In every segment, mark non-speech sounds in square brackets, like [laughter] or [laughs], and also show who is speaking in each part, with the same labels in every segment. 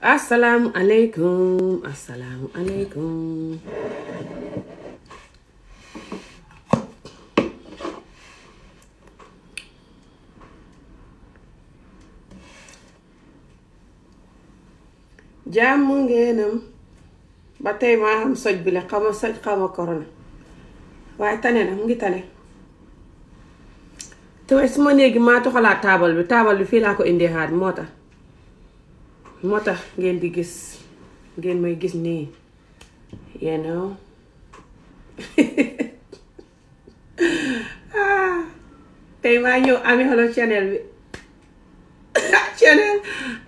Speaker 1: asalaamu aleykum asalaamu aleykum jàmm ngeenam ba tey maa xam soj bi la xama korona waaye tane na mu ngi tane te waaye su ma néegi maa toxalaa taabal bi taabal bi fii laa ko indee xaat moo moo tax ngeen di gis ngeen may gis nii you know [laughs] ah, tey maa ñëw Ami Olof channel bi [laughs] channel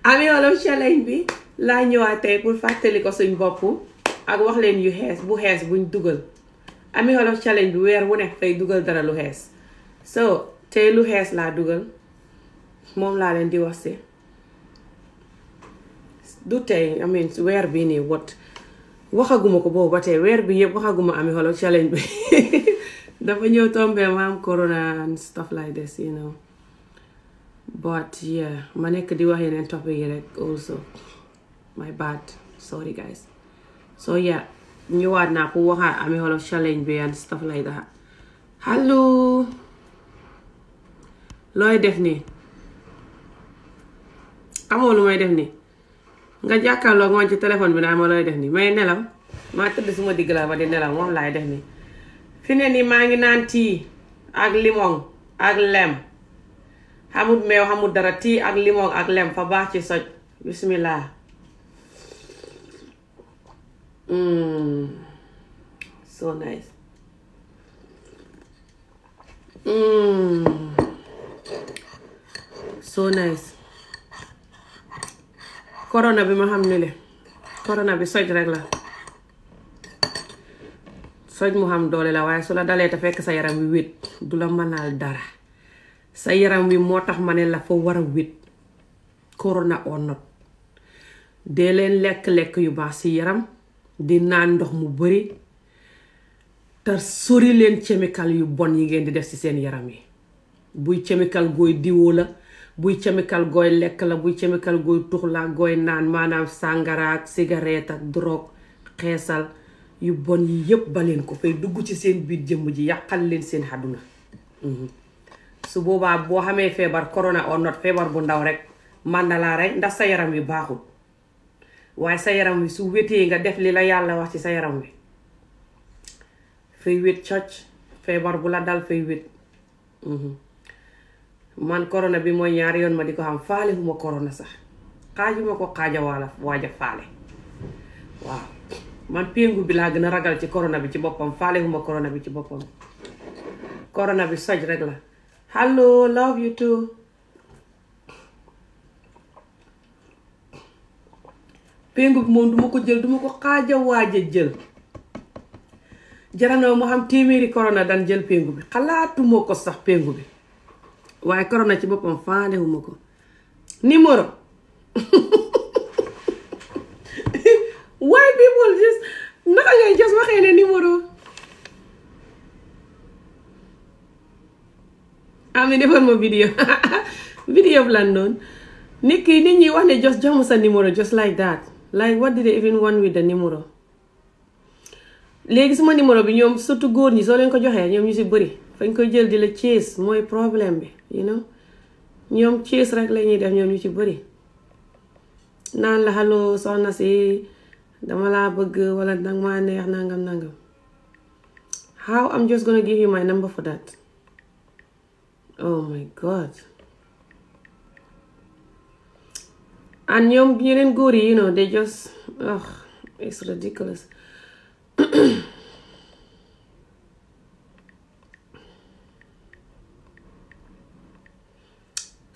Speaker 1: Ami Olof challenge bi laa ñëwaat tey pour fàttali ko suñ bopp ak wax leen yu xees bu xees buñ dugal Ami Olof challenge bi weer wu nekk fay dugal dara lu xees so tey lu xees laa dugal moom laa leen di wax si du tey I mean weer bii nii what waxaguma ko boobu ba tey weer bi yëpp waxaguma ami xolo challenge bi [laughs] dafa ñëw tombe ma am corona and stuff like this you know but yeah ma nekk di wax yeneen topic yi rek also my bad sorry guys so yeah ñëwaat naa pour waxaat ami xolo challenge bi and stuff like that hallo looy def ni amoo lu may def ni nga jàkkaarloo ngon ci telephone bi na ma lay def ni may nelaw ma tëdd suma digg la ma di nelaw mom lay def ni fi ne nii maa ngi nan ti ak limong ak lem hamud meew hamud dara ti ak limong ak lem fa ba ci soj bismillah mm. so nice mm. so nice corona bi ma xam ne le corona bi soj rek la soj mu xam doole la waaye su la dalee te fekk sa yaram wi wét du la mënal dara sa yaram wi moo tax ma ne la fa war a wét corona or not dee leen lekk-lekk yu baax ci yaram di naan ndox mu bari te sori leen chemical yu bon yi ngeen di def ci seen yaram wi buy chemical gooy diwoo la buy chemical gooy lekk la buy chemical gooy tux la gooy naan maanaam sàngara ak cigarette xeesal yu bon yi yëpp baleen ko fay dugg ci seen biir jëmm ji yàqal leen seen àdduna mhm. su boobaa boo xamee feebar corona or feebar bu ndaw rek man na laa rey ndax sa yaram wi baaxul waaye sa yaram wi su wétee nga def li la yàlla wax ci sa yaram wi fay wét cocc feebar bu la dal fay wét mhm. man corona bi moy ñaar yoon ma diko xam faale huma corona sax xaajuma ko xaja wala waja faale waaw man pengu bi la gëna ragal ci corona bi ci bopam faale huma corona bi ci bopam corona bi saj rek la hello love you too pengu mo nduma jel ko jël duma ko xaja waja jël jarano mo xam corona dan jël pengu bi xalaatu moko sax pengu bi waaye na ci boppam faale ma ko numéro [laughs] why people just a ngay just waxee ne numéro. am ah, defoon ma vidéo [laughs] vidéo bi lan doon nit ki nit ñi wax ne just jox ma sa numéro just like that like what did they even want with the numéro. léegi suma numéro bi ñoom surtout góor ñi soo leen ko joxee ñoom ñu si bëri fañ koy jël di la chase mooy problème bi. you know ñoom ciis rek la ñuy def ñoom ñu ci bëri naan la xaloo soxna si dama laa bëgg wala nag maa neex nangam nangam how I'm just gonna give you my number for that oh my god and ñoom yeneen góor yi you know they just oh it's ridiculous [clears throat]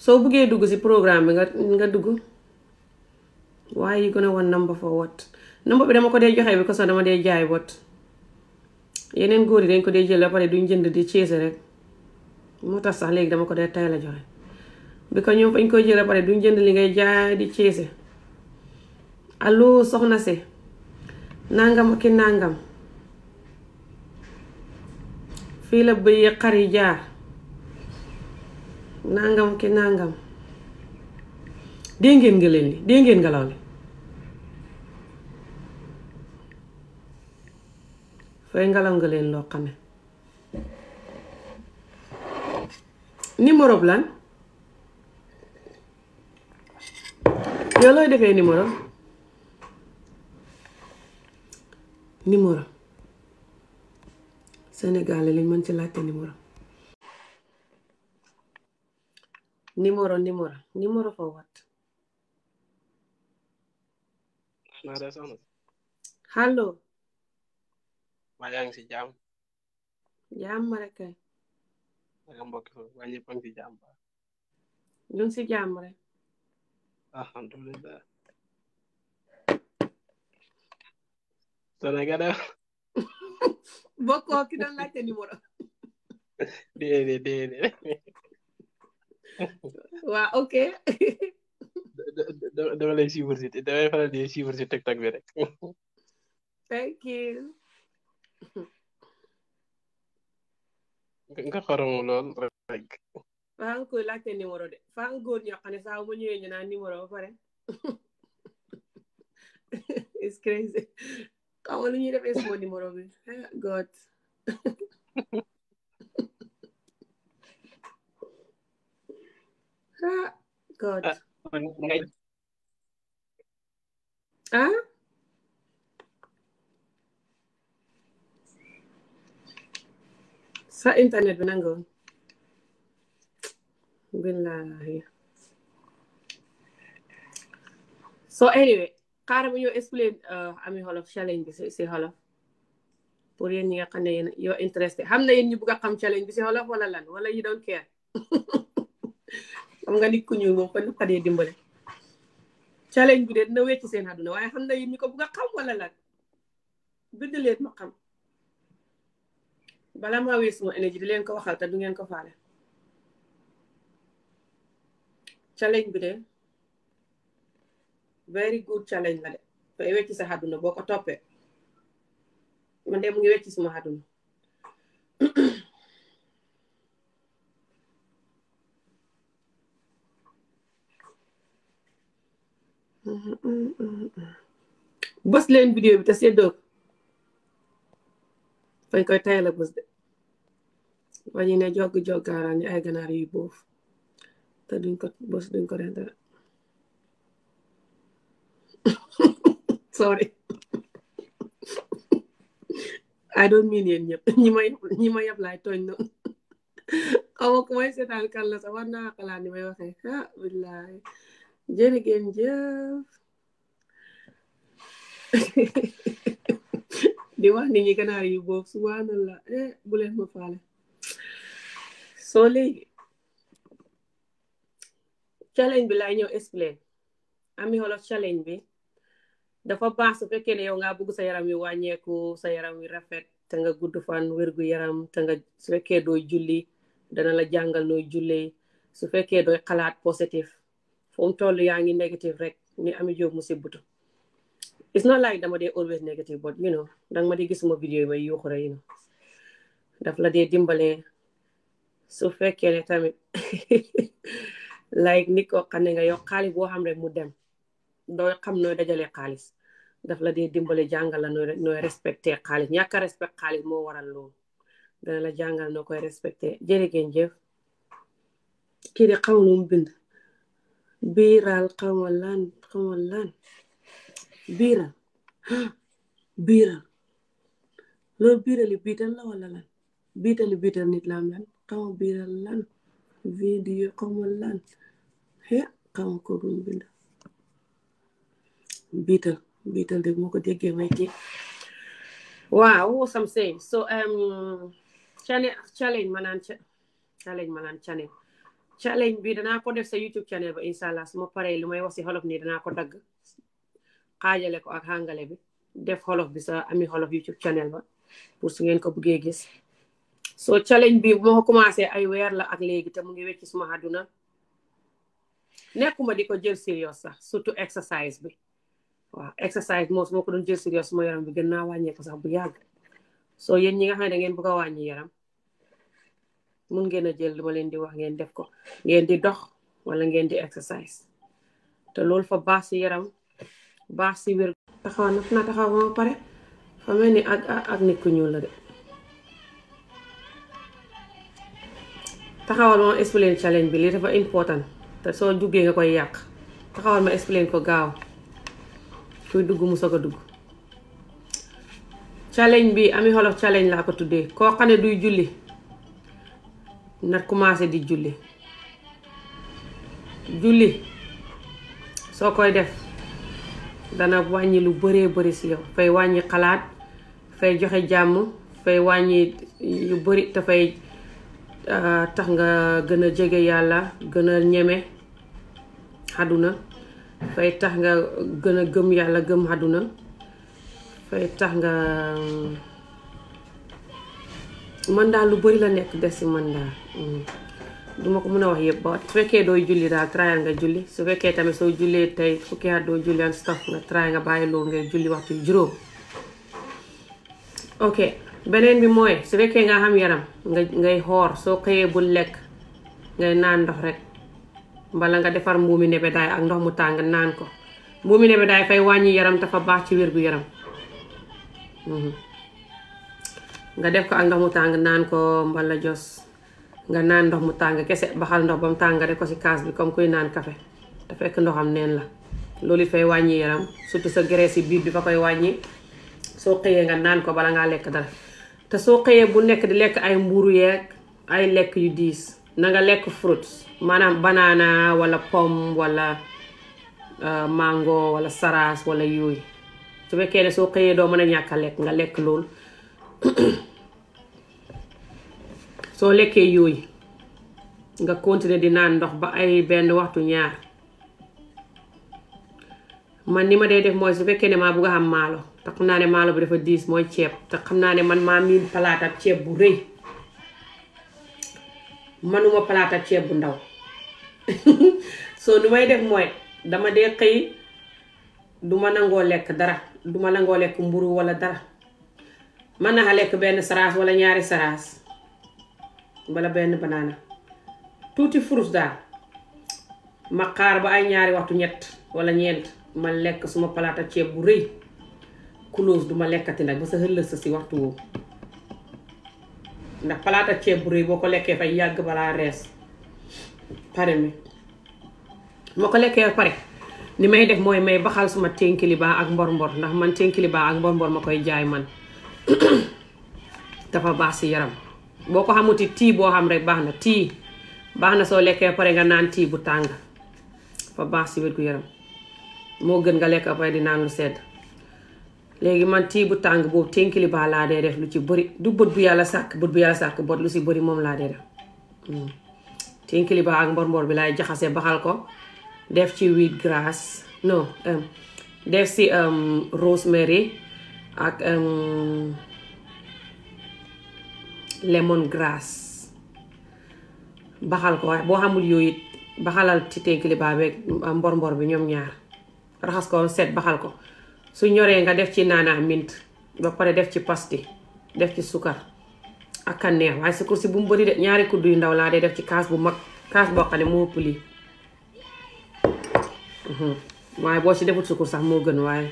Speaker 1: soo buggee dugg si programme bi nga nga dugg why you gonna want number for what number bi dama ko dee joxe bi ko so dama dee jaay bot yeneen góor yi dañ ko dee jël ba duñ jënd di ceese rek moo tax sax léegi dama ko dee tay la joxe ko ñoom fañ koy jël ba pare duñ jënd li ngay jaay di ceese allo soxna si nangam ak ki nangam fii la bëyee xar yi jaar nangam ke nangam dee ngeen ni li dee ni ngelaw li fay lo nga leen loo xam ne numéro blan yow looy defee numéro numéro Sénégal mën ci laajte numéro numéro numéro numéro for wat nada da Halo. Hallo.
Speaker 2: Ma yang si jam.
Speaker 1: Jam mereka.
Speaker 2: Mereka mbok wani pang si jam.
Speaker 1: Ñun si jam rek.
Speaker 2: Alhamdulillah.
Speaker 3: Sana gada.
Speaker 1: Bokko ki don laajte numéro.
Speaker 3: Déedéet déedéet.
Speaker 1: waa ok. [laughs]
Speaker 4: dama lay suivre si damay faral di suivre si TikTok bi rek.
Speaker 1: thank you. nga
Speaker 5: lool rek.
Speaker 1: faa koy laajte numéro de faa nga góor ñoo xam ne saa bu ma ñëwee ñu naan numéro ba pare. [laughs] it's crazy. kaw ma lu ñuy defee sama numéro bi. Ah, God. [laughs]
Speaker 6: Ah, good. Uh, Huh?
Speaker 1: Sa internet ba nanggo? Billahi. So anyway, xaaral ma ñoo explain ami uh, xolof challenge bi si si xolof pour yéen ñi nga xam ne you're interested. Ham na yun yung bugg kam challenge bi si xolof wala lan wala you don't care [laughs] xam nga nit ku ñuul moom ko nu ko dee dimbale challenge bi de dina wecc seen àdduna waaye xam na yéen ñi ko bugg a xam wala lan bind leen ma xam bala maa wees suma énergie di leen ko waxal te du ngeen ko faale challenge bi de very good challenge la de fay wecc sa àdduna boo ko toppee man de mu ngi wecc suma àdduna bës leen vidéo bi te seddoo ko koy tayal a bës de wañu ne jog joggaaraan ñu ay ganaar yuy boof te duñ bës duñ ko def dara [laughs] I don't mean yéen ñëpp ñi may ñi ma tooñ noonu xaw [laughs] ma ku may seetaan la sax war naa xalaat ni may Jadi genjëf di wax [laughs] nit ñi ganaar yu boobu subhanallah eh boleh leen ma faale challenge bi laay ñëw explain ami xolof challenge bi dafa baax su fekkee ne yow nga bëgg sa yaram wi wàññeeku sa yaram yi rafet te nga gudd fan wérgu yaram te nga su fekkee dooy julli dana la jàngal nooy julle su fekkee dooy xalaat positif fu mu yaa ngi négative rek ni ami jóg mu si butu it's not like dama de always negative but you know danga ma dee gis suma vidéo yi may yuuxu rek you daf la dee dimbale su fekkee ne tamit [laughs] like nit ko xam ne nga yow xaalis boo xam rek mu dem doo xam nooy dajale xaalis daf la dee dimbale jàngal la nooy respecté xaalis ñàkk a xaalis moo waral loolu dana la jàngal noo koy respecté jërëgeen jëf kii de xaw nu bind biiral xawma lan xawma lan biiral [gasps] biiral loolu biirali biital la wala lan biitali biital nit laam lan xawma biiral lan vidéo xawma lan he xawma ko duñ bind biital biital de moo ko déggee may ki waaw sam saying so um challenge challenge maanaam challenge maanaam challenge challenge bi dana ko def sa YouTube channel ba inshallah suma su ma lu may wax ci holof ni dana ko dag xaajale ko ak hangale bi def holof bi sa ami holof YouTube channel ba pour su ngeen ko bëggee gis so challenge bi bu ma commencé ay wër la ak léegi te mu ngi wecci suma haduna nekuma diko jël sérieux sax surtout exercise bi wa exercise mo su ma ko doon jël sérieux suma yaram bi gëna wañé ko sax bu yag so yeen ñi nga xamné da ngeen bëgg wañi yaram mun ngeen a jël leen di wax ngeen def ko ngeen di dox wala ngeen di exercise te loolu fa baax ci yaram baax si wér taxaw na ba pare fa ni ak ak ku ñuul la de taxawal ma explain challenge bi li dafa important te soo jugee nga koy yàq taxawal ma explain ko gaaw kuy dugg mu soog a dugg challenge bi ami xolof challenge laa ko tuddee koo xam ne duy julli na commencé di julli julli So koy def dana wàññi lu bëree bëri si yow fay wàññi xalaat fay joxe jàmm fay wàññi yu bëri dafay euh, tax nga gën a yala yàlla gën haduna ñeme fay tax nga gën gëm yàlla gëm fay tax nga Manda daal lu bëri la nek des si man daal duma ko mën wax yeb ba su fekkee dooy julli dal trayal nga julli su fekke tamit so julle tay fukki at do julli an staf nga tray nga baye lo ngay julli wax ci juro ok benen bi moy su fekke nga xam yaram nga ngay xoor so xeye bu lek ngay nan ndox rek mbala nga defar nebe day ak ndox mu tang nan ko nebe day fay wañi yaram fa bax ci yaram mhm nga def ko ak ndox mu tàng naan ko mbala jos nga naan ndox mu tàng kese baxal ndox bam tàng ko si kaas bi comme kuy naan café te fekk ndoxam neen la loolu fay wàññi yaram surtout sa graisse yi biir bi fa koy wàññi soo xëyee nga naan ko bala ngaa lekk dara te soo xëyee bu nekk di lekk ay mburu yeeg ya, ay lekk yu diis na nga lekk fruit maanaam banana wala pom, wala eh, mango wala saras, wala yooyu su fekkee ne soo xëyee ya, doo mën a ñàkk nga lekk loolu [coughs] soo lekkee yooyu nga continuer di naan ndox ba ay benn waxtu ñaar man ni ma dee def mooy su fekkee ne maa bugg a xam maalo te xam naa ne maalo bi dafa diis mooy ceeb te xam naa ne man maa miin palaat ak ceeb bu rëy manuma palaata ak ceeb bu ndaw [laughs] soo nu may def mooy dama dee xëy duma nangoo lekk dara duma nangoo lekk mburu walla dara mën naa lekk benn saraas wala ñaari saraas wala benn banaana tuuti furus daal ma xaar ba ay ñaari waxtu ñett wala ñeent ma lekk suma palaata ceeb bu rëy kulóos du ma lekkati nag sa sa si waxtu palaata ceeb bu rëy boo ko lekkee fay yàgg balaa rees pare mi moo ko lekkee pare ni may def mooy may baxal suma tinkilibaa ak mbor mbor ndax man ténkili baa ak mbor mbor ma koy jaay man [coughs] dafa baax ci yaram boo ko xamuti tii boo xam rek baax na tii baax na soo lekkee pare nga naan tii bu tàng dafa baax si wér gu yaram moo gën nga lekk pare di naan lu sedd léegi man tii bu tàng boobu tenkili laa dee def lu ci bëri du bët bu yàlla sàkk bët bu yàlla lu si bëri moom laa dee def hmm. tenkili ak mbor bi laay jaxase baxal ko def ci wheat grass non def si rosemary ak lemon grass baxal ko waaye boo xamul yooyu baxalal ci tenkilibaa beeg mbor mbor bi ñoom ñaar raxas ko set baxal ko su ñoree nga def ci naana mint ba pare def ci pasti def ci sukar ak kanneex waaye su si bu mu bëri de ñaari kudd yu ndaw laa dee def ci kaas bu mag kaas boo xam ne moo ëpp mhm. waaye boo ci defut sukkur sax moo gën waaye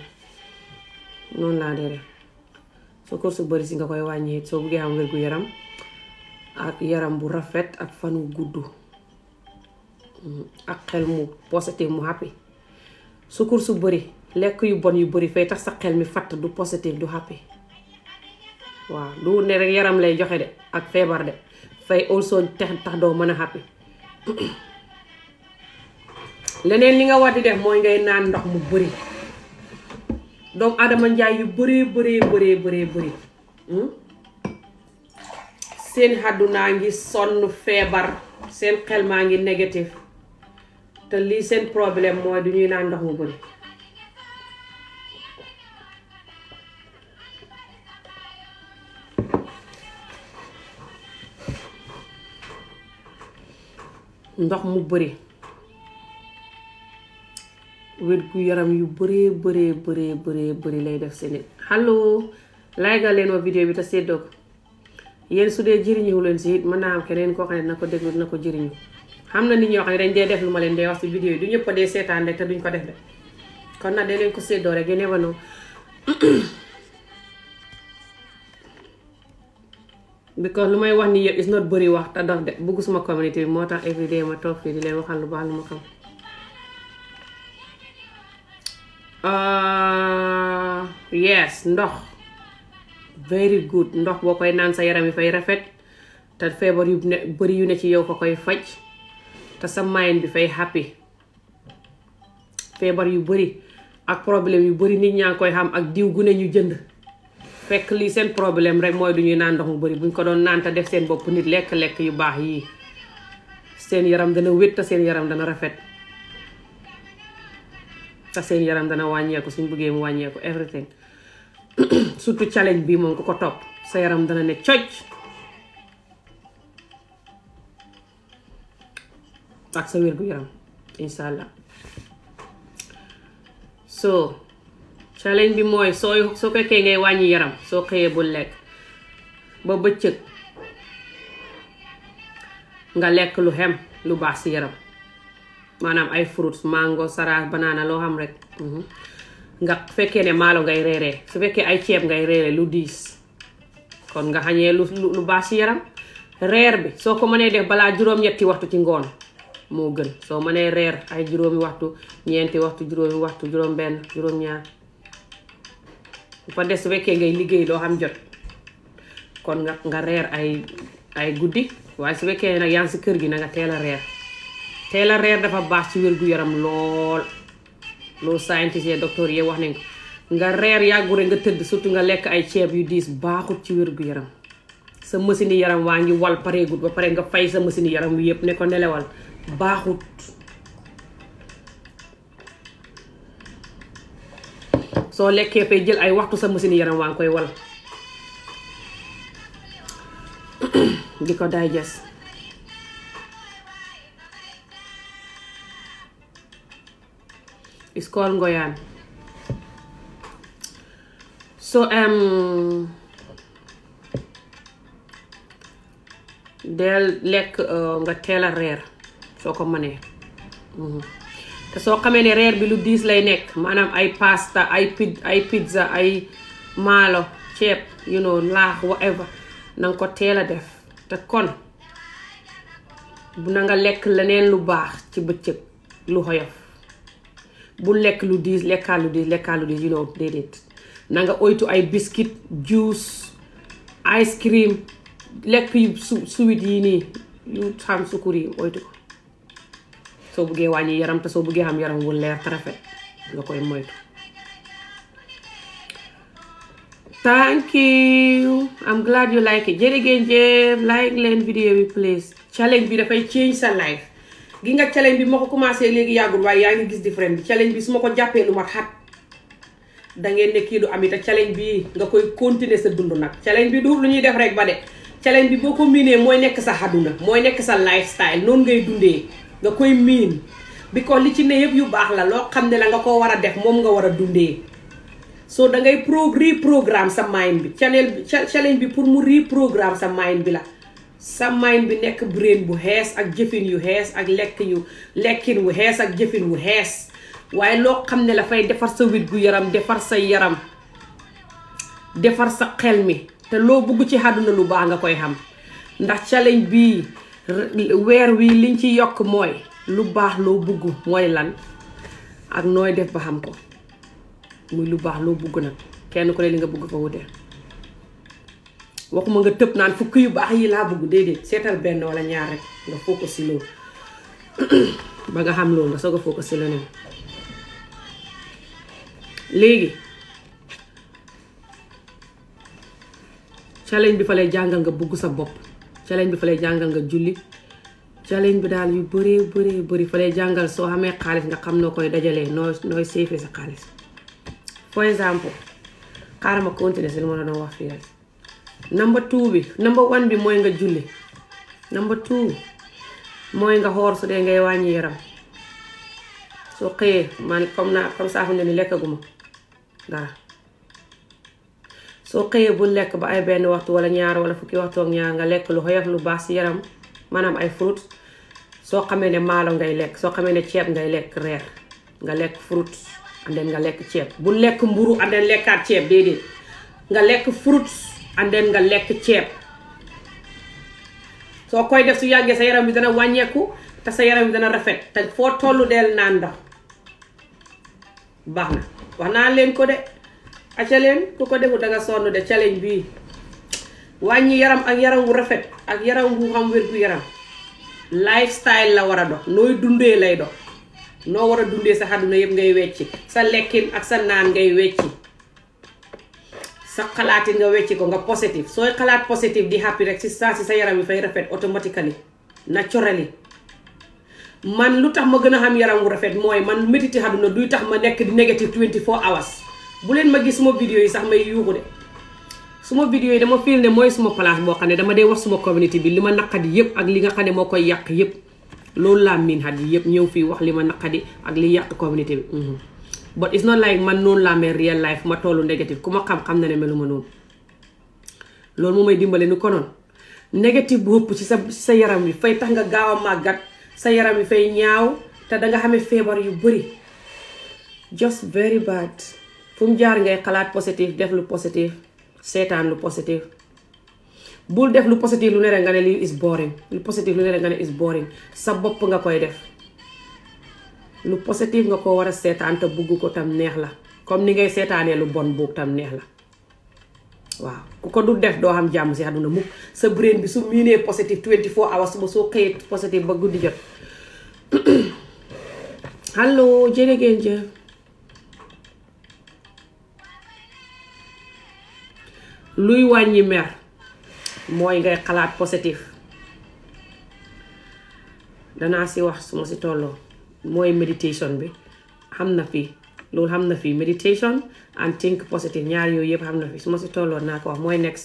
Speaker 1: non la dere so ko course bari singa si nga koy wàññi soo am wergu yaram ak yaram bu rafet ak fanu wu hmm, ak xel mu positif mu happy su course bu bari lek yu bon yu bari fay tax sa xel mi fat du positif du happy wa du ne rek yaram lay joxe de ak febar de fay also tax tax do meuna happy [clears throat] leneen li nga wadi def moy ngay naan ndox mu bari doomu Adama Njaay yu bëree bëree bëree bëree hmm? seen àddunaa ngi sonn feebar seen xel maa ngi négatif te lii seen problème mooy du ñuy naan ndox mu bëri ndox mu bëri wér gu yaram yu bëree bëree bëree bëree bëri lay def si nit allo laay ga leen ma vidéo bi te seddoo ko yéen su dee jëriñu leen si it mën naa am keneen koo xam ne na ko déglu na ko jëriñu xam na nit ñoo xam ne dañ dee def lu ma leen dee wax si vidéo yi du ñëpp dee seetaan rek te duñ ko def de kon nag dee leen ko seddoo rek yéen wanoo [coughs] because lu may wax ni yëpp is not bëri wax te dox de bugg suma communauté bi moo tax everyday ma toog fii di leen lu baax lu ma Uh, yes ndox very good ndox boo koy naan sa yaram yi fay rafet te feebar yu ne yu ne ci yow ko koy faj te sa mind bi fay happy feebar yu bëri ak problème yu bari nit ñaa ngi koy xam ak diw gu ne ñu jënd fekk lii seen problème rek mooy du ñuy naan ndox mu bëri buñ ko doon naan te def seen bopp nit lekk-lekk yu baax yii seen yaram dana wét te seen yaram dana rafet sa seen yaram dana wàññeeku suñ bëggee mu wàññeeku everything [clears throat] surtout challenge bi moom ku ko topp sa yaram dana ne coj ak sa wér gu yaram incha allah so challenge bi mooy soo soo fekkee ngay wàññi yaram soo xëyee bul lekk ba bëccëg nga lekk lu xem lu baax si yaram manam ay fruits mango saras banana lo xam rek mhm. nga fekke ne malo ngay rere su fekke ay ciem ngay rere lu dis kon nga xagne lu lu basi yaram reer bi so ko mënee def bala juróom-ñetti waxtu ci ngoon mo gën so mënee reer ay waktu waxtu ñenti waxtu juróomi waxtu juróom ben juróom-ñaar fa des su ngay liggéey xam jot kon nga nga reer ay ay guddii way su fekkee nak yaa ci gi nga teel rere teel la reer dafa baax ci wér-gu-yaram lool loo scientist yi docteur yi wax nañ nga reer yàggu rek nga tëdd surtout nga lekk ay ceeb yu diis baaxut ci wér-gu-yaram sa machine yaram waa ngi wal pareegut ba pare nga fay sa machine yaram wi yëpp ne ko nelewal baaxut soo lekkee fay jël ay waxtu sa machine yaram waa ngi koy wal [coughs] di ko daay digest It's called Ngoyan. So, um, they lekk uh, teel a reer soo ko mënee te so come ne reer bi lu diis lay nekk maanaam I pasta I pid I pizza I malo, chip, you know laax whatever nanga ko a def te kon bu na nga lekk leneen lu baax ci bëccëg lu bu lekk lu diis lekkaat lu diis lekkaat lu diis you know oytu ay biscuit juice ice cream lekk yu su suwit yi nii yu xam sukkur yi oytu ko soo buggee wàññi yaram te soo buggee xam yaram wu leer te rafet nga koy moytu thank you I'm glad you like it jërëgeen jëf like leen vidéo yi please challenge bi dafay change sa life gi nga challenge bi mako commencé légui yagul way yaangi gis different bi challenge bi suma ko jappé lu mat hat da ngeen ne ki du am challenge bi nga koy continuer sa dundu nak challenge bi du lu ñuy def rek ba dé challenge bi boko miné moy nek sa haduna moy nek sa lifestyle non ngay dundé nga koy min biko li ci ne yeb yu bax la lo xamné la nga ko wara def mom nga wara dundé so da ngay pro reprogram sa mind bi channel challenge bi pour mu reprogram sa mind bi la sa mind bi nekk brain bu xees ak jëfin yu xees ak lekk yu lekkin wu xees ak jëfin wu xees waaye loo xam ne dafay defar sa wit gu yaram defar sa yaram defar sa xel mi te loo bugg ci àdduna lu baax nga koy xam ndax challenge bii weer wii liñ ci yokk mooy lu baax loo bugg mooy lan ak nooy def ba xam ko muy lu baax loo bugg nag kenn ku ne li nga bugg fa wute waxuma nga tëb naan fukk yu baax yi laa bëgg déedéet seetal benn wala ñaar rek nga focus si loolu [clears throat] ba nga xam loolu nga soog a focus si leneen léegi challenge bi fa lay jàngal nga bëgg sa bopp challenge bi fa lay nga julli challenge bi daal yu bëree bëree bëri fa lay jàngal soo amee xaalis nga xam noo koy dajalee noo nooy séefee sa xaalis for exemple xaaral ma continuer si li ma la doon wax fii rek number 2 bi number 1 bi moy nga julli number 2 moy nga hor su de ngay wañi yaram so xey man kom na kom sa fa ne ni lekkaguma dara so xey bu lekk ba ay ben waxtu wala ñaar wala fukki waxtu ak ñaar nga lekk lu xoyof lu baax si yaram manam ay fruit so xamé ne malo ngay lekk so xamé ne ciép ngay lekk reer nga lekk fruit then nga lekk ciép bu lekk mburu then lekkaat ciép déedéet nga lekk fruits andeen nga lekk ceeb soo koy def su yàggee sa yaram bi dana wàññeeku te sa yaram bi dana rafet te foo tollu deel naan ndox baax na wax naa leen ko de acca leen ku ko defu danga sonn de challenge bii wàññi yaram ak yaram wu rafet ak yaram wu xam wér yaram yaram lifestyle la war a dox nooy dundee lay dox noo war a dundee sa àdduna yëpp ngay wecci sa lekkin ak sa naan ngay wecci sa xalaat yi nga wecci ko nga positif sooy xalaat positif di happy rek si saa si sa yaram yi fay rafet automatically naturally man lu tax ma gën a xam yaram wu rafet mooy man métiti na duy tax ma nekk di négative 24 hours bu leen ma gis suma vidéo yi sax may yuuxu de suma vidéo yi dama fiil ne mooy suma place moo xam ne dama dee wax suma community bi li ma naqadi yëpp ak li nga xam ne moo koy yàq yëpp loolu laa miin xat yi yëpp ñëw fii wax li ma naqadi ak li yàq community bi mhm. but it's not like man noonu laa mel real life ma tollu négative ku ma xam-xam na ne ma noonu loolu moo may dimbale ni konoon négative bu ëpp ci sa sa yaram wi fay tax nga gaaw a màggat sa yaram wi fay ñaaw te danga xamee feebar yu bëri just very bad fu mu jaar ngay xalaat positif def lu positif seetaan lu positif bul def lu positif lu ne rek nga ne lii is boring lu positif lu ne rek nga ne is boring sa bopp nga koy def lu positif nga ko war a seetaan te bugg ko tam neex la comme ni ngay seetaanee lu bon buug tam neex la waaw ku ko du def doo xam jàmm si aduna mukk sa brain bi su miinee positif 24 hours suba soo positif ba guddi jot allo [clears throat] jërë ngeen luy wàññi mer mooy ngay xalaat positif danaa si wax suma si tolloo mooy méditation bi xam na fii loolu xam na fi méditation and think positive ñaar yooyu yëpp xam na fii su ma si tolloon naa ko wax mooy nekk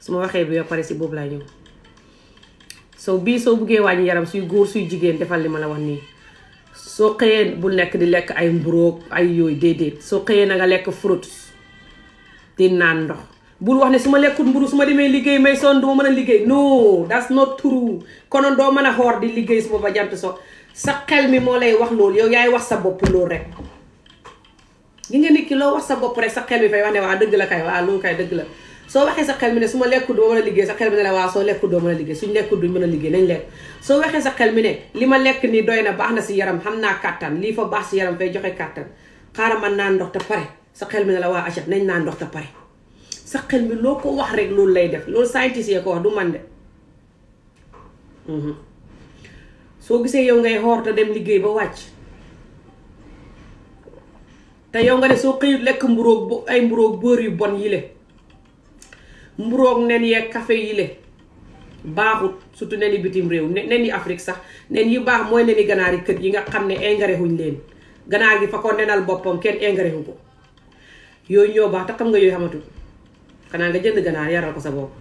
Speaker 1: su ma waxee bi ba pare si boobu laa ñëw so bii soo buggee wàññi yaram suy góor suy jigéen defal li ma la wax nii soo xëyee bu nekk di lekk ay mburoog ay yooyu déedéet soo xëyee na nga lekk fruit di naan ndox bul wax ne su ma lekkut mburu su ma demee liggéey may sonn doo mën a liggéey no that's not true konoon doo mën a xoor di liggéey suba ba jant so sa xel mi moo lay wax loolu yow yaay wax sa bopp loolu rek li nga nit ki loo wax sa bopp rek sa xel mi fay wax ne waa dëgg la kay waa loolu kay dëgg la soo waxee xel mi ne su ma lekkul doo mën sa xel mi ne waa soo lekkul doo mën a liggéey suñ lekkul duñ mën a liggéey waxee sa xel mi ne li ma lekk ni doy na baax na si yaram xam naa kàttan lii fa baax si yaram fay joxe kàttan xaaral man naan ndox te pare sa xel mi ne la waa achat nañ naan ndox te pare sa xel mi loo ko wax rek loolu lay def loolu scientiste yee ko wax du man de mhm. soo gisee yow ngay xoor te dem liggéey ba wàcc te yow nga ne soo xëyut lekk mburoog ay mburoog bër yu bon yile mburoog nen yee café yile baaxut sutu nen yi bitim réew nen yi Afrique sax nen yi baax mooy nen yi ganaar yi kët yi nga xam ne engrais wuñ leen ganaar gi fa ko nenal boppam kenn engrais wu ko yooyu ñoo baax te xam nga yooyu xamatul xanaa nga jënd ganaar yaral ko sa bopp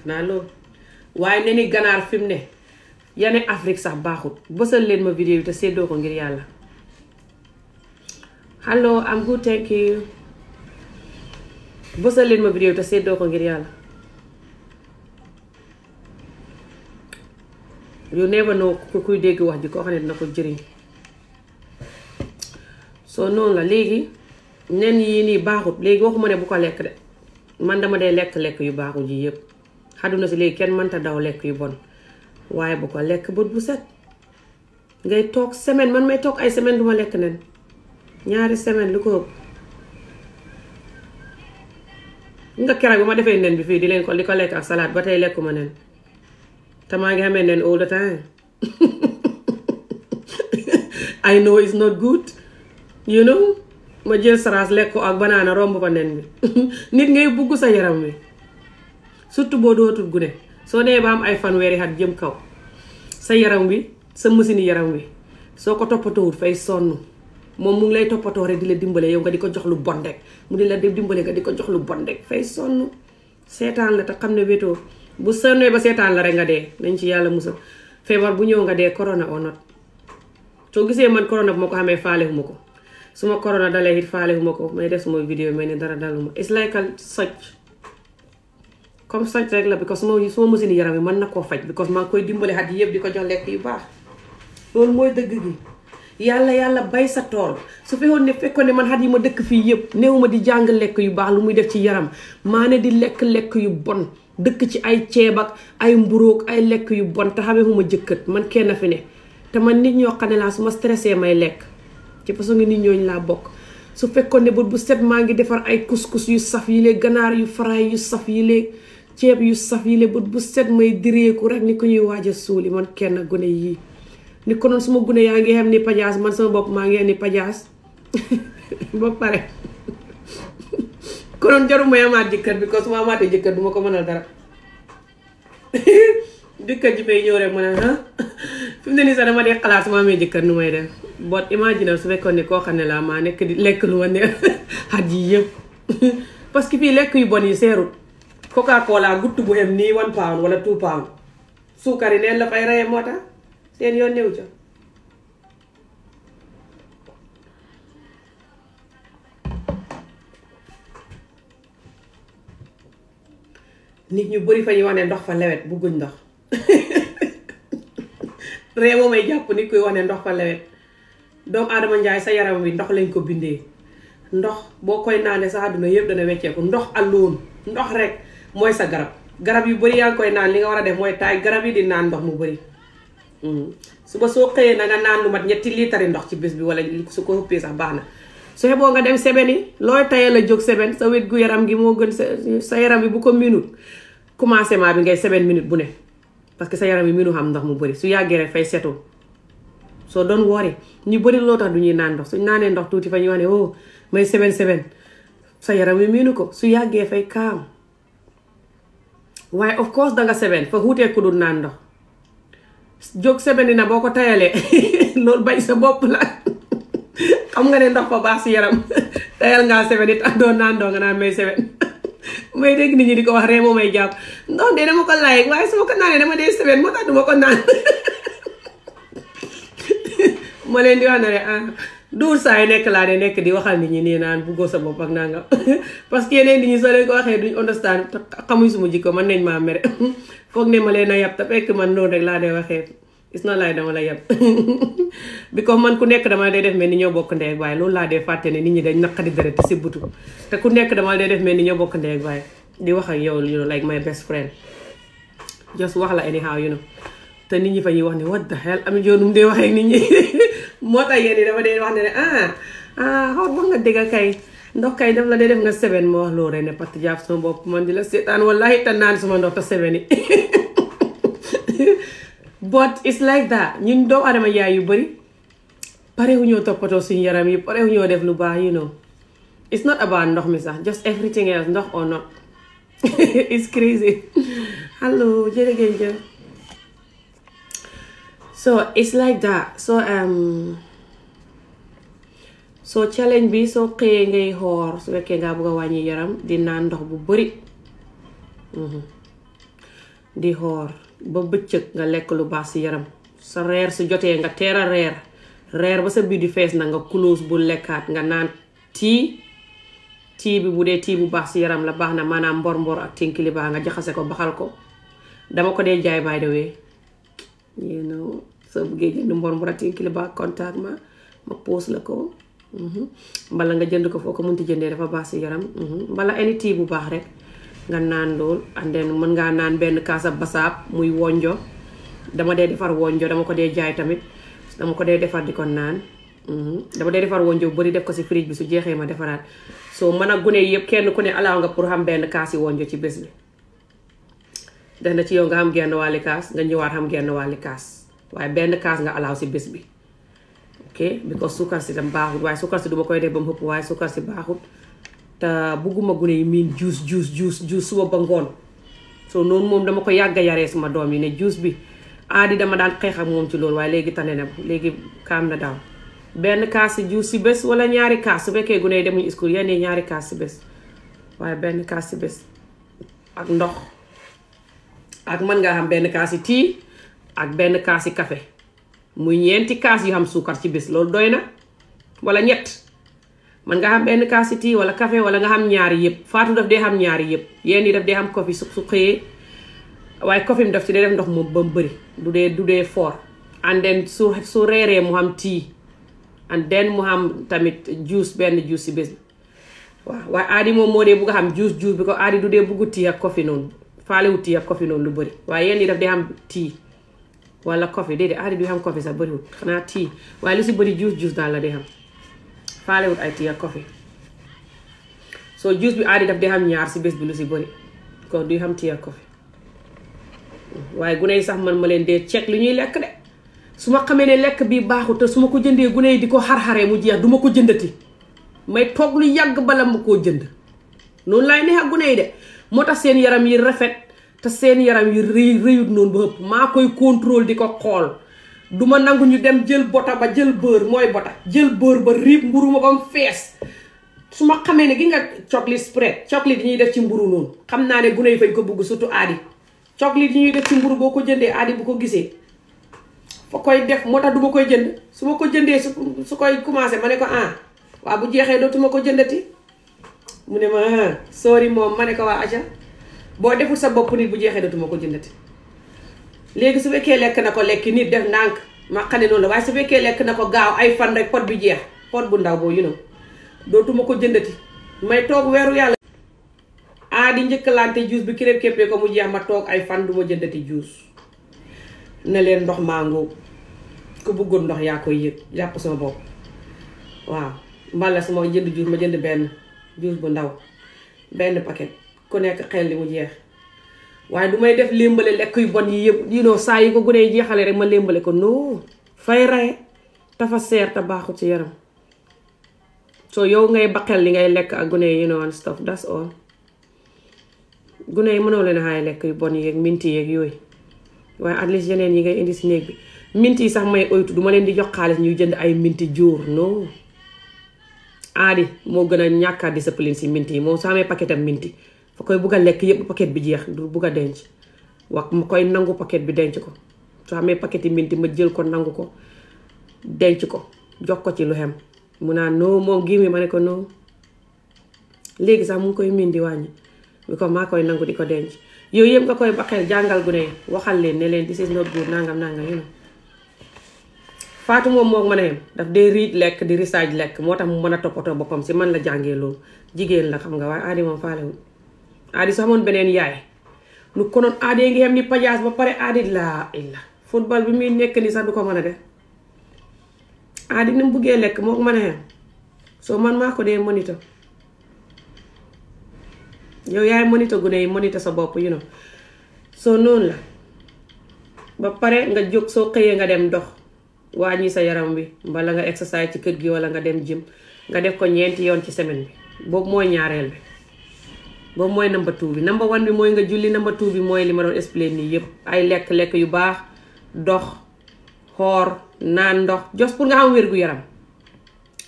Speaker 1: xanaa loolu waaye neni ganaar fi ne yane Afrique sax baaxut bësal leen ma vidéo bi te séddoo ko ngir yàlla xaloo am good thank you bësal leen ma vidéo bi te séddoo ko ngir yàlla you never know ku kuy dégg wax ji koo xam ne dina ko jëriñ soo noon la léegi nen yi nii baaxut léegi waxuma ne bu ko lekk de man dama dee lekk lekk yu baaxut yi yëpp na si léegi kenn mënta daw lekk yu bon waaye bu ko lekk bët bu set ngay toog semaine man may toog ay semaine duma lekk nen ñaari semaine lu ko ëpp nga keroog bi ma defee nen bi fii di leen ko li ko lekk ak salade ba tey lekkuma nen te maa ngi xamee nen all the time [laughs] I know it's not good you know ma jël saraas lekk ak banaana romb ba nen bi [laughs] nit ngay bugg sa yaram wi surtout boo dootul gune soo dee ba am ay fanweeri at jëm kaw sa yaram wi sa machine yaram wi soo ko toppatoowul fay sonn moom mu ngi lay toppatoo rek di la dimbale yow nga di ko jox lu bon rek mu di la dimbale nga di ko jox lu bon rek fay sonn seetaan la te xam ne wéetoo bu sonnee ba seetaan la rek nga dee dañ ci yàlla musal feebar bu ñëw nga dee corona or soo gisee man corona bu ma ko xamee faalewu ma ko suma corona dalee it faalewu ma ko may def suma vidéo mel ni dara daluma it's like a such comme soj rek la because suma suma machine yaram yi mën na koo faj because maa ngi koy dimbali xat yi yëpp di ko jox lekk yu baax loolu mooy dëgg gi yàlla yàlla bay sa tool su fekkoon ne fekkoon ne man xat yi ma dëkk fii yëpp néewuma di jàng lekk yu baax lu def ci yaram maa di lekk lekk yu bon dëkk ci ay ceeb ay mburoog ay lekk yu bon te xamee huma jëkkët man kenn fi ne te man nit ñoo xam ne su ma stressé may lekk ci façon nit ñooñu laa bokk su fekkoon ne bët bu set maa ngi defar ay couscous yu saf yi léeg ganaar yu faraay yu saf yi léeg ceeb yu saf yi le bët bu set may direeku rek ni ko ñuy waaj a suuli man kenn gune yii ni ko noonu suma gune yaa ngi am ni pajaas man sama bopp maa ngi xam ni pajaas [laughs] ba pare konoon jarul may amaat jëkkër bi parce que ma amaatee jëkkër duma ko ko a dara [laughs] jëkkër ji fay ñëw rek ma ne ah [laughs] ne nii sax dama dee xalaat su ma amee jëkkër nu may def bot imagine su fekkoon ne koo xam ne laa maa nekk di lekk lu ma neex at yii yëpp parce que fii lekk yu bon yi seerut coca cola gutt bu xem nii one pound wala two pound suukar yi neen la fay reye moo tax seen yoon néew nit ñu bari fa ñu wax ne ndox fa lewet bugguñ ndox [laughs] ree moo may jàpp nit kuy wax ne ndox fa lewet doomu adama njaay sa yaram wi ndox lañ ko bindee ndox boo koy naanee sa àdduna yëpp dana wecceeku ndox àlloon ndox rek moy sa garab garab yu bari yang koy nan li nga wara def moy tay garab yi di nan ndox mu bëri mm. suba so xeye na nga nan lu mat ñetti litre ndox ci bés bi wala su ko ëppee sax baax su hebo nga dem sebeni loy tayé la jog seben sa wet gu yaram gi mo gën sa yaram bi bu ko minute commencement bi ngay seben minute bu ne parce que sa yaram bi minu xam ndox mu bari su yagge rek fay setu so don worry ñu bari lo tax du ñuy naan ndox su nané ndox tuuti fa ñu wone oh may seben seben sa yaram bi minu ko su yagge fay waaye of course danga seben fa xuutee ku dul naan ndox jóg sebeni na boo ko tayalee [laughs] loolu bay sa bopp la xam nga ne ndox fa baax si yaram [laughs] tayal ngaa seben it [laughs] doo naan doo nga naan may seben may dégg nit ñi di ko wax ree moo may jàpp ndox de dama ko laay waaye su ma ko naanee dama dee seben moo tax duma ko naan ma leen di wax ah duur say nek la ne nek di waxal nit ñi nii naan bu sa bop ak nangam [laughs] parce que yeneen nit ñi ko waxee duñ understand xamuñ suma jikko man nañ maa mere [laughs] foog ne ma leen a yab te fekk man noonu rek laa de waxee is na lay dama la yab ko [laughs] man ku nekk dama day def mel ni ñoo bokk ndey ak baay loolu laa dee fàtte ne nit ñi dañ di deret te sibbutu te ku nekk dama day def mel ni ñoo bokk ndey ak baay di wax ak yow you know like my best friend just wax la anyhow you know te nit ñi fa ñuy wax ne what the hell am yoonum dee waxee nit ñi moo tax yéen yi dama dee wax ne ne ah ah xaw nga dégg kay ndox kay daf la dee def nga seven ma wax loolu rek ne parce que jàpp sama bopp man di la seetaan wallahi te naan suma ndox te seven yi [laughs] but it's like that ñun doomu adama yaay yu bari parewuñoo wu ñoo toppatoo suñu yaram yi pare ñoo def lu baax you know it's not about ndox mi sax just everything else ndox or not [laughs] it's crazy allo jërëjëf so it's like that so um, so challenge bi soo xëyee ngay xoor su fekkee ngaa bëgg a wàññi yaram di naan ndox bu bari mhm. di xoor ba bëccëg nga lekk lu baax ci yaram sa reer si jotee nga teel a reer reer ba sa biir di fees na nga close bu lekkaat nga naan tii tii bi bu dee tii bu baax ci yaram la baax na maanaam mbor mbor ak tinkilibaa nga jaxase ko baxal ko dama ko dee jaay by the so buggee jënd mbor mu ratin ba contact ma ma post la ko mbala mhm. nga jënd ko foko mën munti jëndé dafa baax si yaram mbala mhm. any tea bu baax rek eh. nga naan lool and then mën nga naan benn muy wonjo dama dé defar wonjo dama ko dé jaay tamit dama ko dé defar diko ko uhm dama dé defar wonjo bari def ko ci fridge bi su jéxé ma défarat so mëna gune yëpp kenn ku né ala nga pour xam benn wonjo ci bëss bi def na ci yow nga xam genn wàlli kaas nga ñëwaat xam genn waaye benn kaas nga alaaw si bés bi ok because suukar si tam baaxut waaye ma koy def ba mu ëpp waaye suukar si baaxut te bugguma gune yi miin juus juus juus juus suba ba ngoon so noonu moom dama ko yàgg a yaree suma doom yi ne juus bi aadi dama daan xeex ak moom ci loolu waaye léegi tane na léegi kaam na daaw benn kaas si juus si bés wala ñaari kaas su fekkee gune dem demuñu iskul yenn ñaari kaas si bés waaye benn kaas si bés ak ndox ak mën nga xam benn kaas si ak benn kaasi café muy ñeenti kaas yu am suukar ci bis loolu doy na wala ñett man nga xam benn kaasi tii wala café wala nga xam ñaari yëpp faatu daf dee xam ñaari yëpp yenn yi daf dee xam kofi su su xëyee waaye kofi mu daf bëri du dee du dee fort and then su su mu xam tii and then mu xam tamit juice benn juice ci bis waaw waaye moo dee bugg a xam juice juice ko aadi noonu faalewu tii ak kofi noonu lu bëri waaye yenn yi daf dee xam tii wala coffee de aada bi xam coffee sax bëriwul xanaa tii waaye lu si bëri juus juus daal la dee xam faalewut ay tii ak coffee soo juus bi aada daf dee xam ñaar si bés bi lu si bëri kon duy xam tii ak coffee waaye gune yi sax man ma leen dee ceeb lu ñuy lekk de su ma xamee ne lekk bi baaxul te su ma ko jëndee gune yi di ko xar-xaree mu jeex duma ko jëndati may toog lu yàgg bala ma koo jënd noonu laay neex ak gune yi de moo tax seen yaram yi rafet. te seen yaram yi rëy rëyut noonu ba ëpp maa koy contrôle di ko xool duma nangu ñu dem jël bota ba jël beur mooy bota jël beur ba riib mburu ba mu fees su ma gi nga chocolate spread chocolate yi def ci mburu noonu xam naa ne gune yi fañ ko bugg surtout aadi chocolate yi def ci mburu boo ko jëndee aadi bu ko gisee fa koy def moo tax du ma koy jënd su ma ko jëndee su su koy commencé ma ne ko ah waa bu jeexee dootuma ko jëndati mu ne ma ah, sorry sori moom ko waa aja boo deful sa bopp nit bu jeexee dootuma ko jëndati léegi su fekkee lekk na ko lekk nit def ndànk ma xam ne noonu la waaye su fekkee lekk na ko gaaw ay fan rek pot bi jeex pot bu ndaw boo yënoo dootuma ko jëndati may toog weeru yàlla. ah di njëkkalante juus bi kéréb képpee ko mu jeex ma toog ay fan du ma jëndati juus ne leen ndox mango ku bëggoon ndox yaa koy yëg jàpp sama bopp waaw mbala su ma jënd juus ma jënd benn juus bu ndaw benn paquet. ku nekk xel li mu jeex waaye du may def lémbale lekk yu bon yi yëpp you saa yi ko gune yi jeexalee rek ma lémbale ko noo fay rey dafa seer te baaxul ci yaram so yow ngay baqel li ngay lekk ak gune yi you know that's all gune yi mënoo leen xaay lekk yu bon yeeg minti yeeg yooyu waaye at least yeneen yi ngay indi si néeg bi minti yi sax may oytu duma leen di jox xaalis ñuy jënd ay minti jóor noo aadi moo gën a ñàkk a discipline si minti yi moom soo amee paquet am minti ba koy bugg lekk yëpp paquet bi jeex du bugg a denc wax ma koy nangu paquet bi denc ko su amee paquet yi minti ma jël ko nangu ko denc ko jox ko ci lu mu naa no moom mi ma ne ko no léegi sax mu koy mindi wàññi ko maa koy nangu di ko denc yooyu yëpp nga koy baxeel jàngal gu ne waxal leen ne leen this is nangam nangam yu Faatu moom moo ma ne daf dee riij lekk di risaaj lekk moo tax mu mën a toppatoo boppam si man la jàngee loolu jigéen la xam nga waaye aadi faale aadi su xamoon beneen yaay lu konoon aadi ba pare aadi laa illa football bi muy nekk nii sax du ko mën a de aadi ni mu buggee lekk moo ko mën a xem soo man maa ko dee monitor yow yaay monitor gune yi monitor sa bopp you know soo noonu la ba pare nga jóg soo xëyee nga dem dox waa wàññi sa yaram wi bala nga exercise ci kër gi wala nga dem gym nga def ko ñeenti yoon ci semaine bi boobu mooy ñaareel bi boobu mooy number two bi number one bi mooy nga julli number two bi mooy li ma doon explain nii yëpp ay lekk-lekk yu baax dox xoor naan ndox jos pour nga am wér-gu-yaram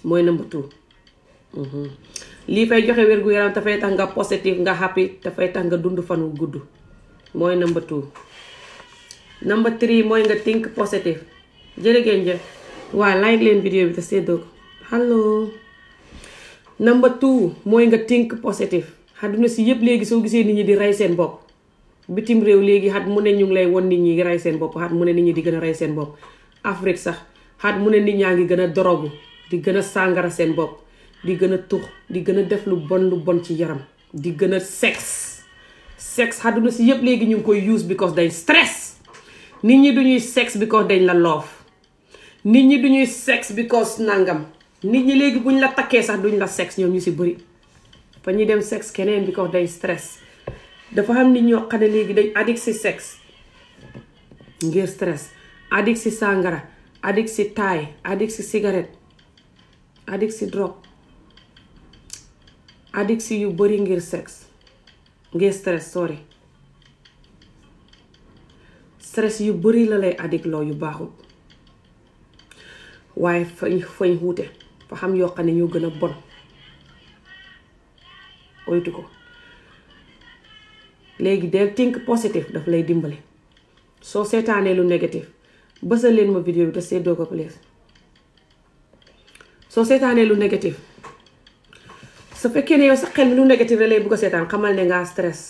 Speaker 1: mooy number two mhm. lii fay joxe wér-gu-yaram fay tax nga positif nga happy fay tax nga dund fanu gudd mooy number two number three mooy nga think positive jërëgéen jëf waa like leen video bi te séddoo ko allo number two mooy nga think positive haduna si yépp léegi soo gisee nit ñi di rey seen bopp bitim réew léegi xat mu ne ñu ngi lay won nit ñi rey seen bopp xat mu ne nit ñi di gën a rey seen bopp afrique sax xat mu ne nit ñaa ngi gën a dorogu di gën a sàngara seen bopp di gën a di gën def lu bon lu bon ci yaram di gën a sex sexe si yépp léegi ñu ngi koy use because dañ stress nit ñi duñuy sex because dañ la loof nit ñi duñuy sex because nangam nit ñi léegi buñ la takkee sax duñ la sex ñoom ñu si fa ñi dem sex keneen because day stress dafa xam ni ñoo xane léegi dañ addict si sex ngir stress addict si sangara addict si taay addict si cigarette addict si drogue addict si yu bari ngir sex ngir stress sorry stress yu bari la lay addict loo yu baaxut waaye fañ fañ wuute fa xam yoo xam ne ñoo gën a bon oytu ko léegi del think positif daf lay dimbali soo seetaanee lu négatif bësal leen ma vidéo bi te seddoo ko please soo seetaanee lu négatif su fekkee ne yow sa xel mi lu négatif rek lay bugg a seetaan xamal ne ngaa stress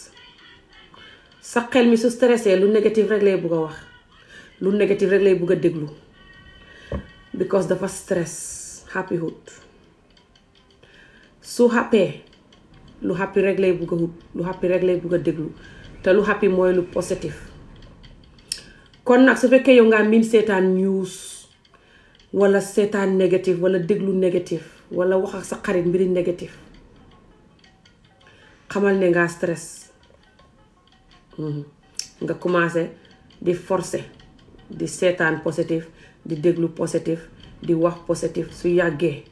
Speaker 1: sa xel mi su stressé lu négatif rek lay bugg a wax lu négatif rek lay bugg a déglu because dafa stress happy hood su happee lu happy rek lay bugg a wut lu happy rek lay bugg a déglu te lu happy mooy lu positif kon nag su fekkee yow nga miin seetaan news wala seetaan négatif wala déglu négatif wala wax ak sa xarit mbiri négatif xamal ne ngaa stress mhm. nga commencé di forcer di seetaan positif di déglu positif di wax positif su yàggee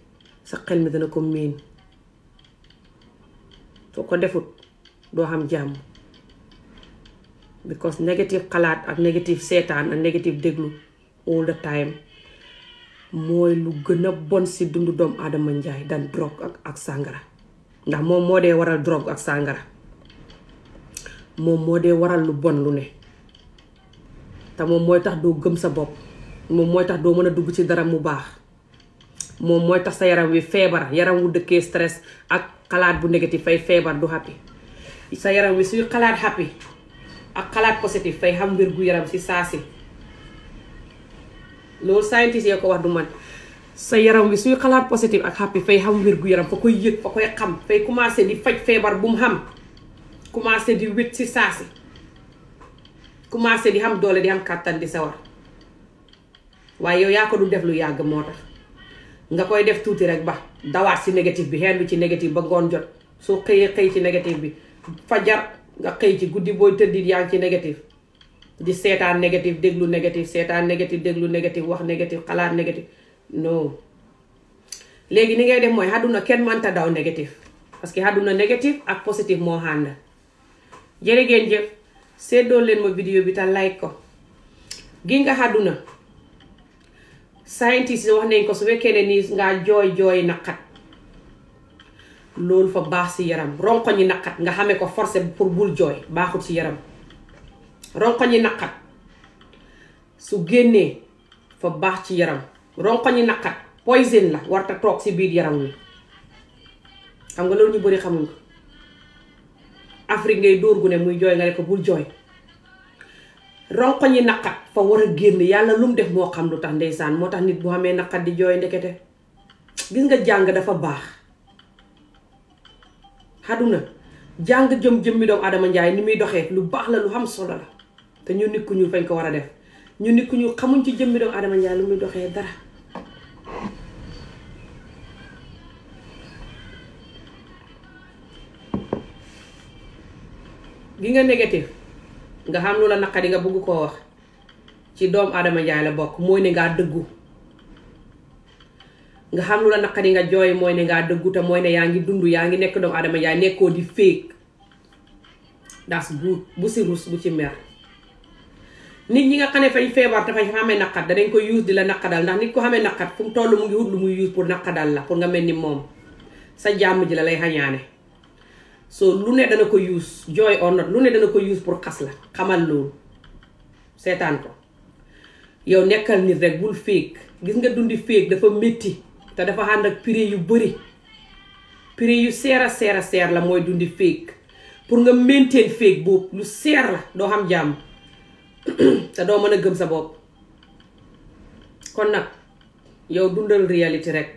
Speaker 1: sa xel mi dana ko miin so ko defut do xam jam because negative kalat, ak negative setan, ak negative deglu, all the time moy lu gëna bon ci dundu dom njaay dan drog ak ak sangara ndax mom mo de waral drog ak sangara mom mo de waral lu bon lu ne ta mom moy tax do gëm sa bop mom moy tax do mëna dugg ci dara mu baax mom moy tax sa yaram wi febar yaram wu dëkkee stress ak xalaat bu négatif fay feebar du happy sa yaram wi suy xalaat happy ak xalaat positif fay xam wér gu yaram si saa si loolu scientist yee ko wax du man sa yaram wi suy xalaat positif ak happy fay xam wér gu yaram fa koy yëg fa koy xam fay commencé di faj feebar bu mu xam commencé di wét si saa si commencé di xam doole di xam kàttan di sawar waaye yow yaa ko du def lu yàgg moo tax nga koy def tuuti rek ba dawaat si négatif bi xeen bi ci négatif ba ngoon jot soo xëyee xëy ci négatif bi fajar nga xëy ci guddi booy tëddit yaa ngi ci négatif di seetaan négatif déglu négatif seetaan négatif déglu négatif wax négatif xalaat négatif non léegi ni ngay def mooy àdduna kenn mënta daw négatif parce que àdduna négatif ak positif moo ànd jërë ngeen jëf seddoo leen ma vidéo bi te like ko gi nga àdduna scientist yi wax nañ ko su fekkee ne nii ngaa jooy jooy naqat loolu fa baax ci yaram ronkoñ yi naqat nga xamee ko forcé pour bul jooy baaxul si yaram ronkoñ naqat su génnee fa baax ci yaram ronkoñ yi naqat poison la warta toog ci biir yaram wi xam nga loolu ñu bari xamuñ ko Afrique ngay dóor gu ne muy jooy nga ne ko bul jooy ronko ñi nakat fa wara genn yalla yàlla lum def mo xam lu tax ndeysaan mo tax nit bu xame nakat di joy ndekete gis nga jang dafa bax haduna jang jëm jëm mi doom adama njaay ni mi doxé lu bax la lu xam solo la te ñu nit ku ñu fañ ko wara def ñu nit ku ñu xamuñ ci jëm mi doom adama njaay lu mi doxé dara gi nga négatif nga xam lu la naqari nga bugg koo wax ci doomu Adama Njaay la bokk ne ngaa dëggu nga xam lu la naqari nga jooy mooy ne ngaa dëggu te mooy ne yaa ngi dund yaa ngi nekk doomu Adama Njaay nekkoo di féeg das guut bu si rus bu ci mer nit ñi nga xam ne fañ feebar te fañ naqat danañ ko use di la naqadal ndax nit ko xam naqat fu mu toll mu ngi wut lu muy use pour naqadal la pour nga mel ni moom sa jàmm ji la lay xañaane so lu ne dana ko use joy on not lu ne dana ko use pour xas la xamal loolu seetaan ko yow nekkal nit rek bul féeg gis nga dundi féeg dafa métti te dafa ànd ak prix yu bëri prix yu seer a seer a seer la mooy dundi féeg pour nga maintain féeg boobu lu seer la doo xam jàmm [clears throat] te doo mën a gëm sa bopp kon nag yow dundal réalité rek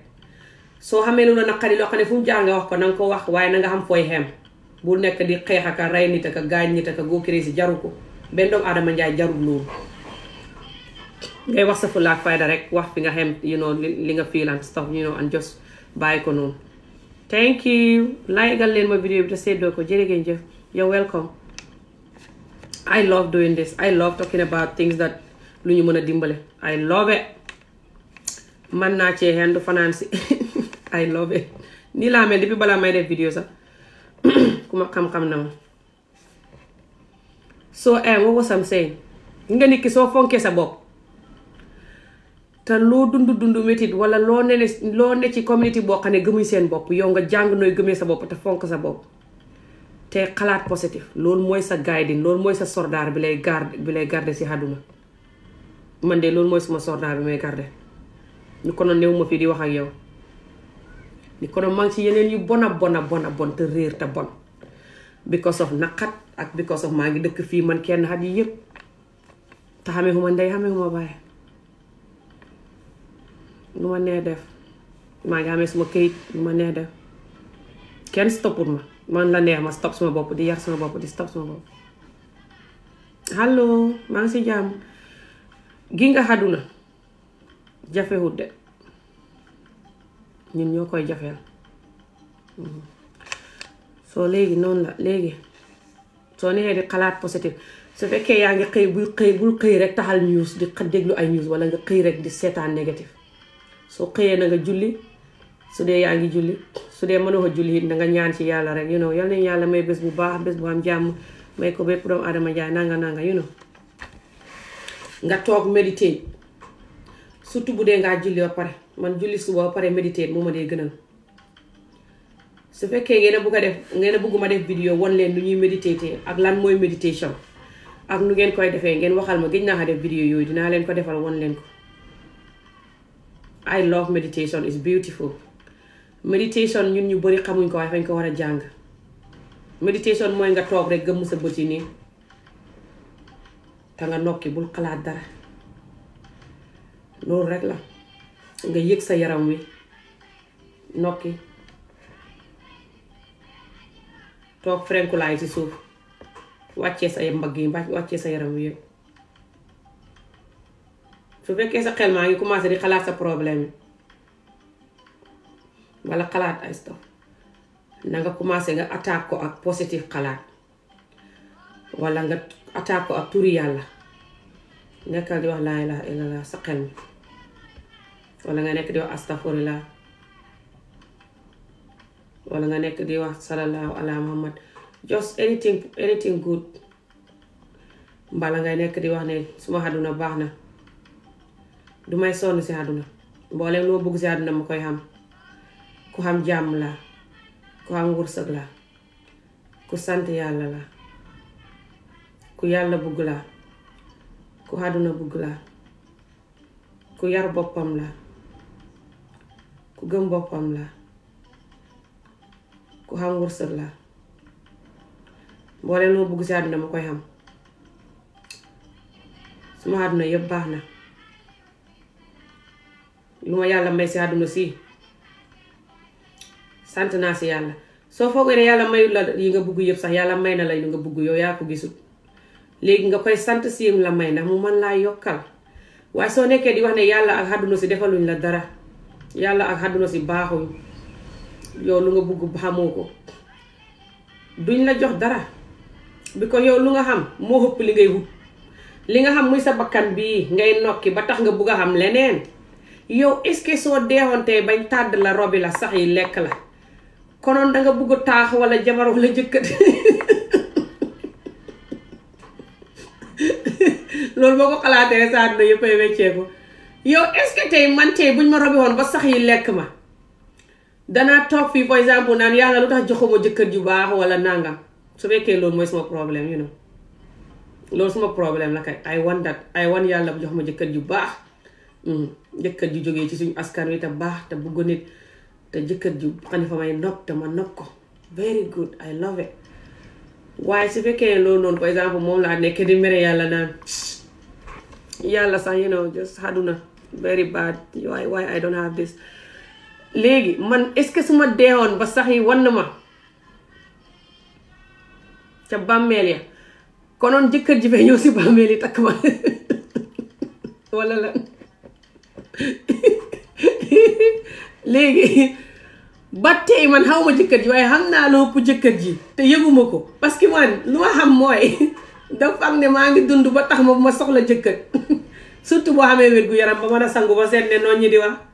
Speaker 1: soo xamee noonu la naqari loo xam ne fu mu jaar ko na ko wax waaye na nga xam fooy xem bu nekk di xeex aka rey nit aka gaañ nit aka góokirée si jaru ko benn doomu aadama njaay jarul loolu ngay wax sa fulaak fayda rek wax fi nga xem you know li nga feel and stuff you bàyyi ko noonu thank you laygal leen ma vidéo bi te seddoo ko jërëgéen jëf you're welcome I love doing this I love talking about things that lu ñu mën a dimbale I love it man naa cee xendu fanaan si I love it nii laa mel depuis balaa may def vidéo sax [clears throat] ku ma xam-xam na ma so I eh, am what I'm nga nit ki soo fonkee sa bopp te loo dund dund métit wala loo ne loo ne ci community boo xam ne gëmuñ seen bopp yow nga jàng nooy gëmee sa bopp te fonk sa bopp te xalaat positif loolu mooy sa guiding loolu mooy sa sordaar bi lay garde si àdduna man de loolu mooy suma sordaar bi may garde ni konoon néew fii di wax ak yow ni konoon maa ci yeneen yu bona bona bona bon te réer te bon because of nakat, ak because of ma ngi dëkk fii man kenn xat yi yëpp te huma ndey xamewuma baay lu ma nee def maa ngi amee suma këyit ma def kenn ma man la neex ma stop suma bopp di yar suma bopp di stop suma bopp mangsi maa ngi si jàmm gi nga xaduna jafewut de ñun ñoo koy soo léegi noonu la léegi soo nekkee di xalaat positif su fekkee yaa ngi xëy bul xëy bul xëy rek taxal news di déglu ay news wala nga xëy rek di seetaan négatif soo xëyee na nga julli su dee yaa ngi julli su dee mënoo ko julli na nga ñaan ci yàlla rek you know yal yàlla may bés bu baax bés bu am jàmm may ko bépp doomu adama jaay nanga nanga you nga toog méditer surtout bu dee ngaa julli ba pare man julli suba ba pare méditer moom ma dee gënal su fekkee ngeen a bugg def ngeen a bugguma def vidéo won leen lu ñuy méditer ak lan mooy méditation ak lu ngeen koy defee ngeen waxal ma gëj naa ko def vidéo yooyu dinaa leen ko defal won leen ko I love meditation is beautiful meditation ñun ñu bari xamuñ ko waaye fañ ko war a jàng meditation mooy nga toog rek gëmm sa bët yi nii te nga nokki bul xalaat dara loolu rek la nga yëg sa yaram wi nokki toog frenkulaay ci suuf wàccee say mbag yi wàccee sa yaram wi yëpp su fekkee sa xel maa ngi commencé di xalaat sa problème yi walla xalaat ay stof na nga commencé nga attaque ko ak positif xalaat walla nga attaque ko ak turi yàlla nekkal di wax laa ilaaha illallaah sa xel mi walla nga nekk di wax astafurlah wala nga nekk di wax salallahu ala muhammad just anything anything good mbala ngay nekk di wax ne suma àdduna baax na du may sonn si àdduna mboolem lu ma bëgg si àdduna ma koy xam ku xam jàmm la ku xam wërsëg la ku sant yàlla la ku yàlla bëgg la ku àdduna bëgg la ku yar boppam la ku gëm boppam la ku xam wërsëg la mboolem lu ma bëgg si àdduna ma koy xam suma àdduna yëpp baax na lu ma yàlla may si àdduna si sant naa si yàlla soo foogee ne yàlla mayul la yi nga bugg yëpp sax yàlla may na la yi nga bugg yow yaa ko gisul léegi nga koy sant si la may ndax mu mën laa yokkal waaye soo nekkee di wax yàlla ak àdduna si defaluñ la dara yàlla ak àdduna si baaxuñ yow lu nga bëgg xamoo ko duñ la jox dara bi ko yow lu nga xam moo hëpp li ngay wut li nga xam muy sa bakkan bii ngay nokki ba tax nga bugg a xam leneen yow est ce que soo deexontee bañ tàdd la robi la sax yi lekk la konoon danga bugg taax wala jabar wala jëkkat [laughs] loolu boo ko xalaatee sa na yëppay weccee ko yow est ce que tey man tey buñ ma robi woon ba sax yi lekk ma danaa toog fii for example, naan yàlla lu tax joxuma jëkkër ju baax wala nangam su fekkee loolu mooy sama problème you know loolu sama problème la kay ay wan dat ay wan yàlla bu jox ma jëkkër ju baax mm-hmm. jëkkër ju jógee ci suñu askan wi te baax te bugg nit te jëkkër ju xam may nopp te ma nopp ko very good I love it Why? su fekkee loolu noonu for example moom la nekkee di mere yàlla naan yàlla sax you know just haduna very bad why why I don't have this léegi man est-ce que su ma deewoon ba sax yi wann ma ca bàmmeel ya konoon jëkkër ji fee ñëw si bàmmeel yi takk ma [laughs] walla lan [laughs] léegi ba tey man xaw ma jëkkër ji waaye xam naa lu ëpp jëkkër ji te yëguma ko parce que man lu ma xam mooy [laughs] dafa am ne maa ngi dund ba tax ma ma soxla jëkkër surtout boo xamee wér gu yaram ba mën a sangu ba seet ne ñi di wax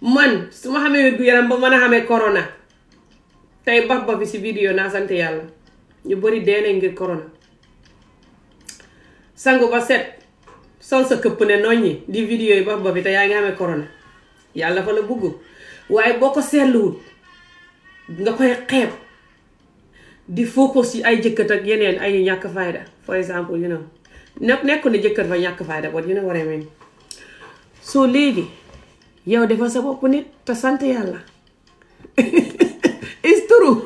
Speaker 1: man su ma xamee wér gu yaram ba mën a xamee corona tey bax ba fi si vidéo naa sant yàlla ñu bari dee ngir corona sangu ba set sol sa këpp ne noññi di vidéo yi bax ba te yaa ngi xamee corona yàlla fa la bugg waaye boo ko seetluwut nga koy xeeb di focus ci ay jëkkët ak yeneen ay ñàkk fayda for exemple you know ne nekku ne jëkkër fa ñàkk fayda but you know what I mean léegi yow defal sa bopp nit te sant yàlla is [laughs] true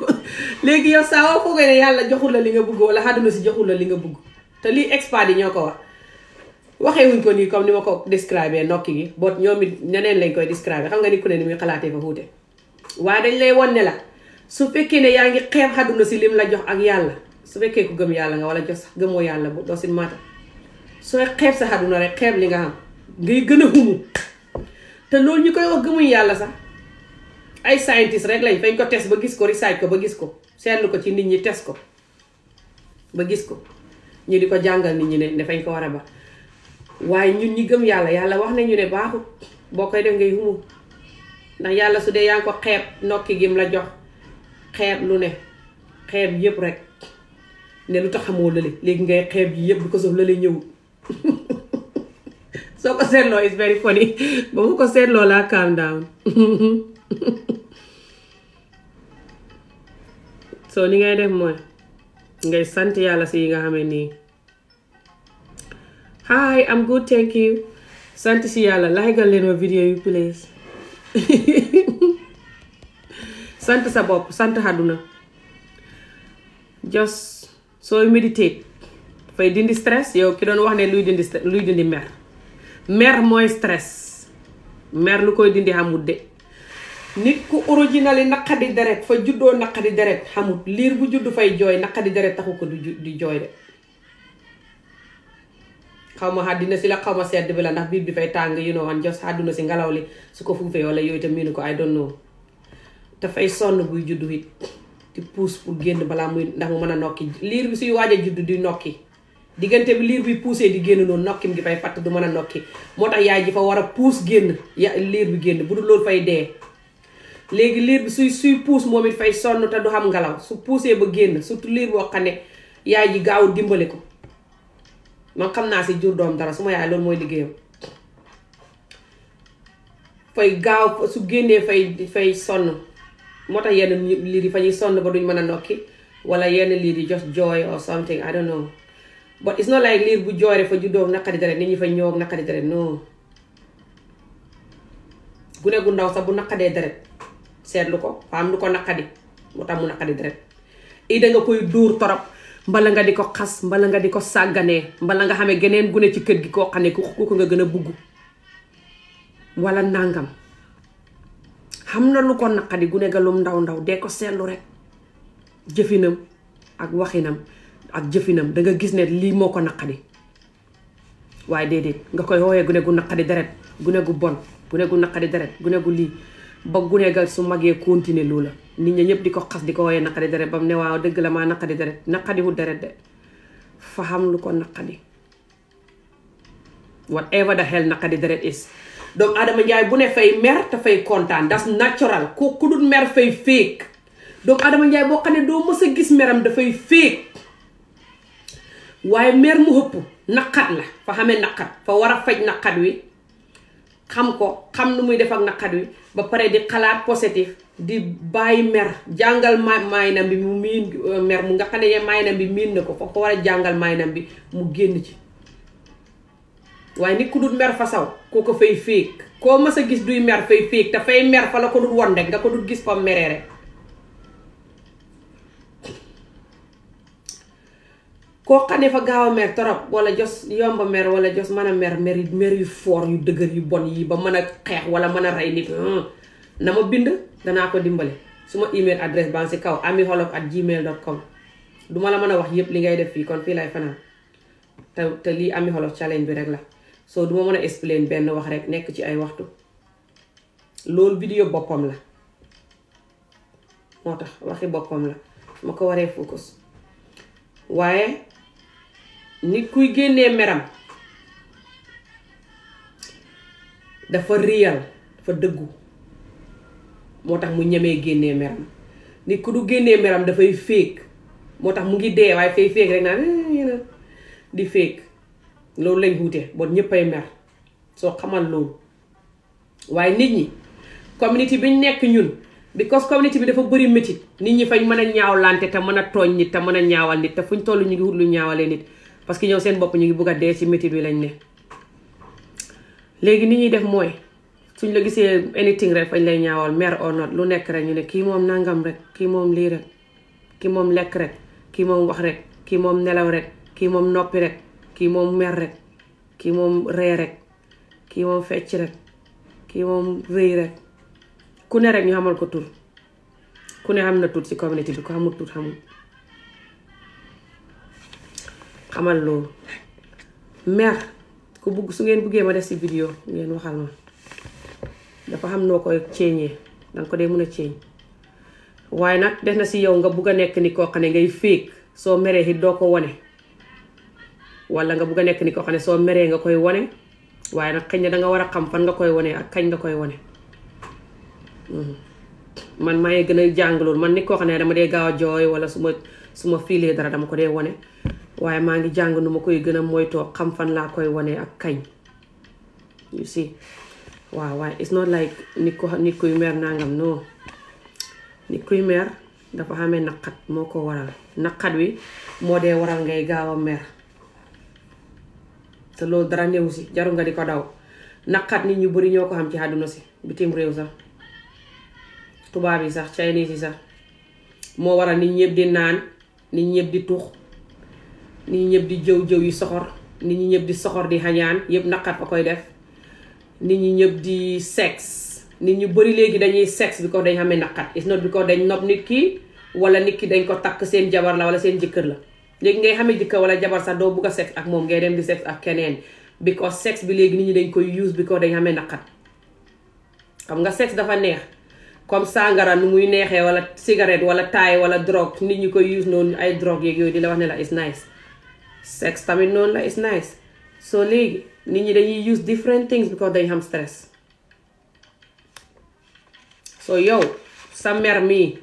Speaker 1: léegi yow saa woo foogee ne yàlla joxul la li nga bëgg wala àdduna si joxul la li nga bëgg te lii experts yi ñoo ko wax waxee wuñ ko nii comme ni ma ko describe nokki gi boot ñoom it ñeneen lañ koy describe xam nga ni ku ne ni muy xalaatee fa wuute waaye dañ lay won ne la su fekkee ne yaa ngi xeeb àdduna si lim la jox ak yàlla su fekkee ku gëm yàlla nga wala jox sax gëmoo yàlla bu doo sin maata sooy xeeb sa te loolu ñu koy wax gëmuñ yàlla sax ay scientist rek lañ fañ ko tes ba gis ko research ko ba gis ko seetlu ko ci nit ñi tes ko ba gis ko ñu di ko jàngal nit ñi ne dafañ ko war a ba waaye ñun ñi gëm yàlla yàlla wax nañu ne baaxut boo koy def ngay humu ndax yàlla su dee yaa ngi ko xeeb nokki gim la jox xeeb lu ne xeeb yëpp rek ne lu tax xamoo lële léegi ngay xeeb yi yëpp du ko sof lële ñëwul [laughs] soo ko seetloo [laughs] ko seetloo laa calm down [laughs] so ni ngay def mooy ngay sant yàlla si nga xamee nii hi I'm good thank you sant si yàlla likeal leen ma vidéo yu please [laughs] sant sa bopp sant àdduna just sooy meditate fay dindi stress yow ki doon wax ne luy dindi luy dindi mer mer mooy stress mer lu koy dindi xamut de nit ku originali naqadi deret fa juddoo naqadi deret xamut liir bu juddu fay jooy naqadi deret taxu ko di jooy de xaw ma àddina si la xaw ma sedd bi la ndax biir bi fay tàng yu noo xam jos si ngelaw li su ko fuufee wala yooyu tam miinu ko ay doon dafay sonn buy juddu it di puus pour génn balaa muy ndax mu mën a nokki liir bi suy waaj a juddu di nokki diggante bi liir bi poussé di génn noonu nokkim gi fay fatt du mën a nokki moo tax yaay ji fa war a puus génn liir bi génn bu dul loolu fay dee léegi liir bi suy suy puus moom it fay sonn te du xam ngelaw su puusee ba génn surtout liir boo xam ne yaay ji gaawul dimbali ko man xam naa si jur doom dara su ma yaay loolu mooy liggéeyam fay gaaw su génnee fay fay sonn moo tax yenn liir yi fa ñuy sonn ba duñ mën a nokki wala yenn liir yi just jooy or something I but it's not like liir bu joore fa juddoo naqari deret nit ñi fa ñëw naqari deret non gune gu ndaw sax bu naqadee deret seetlu ko fa am lu ko naqadi moo tax mu naqadi deret i da koy duur torop mbala nga di ko xas mbala nga di ko sàgganee mbala nga xamee geneen gune ci kër gi koo xam ne gën a bugg wala nàngam xam na lu ko naqadi gune ga lum ndaw ndaw dee ko seetlu rek jëfinam ak waxinam ak jëfinam danga gis ne lii moo ko naqadi waaye déedéet nga koy woowee gune gu naqadi deret gune gu bon gune gu naqadi deret gune gu lii ba gune ga su magee continuer loola nit ñi ñëpp di ko xas di ko woowee naqadi deret ba mu ne waaw dëgg la maa naqadi deret naqadi wu deret de fa xam lu ko naqadi whatever the hell naqadi deret is doomu Adama Njaay bu ne fay mer dafay fay kontaan that's natural ku ku mer fay fake doomu Adama Njaay boo xam ne doo mës gis meram dafay fake waye mer mu hëpp naqat la fa xamé naqat fa wara fajj faj wi xam ko xam nu muy def ak naqat wi ba paré di xalaat positif di bay mer jangal ma maynam bi mu min euh, mer mu nga xane ne maynam bi min nako fa ko wara jangal bi mu genn ci waye nit ku dut mer fa saw ko ko fay fek ko ma sa gis duy mer fay fek ta fay mer fa la ko dut won nga ko dut gis fa merere. koo xane ne fa gaaw mer torop wala jos yomba mer wala jos mana a mer mer mer yu for yu dëgër yu bon yi ba mën a xeex wala mën a rey nit hmm. na ma bind danaa ko dimbale suma email address baa si kaw ami xolof at gmail dot com du ma la mën a wax li ngay def fii kon fii lay fanaan te te lii ami challenge bi rek la soo duma mën a explain benn wax rek nekk ci ay waxtu loolu vidéo boppam la moo tax waxi boppam la ma ko focus waaye nit kuy génnee meram dafa réyal fa dëggu moo tax mu ñemee génnee meram nit ku du génnee meram dafay féeg moo tax mu ngi dee waaye fay féeg rek naan eh, di féeg loolu lañ wuute bon ñëppay mer soo xamal loolu waaye nit ñi community biñ nekk ñun because community bi dafa bëri métit nit ñi fañ mën a ñaawlante te mën a tooñ nit te mën a ñaawal nit te fuñ toll ñu ngi wut lu ñaawalee nit parce que ñëw seen bopp ñu ngi bugg dee ci métit bi lañ ne léegi ni ñuy def mooy suñ la gisee anything rek fañ lay ñaawal mer or not lu nekk rek ñu ne kii moom nangam rek kii moom lii rek kii moom lekk rek kii moom wax rek kii moom nelaw kii moom noppi rek kii moom mer rek kii moom ree rek kii moom fecc rek kii moom rëy rek ku ne rek ñu xamal ko tur ku ne xam na tur ci communauté bi ku xamul tur xamul xamal lo, mer ko bëgg su ngeen buggee ma def si vidéo ngeen waxal ma dafa xam noo koy ceeñee danga ko dee mën a ceeñ waaye nag def na si yow nga bugg nekk ni koo xam ne ngay féeg soo meree it doo ko wane wala nga bugg nekk ni koo xam ne soo meree nga koy wane waaye nag xëy na nga war a xam fan nga koy wane ak kañ nga koy hmm. man maa ngi gën a man ni koo xam ne dama dee gaaw jooy wala su ma su dara dama ko dee wane waaye maa ngi jàng nu ma koy gën a moytoo xam fan laa koy wane ak kañ you see waaw waaye it's not like nit ko nit kuy mer nangam non nit kuy mer dafa xamee naqat moo ko waral naqat wi moo dee waral ngay gaaw a mer te loolu dara néew si jaru nga di ko daw naqat nit ñu bëri ñoo ko xam ci àdduna si bitim réew sax tubaab yi sax chinese yi sax moo waral nit ñëpp di naan nit ñëpp di tux ni ñëpp di jëw jëw yu soxor nit ñi ñëpp di soxor di hañaan yëpp nakkat fa koy def nit ñi ñëpp di sex nit ñu bari léegi dañuy sex bi ko dañ xamee nakkat it's not because dañ nob nit ki wala nit ki dañ ko takk seen jabar la wala seen jëkkër la léegi ngay xamee jëkkër wala jabar sax doo bugg a sex ak moom ngay dem di sex ak keneen because sex bi léegi nit ñi dañ koy use because dañ xamee nakkat xam nga sex dafa neex comme sangara nu muy neexee wala cigarette wala taay wala drogue nit ñi koy use noonu ay drogue yeeg yooyu di la wax ne la is nice sexe tamit noonu la is nice so léegi nit ñi dañuy use different things because dañ xam stress soo yow sa mer mii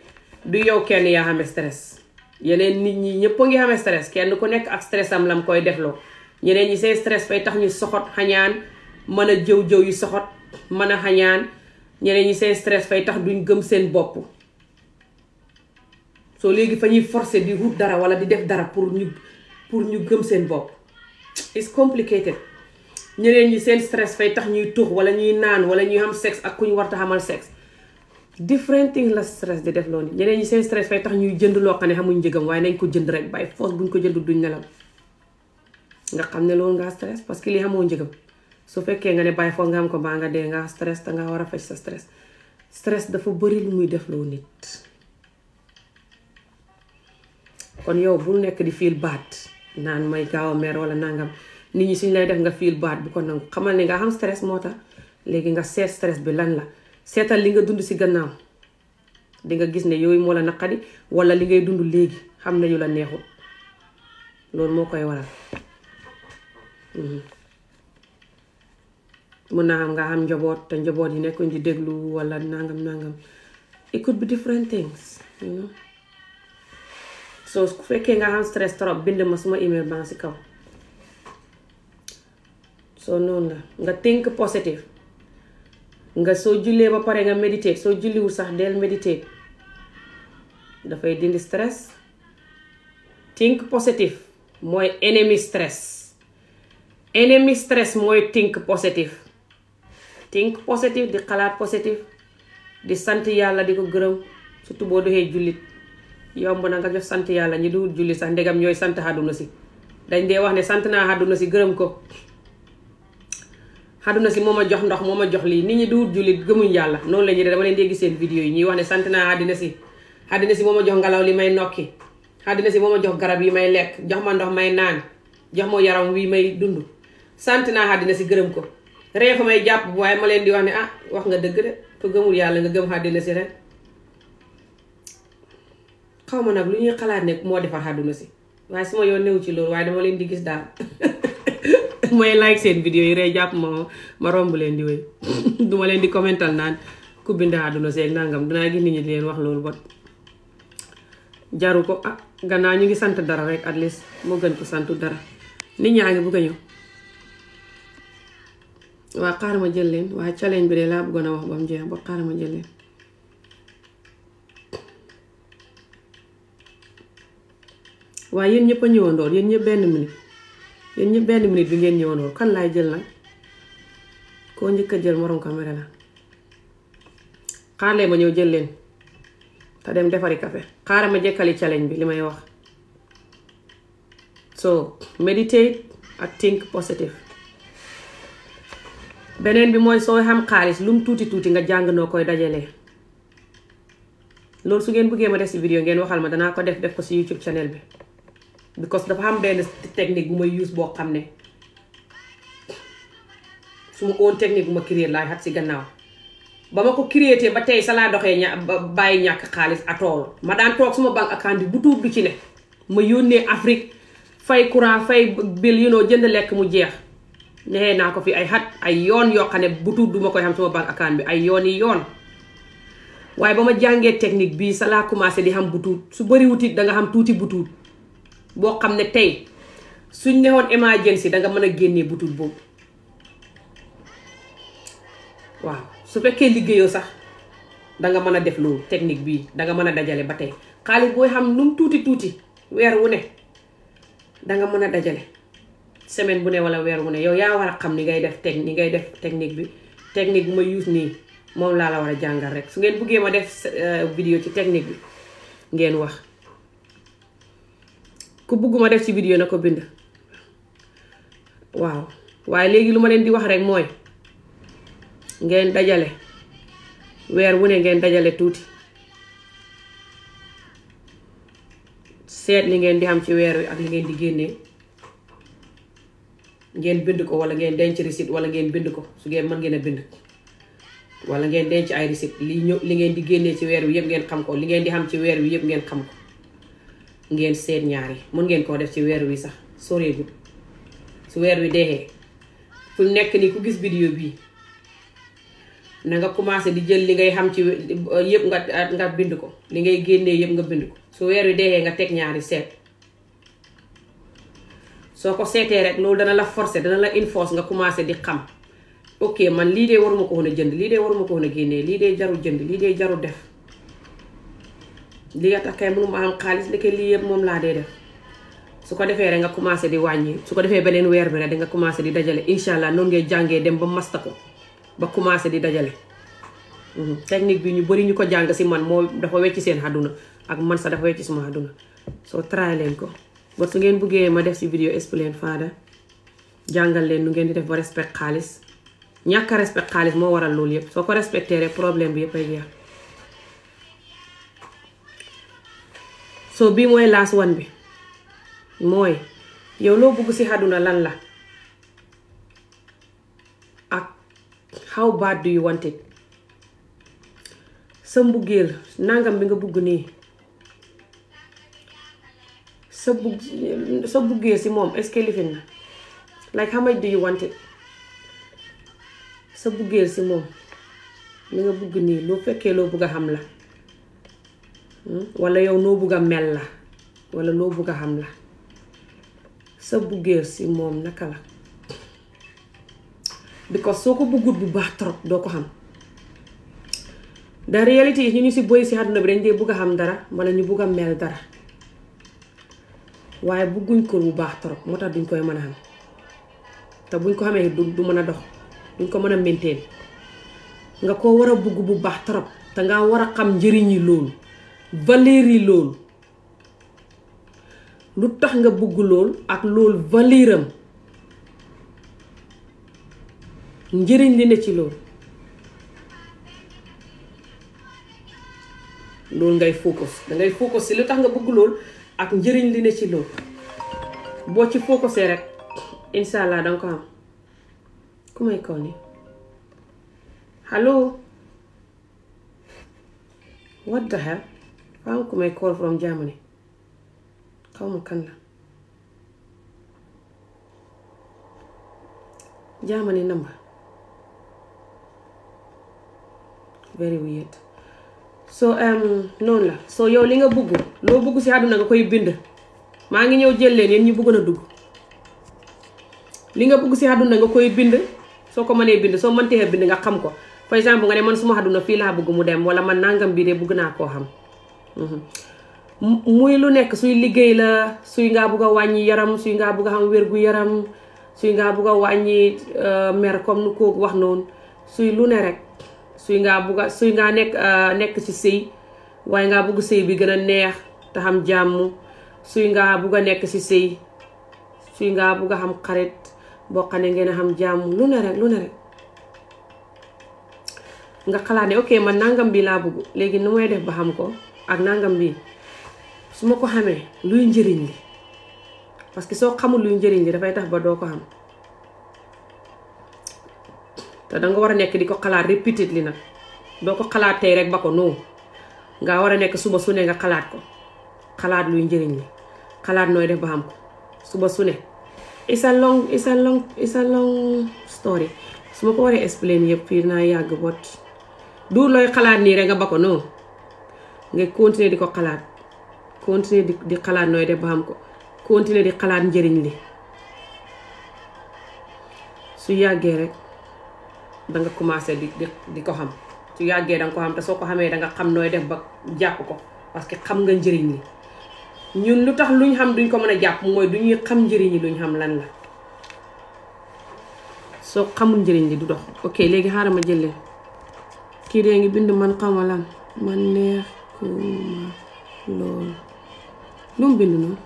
Speaker 1: du yow kenn yaa xame stress yeneen nit ñi ñëpp a ngi xame stress kenn ku nekk ak stress am lam koy defloo ñeneen ñi seen stress fay tax ñu soxot xañaan mën a jëw-jëw yu soxot mën a xañaan ñeneen ñi seen stress fay tax duñ gëm seen bopp soo léegi fa ñuy forcer di wut dara wala di def dara pour ñu pour ñu gëm seen bopp it's complicated ñeneen ñi seen stress fay tax ñuy tux wala ñuy naan wala ñuy am sex ak ku ñu warta xamal sex different thing la stress di def loolu ñeneen ñi seen stress fay tax ñuy jënd loo xam ne xamuñ njëgam waaye nañ ko jënd rek bàyyi force buñ ko jënd duñ nelaw nga xam ne loolu nga stress parce que li xamoo njëgam su fekkee nga ne bàyyi force nga am ko ba nga dee nga stress te nga war a faj sa stress stress dafa bëri lu muy def loo nit kon yow bul nekk di feel bad naan may gaaw a mer wala nangam nit ñi suñ lay def nga fiil baat bu ko nangu xamal ne nga xam stress moo tax léegi nga seet stress bi lan la seetal li nga dund ci gannaaw di nga gis ne yooyu moo la naqari wala li ngay dund léegi xam ne yu la neexul loolu moo koy waral hmm. mun naa xam nga xam njaboot te njaboot yi nekkuñ di déglu walla nangam nangam it could different things so ku fekkee nga am stress trop bind ma suma email baa si kaw so noonu la nga think positive nga soo jullee ba pare nga so soo julliwul sax del meditate dafay dindi stress think positive mooy enemy stress enemy stress mooy think positive think positive di xalaat positive di sant yàlla di ko gërëm surtout boo doxee jullit yomb na nga jox sante yalla ñi du julli sax ndegam ñoy sante haduna ci dañ dé wax ne sante na haduna ci gërëm ko haduna ci moma jox ndox moma jox li nit ñi du julli gëmu yalla non lañu dé dama leen dégg seen vidéo yi ñi wax ne sante na haduna ci haduna ci moma jox ngalaw li may nokki haduna ci moma jox garab yi may lek jox ma ndox may naan jox mo yaram wi may dundu, sante na haduna ci gërëm ko ree fa may ma leen di wax né ah wax nga dëgg dé ku gëmul yalla nga gëm haduna ci rek xawma ma nag lu ñuy xalaat ne moo defar àdduna si waaye su ma yoon néew ci loolu waaye dama leen di gis daal [laughs] mooy like seen vidéo yi rey jàpp ma ma romb leen di wéy [laughs] duma leen di commental naan ku bind àdduna ak nangam dinaa gis nit ñi di leen wax loolu bot jaru ko ah gannaaw ñu ngi sant dara rek at least moo gën ko santu dara nit ñaa ngi bugg a ñëw waa xaar ma jël leen waa challenge bi de laa bëggoon a wax ba mu jeex ba xaar ma jël leen waaye yéen ñëpp a ñëwandoor yéen ñëpp benn minute yéen ñëpp benn minute bi ngeen ñëwandoor kan laay jël nag koo njëkk a jël morom caméra la xaarlee ma ñëw jël leen te dem defari café xaaral ma jekkali challenge bi li may wax so meditate ak think positive beneen bi mooy sooy xam xaalis lum tuuti tuuti nga jàng noo koy dajalee loolu su ngeen bëggee ma def si vidéo ngeen waxal ma danaa ko def def ko si YouTube channel bi because dafa am benn technique bu may use boo xam ne su ma oon technique bu ma créer laa xat si gannaaw ba ma ko créer ba tey sa laa doxee ba bàyyi ñàkk xaalis atool ma daan toog suma banque account bi bu tuut du ci ne ma yónnee Afrique fay courant fay bill jënd lekk mu jeex nexee naa ko fi ay xat ay yoon yoo ne bu tuut du ma koy xam bi ay yoon yi yoon waaye ba ma jàngee technique bii sa laa commencé di xam bu tuut su bëri wutit da nga xam tuuti bu boo xam ne tey suñ newoon emergency da nga mën a génnee butul boobu waaw su fekkee liggéeyoo sax danga mën a def loolu technique bii danga mën a dajale ba tey xaalis booy xam lu mu tuuti tuuti weer wu ne danga mën a dajale semaine bu ne wala weer wu ne yow yaa war a xam ni ngay def teg ni ngay def technique bi technique bu ma use nii moom laa la war a jàngal rek su ngeen buggee ma def euh, vidéo ci technique bi ngeen wax ku bugguma def ci vidéo na ko bind waaw waaye léegi lu ma leen di wax rek mooy ngeen dajale weer wu ne ngeen dajale tuuti seet li ngeen di am ci weer wi ak li ngeen di génnee ngeen bind ko wala ngeen denc receipt wala ngeen bind ko su ngeen mën ngeen a bind wala ngeen denc ay receipt li ñëw li ngeen di génnee ci weer wi yëpp ngeen xam ko li ngeen di am ci weer wi yëpp ngeen xam ko ngeen seet ñaar yi mun ngeen koo def ci weer wi sax soreegul su weer wi deexee fu nekk ni ku gis vidéo bii na nga commencé di jël li ngay xam ci yëpp nga nga bind ko li ngay génnee yëpp nga bind ko su weer wi deexee nga teg ñaari seet soo ko seetee rek loolu dana la force dana la enforce nga commencé di xam ok man lii dee waruma ko woon a jënd lii dee waruma ko woon a génnee lii dee jarul jënd lii dee jarul def li nga tax kay mënuma am xaalis li kay lii yëpp moom def su ko defee nga commencé di wañi su ko defee benen weer bi rek nga commencé di dajale inshallah non ngay jangé dem ba masta ko ba commencé di dajale. Mhm. technique bi ñu bari ñu ko jàng si man mo dafa wécc seen haduna ak man sa dafa wecci suma haduna so try len ko bo su ngeen bëggee ma def si vidéo explain faada jangal len nu ngeen di def ba respect xaliss ñaka respect xaliss mo waral lool yëpp so ko respecté rek problème bi yëpp ay jeex. so bii mooy last one bi mooy yow loo bugg ci àdduna lan la ak how bad do you want it sa mbugeel nangam bi nga bugg nii sa bugg sa buggee ci moom est-ce que like how much do you want it sa buggeel ci moom li nga bugg nii loo fekkee loo bëgg a xam la Hmm? wala yow no bugg mel la wala loo bugg xam la sa buggee ci mom naka la because soo bu baax trop do ko xam da reality ñu ci si boy si aduna bi dañ dee bugg xam dara wala ñu bugg mel dara waaye bugguñ ko bu baax trop moo tax duñ koy mën a xam te buñ ko xamee du du mën dox duñ ko mën maintain nga ko war a bugg bu baax trop te nga war xam njëriñ yi valeri lool lu tax nga bëgg lool ak loolu valeram njëriñ li ne ci loolu loolu ngay focus dangay si lu tax nga bëgg lool ak njëriñ li ne ci loolu boo ci focusé rek incha danga ko am ku may kaw ni allo what How come may call from Germany? قوم كلا Germany number. Very weird. so um, noonu la so yow li nga bugg loo bugg si àdduna nga koy bind maa ngi ñëw jël leen yéen bugu bëggoon a dugg li nga bugg si àdduna nga koy bind soo ko mënee bind soo mëntee bind nga xam ko par exemple nga ne man sumo àdduna fii laa bëgg mu dem wala man nangam bii de bëgg naa koo xam muy lu nek suy liggey la suy nga bugg a wàññi yaram suy nga bugg a xam wér gu yaram suy nga bugg a euh, mer comme nu ko wax non suy lu ne rek suy nga bugg a suy nga nek euh, nek ci sëy waaye ngaa bugg sey bi gëna neex ta xam jamm suy nga bugg a ci sey suy nga xam xarit ngeen xam jamm lu ne rek lu ne rek nga xalaane ne ok man nangam bi laa bugg léegi nu may def ba xam ko ak nangam bi suma ko xamé luy njëriñ li parce que soo xamul luy njëriñ li dafay tax ba doo ko xam te da nga war a nekk di ko xalaat répétit li nag doo ko xalaat tey rek ba ko nga war a suba su ne nga xalaat ko xalaat luy njëriñ li xalaat nooy def ba xam ko suba su it's a long it's a long it's a long story suma ma ko waree explain yëpp fii naa yàgg bot du looy xalaat nii rek nga ba ko ngay continuer di ko xalaat continuer di di xalaat nooy def ba xam ko continuer di xalaat njëriñ li su yàggee rek da nga commencé di di ko xam su yàggee da nga ko xam te soo ko xamee da nga xam nooy def ba jàpp ko parce que xam nga njëriñ li ñun lu tax luñ xam duñ ko mën a jàpp mooy du ñuy xam njëriñ li luñ xam lan la soo xamul njëriñ li du dox ok léegi xaaral ma jëlee kii dee ngi bind man xamalan man neex Mm, no. lum bind noonu.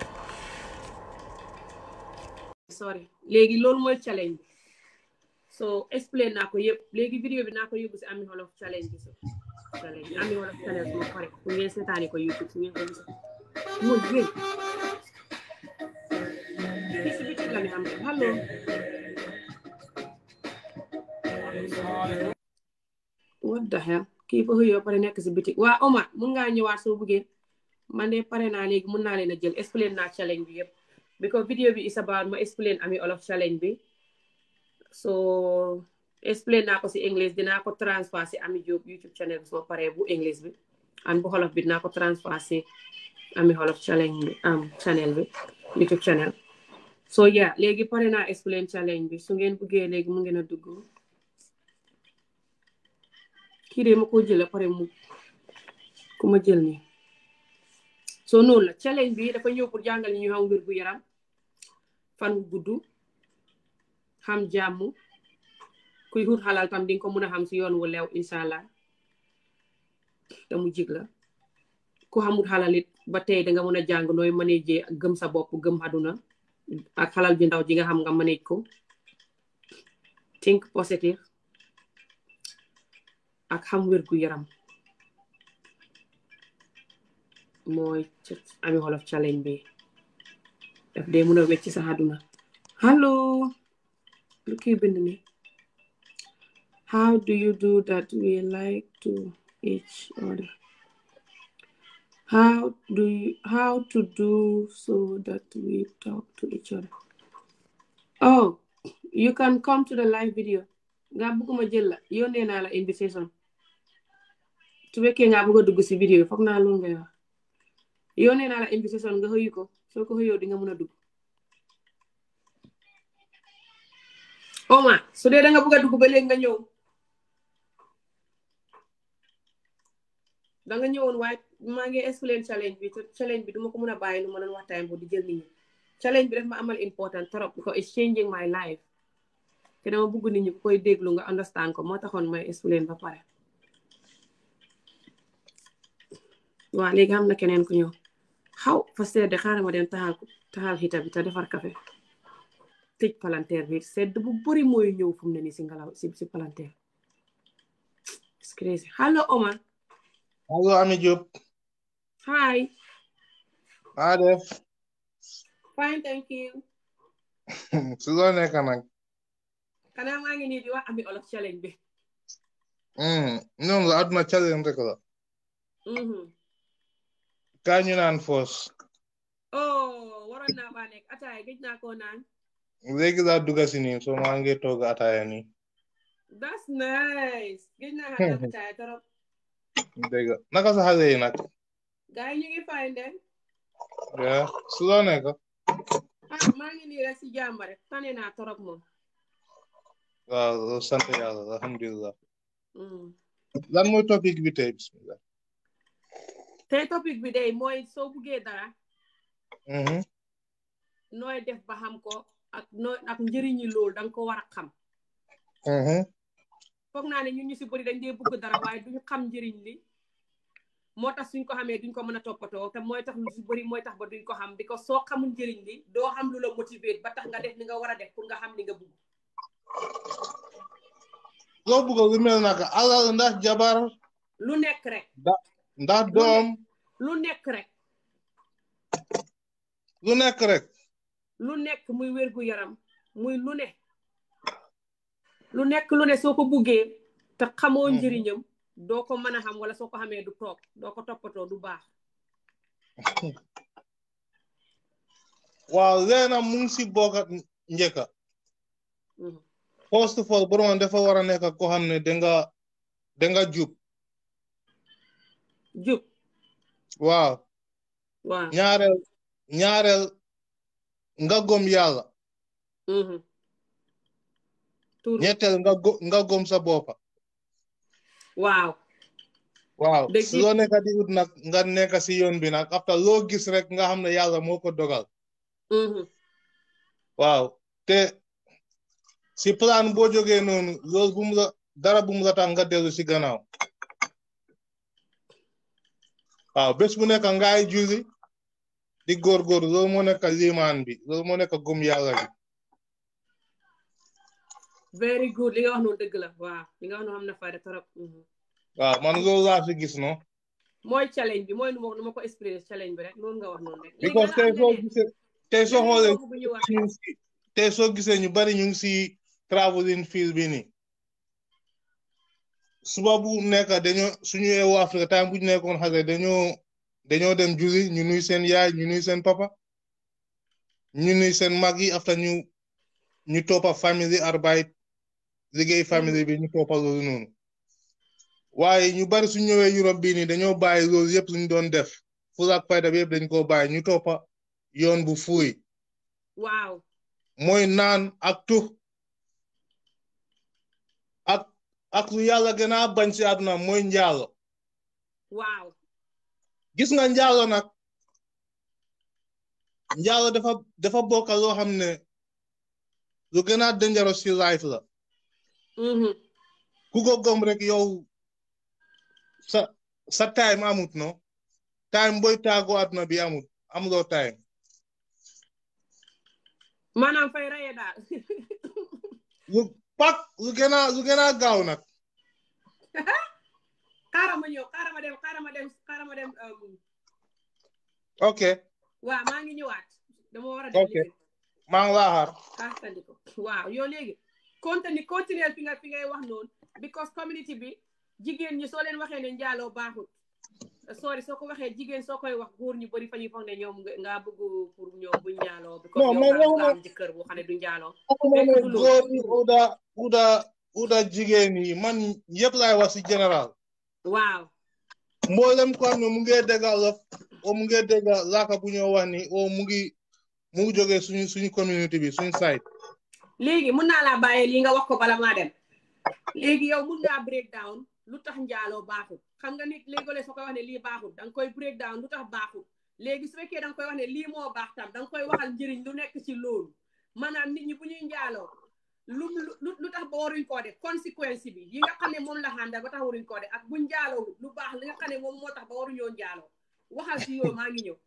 Speaker 1: sorry léegi loolu mooy challenge bi so explain naa ko yëpp léegi vidéo bi naa ko yóbbu si Amie Olof challenge bi so challenge Amie Olof challenge moo pare fu ngeen seetaani ko YouTube fu ngeen ko gis mooy wéy si biti la ne am allo what the hell kii fa xëyoo pare nekk si bitik waa Omar mun ngaa ñëwaat soo buggee man de pare naa léegi mun naa leen jël explain naa challenge bi yëpp because video bi is ma explain ami olof challenge bi so explain naa ko si english dinaa ko transfer si ami youtube channel bi soo paree bu english bi an bu xolof bi dinaa ko transfer si ami xolof challenge bi am channel bi youtube channel so yeah léegi pare naa explain challenge bi su ngeen buggee léegi mu ngeen a dugg ki de mako jël pare mu ku jël ni so non la challenge bi dafa ñëw pour jangal ñu xam wér yaram fan guddu gudd xam jàmm kuy hur halal tam di ko mëna xam ci yoon wu lew inshallah allah jigla mu jig la ku xamul xalalit ba tay da nga mëna jang noy mëne jé gëm sa bop gëm haduna ak halal bi ndaw ji nga xam nga mëne ko think positive ak xam gu yaram mooy ami xolof challenge bi daf dee mun a wecc sa àdduna hallo lu kii bind ni how do you do that we like to each other how do you how to do so that we talk to each other oh you can come to the live video nga bëgguma jël la yónnee naa la invitation su fekkee ngaa bëgg a dugg si vidéo fakna foog naa loolu ngay wax yónnee naa la invitation nga xëyu ko soo ko xëyoo di nga mën a dugg oma su dee da nga bëgg a dugg ba léegi nga ñëw da nga ñëwoon waaye maa ngi explain challenge bi challenge bi duma ko mën a bàyyi lu ma doon waxtaan di jël nit challenge bi daf amal important trop because it's changing my life te dama bëgg nit ñi koy déglu nga understand ko moo taxoon may explain ba pare waa léegi am na keneen ku ñëw xaw fa sedd xaaral ma dem taxal taxal xita te defar café tëj palanteer bi sedd bu bëri mooy ñëw ne nii si ngelaw si si palanteer it's crazy allo Omar allo Ami Diop hi maa def fine thank you
Speaker 5: su [laughs] loo nekk nag
Speaker 1: ngi nii di Ami Olof challenge bi
Speaker 5: noonu hmm, la àdduna challenge rek la mm-hmm. gaañu naan foos.
Speaker 1: oh waroon naa baa nekk ataaya gëj naa naan.
Speaker 5: léegi laa dugg si maa ngi toog ataaya nii.
Speaker 1: that's nice. gëj naa xanaa ataaya trop.
Speaker 5: dégg naka sa xale yi nag.
Speaker 1: gars yi ñu ngi fay de.
Speaker 5: Ah, waaw sant yàlla alhamdulilah. Mm. lan mooy topic bi
Speaker 1: te topic bi day mooy soo buggee dara mm-hmm. nooy def ba xam ko ak nooy ak njëriñi loolu danga ko war a xam mm-hmm. foog naa ne ñun ñu si dañ dee bugg dara waaye duñu xam njëriñ li moo tax suñ ko xamee duñ ko mën a toppatoo te mooy tax lu si mooy tax ba duñ ko xam bi ko soo xamul njëriñ li doo xam lu la motiver ba tax nga def li nga war a def pour nga xam li nga bugg
Speaker 5: loo bugg lu mel naka alal ndax jabar
Speaker 1: lu nekk rek ndax doom lu nekk rek lu nekk rek lu nekk muy wér yaram muy lu ne lu nekk lu ne soo ko buggee te xamoo hmm. njëriñam doo ko mën a xam wala soo ko xamee du toog doo ko toppatoo du baax [laughs]
Speaker 5: waaw leena mu ngi si bokk njëkka hmm. first of all borom dafa war a nekk koo xam ne da nga da nga jub jub waaw waaw ñaareel nga gom yàlla mm-hmm. ñetteel nga nga gom sa boppa waaw waaw loo nekka di ut nag nga nekka si yoon bi nag après loo gis rek nga xam ne yàlla moo ko dogal mm-hmm. waaw te si plan boo jógee noonu loolu bu dara bum mu la nga dellu si gannaaw waaw bés bu nekk ngaay julli di góorgóorlu loolu moo nekk limaan bi loolu moo nekk a gum yàlla bi.
Speaker 1: very good li nga wax noonu dëgg la waaw li nga wax noonu am na fayda trop. Mhm.
Speaker 5: waaw man loolu laa fi gis no
Speaker 1: mooy challenge bi mooy nu ma nu ko expliqué challenge bi rek noonu nga wax noonu rek.
Speaker 5: because tey soo gisee tey soo xoolee soo gisee ñu bari ñu ngi si traveling field bi nii. suba bu nekk dañoo suñu Yeewu Africa time bu ñu nekkoon xale dañoo dañoo dem julli ñu nuy seen yaay ñu nuy seen papa ñu nuy seen mag yi after ñu ñu toppa family arbeit liggéey family bi ñu toppa loolu noonu waaye ñu bari suñu ñëwee Europe bii nii dañoo bàyyi loolu yëpp suñu doon def fulla ak fayda bi yëpp dañ koo bàyyi ñu toppa yoon bu fuuy waaw mooy naan ak tux aku lu yàlla gën bañ si àdduna mooy njaalo. waaw. gis nga njaalo nag njaalo dafa dafa bokk loo xam ne lu gën a dangereux la. Mm-hmm. ku ko gom rek yow sa sa time amut no time booy àdduna bi amut amuloo time.
Speaker 1: maanaam fay rayé daal.
Speaker 5: [laughs] pak su gena a gena gën nak
Speaker 1: karama nag karama dem karama xaaral ma dem xaaral ma dem xaaral ma ok waaw maa ngi ñewat dama wara a dem ok maa ngi laa xaar xaastandiko waaw yow léegi continuer fi nga fi ngay wax non because community bi jigen ñi so len waxe ne njaaloo baaxul sorry soo ko waxee jigéen soo koy wax góor ñu bëri fa ñuy ne ñoom nga bëgg pour ñoom buñ njaaloo bi comme yow am jëkkër boo xam ne du njaaloo
Speaker 5: góor ñi uda uda uda jigéen yi man yëpp laay wax si général waaw ko xam ne mu ngee dégg o mu ngee dégg laaka bu ñoo wax ni mu ngi
Speaker 1: mu ngi jógee suñu suñu communauté bi suñu site léegi mun naa laa bàyyee lii nga wax ko bala maa dem léegi yow mun ngaa break down lu tax njaaloo baaxul xam nga nit léegole soo koy wax ne lii baaxul da koy break down lu tax baaxul léegi su fekkee da koy wax ne lii moo baax tam da koy waxal njëriñ lu nekk ci loolu maanaam nit ñi bu ñuy njaaloo lu lu tax ba waruñ koo def conséquence bi yi nga xam ne moom la xàndal ba tax waruñ koo def ak bu njaaloo lu baax li nga ne moom moo tax ba waruñoo njaaloo waxal si yow maa ngi ñëw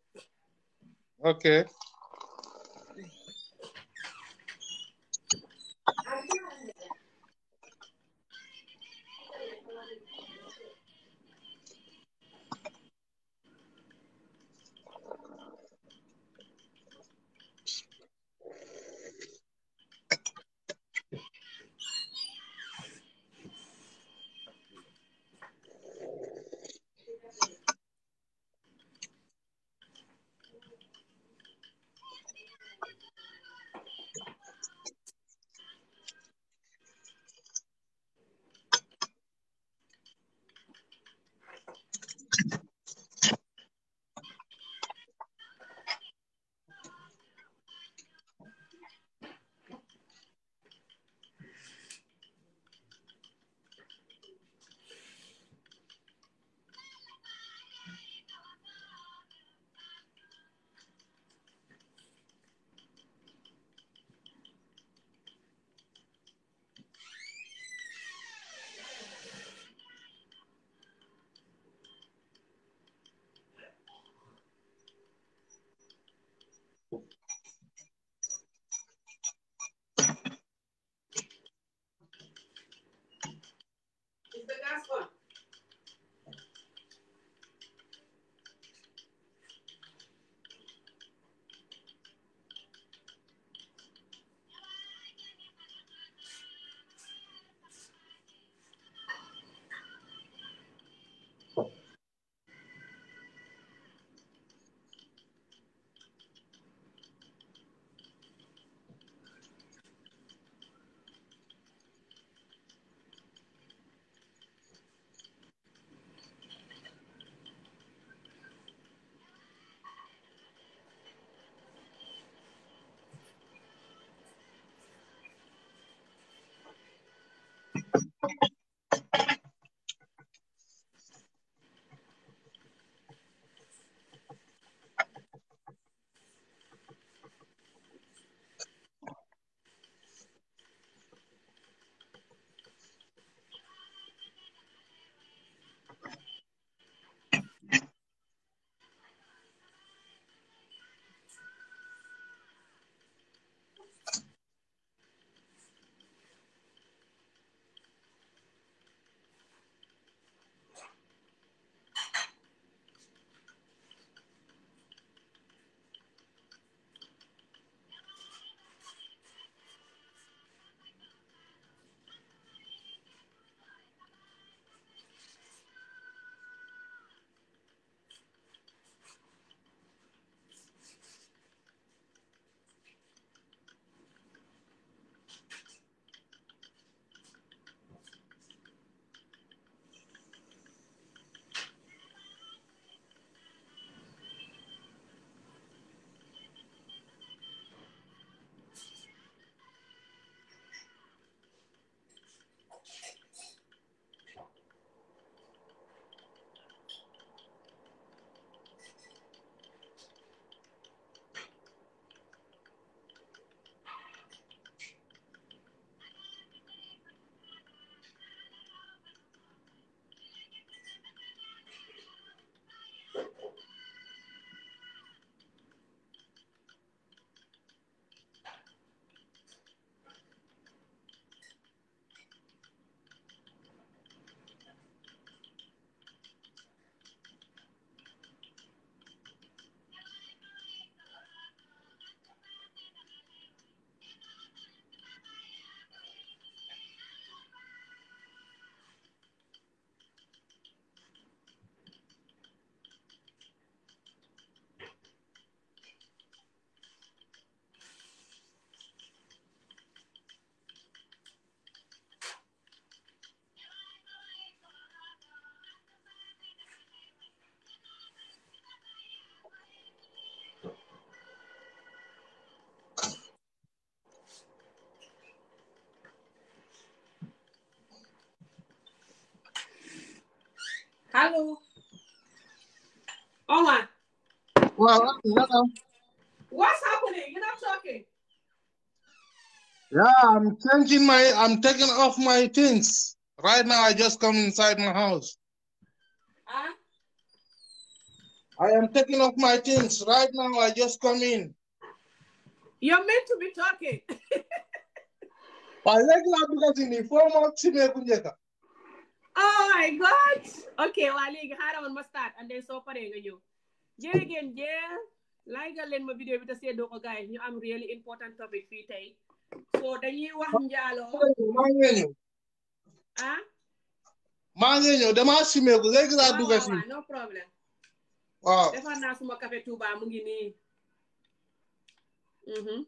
Speaker 1: Alô? Olá.
Speaker 5: Well, hello.
Speaker 1: What's happening? You're not talking.
Speaker 5: Yeah, I'm changing my, I'm taking off my things. Right now, I just come inside my house. Huh? I am taking off my things. Right now, I just come in.
Speaker 1: You're meant to be talking.
Speaker 5: I [laughs] like that because in the form
Speaker 1: oh my ok waa léegi xaaral ma start and then soo paree nga ñëw jërë ngeen jëf laygal leen ma vidéo bi te seddoo ko gars yi ñu am really important topic fii tey soo dañuy wax njaaloo maa ngi ñëw ah
Speaker 5: maa ngi ñëw damaa simeeku léegi laa dugg si ah, no problem waaw defar
Speaker 1: naa suma café Touba mu ngi nii mhm.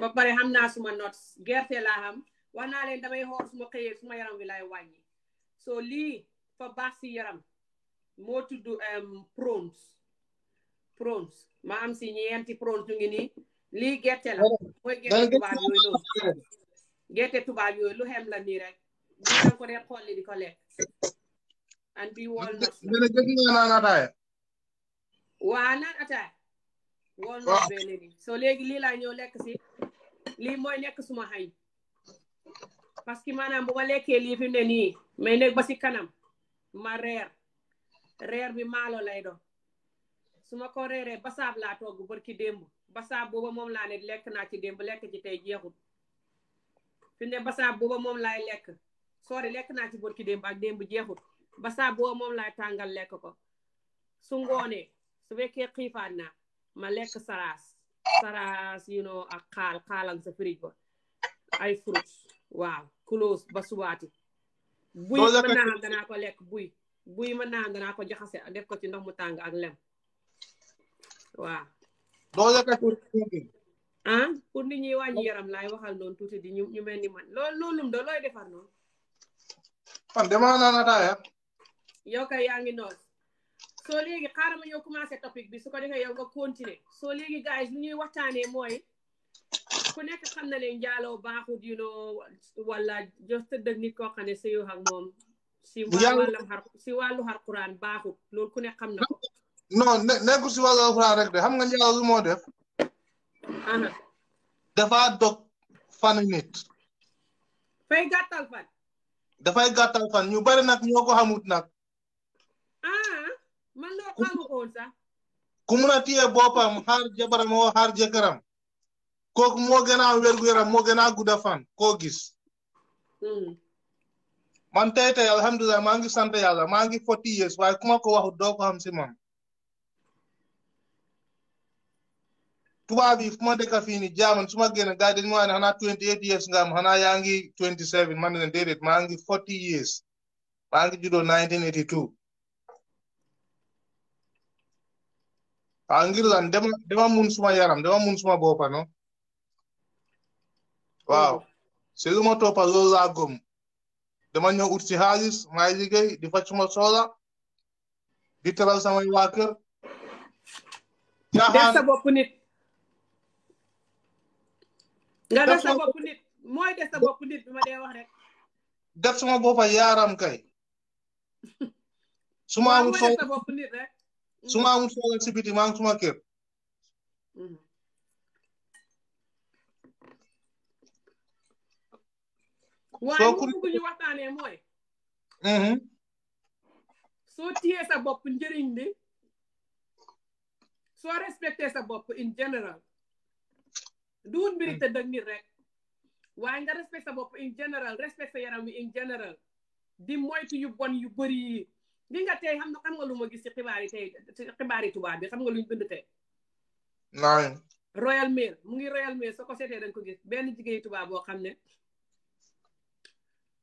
Speaker 1: ba pare xam naa suma notes gerte laa xam wax naa leen damay xool suma xëyee suma yaram wi lay wàññi so lii fa baax si yaram moo tudd prawns prawns ma am si ñeenti prawns ngi nii lii gerte la mooy gerte tubaab yooyu lu xem la nii rek ñu ko dee xolli di ko lekk an bi wool na naan ataaya waa naan ataaya wool na benn nii so léegi lii laa ñëw lekk si lii mooy nekk suma xañ parce que maanaam bu ma lekkee lii fi ne nii mais nekk ba si kanam ma reer reer bi maalo lay doo su ma ko reeree basaab laa toog togg ki démb basaab booba moom laa ne lekk naa ci démb lekk ci tey jeexut fi ne moom laay lekk sori lekk naa ci ki démb ak démb jeexut basaab booba moom laay tàngal lekk ko su ngoonee su fekkee xiifaan naa ma lekk saraas saraas you know ak xaal sa fridge ba ay fruits waaw close ba subaati buy mën naa am danaa ko lekk buy buy mën naa am danaa ko jaxase def ko ci ndox mu tàng ak lem waaw doo lekk ah pour nit ñi wàññi yaram laay waxal noonu tuuti di ñu ñu mel ni man loolu loolum do looy defar noonu
Speaker 5: man dama naan ataaya
Speaker 1: kay yaa ngi noos soo léegi xaaral ma ñëw commencé topic bi su ko defee yow nga continuer soo léegi gars yi ñuy waxtaanee mooy ku nekk xam na ne njaaloo baaxut you know wala jox tëdd ak nit si wàllu xar si wàllu quran baaxut loolu ku ne xam na ko
Speaker 5: non nekkul si wàllu alxuraan rek de xam nga njaaloo lu moo def dafaa dog fan nit
Speaker 1: fay gàttal fan
Speaker 5: dafay gàttal fan ñu bari nag ñoo ko xamut nag
Speaker 1: ah man loo xamu ko woon sax
Speaker 5: ku mun a téye boppam jabaram woo xaar jëkkëram kooku moo gën a wér gu yaram moo gën a gudda fan koo gis. Hmm. man tey tey alhamdulilah maa ngi sant yàlla maa ngi forty years waaye ku ma ko wax doo ko xam si tubaab yi fu ma dëkk fii nii jaaman su ma génn gars yi dañu ma ne xanaa twenty eight years nga am xanaa yaa ngi twenty seven man ne déedéet maa ngi forty years maa ngi juddoo nineteen eighty two. ah ngir lan dama dama mun suma yaram dama mun suma boppa waaw oh. si lu ma toppa loolu laa gëm dama ñëw ut si xaalis maay liggéey di faj suma soxla di teral samay
Speaker 1: waa kër caaxaan def bopp nit
Speaker 5: nga def sa bopp
Speaker 1: nit mooy def bopp nit
Speaker 5: bi suma boppa yaaram kay
Speaker 1: [laughs] su ma amul soxla
Speaker 5: su si biti maa suma kër
Speaker 6: mm-hmm. waaye mu bëgg ñu
Speaker 1: waxtaanee mooy mm-hmm. soo téyee sa bopp njëriñ li soo respecté sa bopp in general duun mbiri mm-hmm. te dëgg nit rek waaye nga respect sa bopp in general respect sa yaram wi in general di moytu yu bon yu bëri yi li nga tey xam nga lu ma gis ci xibaar yi tey xibaar yi tubaab bi xam nga lu ñu bind tey Royal Mail mu ngi Royal Mail soo ko seetee dañ ko gis benn jigéen tubaab boo xam ne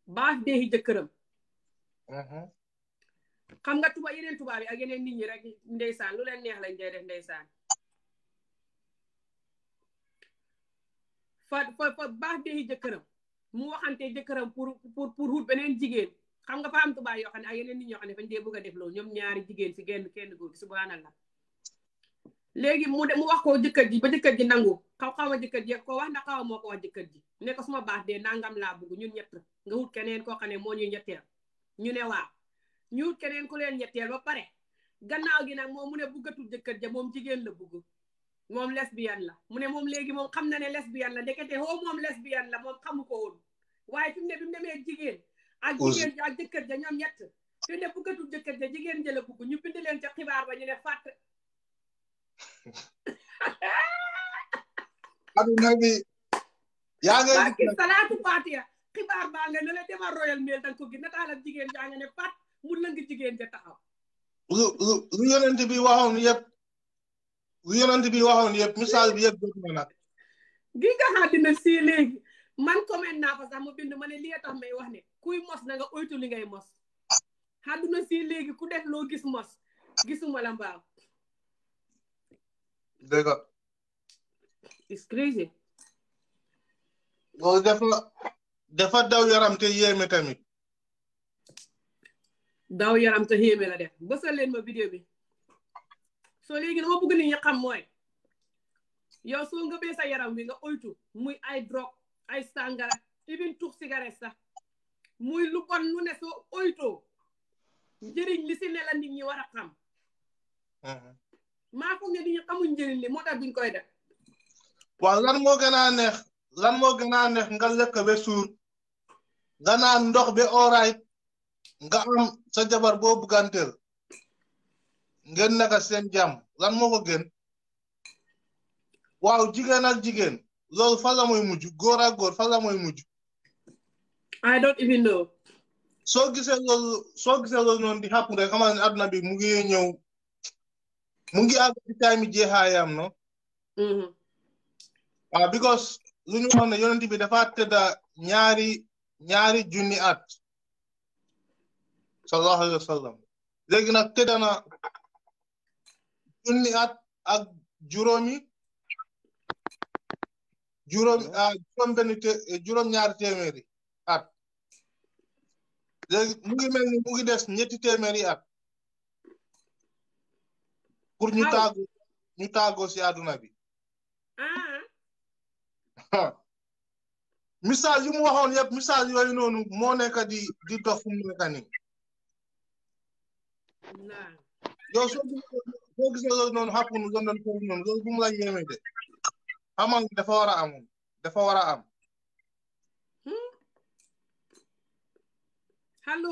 Speaker 1: baax deexi jëkkëram mm-hmm. xam nga tuba yeneen tubaab yi ak yeneen nit ñi rek ndeysaan lu leen neex lañ dee def ndeysaan fa fa fa baax deexi jëkkëram mu waxante jëkkëram pour pour pour wut beneen jigéen xam nga fa am tubaab yoo xam ne ak yeneen ñoo xam ne fañ dee bëgg a def loolu ñoom ñaari jigéen si genn kenn góor gi léegi mu mu wax ko jëkkër ji ba jëkkër ji nangu xaw xaw ma jëkkër ji ko wax na xaw moo ko wax jëkkër ji ne ko suma baax dee nangam laa bëgg ñun ñett nga wut keneen koo xam ne moo ñuy ñetteel ñu ne waa ñu wut keneen ku leen ñetteel ba pare gannaaw gi nag moom mu ne bëggatul jëkkër ja moom jigéen la bëgg moom lesbian la mu ne moom léegi moom xam na ne lesbian la ndekete hoo moom lesbian la moom xamu ko woon waaye fi mu ne bi mu demee jigéen ak jigéen ak jëkkër ja ñoom ñett fi mu ne bëggatul jëkkër jigéen ja la bëgg ñu bind leen ca xibaar ba ñu ne fàtt adduna bi yaa ngi barki salaatu faatiha xibaar baa nga ne la demal royal mail danga ko gis nataalam jigéen jaa nga ne pat mu lëng jigéen ja taxaw
Speaker 3: lu lu lu
Speaker 5: yonent bi waxoon yëpp lu yonent bi waxoon yëpp misaal bi yëpp
Speaker 1: gi nga xam léegi man comment naa sax mu bind ma ne li tax may wax ne kuy mos na nga oytu li ngay mos xadduna sii léegi ku def loo gis mos gisuma la
Speaker 5: dégg nga. it's crazy. loolu dafa daw yaram te yéeme tamit.
Speaker 1: daw yaram te yéeme la def bësal leen ma vidéo bi soo léegi dama bëgg nit ñi xam mooy yow soo nga bee sa yaram wi nga oytu muy ay drogue ay sàngara even tux cigarette sax muy lu bon lu ne soo oytoo njëriñ li si ne la nit ñi war a xam. maa foog ne di ñu xamuñ njëriñ li koy def.
Speaker 5: waaw lan moo gën a neex lan moo gën a neex nga lekk ba suur nga naan ndox ba ooraay nga am sa jabar boo bugganteel ngeen naka seen jàmm lan moo ko gën waaw jigéen ak jigéen loolu fan la mooy mujj góor ak góor fan la mooy mujj. I don't even know. soo gisee loolu soo gisee loolu noonu di xàpp rek xamal bi mu ngi ñëw. mungi ago di time jeexaayam no waaw mm-hmm. ah, because lu ñu wax ne yonent bi dafa tëdda ñaari ñaari junni at sallallahu alayhi wa sallam léegi nag tëdda na junni at ak juróomi juróom juróom benn juróom ñaari at léegi mu ngi mel ni mu des ñetti téeméeri at pour ñu tàggu tàggoo si àdduna bi.
Speaker 6: Ah.
Speaker 5: [laughs] message yu mu waxoon yëpp message yooyu noonu moo nekk di di dox fu mu nekk nii. yow soo soo gisee loolu noonu xàppu nu de xamal dafa war a amoon dafa war a am. Hmm?
Speaker 1: allo.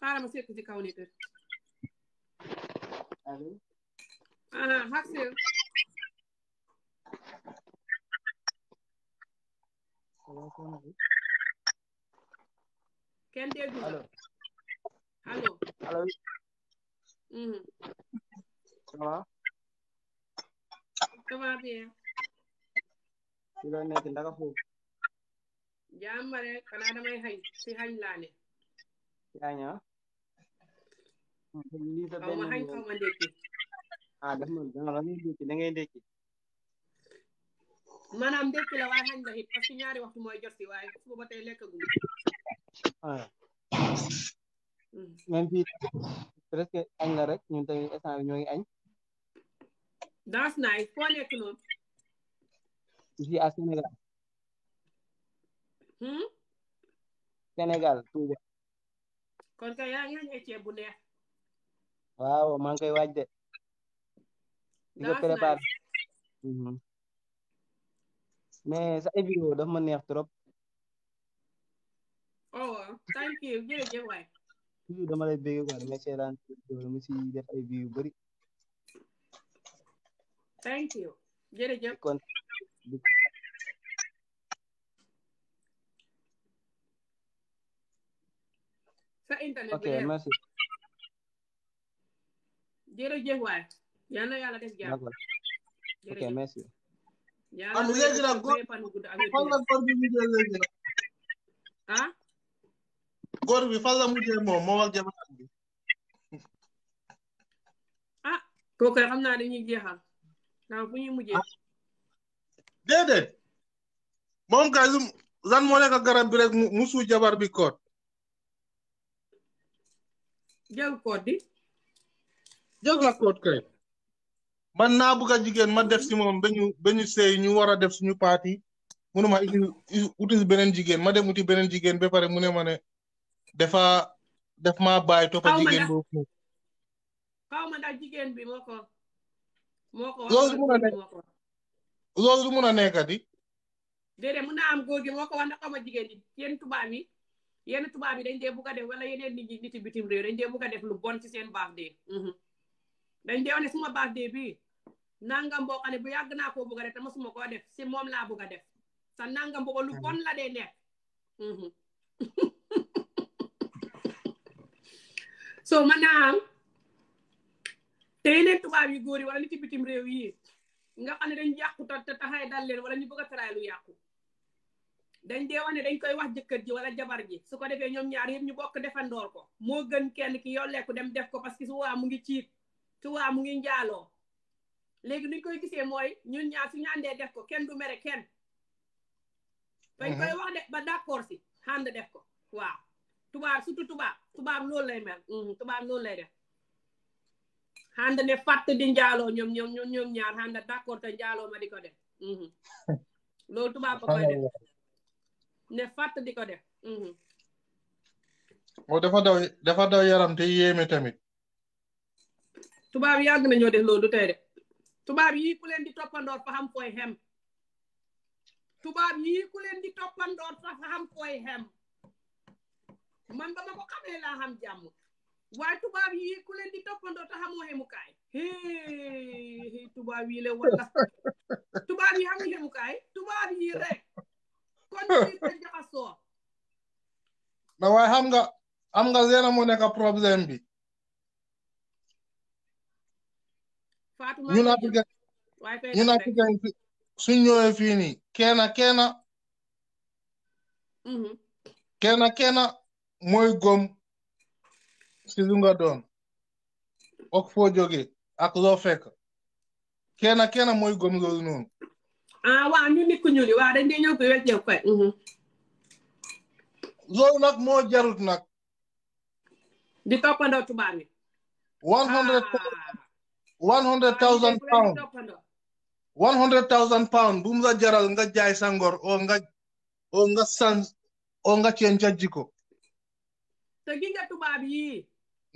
Speaker 1: xaaral ma seetlu ci kaw nii
Speaker 3: Aha, 박수.
Speaker 6: Quel début? Allô. Allô. Allô. Mm. Ça va? Ça va bien. ci loo nekk ndaga foofu.
Speaker 1: jàmbare xanaa damay xañ si xañ laa ne.
Speaker 6: yaa ñaa. lii sa benn xaw ma xañ xaw ma ndékki. a ah, def na da nga ndékki da ngay ndékki. maanaam
Speaker 1: ndékki la waaye xañ na it parce que ñaari waxtu mooy jot si waaye suba ba tey lekkagum. ah. Hmm.
Speaker 7: même fii presque añ la rek ñun tamit instant bi ñoo ngi añ.
Speaker 1: dans naay foo nekk noonu.
Speaker 8: ici à Sénégal. Hmm? Sénégal Touba.
Speaker 1: kon kay yaa ngi bu neex.
Speaker 4: waaw maa ngi waaj de.
Speaker 1: di ko
Speaker 9: mhm. mais sa ay vidéo daf ma neex trop.
Speaker 1: oh thank you jërëjëf waay.
Speaker 9: toujours dama lay bëgg quoi dama seetaan vidéo dama ay vues yu bëri.
Speaker 1: thank you jërëjëf. kon ok merci. jërëjëf waay. yal na yàlla def jàmm. ok
Speaker 4: merci.
Speaker 6: yàlla na léegi nag góor bi mujjee léegi ah.
Speaker 5: góor
Speaker 1: bi fan la mujjee moom moo ah kooku xam naa dañuy jeexal. ndax fu ñuy mujjee. déedéet.
Speaker 5: moom kay lan moo nekk garab bi rek musu jabar bi koot. jël koot di. jël koot kay. man naa bëgg jigéen ma def si moom ba ñu ba ñu seey ñu war a def suñu parti munuma uti beneen jigéen ma dem uti beneen jigéen ba pare mu ne ma ne dafa def ma bàyyi topp a jigéen boobu.
Speaker 1: xaw ma daal jigéen bi moo ko moo ko. loolu mun a nekk
Speaker 5: loolu mun a nekk di.
Speaker 1: déedéet am góor gi moo ko wax ne xaw jigéen ñi yéen tubaab yi yéen tubaab yi dañ dee bugg a def wala yeneen nit ñi nit yi bitim réew dañ dee bugg a def lu bon ci seen baax dee. Mhm. dañ dee wane suma baax dee nangam boo xam bu yàgg naa koo bëgg a def te masuma koo def si moom laa bëgg a def sa nangam booba lu bon la dee nekk mhm. [laughs] so mën naa am te yeneen tubaab yi góor yi wala nit yi bitim réew yi nga xam ne dañ yàqu te taxay dal leen wala ñu bëgg a taraay lu yàqu dañ dee wax ne dañ koy wax jëkkër ji wala jabar ji su ko defee ñoom ñaar yëpp ñu bokk defandoor ko moo gën kenn ki yolleeku dem def ko parce que su waa mu ngi ciit su waa mu ngi njaaloo léegi nuñ koy gisee mooy ñun ñaar suñu àndee def ko kenn du mere kenn bañ mhm. koy wax de ba d'accord si ànd def ko waaw tubaab surtout tubaab tubaab loolu lay mel mhm. tubaab loolu lay def ànd ne fàtt di njaaloo ñoom ñoom ñoom ñoom ñaar ànd te njaaloo ma di ko def mhm. [laughs] loolu tubaab ba koy def ne fàtt di ko def
Speaker 5: moo dafa daw dafa daw yaram te yéeme tamit
Speaker 1: tubaab yàgg na ñoo def loolu du tey de tubaab yii leen di toppandoor fa xam fooy xem tubaab yii leen di toppandoor fa xam fooy xem man ba ma ko xamee laa xam jàmm waaye tubaab yii ku leen di toppandoor ta xamoo xemukaay hee tubaab yii la wala tubaab yi xamuñu xemukaay tubaab yii rek kon ñi ta jaxasoo
Speaker 5: na waaye xam nga xam nga zeena mu nekk problème bi
Speaker 1: ñun africain
Speaker 6: ñun africain
Speaker 5: suñ ñëwee fii nii keena mm-hmm. mooy gom si lu ok foo jóge ak loo fekk keena keena mooy gom loolu noonu
Speaker 1: ah waaw ñu nit ku koy mm-hmm. loolu nag moo jarut nag di toppandoo tubaab yi one hundred
Speaker 5: 100000 pound 100000 pound Bumza mu la jaral nga jaay sa o nga o nga san o nga cenca jiko
Speaker 1: te gi nga tubaab yi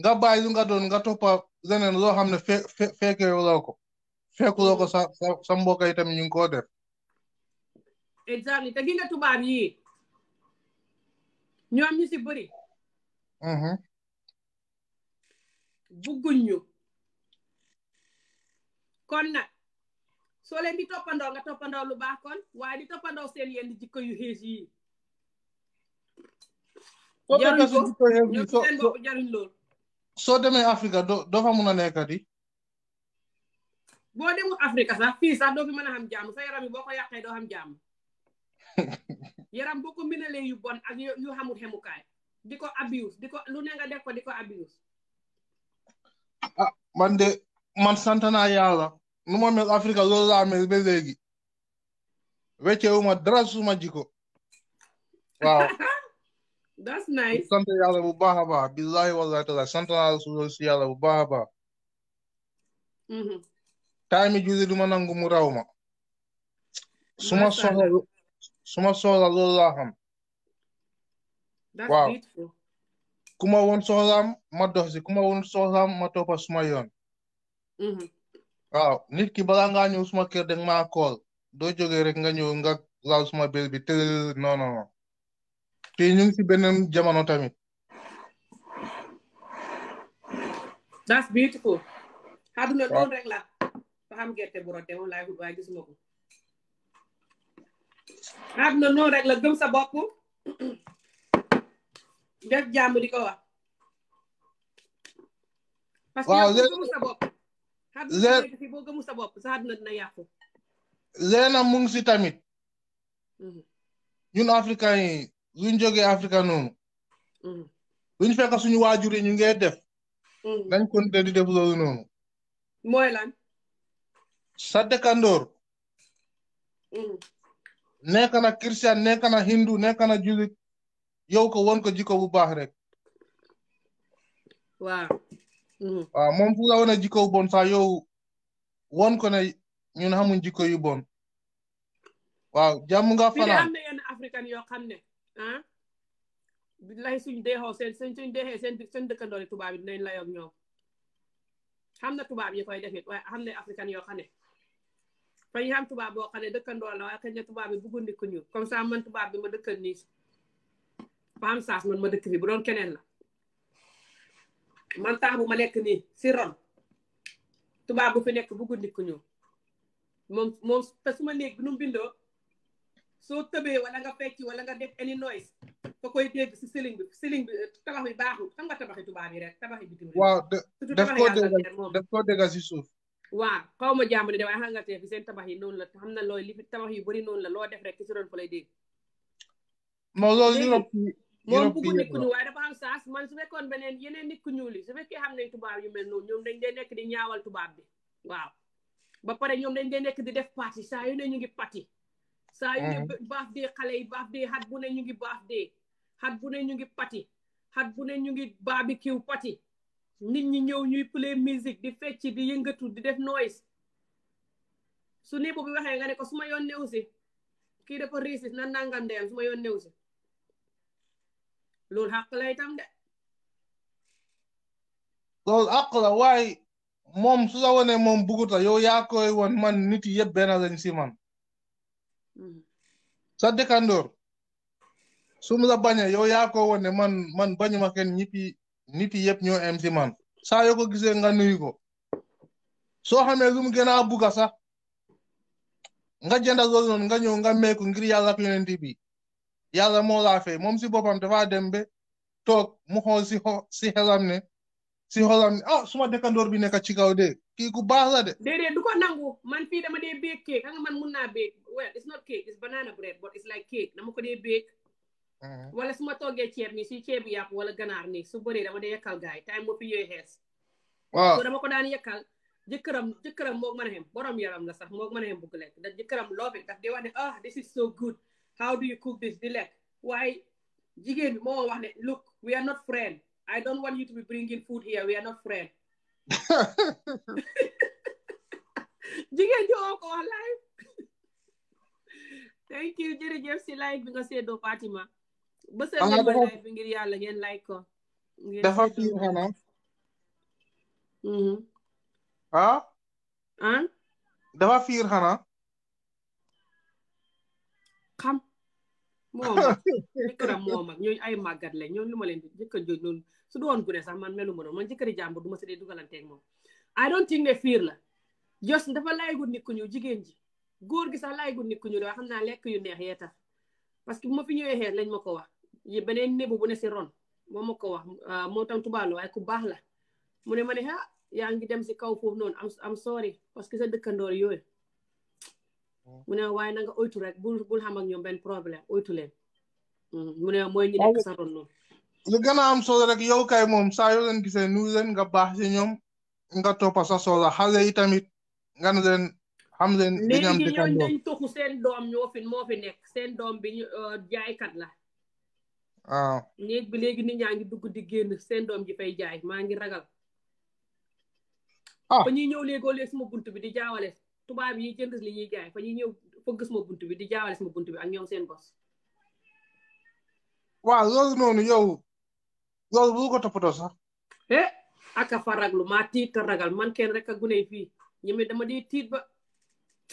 Speaker 5: nga bàyyi lu nga doon nga toppa leneen loo xam ne fe fe fekkeewuloo ko fekkuloo ko sa sa mbokk yi tamit ñu ngi def
Speaker 1: exactly te gi nga tubaab yi ñoom ñu si bëri mm-hmm. bugguñ ñu kon nag so len di toppandoo nga toppandoo lu bax kon way di sen seen di jikko yu hees yi
Speaker 6: so
Speaker 5: ko ñoom seen do jaruñ fa mun nekati
Speaker 1: bo demu afrika sax fi sax do fi mën xam jamm sa yaram yi boko ko do xam jamm [laughs] yaram boko ko yu bon ak yu xamul xemukaay di abuse diko lu ne nga def ko diko abuse
Speaker 5: ah man de man santana yalla nu ma mel Afrique loolu laa mel ba léegi weccewu ma dara suma jiko waaw. [laughs] that's nice. bu baax a baax billahi wallahi taala sant naa bu baax a baax. Mm-hmm. time yi du ma nangu mu raw ma. suma soxla suma soxla loolu laa xam. waaw ku ma woon soxlaam ma dox ma woon soxlaam ma yoon. Mm-hmm. waaw nit ki bala ngaa ñëw suma kër danga maa kool doo jógee rek nga ñëw nga laal suma bel bi te non non non ñu ngi si beneen jamono tamit.
Speaker 1: that's beautiful. xaaduma loolu rek la fa xam gerte bu rote woon laay waaye gisuma ko. xaaduma noonu rek la gëm sa bopp def jàmm di ko wax. leen boo gëmu sa bopp sa
Speaker 5: si tamit mhm. ñun africain yi luñ jógee africa noonu luñ mhm. fekk suñu waajur yi ñu ngey def dañ mhm. continuer di def loolu noonu mooy lan sa dëkkandoor nekk na christian nekk na hindu nekk na julit yow ko won ko bu baax rek
Speaker 1: waaw
Speaker 8: waaw mm. ah,
Speaker 5: moom fu la woon a bon sax yow woon ko ne ñun xamuñ jikko yu bon waaw jàmm nga fanaan am na
Speaker 1: yenn africain yoo xam ne ah lay suñ deexoo seen suñ suñ deexee seen seen dëkkandoori tubaab yi dinañ layoog ñoom na tubaab yi koy defit waaye xam na africain yoo xam ne fa ñu xam tubaab boo xam ne dëkkandoor la waaye xëy na tubaab bi buggu ñu ñun comme ça man tubaab bi ma dëkkal nii fa am saas man ma dëkk bi bu doon keneen la man taax bu ma nekk nii si ron tubaab bu fi nekk bu guddi ku ñëw moom moom te su ma néeg bi nu bindoo soo tëbee wala nga fecc wala nga def any noise fa koy dégg si ceiling bi ceiling bi eh, tabax bi baaxul xam nga tabaxi tubaab yi rek tabaxi bitim rek. waaw
Speaker 5: daf koo dégg daf koo dégg si suuf.
Speaker 1: waaw kaw ma jàmm ne de waaye Angleterre fi seen tabax yi noonu la xam na looy li fi tabax yu bëri noonu la loo def rek ki si ron fa lay dégg.
Speaker 5: moom bugg nit ku ñuul waaye
Speaker 1: dafa am saas man su fekkoon beneen yeneen nit ku ñuul yi su fekkee xam nañ tubaab yu mel noonu ñoom dañ dee nekk di ñaawal tubaab bi waaw ba pare ñoom dañ dee nekk di def parti saa yu ne ñu ngi parti saa yu ne mm-hmm. baaf xale yi baaf dee xat bu ne ñu ngi baaf dee xat bu ne ñu ngi parti xat bu ne ñu ngi barbecue parti nit ñi ñëw ñuy play musique di fecc di yëngatu di def noise su ne boobu waxee nga ne ko su ma yoon néew si kii dafa réussir na nangam ndeyam su ma yoon néew si loolu xàq la itam de.
Speaker 5: loolu àq la waaye moom la wone moom buguta yow yaa won man nit yi yëpp benn lañ si man. Hmm. sa dëkkandoor su mu la bañee yow yaa wone man man bañuma kenn ñëpp yi nit yi yëpp ñoo em si man saa yoo ko gisee nga nuyu ko soo xamee lu mu gën a bugga sax nga jënd loolu nga ñëw nga meeku ngir yàlla ak yonent bi yàlla moo laa fay moom si boppam dafa dem ba toog mu xool si xo si xelam ne si xolam ne ah suma dëkkandoor bi ka ci kaw de kii ku baax la de.
Speaker 1: déedéet du ko nangu man fii dama de bake cake nga man mun naa bake well it's not cake it's banana bread but it's like cake dama ko de bake. Mm-hmm. wala su ma toggee ceeb ni si ceeb yàpp wala ganaar ni su bëree dama de yekkal gaay time boppi ñooy xees. waaw dama ko daan yekkal jëkkëram jëkkëram moog ma a xem borom yaram la sax moog mën a xem bugg lekk how do you cook this dilek why jigéen more one? look we are not friends. I don't want you to be bringing food here we are not friend [laughs] jigéen ji all ko wax live [laughs] thank you jërëjëf si live bi nga seedoo Fatima ba seen live bi ngir yàlla ngeen like ko
Speaker 6: dafa fii Hmm. ah
Speaker 5: ah dafa fiir xanaa
Speaker 1: Come. moom [laughs] jëkkëram moo mag ñooñu ay màggat lañ ñoo lu ma leen di jëkkër jooj noonu su doon gune sax man melu ma noonu man jëkkëri jàmbur du ma si dee dugalanteeg moom I don't think ne fiir la jos dafa laayigul nit ku ñëw jigéen ji góor gi sax laayigul nit ku ñëw waaye xam naa lekk yu neex yee ta parce que bu ma fi ñëwee xeet lañ ma ko wax yi beneen nébu bu ne si ron moo ma ko wax ah, moo tam tubaab la waaye ku baax la mu ne ma ne ah yaa ngi dem si kaw foofu noonu am am sorry parce que sa dëkkandoor yooyu Mm. mu ne waaye na nga oytu rek bu bul xam ak ñoom benn problème oytu leen mm. mu ne mooy ñu nekk sa ron noonu
Speaker 5: li gën a am solo rek yow kay moom saa yoo leen gisee nuyu leen nga baax si ñoom nga toppa sa soola xale yi tamit nga ne leen xam leen léegi ñooñu dañ
Speaker 1: toxu seen doom ñoo fi moo fi nekk seen doom bi ñu euh, jaaykat la waaw bi léegi ni ñaa ngi dugg di génn seen doom ji fay jaay maa ngi ragal ah. ba ñuy ñëw léegoo leeg suma bunt bi di jaawale tubaab yi jënd li ñuy jaay fa ñuy ñëw fëgg sama bunt bi di jaawale sama bunt bi a ñoom seen bos.
Speaker 5: waaw loolu noonu yow loolu bu ko toppatoo sax.
Speaker 1: eh a fa raglu maa tiit a ragal man kenn rek a gune fii ñeme dama di tiit ba.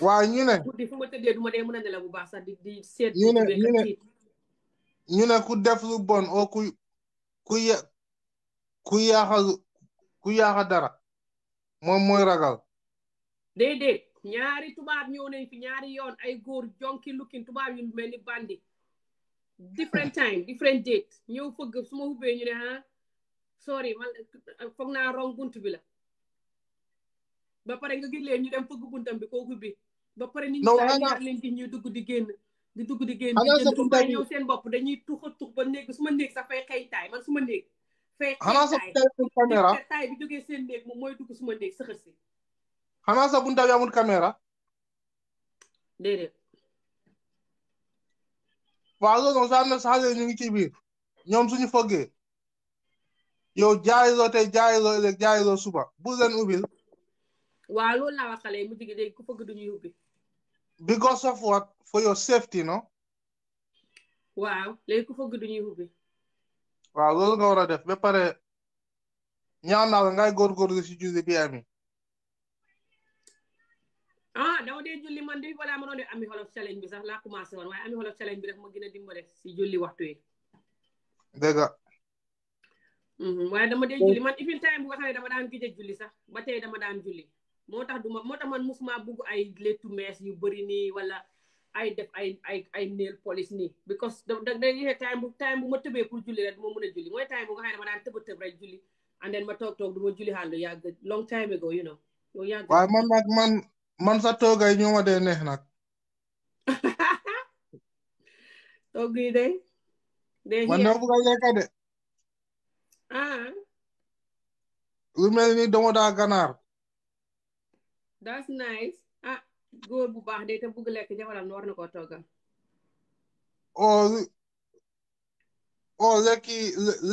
Speaker 5: waaw ñu ne. guddi
Speaker 1: ma tëddee du ma dee mën a nelaw bu baax sax di seet. ñu ne ñu ne
Speaker 5: ñu ne ku def lu bon oo ku ku ya ku yaaxa dara moom mooy ragal.
Speaker 1: déedéet. ñaari tubaab ñëw nañ fi ñaari yoon ay góor jonki looking tubaab yu mel ni bandi different time different date ñëw fëgg su ma ubbee ñu ne ah sorry man foog naa rong bunt bi la ba pare nga gis leen ñu dem fëgg buntam bi kooku bi ba pare nit ñi leen di ñuy dugg di génn di dugg di génn
Speaker 6: di ñëw
Speaker 1: seen bopp dañuy tux a tux ba néeg bi su ma néeg sax fay xëy taay man su ma néeg fay xëy taay bi jógee seen néeg moom mooy dugg su ma néeg sëxër
Speaker 5: xanaa sax bu ndaw yi amul caméra. déedéet. waaw loolu moom sax na sax ñu ngi ci biir ñoom suñu foggee yow jaayiloo tey jaayiloo suba bu leen ubbil.
Speaker 1: waaw loolu laa wax xale yi mujj gi léegi ku fëgg duñuy ubbi.
Speaker 5: because of what for your safety no.
Speaker 1: ku fëgg duñuy ubbi.
Speaker 5: waaw loolu nga war def ba pare ñaan naa la ngay góorgóorlu si julli
Speaker 1: ah daw dee julli man de wala ma ami holof challenge bi sax la commencé won ami holof challenge bi daf ma dimbalé ci si julli waxtu yi
Speaker 6: hmm waaye dama dee julli oh.
Speaker 1: man ifin time bu waxane dama daan gije julli sax ba tay dama daan julli motax duma motax man musuma buku ay lettu mees yu bari ni wala ay def ay ay ay nail polish ni. because da day gisee time bu time bu ma tëbee pour julli rek du mëna julli moy time bu nga xam dama daan tebe tebe rek julli and then ma tok tok duma julli long time ago you know Oh yàgg waaye
Speaker 5: man man man sa toogaay ñoo ma dee neex na
Speaker 1: [laughs] toog yi de. de
Speaker 5: man dama bëgg a de. ah. lu mel ni dama daa ganaar.
Speaker 1: that's nice ah góor bu baax de te bëgg lekk jabaram war na koo toogal.
Speaker 5: oh. oh lekki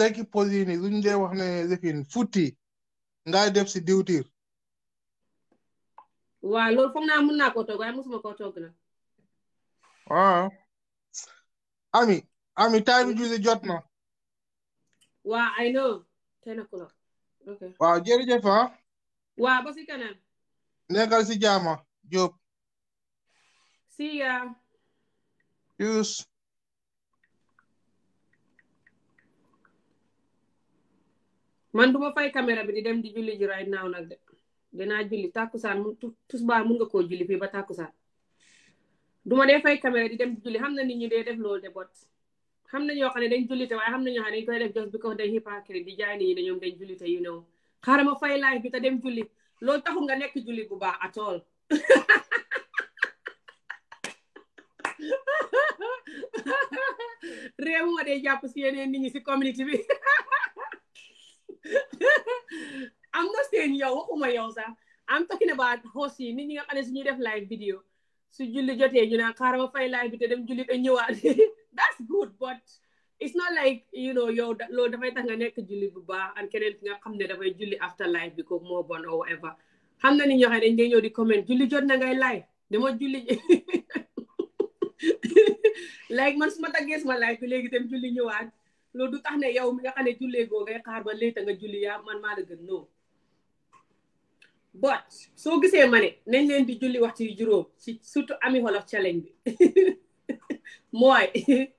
Speaker 5: lekki poli ni wax ne lekkin futti. ngay def si diwtiir.
Speaker 1: waaw loolu foog naa mën naa koo toog waaye mosuma koo toog nag.
Speaker 5: waaw. Ah. Ami Ami time jot na.
Speaker 1: waaw I know. ten o'clock. ok
Speaker 5: waaw jërëjëf ah.
Speaker 1: waaw ba si kanam.
Speaker 5: nekkal si jaama Diop. see ya. Yus.
Speaker 1: man duma fay caméra bi di dem di julli ji right de. dinaa julli tàkkusaan mu tusbaar mun nga koo julli fii ba tàkkusaan du ma dee fay caméra di dem julli xam na nit ñi dee def loolu de bot xam na ñoo xam ne dañ jullite waaye xam na ñoo xam ne dañ koy def jos bi ko dañ hypocrite di jaay nit ñi ne ñoom dañ yu néew xaaral ma fay live bi te dem julli loolu taxul nga nekk julli bu baax atool [laughs] réew ma de jàpp si yeneen nit ñi si community bi [laughs] I'm not saying yow waxuma yow sax I'm talking about host yi nit ñi nga xam ne live video So julli jotee ñu naan xaaral ma fay live bi te dem julli te ñëwaat [laughs] that's good but it's not like you know yow loolu dafay tax nga nekk julli bu baax and keneen ki nga xam ne dafay julli after live bi ko moo bon or whatever xam na ni ñoo xam ne dañ ngay ñëw di comment julli jot na ngay live dama julli [laughs] like man su ma taggee sama live bi léegi dem julli ñëwaat loolu du tax ne yow mi nga xam ne jullee goo ngay xaar ba léegi nga julli yaa man maa la gën no but soo gisee ma ne nañ leen di julli wax ci juróom ci surtout ami wolof challenge bi [laughs] mooy [laughs]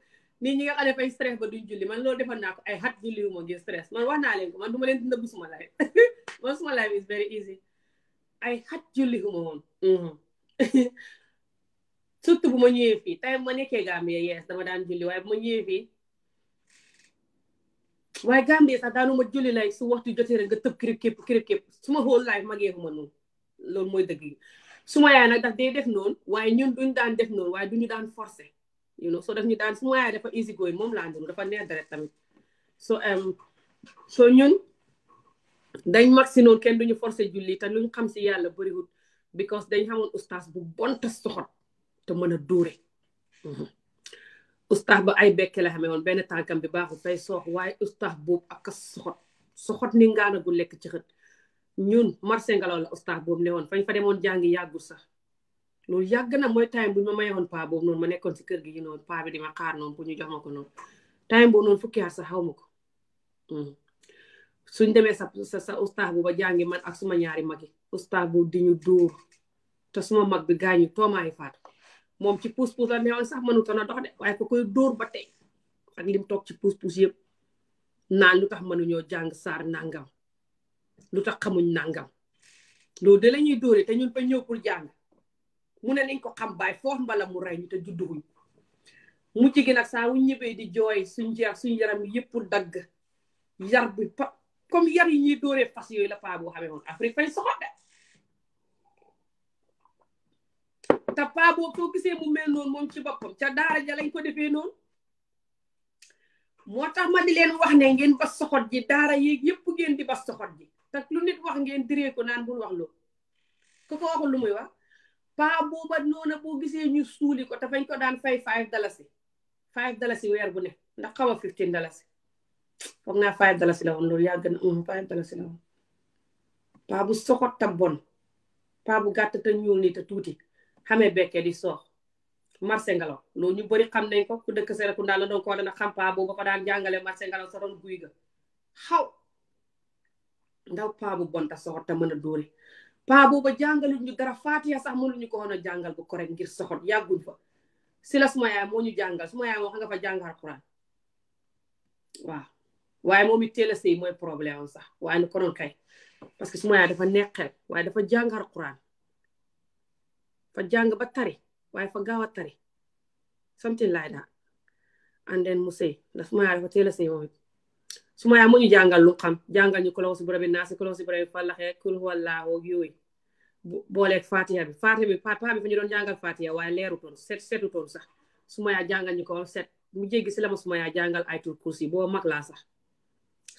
Speaker 1: nit ñi nga xam ne fay stress ba duñ julli man loolu defoon naa ko ay xat julli wu ma ngir stress man wax naa leen man du ma leen dina bu suma life [laughs] man suma is very easy ay xat julli wu ma moom surtout bu ma ñëwee fii tey ma nekkee Gambie yees dama daan julli waaye bu ma ñëwee fii waaye Gambie sax daanuma julli lay su waxtu jotee rek nga tëb kirib képp kirib képp su ma whole life ma geegu ma noonu loolu mooy dëgg yi su ma yaay nag daf dee def noonu waaye ñun duñ daan def noonu waaye ñu daan forcé you know soo def ñu daan su ma yaay dafa easy going moom laa ndoonu dafa neex deret tamit so um, so ñun dañ mag si noonu kenn duñu forcé julli te luñ xam si yàlla bëriwul because dañ xamoon ustaas bu bonta soxot te mën a dóore mm-hmm. ustax ba ay bekke la xamee woon benn tànkam bi baaxul tay soox waaye ustax boobu ak soxot soxot ni ngaana gu lekk ci xët ñun marché ngelaw la ustax boobu ne woon fañ fa demoon jàngi yàggul sax loolu yàgg na mooy time bu ma mayoon paa boobu noonu ma nekkoon si kër gi yi noonu paa di ma xaar noonu pour ñu jox ma ko noonu time boobu noonu fukki at sax xaw ma ko hmm. suñ demee sa sa sa ustax boobu man ak suma ñaari mag yi ustax di ñu dóor te suma mag bi gaañu toomaayi faatu moom ci puus-puus la newoon sax ton a dox de waaye ko koy dóor ba tey ak lim toog ci puus-puus yëpp naan lu tax mënuñoo jàng saar nangam lu tax xamuñ nangam loolu de la ñuy dóoree te ñun fa ñëw pour jàng mu ne nañ ko xam baay foofu mbala mu rey ñu te judduguñ mucc gi nag saa wu ñëbee di jooy suñ jeex suñ yaram yëpp dagg yar bi pa comme yar yi ñuy dooree fas yooyu la faa boo xamee woon Afrique fay soxot de te paa boobu soo gisee mu mel noon moom ci boppam ca daara ja lañ ko defee noonu moo tax ma ni leen wax ne ngeen bas soxot ji daara yéeg yëpp ngeen di bas soxot ji te lu nit wax ngeen diree ko naan bul wax loolu ku ko waxul lu muy wax paa ba noona boo gisee ñu suuli ko te ko daan fay five dalasi five dalasi weer bu ne ndax xaw a fifteen dalasi foog naa five dalasi la woon loolu yaa gën a five dalasi la soxot ta bon paa bu gàtt te ñuul ni te tuuti xamee bekkee di soox marché ngelaw loolu ñu bari xam nañ ko ku dëkk Serekunda la doon ko dana xam paa boobu ko daan jàngale marché ngelaw sa doon guy ga xaw ndaw paa bu bon ta soxor te mën a dóore paa booba jàngaluñ ñu dara faatiya sax mënuñu ko woon a jàngal bu correct ngir soxor yàgguñ fa si la suma moo ñu jàngal suma yaay moo xam nga fa jàngal Alxuraan waaw waaye moom it teel a sëy mooy problème sax waaye nu ko kay parce que suma yaay dafa neexel waaye dafa jàngal fa jàng ba tari waaye fa gaaw a tari something like that and then mu sey ndax suma yaay dafa teel a sëy moom it ñu jàngal lu xam jàngal ñu kulaw si naa naasi kulaw si borobi fallaxee kul wallaahu ak yooyu booleeg fatiha bi fa bi papa bi fa ñu doon jàngal fatiha waaye leerutoon set setutoon sax suma yaay jàngal ñu ko set mu jéggi si la ma suma yaay jàngal ay tur kursi boo mag laa sax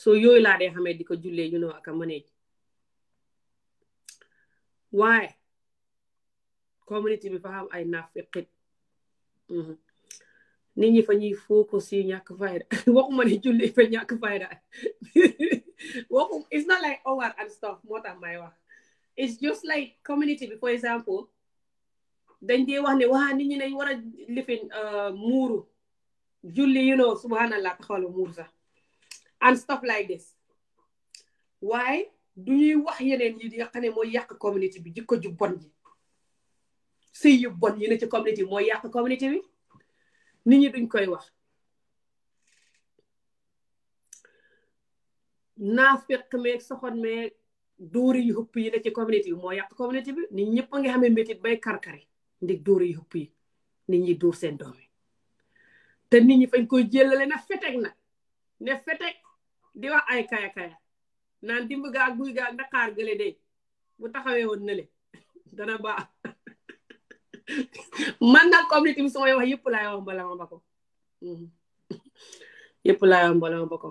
Speaker 1: soo yooyu laa dee xamee di ko jullee ñu noo ak a maneej waaye community bi fa am ay nafiqit mhm. nit ñi fa ñuy focus yi ñàkk fayda [laughs] waxuma ne julli fa ñàkk fayda [laughs] waxum it's not like over and stuff moo tax may wax it's just like community bi for example dañ dee wax ne waa nit ñi nañ war a lifin uh, muuru julli you know subhanallah taxawal muuru sax and stuff like this waaye du ñuy wax yeneen yi di nga xam ne mooy yàq community bi jikko ju bon ji sëy yu bon yi ne ci communauté bi mooy yàq communauté bi nit ñi duñ koy wax naafeq meeg soxon meeg dóori yu xupp yi ne ci communauté bi moo yàq communauté bi nit ñëpp a ngi xamee métit bay karkari ndig dóori yu xupp yi nit ñi dóor seen doom yi te nit ñi fañ koy jëlale na fetek nag ne fetek di wax ay kaya kaya naan dimb gaal guy gaal ndaqaar gële de bu taxawee woon na [laughs] dana baax man nag communauté bi su may wax yëpp laay wax mbala ma ba ko mhm. yëpp laay wax mbala ma ba ko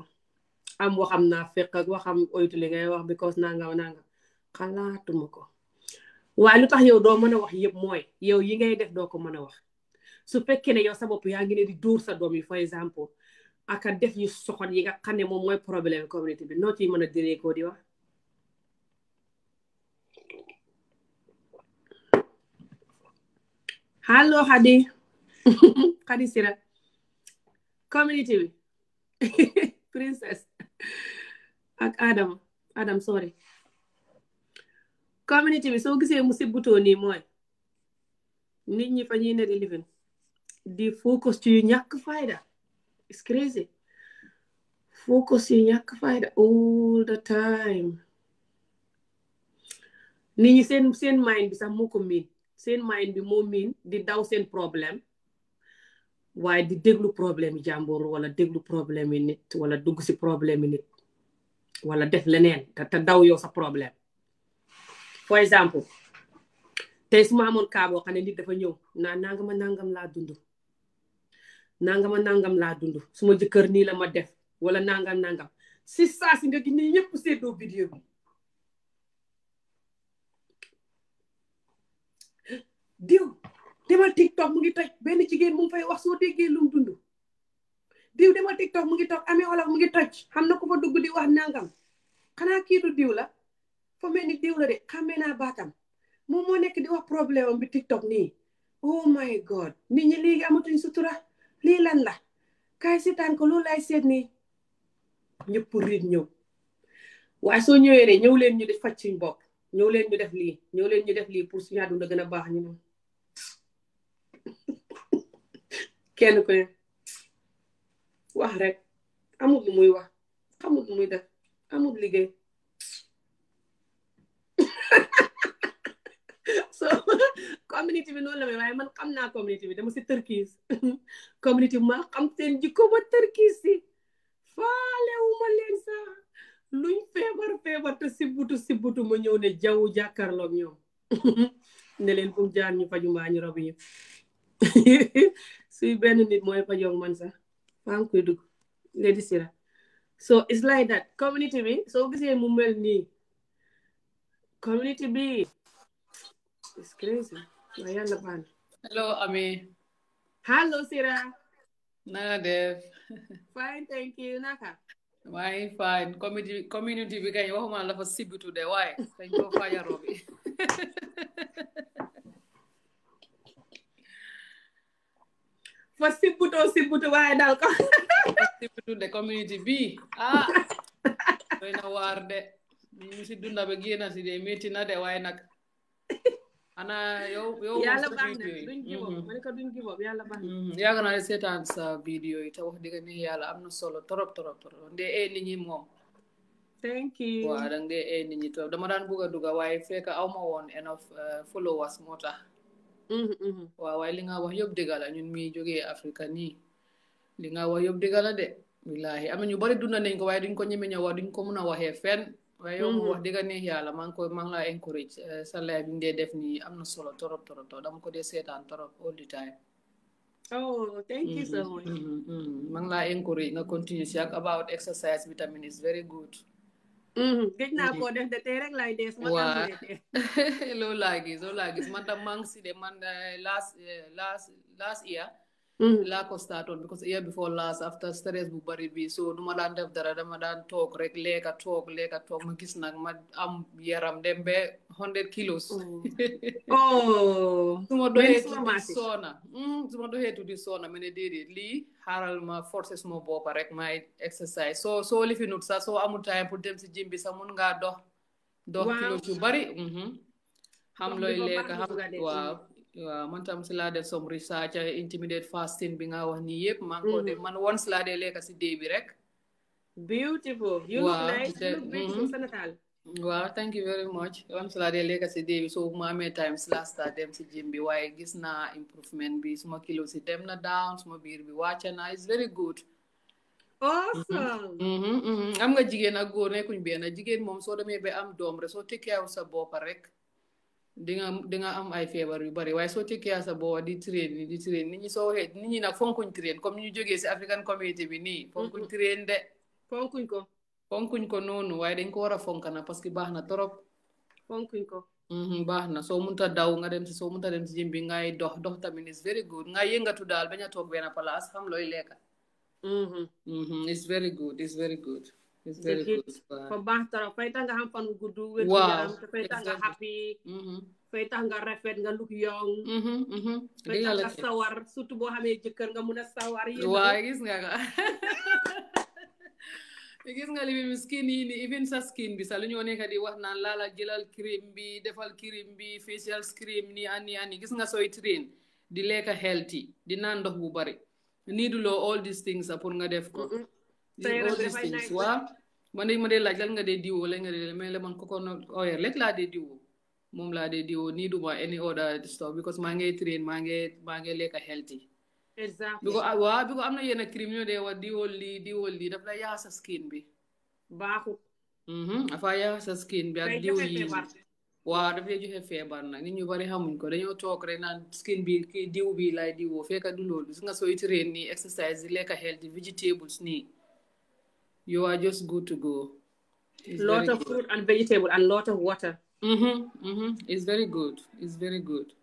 Speaker 1: am waxam naa fekk ak waxam oytu li ngay wax because nanga nanga xalaatuma ko waaye lu tax yow doo mën a wax yëpp mooy yow yi ngay def doo ko mën a wax su fekkee ne yow sa bopp yaa ngi ne di dóor sa doom yi for exemple aka def yu soxot yi nga xam ne moom mooy problème communauté bi noo ciy mën a diree koo di wax allo Xadi Xadi [laughs] Sira community bi [laughs] princess ak Adama Adam sorry community bi soo gisee mu sibbutoo nii mooy nit ñi fa ñuy ne di living di focus ci yu ñàkk fayda it's focus yu ñàkk fayda all the time nit ñi seen seen mind bi sax moo miin seen mind bi moo miin di daw seen problème waaye di déglu problème yi jàmbur wala déglu problème yi nit wala dugg si problème yi nit wala def leneen te daw yoo sa problème for exemple te su ma amoon kaa ne nit dafa ñëw naa nangama nangam laa dund nangama nangam laa dund su ma jëkkër nii la ma def wala nangam nangam si saa si nga gi nii ñëpp seddoo vidéo bi diw demal tiktok mu ngi toj benn jigéen mu fay wax soo déggee lu dund diw demal tiktok mu ngi toj amee wala mu ngi toj xam na ko fa dugg di wax nangam xanaa kii du diw la fa mel ni diw la de naa baatam moom moo nekk di wax problème bi tiktok ni. oh my god ni ñi léegi amatuñ sutura lii lan la kaay seetaan ko loolu lay seet nii ñëpp riit ñëw waaye soo ñëwee de ñëw leen ñu def faj suñ bopp ñëw leen ñu def lii ñëw leen ñu def lii pour suñu àdduna gën baax ñu kenn ku wax rek amul lu muy wax amul lu muy def amul liggéey [laughs] so community bi noonu la may waaye man xam naa community bi dama si tërkiis [laughs] community bi ma xam seen jikko ma tërkiis si faalewuma leen sax luñ feebar feebar te sibbutu sibbutu ma ñëw ne jaww jàkkaarloog ñoom [laughs] ne leen fu mu jaar ñu faju ñu rob suy benn nit mooy fajong man sax maa ngi koy dugg léegi si la so it's like that community bi soo gisee mu mel nii community bi
Speaker 8: it's crazy waa yàlla baax na hello Ami hello Sira na def
Speaker 1: fine thank you naka
Speaker 8: waaye fine community bi kañ waxuma la fa sibitu de waaye dañ ko fajaroo bi [laughs] fa
Speaker 1: sibbutoo sibbutu waaye dal ko
Speaker 8: sibbutu de community bi ah doy na waar de ñu dunda ba génn si de métti de waaye nag ana yow yow yàlla baax na mm-hmm. mm-hmm. naa seetaan sa vidéo yi te wax dëgg ni yàlla am na solo torop torop torop ndee ee nit ñi moom thank dang dee ee torop dama daan bugg a dugga waaye fekk aw woon enough uh, followers moo tax waaw waaye li nga wax yëpp dëgg la ñun mi jógee Afrique nii li nga wax yëpp dëgg la eh, de wallaahi am na ñu bari dunda nañ ko waaye duñ ko ñeme ñëw wax ñu ko mun a waxee fen waaye yow wax dëgg neex yàlla maa ngi koy man ngi laa encourage sa laay bi ñu dee def nii am na solo torop torop torop dama ko dee seetaan torop all the time oh thank you so mm-hmm. much mm-hmm. mm-hmm. maa laa encourage nga continue si ak about exercise bi tamit is very good Mm-hmm. gëj naa koo def de dees ma waaw [laughs] loolu laa man tam maa ngi si de man euh, last euh, last last year Mm. laa constate woon because year before last after stress bu bari bi so du ma daan def dara dama daan toog rek lekka toog lekka toog ma gis nag ma am yaram dem be hundred kilos oh,
Speaker 6: [laughs] oh. su ma doxee tuddi
Speaker 8: soona mm, ma doxee tuddi soona ma ne déedéet lii xaaral ma forces ma boppa rek may exercise soo soo lifinut sax soo amul time pour dem si gym bi sax mun ngaa dox dox kilos yu bari mm-hmm. xam looy lekka xam waaw mm-hmm. waaw man tam si laa def some a intermittent fasting bi nga wax ni yëpp maa ko def mm-hmm. man once laa dee lekk si dee bi rek beautiful you look nice mm-hmm. waaw thank you very much once laa dee si dee bi soo ma amee dem si gym waaye gis naa improvement bi suma kilo si dem na down suma biir bi wàcc naa it's very good mm-hmm, am nga jigéen ak góor nekkuñ benn jigéen moom soo demee ba am doom rek soo tekkee sa bopp rek di nga di nga am ay feebar yu bari waaye soo tekkee sa boo di train di train nit ñi soo waxee ni ñi nag fonkuñ train comme ñu jógee si African community bi nii. fonkuñ train de. fonkuñ ko. fonkuñ ko noonu waaye dañ ko war a fonk na parce que baax na trop. fonkuñ ko. Mm-hmm, baax na soo munta daw nga dem si soo munta dem si jëm bi ngay dox dox tamit is very good nga yëngatu daal bañ a toog benn place
Speaker 1: xam looy lekka.
Speaker 8: Mm-hmm. Mm-hmm, it's very good it's very good. It's hit
Speaker 1: for bahtara faita nga ham fan gudu faita exactly. happy mm -hmm. faita nggak rafet nga look young faita nga sawar surtout bo xamé jëkkeer nga mëna sawar yi wa gis nga ko gis nga limi miskin yi
Speaker 8: ni even sa skin bi lu ñoo kadi di wax naan laala jëlal bi defal krim bi facial cream ni ani ani kis nggak sooy train di leka healthy di naan ndox bu bari niiduloo all these things pour nggak def ko tey rek dafay naaj waaw man de ma dee laaj lan nga dee diwoo lan nga la man coconut oil rek laa dee diwoo moom laa dee diwoo nii duma any other stuff maa ngi train maa ngi maa ngi lekk healthy exactly because ah, waaw am na yenn crème ñoo dee wax diwool lii diwool lii daf skin bi baaxut mm-hmm, dafa yaa sa skin ak diw yi waaw daf lay joxe feebar nag nit ñu bari xamuñ ko dañoo toog rek naan skin bi kii diw bi lay diwoo fekk du loolu su nga sooy train nii exercise di lekk healthy vegetables nii you are just good to go.
Speaker 3: It's lot of good.
Speaker 8: fruit and vegetable and lot of water. Mm-hmm, mm-hmm. It's very good. It's very good.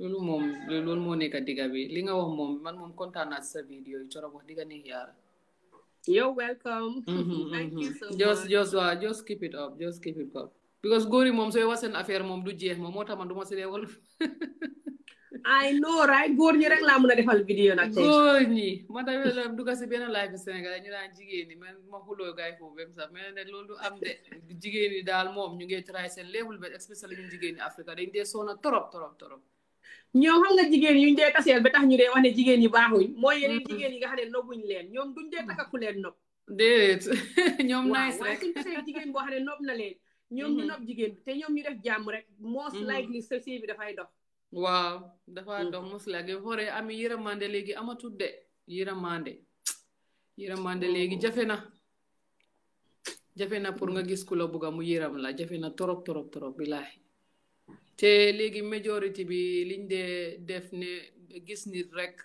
Speaker 8: loolu mom. loolu moo nekk digga bi li nga wax moom man mom kontaan naa sa vidéo yi torop wax digga ne yaara you're welcome mm-hmm, [laughs] thank mm-hmm. you so much just just uh, waa just keep it up just keep it up because gori mom so sooy wax seen affaire mom du jeex mom moo tax man du ma
Speaker 1: wolof [laughs] I know right góor ñi rek laa mën a defal vidéo nag. tey góor ñi
Speaker 8: moo tax ñu doon dugg si benn Sénégal ñu naan jigéen ñi man ma xuloo gaay foofu même sax mais ne loolu du am de jigéen ñi daal moom ñu ngi try seen level ba especially ñu jigéen ñi Afrique dañ dee soona trop
Speaker 1: torop torop. ñoom xam nga jigéen yuñ dee taseel ba tax ñu dee wax ne jigéen ñi baaxuñ. mooy yeneen mm-hmm. jigéen yi nga xam ne nobbuñ leen ñoom duñ dee ku leen nopp. déedéet [laughs] ñoom nice rek waaw waaye jigéen boo xam ne nopp na leen. ñoom ñu mm-hmm. nopp jigéen bi te ñoom ñu def jàmm rek. most mm-hmm. likely société bi
Speaker 8: dafay dox waaw dafa mm. dom moslage hore ami yiramande léegi ama tudde yiramande yiramande léegi mm. jafe na jafe na pour nga gis ku la bugga mu yiram la jafe na torop torop torop bilahi te léegi majority bi liñ de def ne gis nit rek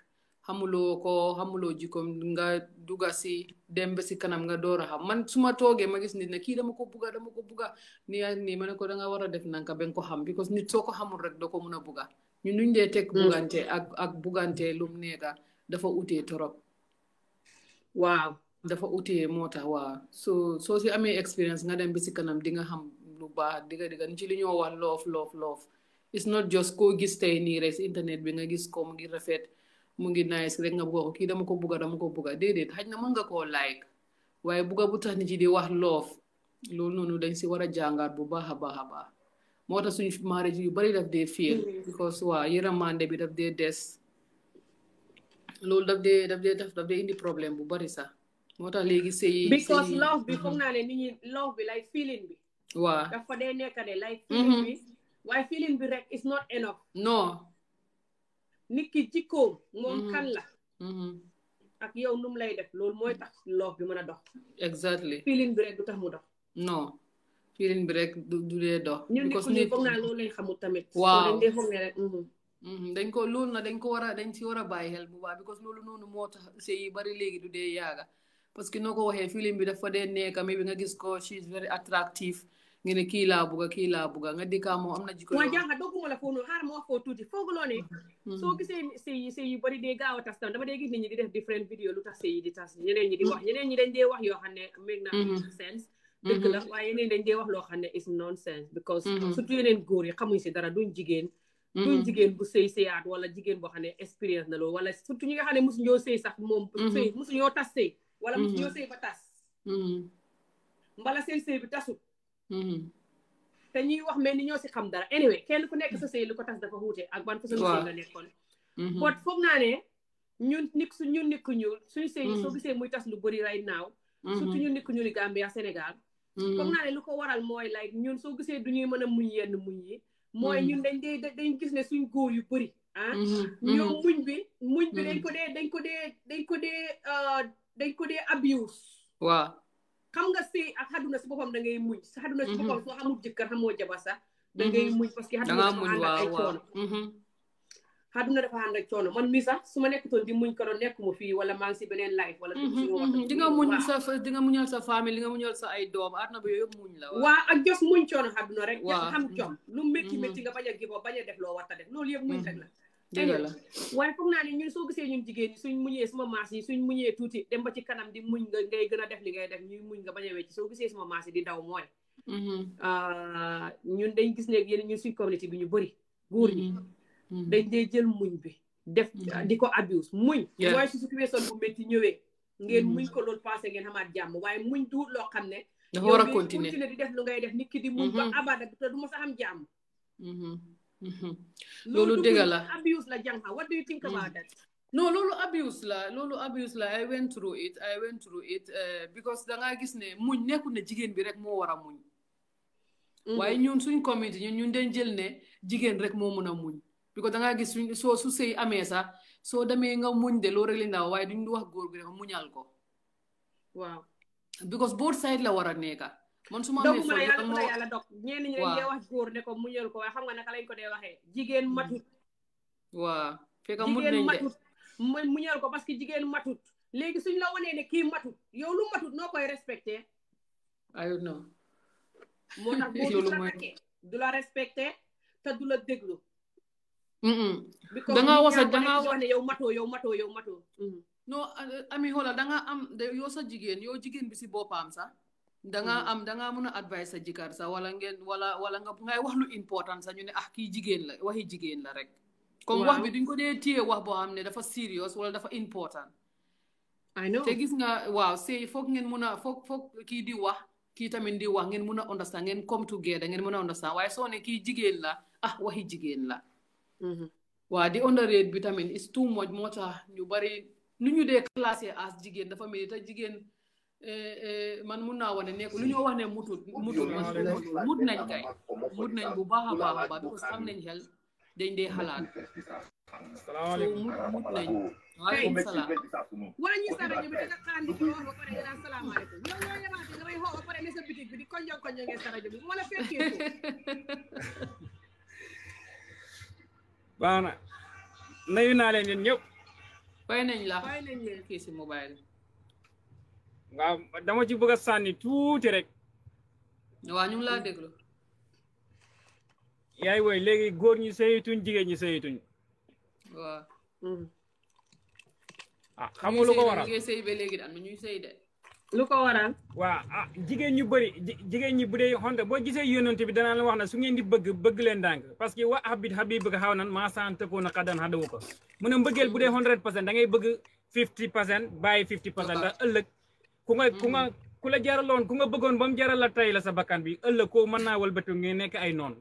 Speaker 8: xamuloo ko xamuloo jikkoom nga dugga si dem ba si kanam nga door a xam man su ma toogee ma gis nit ne kii dama ko bugga dama ko bugga ni nii ma ne ko da nga war a def nanka ben ko xam because nit soo ko xamul rek doo ko mun a bugga ñu nuñ dee teg mm. buggante ak ak buggante lum neega dafa ute torop waaw dafa utee moo tax waaw soo soo si amee expérience nga dem ba si kanam di nga xam lu baax digga digga ci li ñoo wax loof loof loof it's not just koo gis tey nii internet bi nga gis ko mu ngi mu ngi nice rek nga bugg ko kii dama ko bugga dama ko bugga déedéet xaj na mën nga koo like waaye bugga bu tax nit yi di wax loof loolu noonu dañ si war a jàngaat bu baax a baax a baax moo tax suñu marriage yu bari daf dee fiir mm-hmm. because waa yërëmande bi daf dee des loolu daf dee daf dee daf dee indi problème bu bari sax moo tax léegi sëy because love bi
Speaker 1: foog mm-hmm. naa ne nit love bi like feeling bi waaw dafa dee nekka de like mm-hmm. feeling bi waaye feeling bi rek is not enough non nit ki jikkoom moom mm-hmm. kan la mm-hmm. ak yow num lay def loolu mooy tax loof bi mën a dox exactly feeling bi rek du tax mu dox
Speaker 8: non feeling bi rek du dee
Speaker 1: dox ñun nit ku foog naa loolu lañ xamul tamit waaw dañ
Speaker 8: mm-hmm. dañ ko loolu na dañ ko war a dañ si war a bàyyi xel bu baax because loolu noonu moo tax sëy yi bari léegi du dee yaaga parce que noo ko waxee feeling bi dafa dee nekk mi bi nga gis ko she is very attractive nga ne kii la bugga kii laa bugga nga dikkaa moom am na jikko mooy
Speaker 1: jànga dogguma la foofu noonu xaaral ma wax foofu tuuti foogaloo ne mm-hmm. soo gisee sëy sëy yu bari dee gaaw a tas tam dama dee gis nit ñi di def different vidéo lu tax sëy yi di tas ñeneen ñi di mm-hmm. wax ñeneen ñi dañ dee wax yoo xam ne make na mm-hmm. sense dëgg la waaye yeneen dañ dee wax loo xam ne is nonsense because surtout yeneen góor yi xamuñ si dara duñ jigéen duñ jigéen bu sëy sëyaat wala jigéen boo xam ne expérience na loolu wala surtout ñi nga xam ne musu ñoo sëy sax moom sëy musu ñoo tas sëy wala musu ñoo sëy ba tas mbala seen sëy bi tasut Mm-hmm. te ñuy wax mel ni ñoo si xam dara anyway kenn ku nekk sa sëy lu ko tas dafa wuute ak ban façon sëy nga nekkoon
Speaker 6: mm-hmm. bot
Speaker 1: foog naa ne ñun nit su ñun nit ku ñuul suñu sëy mm-hmm. soo gisee muy tas lu bëri right now surtout ñun nit ku ñuul yi Gambia Sénégal foog naa ne lu ko waral mooy like ñun soo gisee du ñuy mën a muñ yenn muñ yi mooy ñun dañ dee dañ gis ne suñ góor yu bëri ah ñoom muñ bi muñ bi dañ ko dee dañ ko dee dañ ko dee uh, dañ ko dee xam nga sëy ak xaduna si boppam da ngay muñ sa xaduna si mhm. boppam soo amul jëkkër xamoo jabar sax na mhm. ngay muñ parce que xaduna mhm. dafa ànd ak ay coono xaduna dafa ànd man mii sax su ma nekkutoon di muñ ko doon nekkuma fii wala maa ngi beneen life wala di nga muñ di nga muñal sa famille di nga muñal sa ay doom àdduna bi yooyu muñ la waa ak jos muñ coono xaduna rek xam jom lu métti métti nga bañ a giboo bañ def loo war a def loolu yëpp muñ rek la dëgg la waaye foog naa ni ñun soo gisee ñun jigéen ñi suñ muñee suma maas yi suñ muñee tuuti dem ba ci kanam di muñ nga ngay gën a def li ngay def ñuy muñ nga bañ a wecc soo gisee suma maas yi di daw mooy mm-hmm. ah, ñun dañ gis ne yéen ñun suñ communauté bi ñu bëri góor ñi mm-hmm. Mm-hmm. dañ dee jël muñ bi def di ko abuse muñ waaye su suki weesoon bu métti ñëwee ngeen muñ ko loolu passé ngeen xamaat jàmm waaye muñ duut loo xam ne dafa war a continuer di def lu ngay def nit ki di muñ ba abada te du mos a am jàmm
Speaker 6: Mm-hmm.
Speaker 3: loolu dëgg la
Speaker 1: abuse la jàng what do you think about mm. loolu abuse la loolu
Speaker 8: abuse la I went through it I went through it uh, because da ngaa gis ne muñ nekkul ne jigéen bi rek moo war a muñ mm-hmm. waaye ñun suñ community ñun ñun den jël ne jigéen rek moo mun a muñ because da ngaa gis suñ soo su sëy amee sax soo demee nga muñ de loolu rek li ndaw waaye duñ
Speaker 1: wax góor bi rek muñal ko waaw
Speaker 8: because both side la war a nekka man su ma amee foofu yàlla ku
Speaker 1: la yàlla wax góor ne ko muñal ko waaye xam nga naka lañ ko dee waxee jigéen hmm. matut
Speaker 8: waaw fekk mut nañ de jigéen
Speaker 1: matut ko parce que jigéen matut léegi suñ la wanee ne kii matut yow lu matut noo koy respecté
Speaker 8: ayo [laughs] non
Speaker 6: du la takkee
Speaker 1: du la respecté te du la déglu
Speaker 6: da nga wasa da wax
Speaker 1: ne yow matoo yow matoo yow matoo mm-hmm. non
Speaker 8: uh, ami xoolal da nga am yow sa jigéen yow jigéen bi si boppam sax danga hmm. am danga mën advice sa jëkkër sa wala ngeen wala wala nga ngay wax lu important sa ñu ne ah ki jigen la waxi jigen la rek comme wax bi duñ ko dee téye wax bo xamné dafa serious wala dafa important I know te gis nga waaw sëy foog ngeen mëna fok fok ki di wax ki tamit di wax ngeen mëna understand ngeen come together ngeen mëna understand waaye soo ne ki jigen la ah waxi jigen la mm-hmm. waa di underrate bi tamit is too much moo tax ñu bari nu ñu dee classé as jigen, dafa mel te jigen. Eh, eh, man mun naa wane nekk lu ñoo wax ne mutul mutul mut nañ kay mut nañ bu baax a baax a baax am nañ xel dañ dee xalaat salaamaaleykum mut nañ bi
Speaker 1: da xaandi ko wax [laughs]
Speaker 10: na naa leen yéen ñëpp
Speaker 8: nañ la fay mobile
Speaker 10: nga dama ci bëgg a sànni tuuti rek.
Speaker 8: waaw ñu laa déglu.
Speaker 10: yaay woy léegi góor ñi sëyituñ jigéen ñi sëyituñ.
Speaker 8: waaw. Hmm.
Speaker 10: ah nga lu ko waral ñuy sëy de lu ko waral. waaw ah jigéen ñu bëri jigéen ñi bu dee xonte boo gisee yónnante bi danaa la wax na su ngeen di bëgg bëgg leen ndànk parce que waa habit habit bëgg xaw nan maasaan tëkkoon a xadan xadawu ko mu ne bu dee 100 pour cent da ngay bëgg 50 pour cent bàyyi 50 pour cent ndax ëllëg. ku nga mm-hmm. ku la jaraloon ku nga bëggoon ba jaral la tey la sa bakkan bi ëllëg ko mën naa walbatu ngeen nekk ay noon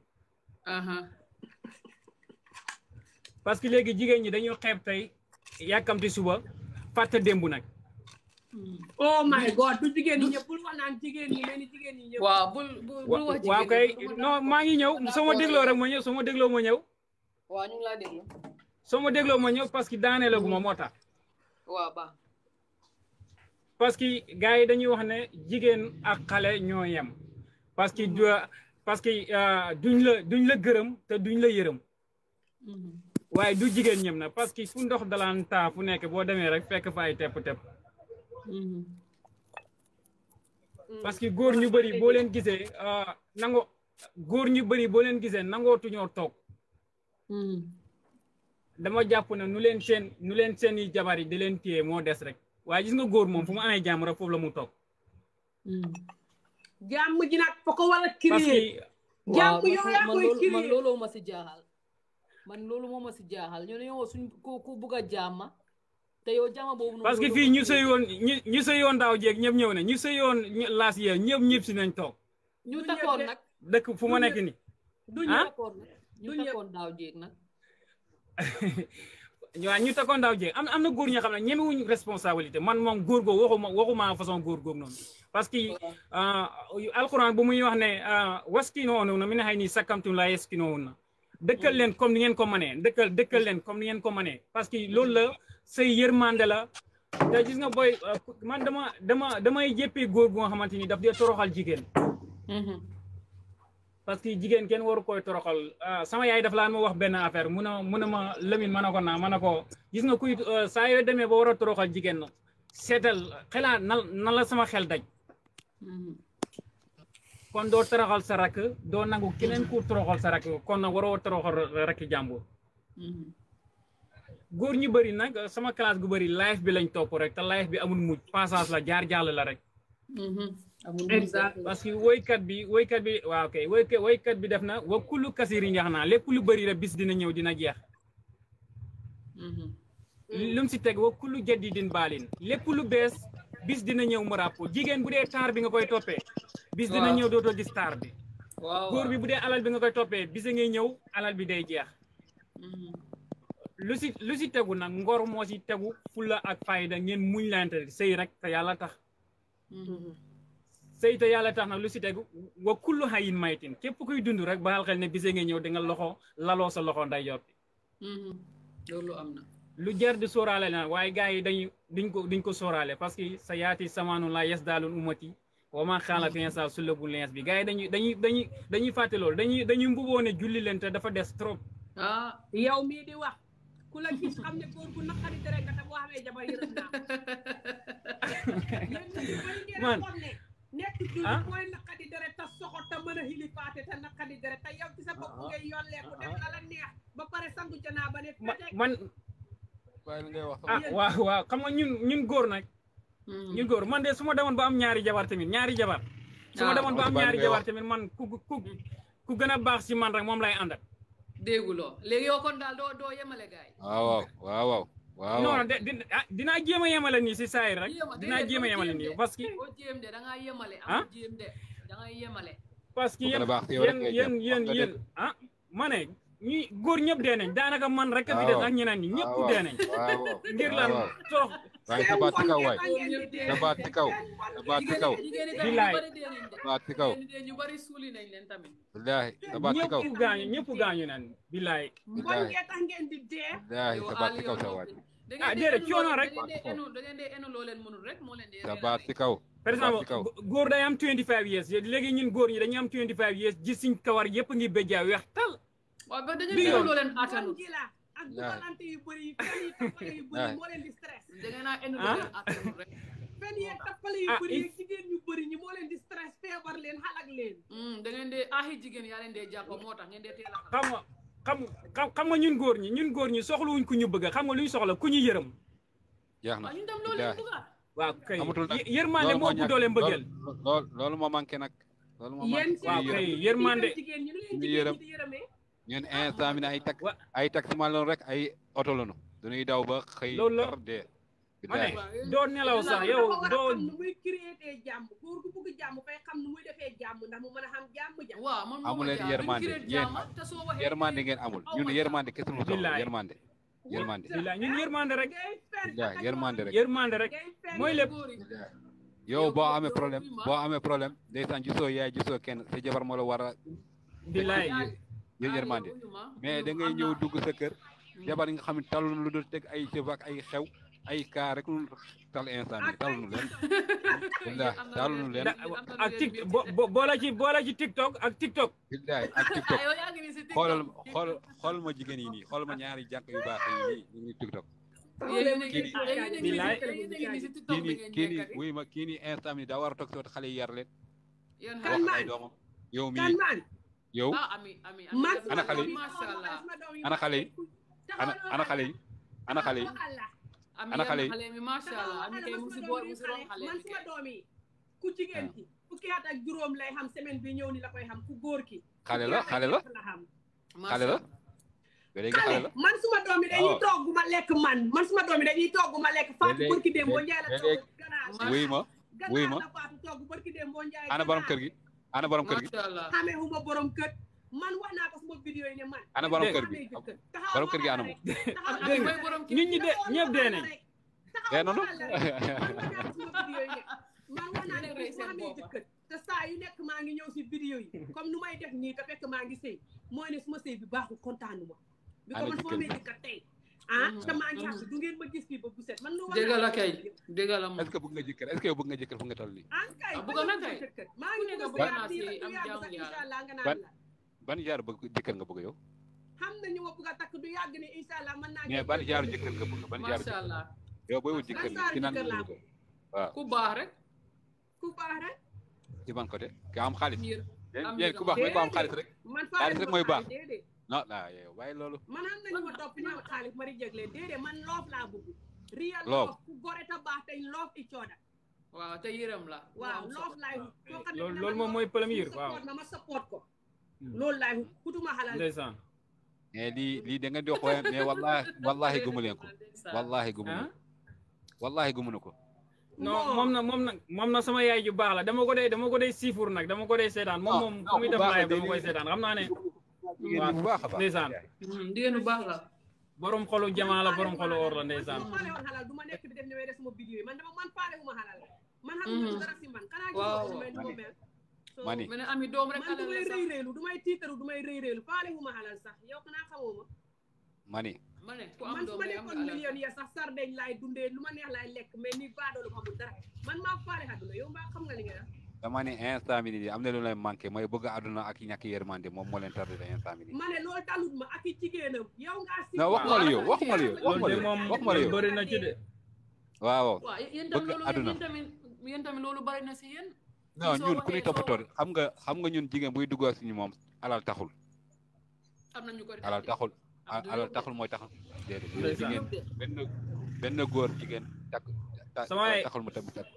Speaker 10: parce que léegi jigéen ñi dañu xeeb tey yàkkamti suba fàtte démb nag
Speaker 1: mm.
Speaker 3: oh my god jigéen ñi ñëpp
Speaker 1: bul wax naan jigéen ñi mel jigéen ñi ñëpp
Speaker 8: waaw bul bul maa ngi ñëw soo ma rek
Speaker 10: ma ñëw soo ma dégloo ma ñëw waaw ma dégloo ma ñëw parce que daanee la moo tax parce que gars yi dañuy wax ne jigéen ak xale ñoo yem parce que parce que euh, duñ la duñ la gërëm te duñ la yërëm
Speaker 6: mm-hmm.
Speaker 10: waaye du jigéen ñem na parce que fu ndox dalaan taa fu nekk boo demee rek fekk fa ay tepp-tepp
Speaker 6: mm-hmm.
Speaker 3: parce que
Speaker 10: góor ñu bëri boo leen gisee mm-hmm. euh, nango góor ñu bëri boo leen gisee nangootuñoo toog dama jàpp na nu leen seen nu leen seen i jabar yi di leen téye moo des rek waaye gis nga góor moom fu mu amee jàmm rek foofu la mu toog.
Speaker 1: Hmm. jàmm ji nag foo ko war a créer. parce
Speaker 8: que jàmm yow yaa koy man looloo ma si jaaxal. man loolu moo ma si jaaxal ñu ne yow suñ ku ku bugg a jàmm te yow jàmm boobu. parce que fii ñu sëyoon
Speaker 10: ñu ñu sëyoon daaw jéeg ñëpp ñëw ne ñu sëyoon laas yee ñëpp ñëpp si nañ toog.
Speaker 8: ñu takkoon nag
Speaker 10: dëkk fu ma nekk nii.
Speaker 8: du ah? ñu takkoon nag ñu takkoon nag.
Speaker 10: [laughs] ñu tegoon daaw jéeg am am na góor ñoo xam ne ñemewuñ responsabilité man moom góor goo waxuma waxuma façon góor goog noonu parce que euh, alquran bu muy wax ne euh, waskinoonu na mi ne xëy nii sakkamtum laa yeskinoowun na dëkkal leen comme ni ngeen ko mënee dëkkal dëkkal leen comme ni ngeen ko mënee parce que loolu la say mande la gis nga booy euh, man dama dama damay jéppee góor gu nga xamante ni daf dee toroxal jigéen mm-hmm. parce que jigéen kenn war koy toroxal ah, sama yaay dafa laan ma wax benn affaire mun a mun a ma lëmin mën a ko naa mën a ko gis nga kuy euh, saa yoo demee ba war a toroxal jigéen seetal xelaa na na la sama xel daj
Speaker 6: mm-hmm.
Speaker 10: kon doo toroxal sa rakk doo nangu keneen ku toroxal sa rakk kon nag waroo toroxal rakki jàmbur
Speaker 6: mm-hmm.
Speaker 10: góor ñu bëri nag sama classe gu bari live bi lañ topp rek te live bi amul mujj passage la jaar jàll la rek
Speaker 6: mm-hmm. exact parce
Speaker 10: que woykat bi woykat bi waaw kay woykat woykat bi defna na wa kullu kasirin yax naa lépp lu bëri la bis dina ñëw dina jeex
Speaker 6: mm-hmm.
Speaker 10: lu mu si teg wa kullu jadidin baalin lépp lu bees bis dina ñëw mu ràpp jigéen bu dee bi nga koy bis dina ñëw dootoo gis taar bi góor bi bu alal bi nga koy toppee bis ngay ñëw alal bi day jeex
Speaker 6: mm-hmm.
Speaker 10: lusi tegu nag ngor moo si tegu fulla ak fayda ngeen muñ lante sëy rek tax mm-hmm. sayta yàlla tax na lu si tegu wa kullu hayin maytin képp kuy dund rek baal xel ne bisee nga ñëw di nga loxo laloo sa loxo nday yor
Speaker 8: mm-hmm. loolu am na
Speaker 10: lu jar di sóoraale na waaye gars yi dañu duñ ko duñ ko sóoraale parce que sa yaati samaanu laa yes daalun umati wa ma xaala fi sa su bu lens bi gaa yi dañuy dañuy dañuy dañuy fàtte loolu dañuy dañuy mbuboo ne julli leen te dafa des trop
Speaker 8: ah
Speaker 1: yow mii di wax ku la gis xam ne góor bu naqari dara nga tam boo xamee jabar yërëm naa [laughs] nekk jullit ah? mooy naqadi deret te soxor a xilifaate te naqadi deret te yow sa bopp ah, ah. ngay yolleeku def la la neex ba pare sangu janaa ba ne man
Speaker 10: ah waaw waaw xam nga ñun ñun góor nag hmm. ñun góor man de su ma demoon ba am ñaari jabar tamit ñaari jabar su ma demoon ba am ñaari jabar tamit man ku ku ku gën a baax si man rek moom lay àndal
Speaker 8: léegi kon daal doo doo yemale gaay
Speaker 10: waaw waaw waaw waaw non ah, dinaa jéem a yemale nii si saa rek. dinaa jéem a yemale nii parce que. ah. parce que yéen yéen yéen yéen ah ma ne ñi góor ñëpp dee nañ daanaka man rek
Speaker 7: a fi des ak ñeneen ñi ñëpp dee nañ.
Speaker 10: ngir lan torox waaye tabaat
Speaker 3: ci kaw waay tabaat ci kaw tabaat ci kaw bilaay
Speaker 10: tabaat ci kaw
Speaker 8: ñu bari suuli nañ leen
Speaker 10: kaw ñëpp gaañu ñëpp gaañu nan bilaay mbon ngeen
Speaker 8: tax ngeen di dee bilaay tabaat ci kaw sa waay ah déedéet coono rek da leen mënul rek moo leen
Speaker 10: dee ci kaw par exemple góor day am 25 years léegi ñun góor ñi dañuy am 25 years gis suñ kawar yëpp ngi béjjaa weex tal
Speaker 1: dugal ante ibu bëri yi fen yi tappale yu bëri moo leen di stress da ngeen a enu rek fen yi tappale yu bëri yeeg jigéen ñu bëri ñi moo leen di stress feebar leen xalak
Speaker 8: leen da ngeen dee aaxi jigéen yaa leen dee jàpp moo tax ngeen dee teel a xam
Speaker 10: nga xam xam nga ñun góor ñi ñun góor ñi soxlawuñ ku ñu bëgg xam nga luñ soxla ku ñu yërëm jeex na
Speaker 8: ñun tam loolu
Speaker 6: bëgg
Speaker 7: waaw kay yërmande moo bu doole mbëggeel loolu moo manqué nag loolu moo manqué waaw kay yërmande
Speaker 6: jigéen
Speaker 7: ñun instant eh, bi ne ay. wa ay taximan rek ay oto lanu dañuy daw ba xëy. loolu la dee.
Speaker 6: ma ne
Speaker 10: doo nelaw sax yow doo. nu
Speaker 1: muy créer jàmm góor ndax mu mën a xam jàmm ja. waaw man amu amul ñun yërmande
Speaker 7: kese mu soxla yërmande.
Speaker 1: yërmande bilaay
Speaker 7: ñun yërmande rek. bilaay yërmande yow boo amee problème boo amee problème ndeysaan gisoo yaay gisoo kenn sa jabar moo la war yow yermande mais da ngay ñew dugg sa kër jabar nga xamni talul lu do tek ay cëf ak ay xew ay ka rek lu tal instant yi talul len billah talul ak tik la ci la ci tiktok ak tiktok billahi ak tiktok
Speaker 8: xol xol
Speaker 7: xol ma jigen yi nii ma ñaari jànk yu baax yi ni ñu ngi tiktok
Speaker 8: kini kini ya.
Speaker 7: wuy ma kini instant kini kini war kini kini kini kini xale kini yar kini kini kini kini kini kini yow
Speaker 8: ana xale yi ana xale yi
Speaker 1: ana xale yi ana xale yi ana xale yi man sama doom yi ku jigéen ki fukki at ak juróom lay xam semaine bi ñëw ni la koy xam ku góor ki xale la xale la xale la man suma doom yi dañuy oh. ma lekk man man suma doom yi dañuy togg ma lekk faatu bërki dem boo la togg ganaar wuy ma wuy ma faatu togg bërki
Speaker 7: kër gi ana
Speaker 1: borom kër gi xamee wu borom kër man wax naa ko suma vidéo yi ne man. ana borom kër gi
Speaker 10: borom kër gi ana moom. nit ñi de ñëpp dee nañ. naa ne
Speaker 1: bu amee nekk maa ngi ñëw si vidéo yi comme nu may def nii te fekk ngi sëy suma sëy bi baaxul kontaanuma. bi ko foo amee jëkkër tey. ah te maa ngi àgg man a. dëgg la kay
Speaker 7: dëgg la moom. est-ce que bëgg nga jëkkër est ah, kay ah, maa ngi
Speaker 1: bëgg a ban
Speaker 7: ban jaar bëgg jëkkër nga bëgg yow.
Speaker 1: xam takk du ban jaaru jëkkër
Speaker 7: nga bëgg ban jaaru. macha allah yow booy wut jëkkër nii ci nan nga bëgg ko waaw. ku baax rek. baax am xaalis. am xaalis rek. xaalis rek mooy baax not waaye loolu
Speaker 1: man loof laa bëgg real loof ku gore ta baax
Speaker 8: te yërëm la waaw loof loolu moom mooy
Speaker 1: premier waaw na ko hmm. loolu laay kutuma xalaat
Speaker 7: ndeysaan mais eh, lii lii da ngeen di wax mais wallahi wallahi gëmu leen ko wallahi gëmu leen ko wallahi gëmu na ko
Speaker 6: non moom
Speaker 10: na na moom na sama yaay baax la dama ko dee dama ko dee siifur nag dama ko dee seetaan moom moom ku muy def laay dama koy seetaan xam naa jigéen bu baax a baax ndeysaan mm, jigéen bu baax la borom xolu jamaa la borom xolu woor la
Speaker 1: du ma nekk bi def ñëwee def sama vidéo yi man dama man paale wu ma xalal man xam mm-hmm. dara ma ni ma ne ami doom rek alal la sax man du may rëy rëylu du may tiitaru du may rëy rëylu faale wu ma xalal sax yow kanaa xamoo ma ma ni ma ne ku am doom man su ma nekkoon million ya sax sardeñ lu ma neex laay lekk mais ni baadoo lu ma amul dara man maa faale àdduna yow mbaa xam nga li
Speaker 7: dama ne instant am na lu manqué mooy bëgg àdduna ak ñàkk yërmande moom moo leen tardé instant bi nii.
Speaker 1: ma ne loolu ak jigéenam yow ngaa si. wax ma la yow
Speaker 10: na ci
Speaker 8: bëgg àdduna ñun ku ñuy toppatoo
Speaker 7: xam nga xam nga ñun jigéen buy dugg suñu moom alal taxul.
Speaker 8: am na ñu ko alal
Speaker 7: taxul alal taxul tax déedéet. benn góor jigéen takk samay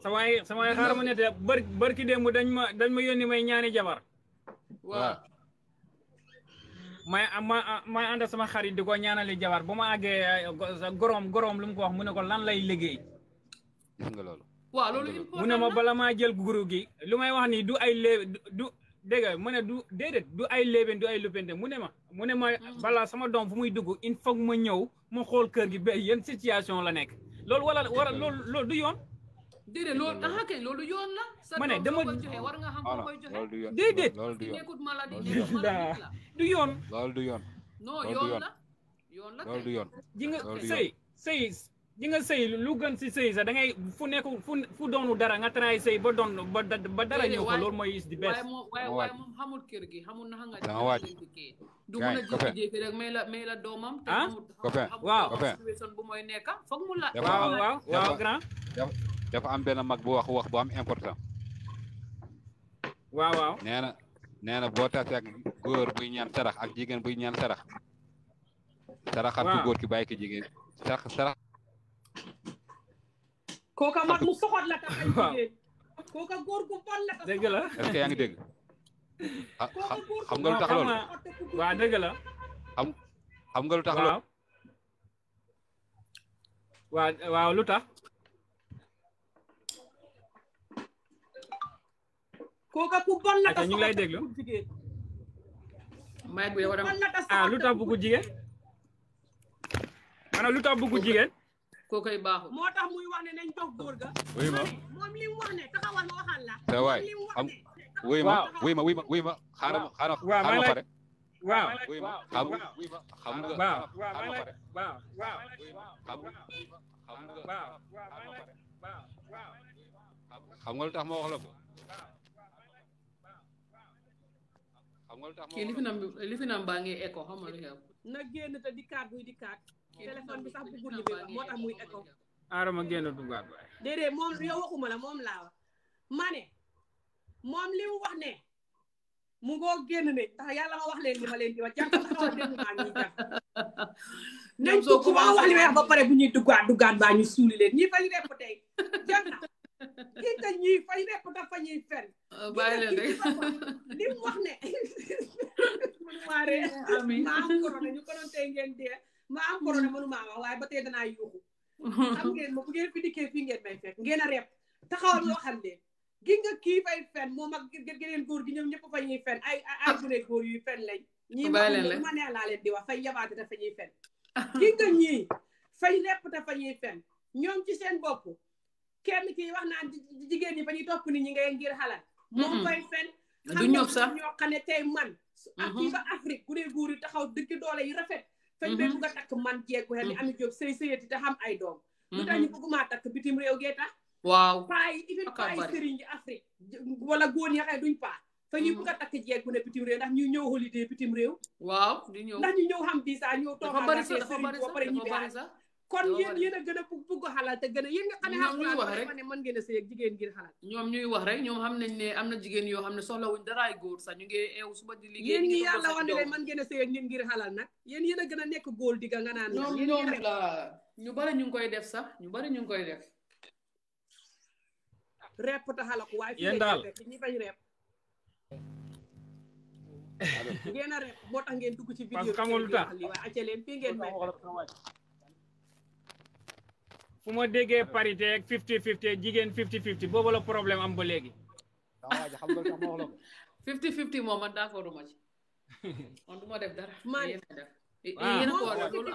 Speaker 10: samay samay xaaral ma ne te bar barki démb dañ ma dañ ma yónni may ñaani jabar. waaw. may ma may ànd sama xarit di ko ñaanali jabar bu ma àggee eh, gorom gorom lu mu ko wax mu ne ko lan lay liggéey. gis nga loolu.
Speaker 8: waaw loolu important mu ne ma bala
Speaker 10: maa jël guru gi lu may wax nii du ay lé du dégg nga mu ne du déedéet du ay léebén du ay lupende mu ne ma mu ne ma ah. balaa sama doom fu muy dugg il faut ma ñëw ma xool kër gi ba yéen situation la nekk. loolu wala wala loolu loolu du yoon.
Speaker 8: déedéet loolu ah kay loolu yoon la. ma ne dama war nga xam koy joxe.
Speaker 7: déedéet
Speaker 10: loolu du
Speaker 8: yoon
Speaker 7: du yoon. lool du yoon.
Speaker 8: non yoon yoon la kay loolu du yoon. ji nga
Speaker 10: sëy sëy di nga sëy lu gën si sëy sax da fu nekk fu fu doonu dara nga try sëy ba doon ba dara ñëw loolu mooy is di best waaye
Speaker 8: kër gi xamul na nga dama waaj du may la doomam te ah? waaw situation bu nekk foog mu la
Speaker 7: grand dafa am benn mag bu waxu wax bu am important waaw waaw nee na na boo tasee ak góor buy ñaan sarax ak jigéen buy ñaan sarax saraxal ku góor ki bàyyi ki jigéen sarax
Speaker 1: kooka mag mu soxot la tax ay [laughs] góor gu bon la dëgg
Speaker 7: yaa ngi dégg ah, xam nga lu tax loolu dëgg la xam xam nga lu tax loolu waaw waaw lu
Speaker 8: ku bon la
Speaker 6: tax ñu ngi lay
Speaker 10: déglu
Speaker 8: may bu yow dem ah, jigéen
Speaker 10: maanaam lu tax bëggu jigéen
Speaker 1: kookoy baaxul moo tax muy wax ne nañ jox góor ga. wuy ma wuy ma wuy ma
Speaker 7: wuy ma wuy ma xaaral ma xaaral ma pare.
Speaker 6: waaw wuy ma xam nga xam lu tax ma
Speaker 7: wax
Speaker 8: la
Speaker 1: na génn te dikkaat buy dikkaat. téléphone bi sax bu guddi bi moo tax muy écho.
Speaker 10: aarama génn dugaat waay. déedéet moom yow
Speaker 1: waxuma la moom laa wax ma ne moom li mu wax ne mu ngoo génn ne tax yàlla ma wax leen li ma leen di wax jàpp sax wax dëgg wax li may wax ba pare bu ñuy duggaat duggaat baa ñu suuli leen ñii fay repp tey jàpp na kii te ñii fay repp dafa ñuy fen. Euh, bàyyi leen rek li mu wax ne. [laughs] [laughs] maa ngi ko ñu ko doon tey ngeen dee. ma am corona mënumaa wax waaye ba tey danaa yuuxu xam ngeen ma bu ngeen fi dikkee fii ngeen may fekk ngeen a rep taxawal loo xam de gi nga kii fay fen moom ak geneen góor gi ñoom ñëpp fa ñuy fen ay ay gune góor yu fen lañ ñii ma nee laa leen di wax fay yabaate te fa fen gi nga ñii fay lepp te fa ñuy fen ñoom ci seen bopp kenn kii wax naan jigéen ñi ba ñuy topp ni ñi ngay ngir xalaat moom fay fen
Speaker 3: xam nga ñoo
Speaker 1: xam ne tey man ak kii mm-hmm. ba Afrique gune góor yu taxaw dëkk doole yi rafet feñ bee mhm. bugg takk man jeegu xel ni mhm. Ami Jóob sëy sëyati te xam ay doom lu tax mhm. ñu bëggumaa takk bitim réew gee tax waaw paa yi ifin yi sëriñ yi Afrique wala góor ñi xëy duñ paa fa ñuy a takk jeeg bu ne bitim réew ndax ñu ñëw holiday bitim réew waaw di ñëw ndax ñu ñëw xam visa ñëw toog dafa bari sax dafa kon yéen yéen a gën a bugg xalaat te a yéen nga xam ne xalaat wax rek ne mën ngeen a sëy ak jigéen ngir xalaat
Speaker 8: ñoom ñuy wax rek ñoom xam nañ ne am na jigéen yoo xam ne soxlawuñ daraay góor sax ñu ngi eew suba di liggéey yéen ñi yàlla wax ne leen mën
Speaker 1: ngeen a sëy ak ngeen ngir xalaat nag yéen yéen a gën a nekk góor di nga nga naan ñoom ñoom la ñu bari ñu koy def sax ñu bari ñu koy def ko ñi [laughs] ngeen dugg ci tax li ngeen may
Speaker 10: fu ma déggee parité ak fifty fifty jigéen fifty fifty boobu la problème am ba léegi. xam nga tax ma wax
Speaker 8: fifty fifty moom man d'accord ma ci. [laughs] man du ma def dara. man ah. loolu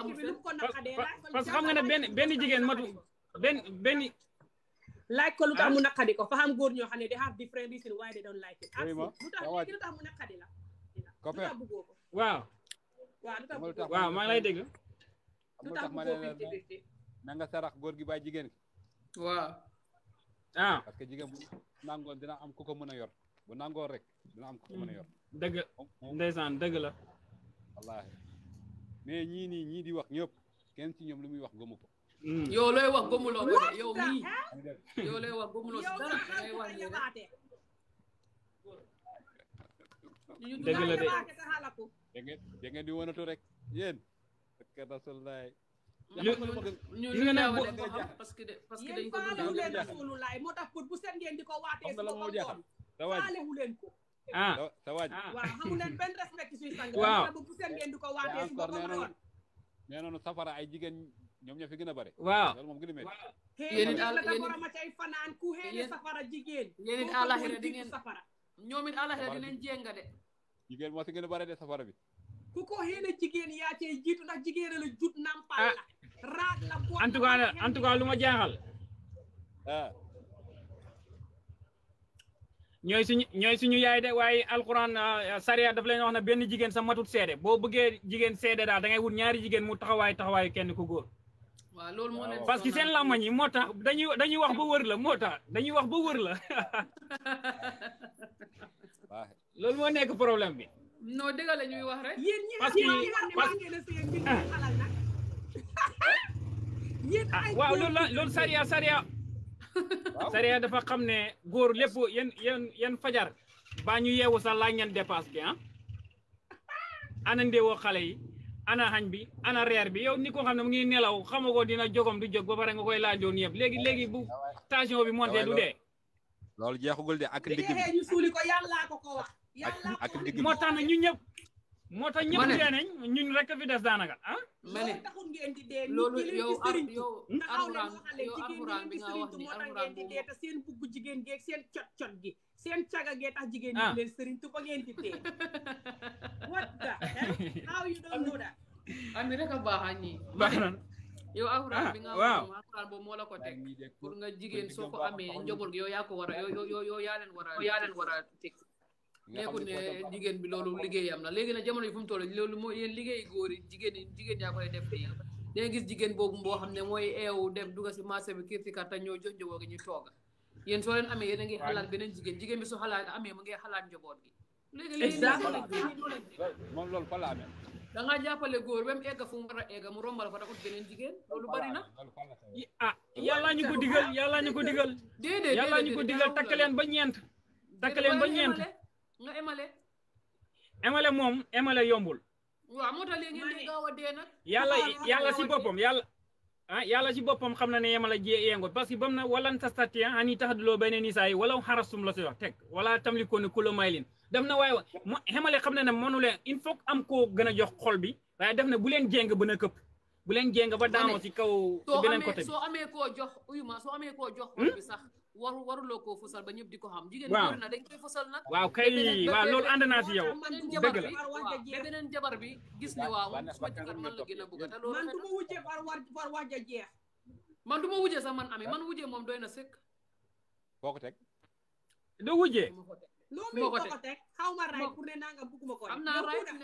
Speaker 1: parce que xam nga ne benn benn jigéen matu benn benn. ko lu tax ah. mu naqadi ko fa xam góor ñoo xam ne they different reason waaw la. lu tax bëggoo ko. waaw. maa lay dégg.
Speaker 7: na nga sarax góor gi bàyyi jigéen ki waaw ah parce que jigéen bu nangoon dina am ku ko mën a yor bu nangoon rek dina am ku ko mën a yor dëgg ndeysaan dëgg la wallahi mais ñii nii ñii di wax ñëpp kenn ci ñoom lu muy wax gëmu ko hmm. yow looy wax gëmuloo ko de yow mii
Speaker 6: yow looy wax gëmuloo si dara looy wax nii dëgg la de
Speaker 7: da ngeen di wonatu rek yéen ak rasulullah
Speaker 6: li nga ne parce que parce que dañ ko dund leen
Speaker 1: rasulullah moo tax pour ah. bu set ngeen di ko waatee si boppam doon faalewu leen ko ah waaw xamu leen benn respect suy sang waaw bu set ngeen di ko waatee si boppam
Speaker 7: noonu safara ay jigéen ñoom ñoo fi gën a bare waaw loolu moom gën a métti
Speaker 1: yéen it la takorama cay fanaan ku xeene safara jigéen yéen it àlaxira di ngeen safara ñoom it àlaxira dinañ jénga de
Speaker 7: jigéen moo gën a bare de safara bi
Speaker 1: ku ko jigen jigéen yaa cee jiitu ndax jigen la jut nampal la ah. raat la ko en tout cas en tout cas luma
Speaker 7: jaxal
Speaker 10: ah. ñoy suñu ñoy suñu yaay de waaye alquran ah, sharia daf lay wax na benn jigen sa matut sédé bo bëggé jigen sédé daal da ngay wut ñaari jigen mu taxaway taxaway kenn ku goor
Speaker 8: wa lool mo leen parce que sen
Speaker 10: lamagne motax dañuy dañuy wax ba wër la motax dañuy wax ba wër la
Speaker 8: [laughs]
Speaker 10: lool mo nekk problème bi
Speaker 8: No dëgg la ñuy wax rek. yéen ñi parce que parce
Speaker 10: que waaw loolu la sariya sariya. sariya dafa fajar. baa ñu yeewu sax laaj ngeen dépasse bi ah. yi ana bi ana reer bi yow ni ko xam mu ngi nelaw xamagoo dina jogom du jóg ba pare nga koy laajoon oh. bu tension bi monté du dee.
Speaker 7: loolu jeexagul de ak. bi
Speaker 1: ñu ko ko ko wax.
Speaker 7: ak moo
Speaker 10: tax nag ñu ñëpp. moo tax ñëpp dee nañ ñun rek fi des ah. ma
Speaker 1: ne loolu yow yow alxuraan yow alxuraan bi nga wax ni alxuraan boobu te seen bugg jigéen gi ak gi seen caga gee tax jigéen ñi ah. leen sëriñ tu ba ngeen di dee. [laughs] what the how you don't know ami rek a baax
Speaker 8: a ñii. baax na yow alxuraan ah, bi nga wax ni alxuraan boobu moo la ko jigéen soo ko amee njaboot gi yow yaa ko war a yow teg. nekkul ne jigéen bi loolu liggéeyam la léegi nag jamono yi fu mu toll loolu mooy yéen liggéey góor yi jigéen yi jigéen yaa koy e def yéen dangay gis jigéen boobu boo xam ne mooy eewu dem si marché bi kirtika te ñoo jox njaboot gi ñu tooga yéen soo leen amee yéen a ngi xalaat beneen jigéen jigéen bi su xalaat amee mu ngi xalaat njaboot gi
Speaker 7: moom loolu fa la amee
Speaker 8: da ngaa jàppale góor ba mu egg fu mu war a egg mu rombal fa dafa beneen jigéen loolu bari na
Speaker 10: ah yàllaa ñu ko digal yàllaa ñu ko digal déedéet yàllaa ñu ko digal takk leen ba ñeent
Speaker 8: takk leen ba ñeent nga emale.
Speaker 10: emale moom emale yombul.
Speaker 8: waaw moo tax léegi ngeen yàlla yàlla si boppam
Speaker 10: yàlla. ah yàlla si boppam xam na ne yemale ji yëngu parce que bam na walan tastatiya ah, an taxdiloo bayna nisaa'i walaw xarastum la si wax teg wala tamlikuuna kulla maylin daf na waaye wa xamale xam na ne mënu leen il faut am koo gën jox xol bi waaye def na bu leen jéng ba na këpp bu leen jéng ba daanoo si kaw. si beneen côté bi soo
Speaker 8: amee soo amee koo jox uyuma soo amee koo jox xol hmm? sax. waru waruloo koo fosal ba ñëpp di ko xam. jigéen góor na dañ koy fosal nag. waaw kay waaw loolu ànd naa si yow. dëgg la waaw jabar bi gis ne waaw man su ma man la gën bëgg te
Speaker 1: loolu. man du ma wujjee par war par jeex. man du ma wujjee man ami man wujjee moom doy na sëkk.
Speaker 7: foo ko teg. du
Speaker 1: mi foo ko teg xaw pour ne nga bugguma ko rek. am naa raay kon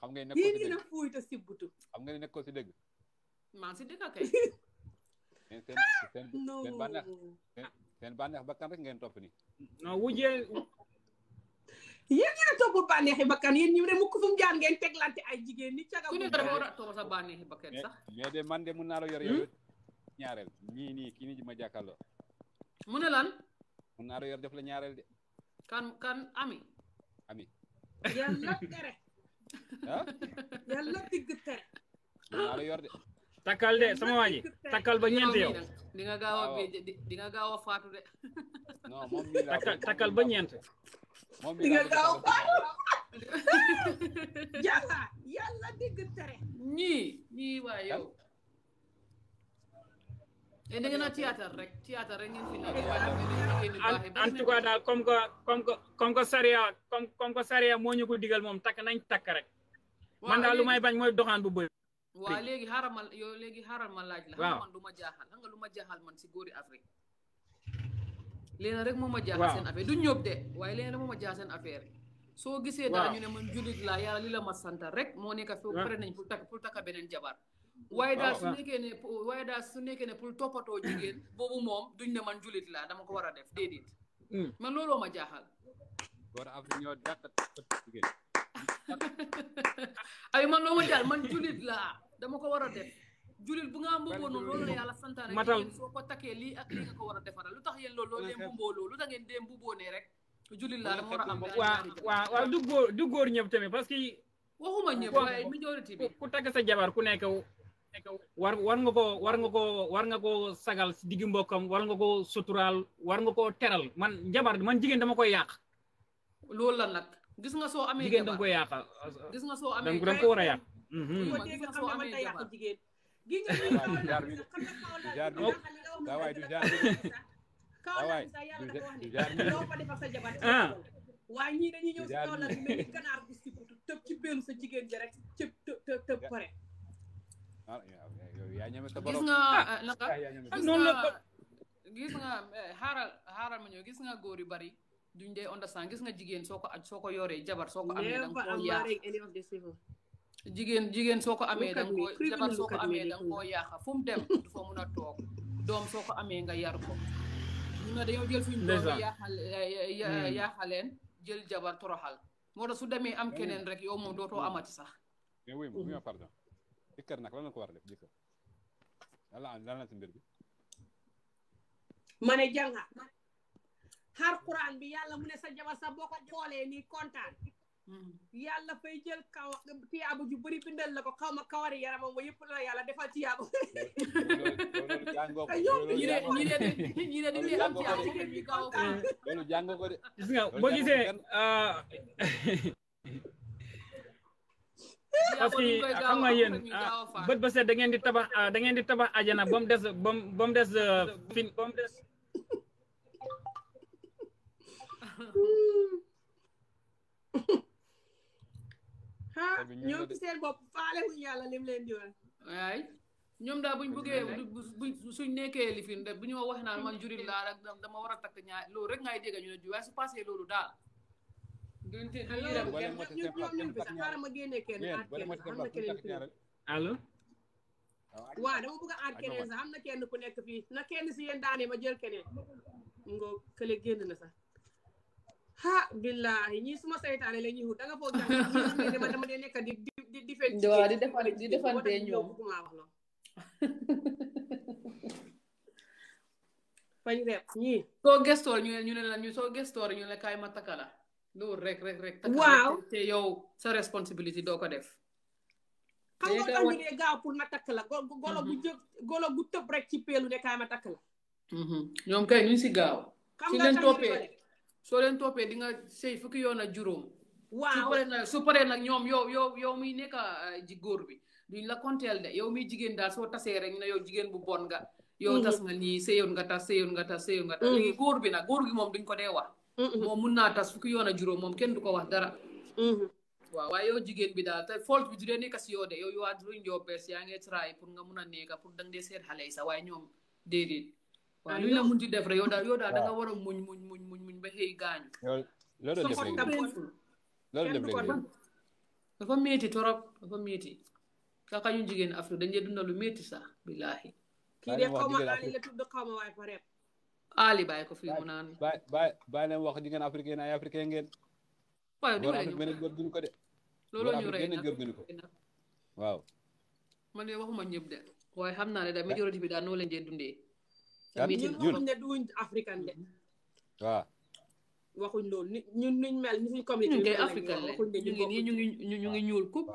Speaker 7: xam nga ne nekkoo
Speaker 1: si dëgg.
Speaker 7: xam nga ne nekkoo si dëgg.
Speaker 1: maa si dëgg kay. [laughs]
Speaker 7: ken ken ken banex ken banex bakkan rek ngeen top ni non wujje
Speaker 1: yéen ñu ne topp bànneexi bakkan yéen ñu ne mukk aji mu jaar ngeen teglante ay jigéen ni caga ku ne dara
Speaker 8: war a topp sa bànneexi bakkan sax
Speaker 7: mais de man de mun naa la yor yow ñaareel ñii nii kii nii de
Speaker 8: kan kan ami ami Ya tere yàlla Ya tere
Speaker 7: mun naa la Takal de sama waa
Speaker 8: Takal ba ñent yow. di nga gawa bi di nga gawa a faatu de.
Speaker 10: non mom mi laa takal takkal ba ñeent. moom mii laa di nga gaaw a faatu.
Speaker 8: [laughs] Yalla yalla dégg tere. ñii ñii waa yow. et eh, da ngeen a théâtre rek théâtre rek fi en tout cas comme comme
Speaker 10: comme comme comme ko digal nañ rek.
Speaker 8: man lu may bañ bu waa léegi xaaral ma yow léegi xaaral ma laaj la. waaw man du jaaxal xam nga lu ma jaaxal man si góori afrik léena rek moom ma jaaxal seen affaire du ñëpp de waaye léena rek moo ma seen affaire soo gisee daal ñu ne man julit laa yaa li la ma santa rek moo nekk foofu pare nañ pour takk pour takka beneen jabar waaye daal su nekkee ne waaye daal su nekkee ne pour toppatoo jigéen [coughs] boobu moom duñ ne man jullit laa dama ko war a def déedéet mm. man looloo ma jaaxal
Speaker 7: góor Afrique ñoo dàq jigéen
Speaker 8: ay [laughs] man lo wadjal man julit la dama ko wara def julit bu nga mbobo non kan loolu la yàlla santaane matal soo ko takkee ak li nga ko wara defara lutax lu tax yéen loolu loolu leen mbubboo lu ngeen dem mbubboo ne rek julit
Speaker 10: la dama wara am wa wa wa du gor du gor ñep tamé parce que
Speaker 8: waxuma
Speaker 6: ñep way
Speaker 10: majorité bi ku takk sa jabar ku nekk war war nga ko war nga ko war nga ko sagal si digg war nga ko sutural war nga ko teral man jabar man jigen dama koy yàq
Speaker 8: loolu la nak gis nga soo amee jigéen da
Speaker 10: nga mm-hmm. gis nga soo amee da nga ah. ko a yàq aa nga
Speaker 3: soo amee
Speaker 1: waaye ñii dañuy ñëw si kaw lal bi mel ni ci sa jigéen ji rek cëb tëb tëb pare
Speaker 7: ah, ah. gis nga
Speaker 1: naka
Speaker 8: gis nga xaaral xaaral gis nga góor yu bari duñ dee understand gis nga jigéen soo ko aj soo ko yoree jabar soo ko amee danga koo yaax jigéen jigéen soo ko amee danga koo jabar soo ko amee danga koo yaaxa dem du fa a toog doom soo ko amee nga yar ko ñu ne dañoo jël suñu doom yaaxal eh, hmm. jël jabar toroxal moo tax su demee am hmm. keneen rek yow moom dootoo hmm. amati sax
Speaker 7: eh, mais nag lan ko war a def jëkkër la lan
Speaker 1: la har quran bi yalla mune sa jabar sa boko xole ni contane hmm. yalla fay jël kaw tiyaaba ju bari bindal lako xawma kawari yaram wa yep la yalla defal tiyaaba
Speaker 7: ñi ne ñi ne
Speaker 1: ñi ne dañuy am tiyaaba ci ñi kaw
Speaker 7: loolu jàng ko de gis nga boo gisee
Speaker 10: ah. parce que xam nga yéen ah, bët ba set da ngeen di tabax ah, da ngeen di tabax ajana ba mu des ba mu des fin ba mu des
Speaker 6: ah ñoom ci seen
Speaker 1: bopp faale wuñ yàlla lim leen di ñoom daal buñ bëggee buñ suñ
Speaker 8: nekkee li fi bu ñu wax naan man jurit laa rek dama war a takk ñaar loolu rek ngay dégg ñu ne ju waaye su passé loolu
Speaker 1: daal. duñ te
Speaker 8: duñ yëram kenn ñoom ñun bi sax ma génne kenn aat kenn am
Speaker 1: na keneen fii
Speaker 10: allo. waaw dama sax
Speaker 1: am na kenn ku nekk fii na kenn si yéen daanee ma jël keneen. ngoo kële génn na sax. ha billahi ñi suma seytaane la ñuy wut da nga foog jàng ñi dama dama dee nekk di di di fecc di
Speaker 8: defar di defante ñoom bëgguma wax lool fañ rep ñi soo gestoor ñu ñu ne la ñu soo gestoor ñu ne kaay ma takala loolu rek rek rek takala waaw te yow sa responsibility doo ko def
Speaker 1: xam nga tax ñu gaaw pour ma takk la golo bu jëg golo bu tëb rek ci peelu ne kaay ma takk la
Speaker 8: ñoom kay ñu si gaaw
Speaker 1: xam nga leen toppee soo leen toppee
Speaker 8: di nga sëy fukki yoon ak juróom. waaw su paree nag su paree nag ñoom yow yow yow muy nekk ah, ji góor bi duñ la konteel de yow muy jigéen daal soo tasee rek na yow jigéen bu bon nga. yow tas mm-hmm. nga nii sëyoon nga tas sëyoon nga tas sëyoon nga tas. Mm-hmm. léegi góor bi nag góor gi moom duñ ko dee wax. Mm-hmm. moom mun naa tas fukki yoon ak juróom moom kenn du ko wax dara. waaw waaye yow jigéen bi daal te fault bi du dee nekk si yow de yow yu waa luñ yoo bees yaa ngi try pour nga mun a nekk pour danga dee seet xale yi sax waaye ñoom déedéet waaw lu ñu la munti def rek yow daal yow a muñ muñ muñ ba xëy gaañu. loolu def léegi dafa métti torop dafa métti. kaka ñu jigéen Afrique dañuy dundal lu métti sax billaahi. kii de xaw ma Ali
Speaker 7: la
Speaker 1: tudd xaw ma waaye pare.
Speaker 7: Ali bàyyi ko fii mu naan. bàyyi leen wax jigéen africain ay africain ngeen.
Speaker 1: waaw du ma
Speaker 7: leen góor ko de.
Speaker 1: loolu ñu rey na góor gënu ko
Speaker 7: waaw.
Speaker 8: man de waxuma ñëpp de waaye xam naa ne daal majorité bi daal noo leen dundee. ñun waxuñ ne
Speaker 1: duñ waaw waxuñ loolu ni ñun nuñ mel ni suñ communauté africain waxuñ ñu ngi ñu ñu ngi ñuul kub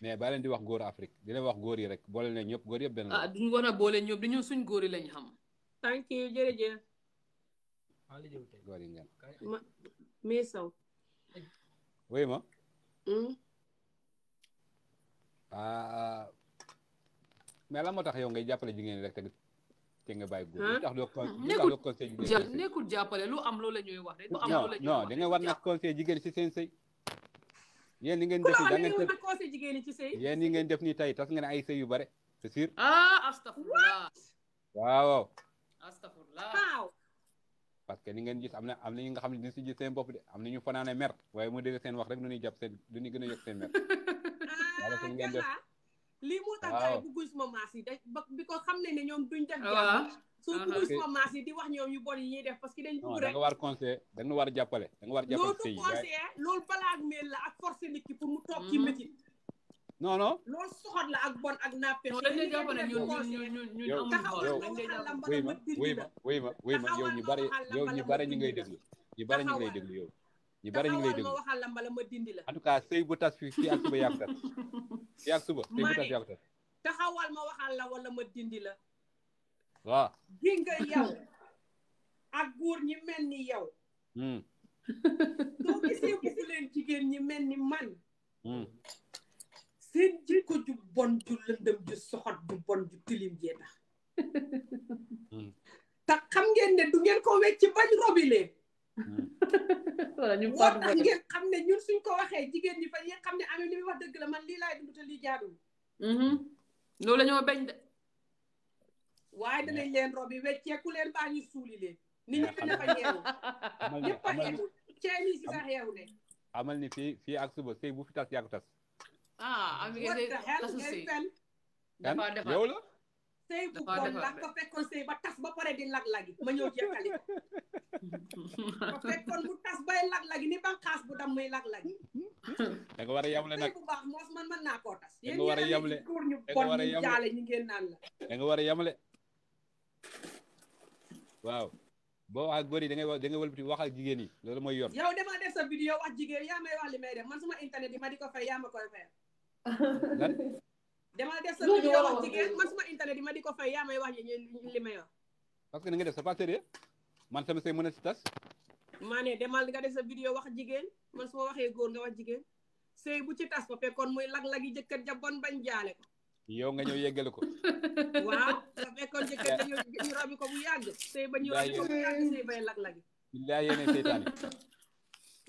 Speaker 7: mais ba leen di wax góor Afrique di leen wax góor yi rek boole ne ñëpp góor yëpp benn ah duñ
Speaker 8: war a boole ñëpp dañoo suñ góor yi lañ
Speaker 1: xam thank you jërëjëf góor yi ngeen mais saw wéy ma hmm?
Speaker 7: ah, ah. mais lan moo tax yow ngay jàppale jigéen rek tamit te nga bàyyi góor lu tax doo conseil conseil jigéen
Speaker 8: nekkul jàppale lu am loolu la ñuy wax rek lu am loolu la ñuy wax non
Speaker 7: da nga war si seen sëy yéen ni ngeen def da ngeen def
Speaker 8: conseil jigéen ñi ci sëy yéen
Speaker 7: ni ngeen def ni tey tas ngeen ay sëy yu bare c'est sûr ah
Speaker 8: astafurlah
Speaker 7: ni ngeen gis am na am na ñu nga xam ne si gis seen bopp de am na ñu fanaane mer waaye mu wax rek du ñuy jàpp seen du ñuy gën a yëg seen mer [laughs]
Speaker 1: lii moo tax gars yi bugguñ suma maas bi ko xam ne ne ñoom duñ def jàmm ah. su ah. bugguñ suma maas yi di wax ñoom yu bon yi ñuy def parce que dañ bugg rek da nga
Speaker 7: war conseillé da nga war jàppale da nga war jàppale loolu conseillé
Speaker 1: loolu balaag meel la ak forcé nit ki pour mu toog ci métit hmm. non non loolu soxot la ak bon ak nappe dañuy jàpp ne ñun ñun ñun ñun ñun wuy ma
Speaker 7: wuy ma wuy ma wuy ma yow ñu bari yow ñu bari ñu ngay déglu ñu bari ñu ngay déglu yow ñu bari ñu ngay déglu en tout cas sëy bu tas fi fii ak suba yàq [laughs] yàgg suba te
Speaker 1: taxawal ma waxal la wala ma dindi la. waaw gi nga yow góor ñi mel ni yow. Hmm. soo gisee bëgg leen jigéen ñi mel ni man. Hmm. seen jikko ju bon ju lëndëm ju soxot ju bon ju tilim jee tax. Hmm. te xam ngeen ne du ngeen ko wecc bañ robi leen. wala [laughs] ñu moo tax ngeen xam ne ñun suñ ko waxee jigéen ñi fa yéen xam ne amee li muy wax dëgg la man lii laay dund te lii jaaduwul. Mm-hmm. loolu la ñoo bañ de. waaye danañ leen robi wecceeku leen baa ñu suuli leen. nit ñi dina fa yeewu. ñëpp a yeewu ceeb yi si sax yeewu
Speaker 7: amal ni fi fii ak suba bu fi tas yàggu tas.
Speaker 1: ah am ngeen de tasu sëy. yow tey bu bon la ko fekkoon sëy ba tas ba pare ya di lag-lagi ma ñëw jekkali ko ko bu tas bay lag-lagi ni banqaas bu dam muy lag-lagi
Speaker 7: da nga war a yamle nag bu
Speaker 1: baax moos man mën naa koo tas yéen war a yamle góor ñu bon ñu jaale ñu ngeen naan la
Speaker 7: da nga war a yamle waaw boo wax ak da ngay da ngay wax ak yi yow
Speaker 1: dama def sa wax may may def man suma internet ma di ko fay ya, ma koy fay demal def sa vidéo wax jigéen man suma internet ma di ko fay yaa may wax ñu li may wax
Speaker 7: parce que ni nga def c'est pas man sama tas
Speaker 1: maa ne demal nga def sa vidéo wax jigéen man suma waxee góor nga wax jigéen sëy bu ci tas ba fekkoon muy lag-lagi jëkkër ja bon bañ jaale ko
Speaker 7: yow nga ñëw yeggale ko
Speaker 1: waaw sa fekkoon jëkkër ja ñu robi ko bu yàgg sëy ba ñu robi ko bu yàgg sëy bay lag-lagi
Speaker 7: laa yéene seytaane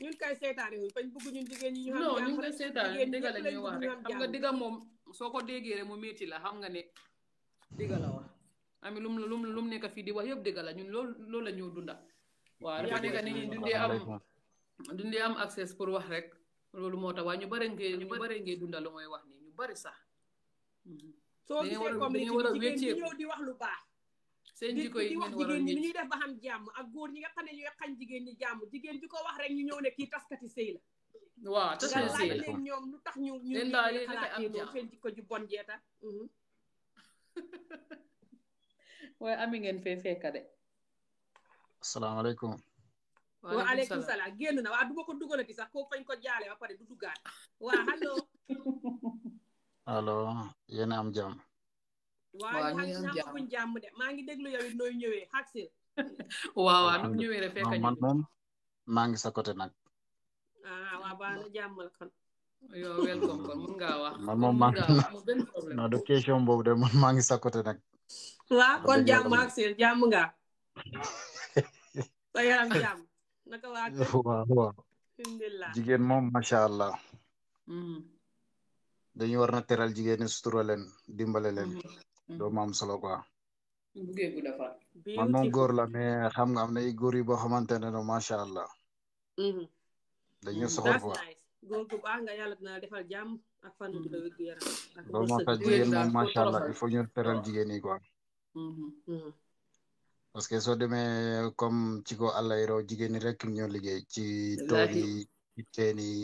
Speaker 1: ñun kay seytaane wuñ fañ bugg ñun jigéen ñi ñu xam non kay seytaane dëgg la rek xam nga
Speaker 8: soo ko déggee rek mu métti la xam nga ne dëgg la wax ami lum lum lum nekk fii di wax yëpp dëgg la ñun lool loolu la ñoo dunda waaw a nekk nit ñi am dundee pour wax rek loolu moo tax waaye ñu bare ngee ñu bare ngee dunda lu mooy wax nii ñu
Speaker 1: bari sax
Speaker 6: soo gisee comme ni jigéen ñi
Speaker 8: ñëw
Speaker 1: di wax lu baax seen jikko yi ngeen war a ñi ñuy def ba xam jàmm ak góor ñi nga xam ne ñooy xañ jigéen ñi jàmm jigéen ji ko wax rek ñu ñëw ne kii taskati sëy la waaw te
Speaker 3: seen
Speaker 8: séeréer nga laaj
Speaker 1: ñoom lu tax ñu ñu ñu xalaatee loolu seen jikko ju bon jeeta. Mhm. [laughs] waaye ami ngeen fee fekka de.
Speaker 9: asalaamaaleykum. waaleykum salaam
Speaker 1: génn na wa du ma ko dugalati sax koo fañ ko jaale ba pare du duggaat waa [laughs] allo.
Speaker 9: allo am jàmm.
Speaker 1: waaw ñu am jàmm de maa ngi déglu yow it nooy ñëwee xaaxil. [laughs] waaw waaw nu mu ñëwee rek fekk man
Speaker 9: moom maa ngi sa côté
Speaker 1: nag. ah waa baax na jàmmal welcome kon mun ngaa wax man moom maa non du
Speaker 9: question boobu de man maa ngi sa côté
Speaker 1: kon jàmm ak nga naka
Speaker 9: allah dañu war teral jigenya ñi sutura leen dimbale leen hmm. hmm. doo ma am solo quoi
Speaker 1: man moom góor la
Speaker 9: mais xam nga am hmm. ay góor dañu soxor bu baax
Speaker 1: góor gu baax nga yàlla dina defal jàmm ak fan bu dawit gu yaram
Speaker 6: loolu moo tax jigéen moom macha allah il faut
Speaker 9: ñu teral jigéen yi quoi parce que soo demee comme ci ko àllayro jigéen ñi rek ñoo liggéey ci tool yi ci teen yi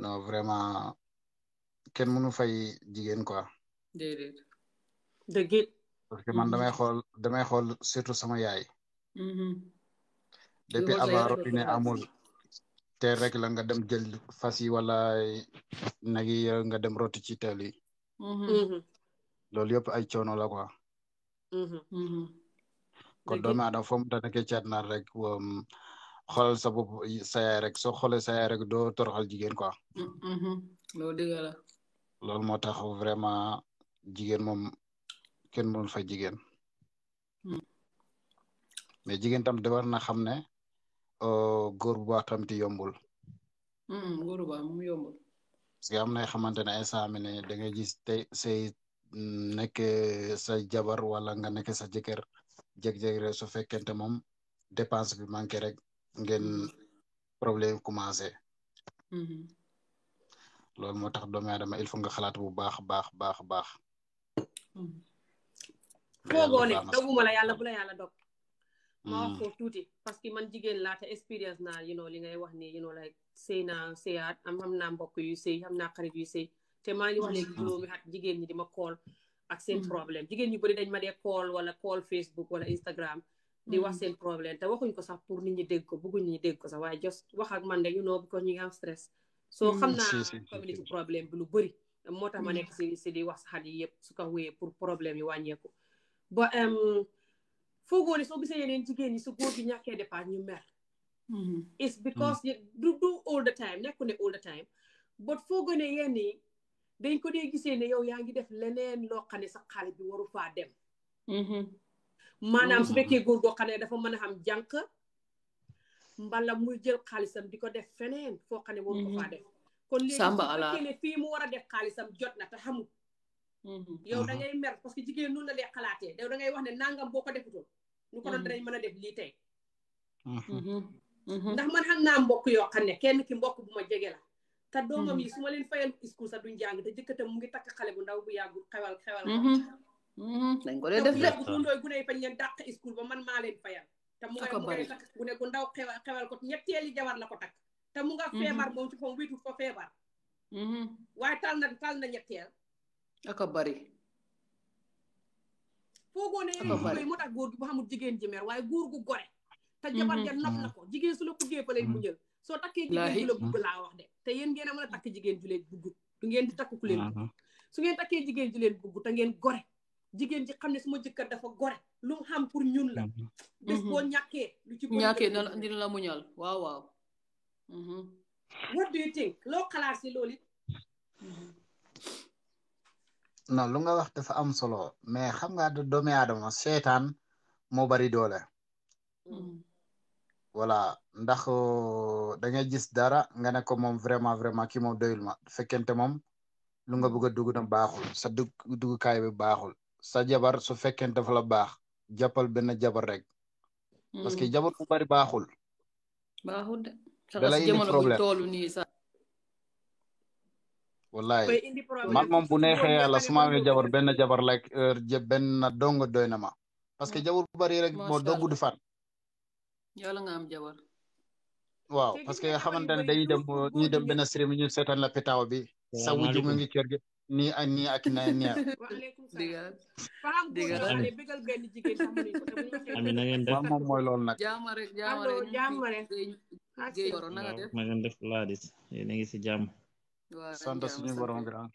Speaker 9: non vraiment kenn mënu fay jigéen quoi
Speaker 8: déedéet dëgg
Speaker 9: parce que man damay xool damay xool surtout sama yaay
Speaker 3: mm-hmm. depuis avant robinet amul
Speaker 9: te rek la nga dem jël fas yi wala nag yi nga dem roti ci teel yi mm-hmm. Mm-hmm. loolu yëpp ay coono la quoi
Speaker 6: mm-hmm. kon doomu aadama
Speaker 9: foo mu ta nekkee caat naar rek um, xoolal sa bopp sa rek soo xoolee sa rek doo toroxal jigéen quoi loolu dëgg la moo tax vraiment jigéen moom kenn mënul fa jigéen mm. mais jigéen tam da na xam ne Euh, góor bu baax tamit yombul.
Speaker 8: Hmm, góor bu baax moom yombul.
Speaker 9: parce que am na xamantene ne instant da ngay gis te say nekk sa jabar wala nga nekk sa jëkkër jeg-jeg rek su fekkente moom dépense bi manqué rek ngeen hmm. problème commencé. Hmm. loolu moo tax doomu aadama il faut nga xalaat bu baax baax baax baax.
Speaker 3: foogoo ne doguma
Speaker 1: la yàlla bu la yàlla dog. ma wax foofu mm. tuuti parce que man jigéen laa te expérience naa you know li nga wax nii you know like sëy naa sëyaat am xam naa mbokk yu sëy xam naa xarit yu sëy te maa ngi wax léegi juróomi at jigéen ñi di ma call ak seen mm. problème jigéen ñu bëri dañ ma dee call wala call Facebook wala Instagram di wax mm. seen problème te waxuñ ko sax pour ni ñi dégg ko bëgguñ nit dég ko sax waaye just wax ak man de you know because ñu ngi am soo xam naa community problème bi lu bëri moo tax ma nekk si si di wax sa yi yëpp su ko wéyee pour problème yi wàññeeku foogoo ne soo gisee yeneen jigéen ñi su góor bi ñàkkee dépense ñu mer it's because you mm. do all the time ko ne all the time but foogoo ne yenn dañ ko dee gisé ne yow yaa def leneen lo xane sa xaalis bi waru fa dem mm-hmm. manam mm. su bekké goor go xane dafa mëna xam jank mbala muy jël xalisam di def feneen fo xane waru mm-hmm. ko faa def kon léegi su ne fi mu wara def xalisam jot na xamul yow da ngay mer parce que jigéen noonu la lay xalaatee yow da ngay wax ne nangam boo ko defutoon ñu ko doon danañ mën a def lii tey ndax man xam naa mbokk yoo xam ne kenn ki mbokk bu ma jegee la te doomam yi su ma leen fayal school sax duñ jàng te jëkkëtam mu ngi takk xale bu ndaw bu yàggul xewal xewal
Speaker 3: dañ ko def def gundooy
Speaker 1: gune yi leen dàq school ba man maa leen fayal te mu ngay takk gune gu ndaw xewal xewal ko ñetteeli jabar la ko takk te mu nga feebar moom ci fam wiitu fa feebar waaye tal na tal na ñetteel aka bari foogoo ne yooyu moo tax góor gi bu xamul jigéen ji meer waaye góor gu gore te mhm. jabar ja mhm. nopp na ko jigéen su la buggee fa mhm. mu jël soo takkee jigéen ju la bugg laa wax de te yéen ngeen a a takk jigéen ju leen bugg du ngeen di takk ku leen su ngeen takkee jigéen ju leen bugg te ngeen gore jigéen ji xam ne suma jëkkër dafa gore lu mu xam pour ñun la bés boo ñàkkee lu ci ñàkkee
Speaker 8: dina la muñal waaw waaw
Speaker 1: what do you think loo xalaat si loolu
Speaker 9: non lu nga wax dafa am solo mais xam nga doomi adama setan mo bari doole wala mm. ndax euh, da nga gis dara nga ne ko mom vraiment vraiment ki mo doyul ma Fekente mom, lu nga bëgg a dugg na baaxul sa dugu kay bi baaxul sa jabar su fekente fa la baax jappal ben jabar rek parce que mm. jabar bu bari baaxul
Speaker 8: baaxul de da problème
Speaker 9: wallahi man mom bu neexee yalla suma ma jabar ben jabar like je ben dong doyna ma
Speaker 8: parce que jabar bu bari rek mo dogu du fat yalla nga am jabar
Speaker 9: waaw parce que xamantene dañuy dem ñu dem ben stream ñu seetaan la pétaw bi sa wujju mu ngi kër gi nii ak ni ak na neex
Speaker 8: amin na ngeen def moom mooy loolu nag jaama rek jaama rek jaama
Speaker 4: def laa dis yéen a ngi si jàmm
Speaker 1: waaw sant suñu borom grand.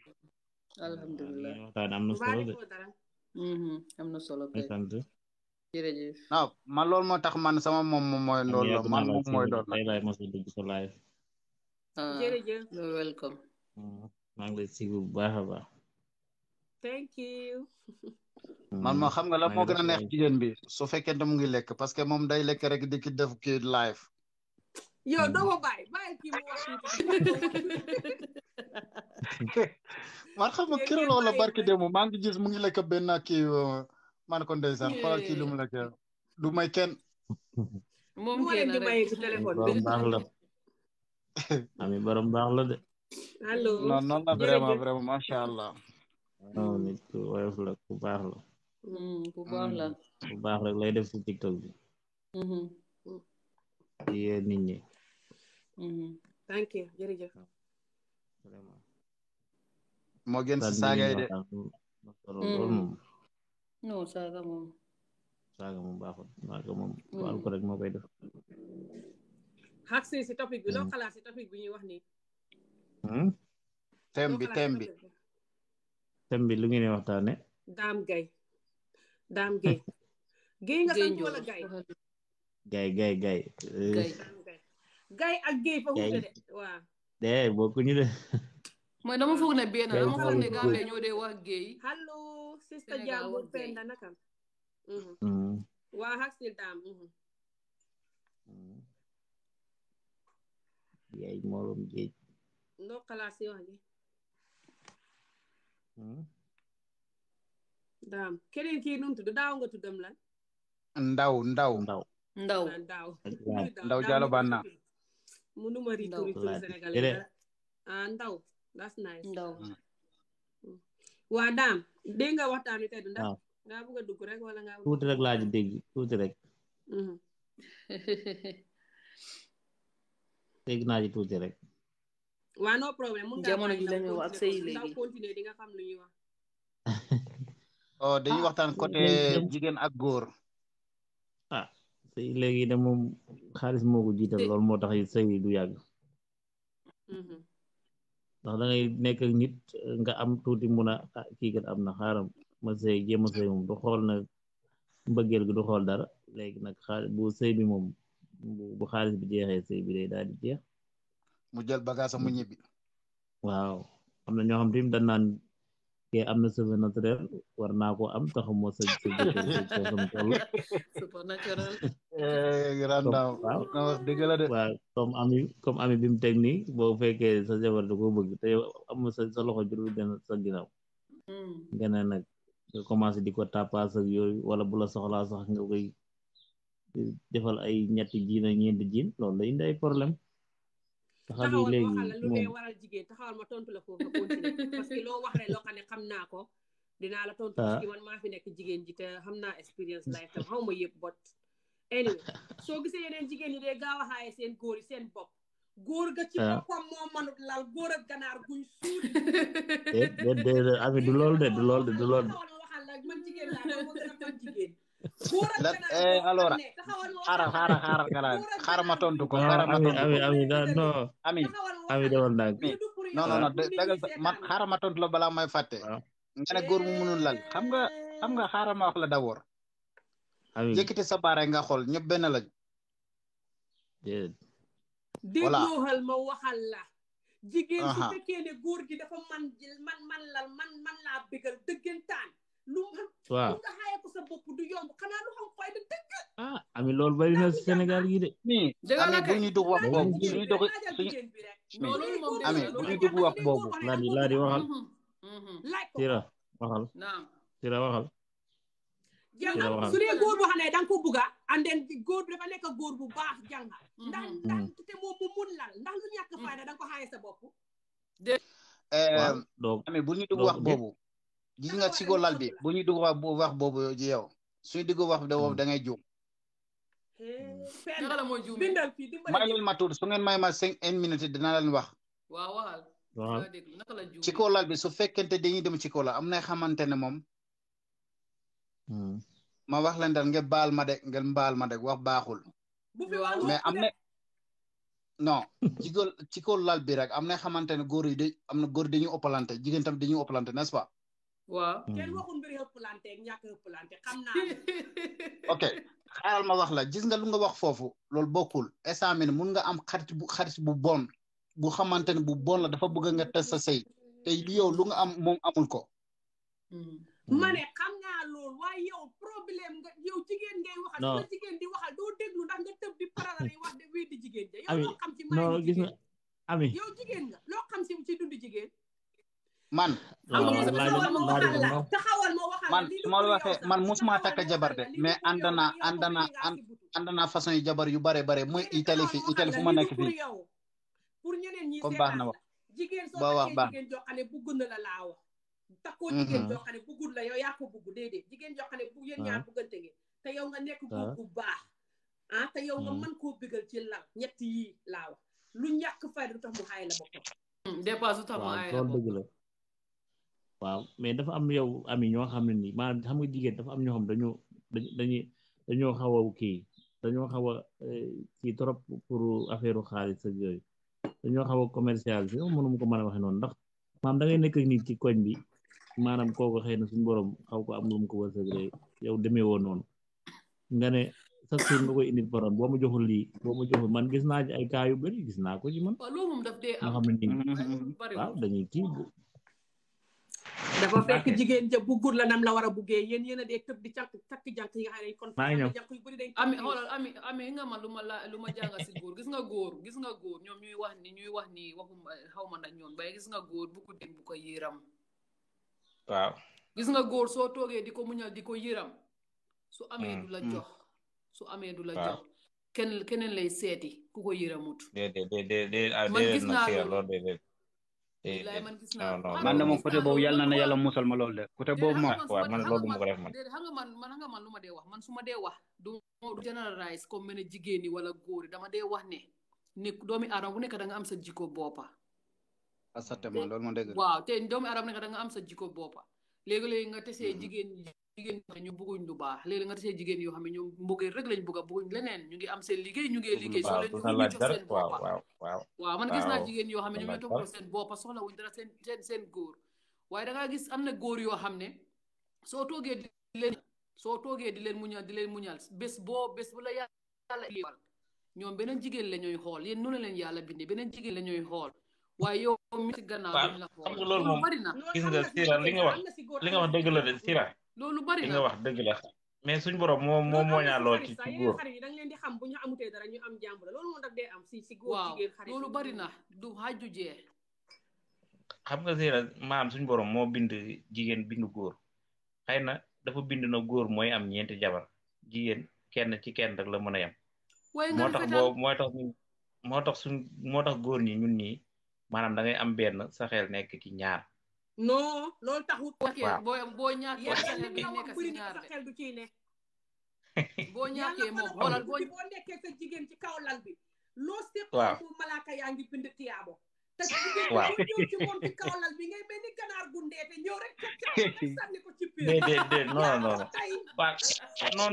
Speaker 1: alhamdulilah waxtaan am na solo de. ¿eh?
Speaker 8: am na solo kay. jërëjëf.
Speaker 9: ah man loolu moo tax man sama moom moom mooy loolu la
Speaker 4: man moom mooy loolu la. tey laay mos a dugg sa live.
Speaker 8: jërëjëf ah, welcome.
Speaker 6: Mm,
Speaker 4: maa ngi lay sigu bu baax a baax.
Speaker 1: thank you.
Speaker 9: man mm, ma xam nga la moo gën a neex jigéen bi su fekkente mu ngi lekk parce que moom day lekk rek di ki def kii live.
Speaker 8: yow mm. [laughs] doo ma bàyyi bàyyi kii
Speaker 9: mu man xam nga keroog wala barki démb maa ngi gis mu ngi lekk benn kii uh, man ko ndeysaan xoolal kii lu mu lekk du may kenn.
Speaker 1: moom
Speaker 6: kenn di may ci téléphone
Speaker 1: baax
Speaker 4: la. [laughs] ami de.
Speaker 6: non non la
Speaker 9: vraiment vraiment macha allah.
Speaker 4: non nit woyof la ku baax
Speaker 6: mm, mm. la.
Speaker 4: ku baax la. lay def si tiktok bi. di mm-hmm. yee nit ñi.
Speaker 6: Mm-hmm.
Speaker 1: thank you jërëjëf.
Speaker 4: gën si saagay de. Mm-hmm.
Speaker 8: non saaga moom.
Speaker 4: saaga moom baaxul saaga moom. waaw mm-hmm. ko rek moo koy def.
Speaker 1: si si topic bi loo xalaat si topic bi ñuy wax nii.
Speaker 4: Hmm? thème bi thème bi. lu ngeen di waxtaane.
Speaker 1: Dame Gueye. Dame Gueye. Gueye [laughs] nga sant wala
Speaker 4: Gueye.
Speaker 1: gay Guy agay fa hunde de. Wa.
Speaker 4: De bo ko ni de.
Speaker 8: Moy dama foog ne ben dama foog ne gambe ñoo de
Speaker 1: wax gay. Hello sister Jambo Penda nakam. Mhm. Mm. Wa haksil dam. Mhm.
Speaker 4: Mm. Yay morom geej.
Speaker 1: No class yo ngi. Mhm. Dam keneen kii num tudd daaw nga tuddam lan.
Speaker 9: Ndaw ndaw. Ndaw.
Speaker 1: Ndaw. Ndaw. Ndaw jalo banna. mënuma ri turi turi sénégalais ah ndaw that's nice ndaw mm. mm. wa daam dégg nga waxtaan wi tey du ah. a dugg rek wala ngaa
Speaker 4: tuuti rek laa ji dégg tuuti rek
Speaker 1: mm-hmm. [laughs]
Speaker 4: dégg naa ji tuuti rek
Speaker 1: waa no problème mun nga jamono ji lañu wax ak sëy léegi ndaw continuer di nga xam lu ñuy wax
Speaker 4: [laughs] oh ah. waxtaan côté jigéen ak góor sëy léegi de moom xaalis moo ko jiital loolu moo tax sëy du yàgg mhm. ndax da ngay nekk ak nga am tuuti mun a ah, kii kat am na xaaram ma sëy jéem a sëy du xool nag mbëggeel gi du xool dara léegi nag xaalis bu sëy bi moom bu xaalis bi jeexee sëy bi day daal di jeex
Speaker 9: mu jël bagage mu mm. ñibbi
Speaker 4: waaw am na ñoo xam ke am na cheveux naturel war na ko am taxu moo sa ci [laughs]
Speaker 3: jëkkër toll supernaturel grand [laughs] eh, dam na wax so
Speaker 4: la de waaw comme ami comme ami bi mu teg nii boo fekkee sa jabar ko di ko tapas ak yooyu wala bu la sax nga koy defal ay ñetti jiin ñeenti jiin loolu indi ay problème taxawal léegi moom
Speaker 1: lu ma tontu la foofu continuer [laughs] parce que loo wax loo xam ne xam naa ko dinaa la tontu ci ah. man maa fi nekk jigéen ji te xam naa expérience life tam xaw ma yëpp bot anyway [laughs] soo gisee yeneen jigéen ñi dee gaaw a seen góor yi seen bopp góor ga ci ah. boppam moo manut lal góor ak ganaar guñ suul
Speaker 4: eh, du lool de du lool de du lool de [laughs]
Speaker 1: waxal la man jigéen laa man jigéen alors eh, xaaral xaaral xaaral galaas xaaral
Speaker 9: ma tontu ko ah, xaaral ma tontu ko ami ami non
Speaker 4: ami ami dawal naag non
Speaker 9: la balaa may fàtte ah. nga ne góor mu mënul lal xam nga xam nga la d'abord ami yëkkati sa nga xool ñëpp benn lañ
Speaker 1: dégluwal ma waxal la lu waaw nga xaaye ko sa bopp du yomb xanaa lu xam fayda dëgg ah
Speaker 4: ami loolu bari na yi de bu ñuy dugg wax boobu bu ñuy dugg
Speaker 6: mais waxal tira mm-hmm. mm-hmm. waxal
Speaker 4: tira waxal
Speaker 1: jànga su dee góor boo xam ne danga ko bugga anden góor bi bu baax jànga mm-hmm. ndax ndax te moom mu lal ndax lu ñàkk fayda danga sa bopp
Speaker 9: ami bu ñuy dugg wax boobu gis nga ci golal bi bu ñu dugg wax wax boobu yow suñu dugg wax boobu da ngay juum
Speaker 8: bindal fii dimbali may
Speaker 9: leen ma tuut su ngeen may ma 5 1 minute dina leen wax
Speaker 8: waaw waxal ci
Speaker 9: golal lal bi su fekkente dañuy dem ci kaw la am na xamante ne ma wax leen dal nga bal ma de ngeen bal ma de wax baxul mais am non ci lal bi rek am na xamante yi de am na góor dañuy oppalante tam dañuy opalante, n'est-ce pas
Speaker 3: waaw
Speaker 1: kenn ok xaaral ma wax la
Speaker 9: gis nga lu nga wax foofu loolu bokkul instant mi mun nga am xarit bu xarit bu bon bu xamantene bu bon la dafa bëgg nga test sa sëy te yow lu nga am moom amul ko
Speaker 6: hmm.
Speaker 1: hmm. mané xam nga loolu way yow problème nga yow jigen ngay waxal la jigen di waxal do déglu ndax nga teub di paralal wax de wéy jigen jigéen ja yow loo xam ci
Speaker 6: maa yow
Speaker 1: jigen nga lo xam ci ci dund jigen
Speaker 9: man. Ah, man ma waxee man musuma takk jabar de mais ànd naa ànd naa façon yi jabar yu bare bare muy itali fii itali fu ma nekk fii
Speaker 1: comme baax na wax boo wax baax takkoo jigéen joo xam ne bëggul mhm. la yow yaa ko bëgg déedéet jigéen ah. yow nga nekk góor bu ah. baax ah te nga mën koo bëggal ci lal ñett laa wax lu ñàkk fay du tax la boppam hmm, dépasse du tax la
Speaker 4: boppam waaw mais dafa am yow ami ñoo xam ne nii ma xam nga jigéen dafa am ñoo xam dañoo dañuy dañoo xaw a kii dañoo xaw a eh, kii trop pour affaire xaalis ak yooyu dañoo xaw a commercial bi mënuma ko mën a waxee noonu ndax maanaam da ngay nekk nit ci koñ bi maanaam kooku xëy na suñu borom xaw ko am lum mu ko wërsëgre yow demee woon noonu nga ne chaque jour nga koy indil borom boo joxul lii boo ma joxul man gis naa ay cas yu bëri gis naa ko ci man. waaw loolu moom daf mm-hmm. waaw dañuy kii.
Speaker 1: dafa fekk jigéen ja buggut la nam la war a buggee yéen yéen a dee tëb di cànk càkk jànk yi nga xam ne kon jànk yu bëri dañ ami xoolal ami nga ma lu ma la lu ma jànga
Speaker 8: si góor gis nga góor gis nga góor ñoom ñuy wax ni ñuy wax ni waxum eh, xaw ma nag ñoom bay gis nga góor bu ko bu ko yëram waaw gis nga góor soo toogee di ko muñal di ko yëram su amee mm, du la mm. jox su amee du la jox kenn keneen lay seeti ku ko yëramut
Speaker 2: déedéet déedéet ah,
Speaker 8: Eh, eh, man de moom côté boobu
Speaker 9: yàlla na a musal ma loolu de côté boobu moom waaw man loolu ma ko
Speaker 8: ma dee wax man su ma dee wax du généralise comme mel ne jigéen ñi wala góor yi dama dee wax ne ne doomi aadama bu nekk da nga am sa jikko boppa exactement da nga am sa jikko boppa léegi-léegi nga tesee mm-hmm. jigéen ñi jigéen ñu bëgguñ lu baax léegi nga see jigéen yoo xam ne ñoom mbëggeel rek lañ bëgg a leneen ñu ngi am seen liggéey ñu ngi liggéey so leen ñu jox
Speaker 6: seen bopp waaw man gis naa jigéen yoo xam ne ñoom ñoo toppal seen
Speaker 8: bopp soxla wuñ dara seen seen seen góor waaye da ngaa gis am na góor yoo xam ne soo toogee di leen soo toogee di leen muñal di leen muñal bés boo bés bu la yàlla liwal ñoom beneen jigéen la ñooy xool yéen noonu leen yàlla bindee beneen jigéen la ñooy xool waaye yow mi si gannaaw la xool loolu moom gis nga sira li nga wax li nga wax dëgg la de
Speaker 1: sira loolu bari na wax
Speaker 2: dëgg la mais suñ boroom moo moo moo ci ci
Speaker 1: dañ leen di xam bu ñu amutee dara am jàmb la loolu am si si bari na du xaju jee
Speaker 2: xam nga seen maam suñ boroom moo bind jigéen bind góor xëy na dafa bind na góor mooy am ñeenti jabar jigéen kenn ci kenn rek la mën a yem moo tax boo moo tax suñ moo tax góor ñi ñun ñii maanaam dangay am benn saxeel nekk ci ñaar
Speaker 1: non loolu taxut. ok boo boo ñàkkee xel
Speaker 8: bi
Speaker 1: nekk No, ñaar de xel du ne. sa ci kaw lal bi. ngi bind te ci ci kaw lal bi ngay ko ci non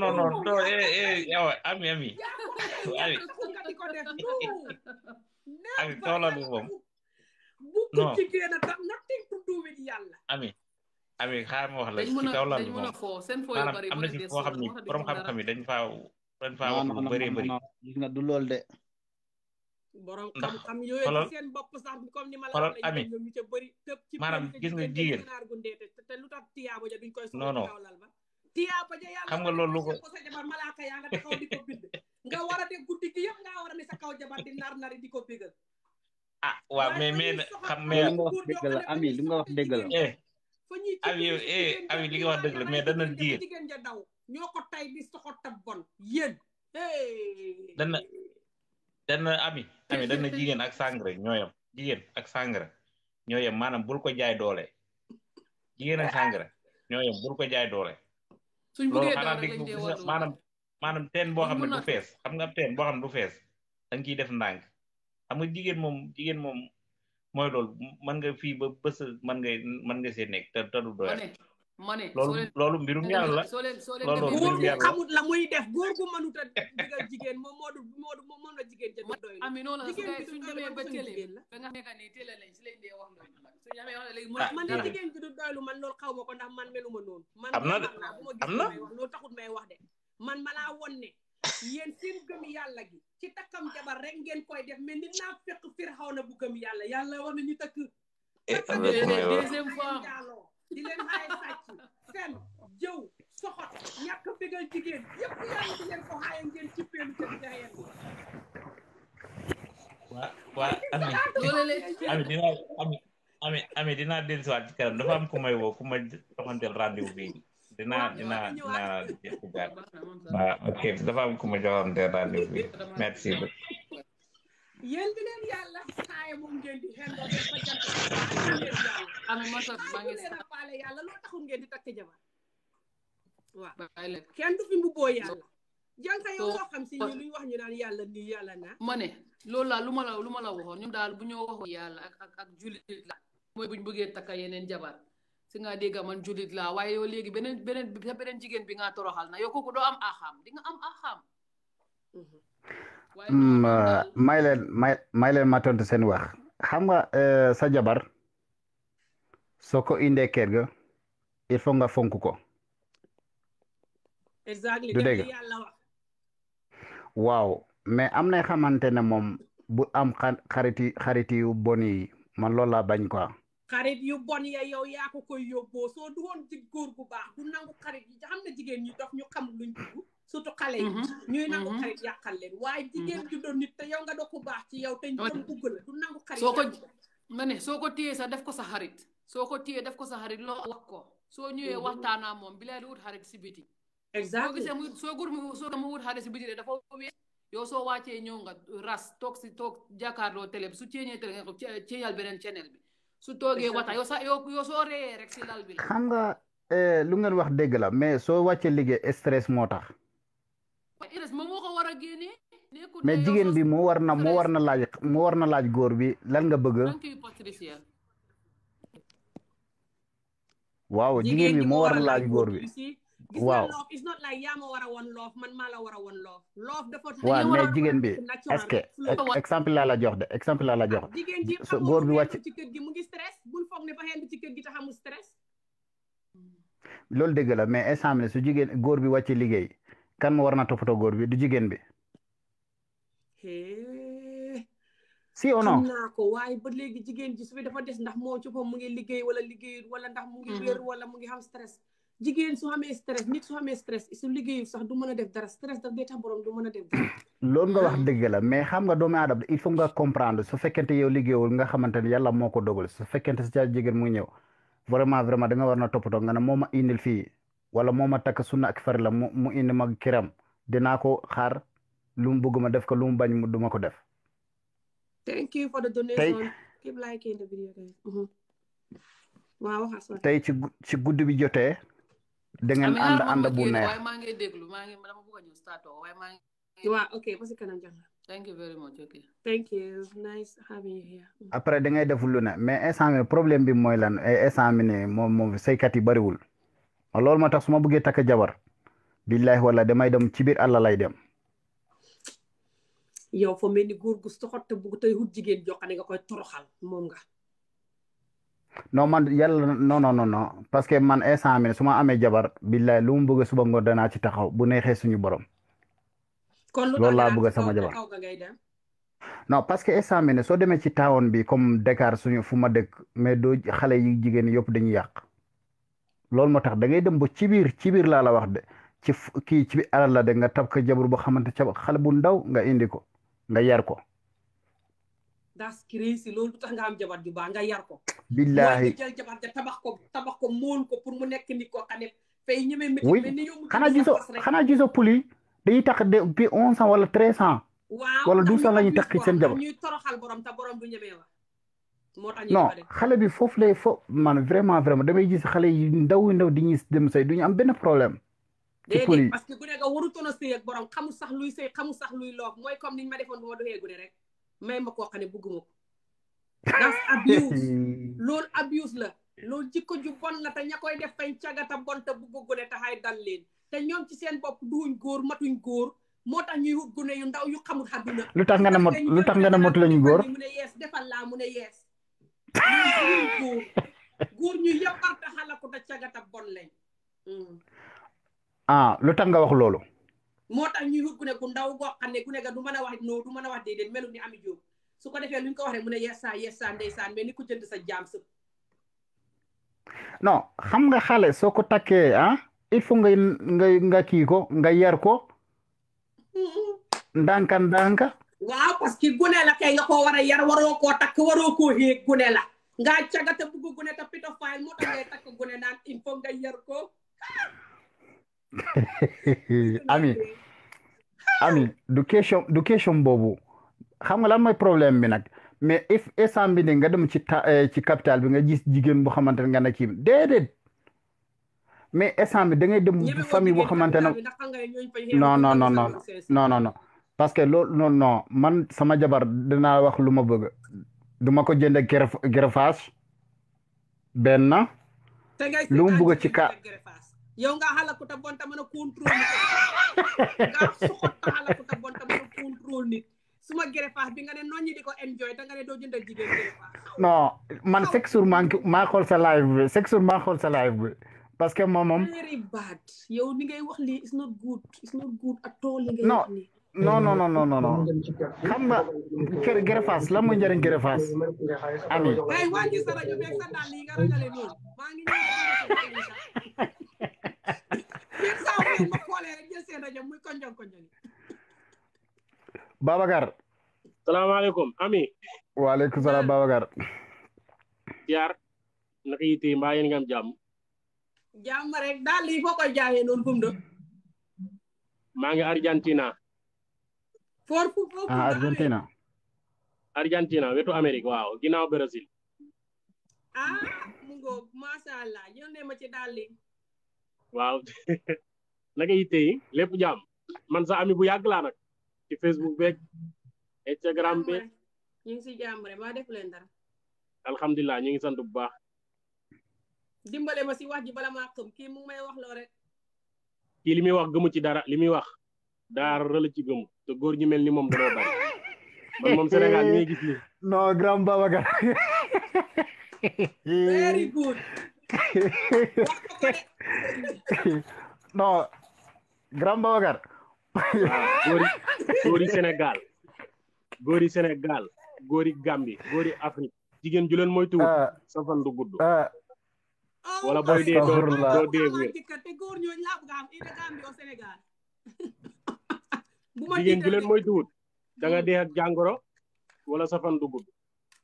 Speaker 2: non non non non eh eh, eh yow ya, ami ami. Ya, ami kaw lal bi
Speaker 1: bu ko jigéen a tam nothing to do with yàlla
Speaker 2: amin amin xaaral ma wax la ci kaw lal moom
Speaker 1: maanaam
Speaker 2: am na ci foo xam ni borom xam-xam yi dañ faa dañ faa wax lu bëree bëri gis nga du lool de
Speaker 1: borom xam-xam yooyu seen bopp sax comme ni ma la wax la ñoom ñu ca bëri tëb ci maanaam gis nga jigéen gu ndeete te lu tax tiyaabo ja duñ koy soxla non kaw lal ba tiyaabo ja yàlla xam nga loolu ko sa jabar malaaka yaa nga taxaw di ko bind nga war a def guddi gi yëpp nga war a ne sa kaw jabar di nar nari di ko bégal
Speaker 2: a ah, waaw mais mais xam mais li nga wax dëgg la ami li nga wax dëgg la. ami yow ami li nga wax dëgg la mais dana jigéen. ñoo dana ami ami dana jigéen ak sangre ñoo yem jigéen ak sangre ñoo yem maanaam bul ko jaay doole jigéen ak sangre ñoo yem bul ko jaay doole. maanam maanam dee teen boo xam ne du fees xam nga teen boo xam ne du fees da nga def ndànk. am nga jigéen moom jigéen moom mooy lool man nga fii ba bës man nga mën nga see nekk te te du doyal.
Speaker 1: ma ne loolu loolu mbirum yàlla la loolu mbirum yàlla la xamut la muy def góor gu a jigéen moom moo du moo la jigéen
Speaker 6: ja doy ami noonu la suñ demee ba télé
Speaker 1: ba nga xam ne télé lañ si lañ dee man de jigéen ji du doylu man loolu xaw ma ko ndax man meluma noonu am na am na loolu taxut may wax de man ma won ne yéen seen gëm yàlla gi ci takkam jabar rek ngeen koy def mais nit naa fekk firxaw na bu gëm yàlla yàlla war nañu takk
Speaker 3: eh, deuxième
Speaker 1: fois di leen jëw soxot ñàkk bégal jigéen yëpp yàlla di leen ko xaaye ngeen ci peelu jëf jaxeen
Speaker 2: bi waa ami ami ami dinaa dellusiwaat ci dafa am ku may woo ku ma joxanteel rendez bi dinaa dinaa dinaa jékki-jaar waaw ok dafa am ku ma joxoon de rendez-vous bi merci
Speaker 6: beaucoup. yéen di leen yàlla saaye moom ngeen di xel ba
Speaker 1: faale yàlla loo taxul ngeen di takk jabar waaw kenn du fi mu boo yàlla jànka yow loo xam si ñu luy wax ñu naan yàlla nii yàlla naa
Speaker 8: ma ne loolu laa lu ma la lu ma la waxoon ñun daal bu ñoo waxoon yàlla ak ak ak jullit la mooy buñ bëggee takka yeneen jabar si nga dégg man jullit laa waaye yow léegi beneen beneen beneen jigéen bi nga toroxal na yow kooku doo am axaam di nga am axaam.
Speaker 2: Mm,
Speaker 9: ah, may leen may may leen ma tontu seen wax xam nga eh, sa jabar soo ko indee kër ga il faut nga fonk ko.
Speaker 1: exactly du dégg
Speaker 9: waaw mais am na xamante ne moom bu am xariti xariti yu bon yi man loolu laa bañ quoi.
Speaker 1: xarit yu bon ya yow yaa ko koy yóbboo soo du woon ci gu baax du nangu xarit yi xam na jigéen ñi dof ñu xamul luñ dugg surtout xale yi mhm. ñuy nangu xarit mhm. yàqal leen waaye mhm. jigéen ju doon nit te yow nga doog ko baax ci yow te ñu doon bugg la du nangu xarit soo ko ma ne soo ko téyee sax def ko sa
Speaker 8: soo ko téyee def ko sa xarit loo ko soo ñëwee waxtaanaa moom bilaay di wut xarit si biti exact soo gisee mu soo gur mu soo mu wut xarit si biti de dafa wéet yow soo wàccee ñëw nga ras toog si toog jàkkaarloo télé bi su ceeñee télé nga ko ceeñal beneen channel bi su toogee waxtaan yoo sax yoo rek xam
Speaker 9: nga eh, lu ngeen wax dëgg la mais soo wàccee liggéey stress moo tax. mais jigéen bi moo war na moo war na laaj moo war na laaj góor bi lan nga bëgg. waaw jigéen bi moo war na laaj góor bi.
Speaker 1: Wow. nga love it's not like yaa ma war a won love man maa la war a love love dafa waaw mais jigéen bi est-ce que exemple laa
Speaker 9: la jox de exemple laa la jox ah, jigéen ji góor bi wàcc ci
Speaker 1: kër gi mu ngi stress bul foog ne fa xeen ci kër gi taxamu stress
Speaker 9: Lol dëgg la mais instant ne su jigéen góor bi wàcc liggéey kan mu warna na toppatoo góor bi du jigéen bi si ou non naa
Speaker 1: ko waaye ba léegi jigéen ji su fi dafa des ndax moo ci mu ngi liggéey wala liggéey wala ndax mu ngi wér wala mu ngi xam stress jigéen su xamee stress nit su xamee stress su liggéeyu sax du mën a def dara stress daf day tax borom du mën a def dara.
Speaker 9: loolu nga wax dëgg la mais xam nga doomu aadama il faut nga comprendre su fekkente yow liggéeyul nga xamante ne yàlla moo ko dogal su fekkente si ca jigéen mu ñëw vraiment vraiment da nga war na toppatoo nga ne moo ma indil fii wala moo ma takk sunna ak fari la mu mu indi ma kiram dinaa ko xaar lu mu bëgg ma def ko lu mu bañ mu du ma ko def.
Speaker 1: thank you for the donation. keep liking the video guys. Mm-hmm. waaw tey
Speaker 9: ci guddi bi jotee dengan anda anda bu neex
Speaker 8: waaye ngi thank you very much
Speaker 6: okay thank you nice having you here
Speaker 8: hmm.
Speaker 9: après da ngay def lu ne mais instant problème bi mau lan instant mi ne moom moom saykat yi bariwul loolu moo tax dem ci biir lay dem
Speaker 1: yow fa mel ni góor gu soxot te bugg tey hut jigéen nga
Speaker 9: non man yàlla non non non parce que man instant su ma amee jabar billaay lu mu bëgg suba ngoon danaa ci taxaw bu neexee suñu borom. kon loolu laa bëgg sama jabar non parce que instant mi ne soo demee ci town bi comme Dakar suñu fu ma dëkk mais doo xale yi jigéen yëpp dañuy yàq loolu moo tax da ngay dem ba ci biir ci biir laa la wax de ci kii ci biir alal la de nga tab ko jabar boo xamante ca xale bu ndaw nga indi ko nga yar ko.
Speaker 1: das crazy loolu tax nga am jabar ju baax nga yar ko
Speaker 11: billaahi
Speaker 1: jël tabax ko tabax ko móol ko pour mu nekk nit ko xam ne fay ñemee métti ni yow xanaa gisoo
Speaker 9: xanaa gisoo puli dañuy tax depuis onze cent wala treize cent waaw wala douze cent la ñuy takki seen jabar ñuy
Speaker 1: toroxal borom te borom du ñemee wax non
Speaker 9: xale bi foofu lay foofu man vraiment vraiment damay gis xale yi ndaw ndaw di ñuy dem say du ñu am benn problème.
Speaker 1: ci poli parce que gune nga warutoon a sëy ak borom xamul sax luy sëy xamul sax luy loof mooy comme niñ ma defoon bu ma doxee gune may ma koo xam ne bëgguma ko that's abuse [laughs] loolu abuse la loolu jikko ju bon la te ña koy def fañ cagata bon te bëgg gune taxay dal leen te ñoom ci seen bopp duuñ góor matuñ góor moo tax ñuy wut gune yu ndaw yu xamul xadduna lu tax nga ne mot lu tax nga ne mot lañu góor mu ne yees defal laa mu ne yees góor góor ñu yëpparta xalaku te cagata bon lañ mm.
Speaker 9: ah lu tax nga wax loolu
Speaker 1: moo ñuy hut ku ne ku ndaw xamne ku ne ga du mëna wax no du mëna wax de den melu ni ami jóob su ko defé luñ ko waxee mu ne yessa mais ni ku jënd sa jam sëpp
Speaker 9: non xam nga xalé soko takké hein ah il faut nga nga nga ki ko nga yar ko mm-hmm. ndanka ndanka
Speaker 6: wa
Speaker 1: parce que gune la kay nga ko wara yar waro ko tak waro ko he gune la ngaa te bugu gune ta pito mo tax ngay gune nan il faut nga yar ko
Speaker 9: [laughs] ami ami du question du question boobu xam nga lan mooy problème bi nag mais if instant bi nga dem ci eh, ci capital bi nga gis jigéen boo xamante ne nga ne kii déedéet mais instant bi da ngay dem famille boo xamante ne non non parce que loolu non non man sama jabar dinaa wax lu ma bëgg du ma ko jënd greffage benn
Speaker 1: lu mu bëgg ci ka yow nga xalaku ta bonta ta xalaku a contrôle nit suma gerefaas bi nga ne noonu ñi di ko enjoy ta nga ne doo jëndal jigéen gerefaas
Speaker 9: non man chaque jour maa maa xool sa live bi chaque maa xool sa bi parce que moom moom
Speaker 1: very yow ni ngay wax lii is not good is not good at all
Speaker 9: xam nga kër gerefaas lan mooy njëriñ gerefaas xoolee boo
Speaker 1: xoolee rek jël seen rajo muy konjong konjong.
Speaker 12: Babacar. Ami. waaleykum salaam Babacar. Diar. naka yi tey nga am jàmm.
Speaker 1: jàmm rek daal lii foo koy jaayee noonu gum
Speaker 12: maa ngi Argentina.
Speaker 1: for fu foofu ah
Speaker 6: Argentina.
Speaker 12: Argentina wetu Amérique waaw ginnaaw Brésil.
Speaker 1: ah mu ngoog macha allah ma ci daal li [laughs]
Speaker 12: waaw la nga yitte jam lépp man sa ami bu yag la nak ci facebook beeg instagram beeg
Speaker 1: ñi ngi si jàmm rek maa def leen dara
Speaker 12: alhamdullilah ñi ngi sant bu baax
Speaker 1: dimbalé ma ci wax ji bala ma xam ki mu may wax lo rek
Speaker 12: ki limi wax gëmu ci dara limi wax dara la ci gëmu te gor ñu mel mom moom dañoo bari man mom senegal ñi gis
Speaker 9: ni non grand babacar very good [laughs] no
Speaker 12: Grand Babacar. Gori Gori Senegal. Gori Senegal. Gori Gambie Gori Afrique Jigen ju len moytu ah. sa fan du guddu. Ah. wala boy de do do de wi. Jigen ju len moytu da nga de ak jangoro wala sa fan du onat.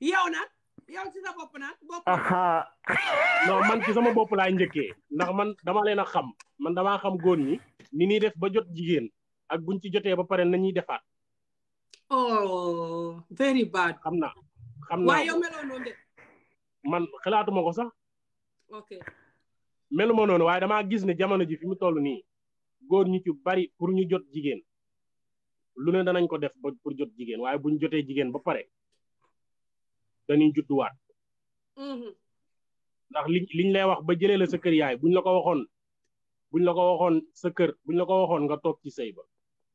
Speaker 1: yow nak yow ci sa bopp nag bopp
Speaker 12: non man ci sama bopp laa njëkkee ndax man dama leen a xam man damaa xam góor ñi ni ñuy def ba jot jigéen ak buñ ci jotee ba pare nañuy defaat
Speaker 6: oh
Speaker 12: very bad xam naa xam naa waaye yow meloo noonu de man xalaatuma ko sax ok meluma noonu waaye damaa gis ne jamono ji fi mu toll nii góor ñi ci bari pour ñu jot jigéen lu ne danañ ko def ba pour jot jigéen waaye buñ jotee jigéen ba pare dañuy judduwaat. Mm-hmm. ndax li liñ lay wax ba jëlee la sa kër buñ la ko waxoon buñ la ko waxoon sa kër buñ la ko waxoon nga toog ci say ba.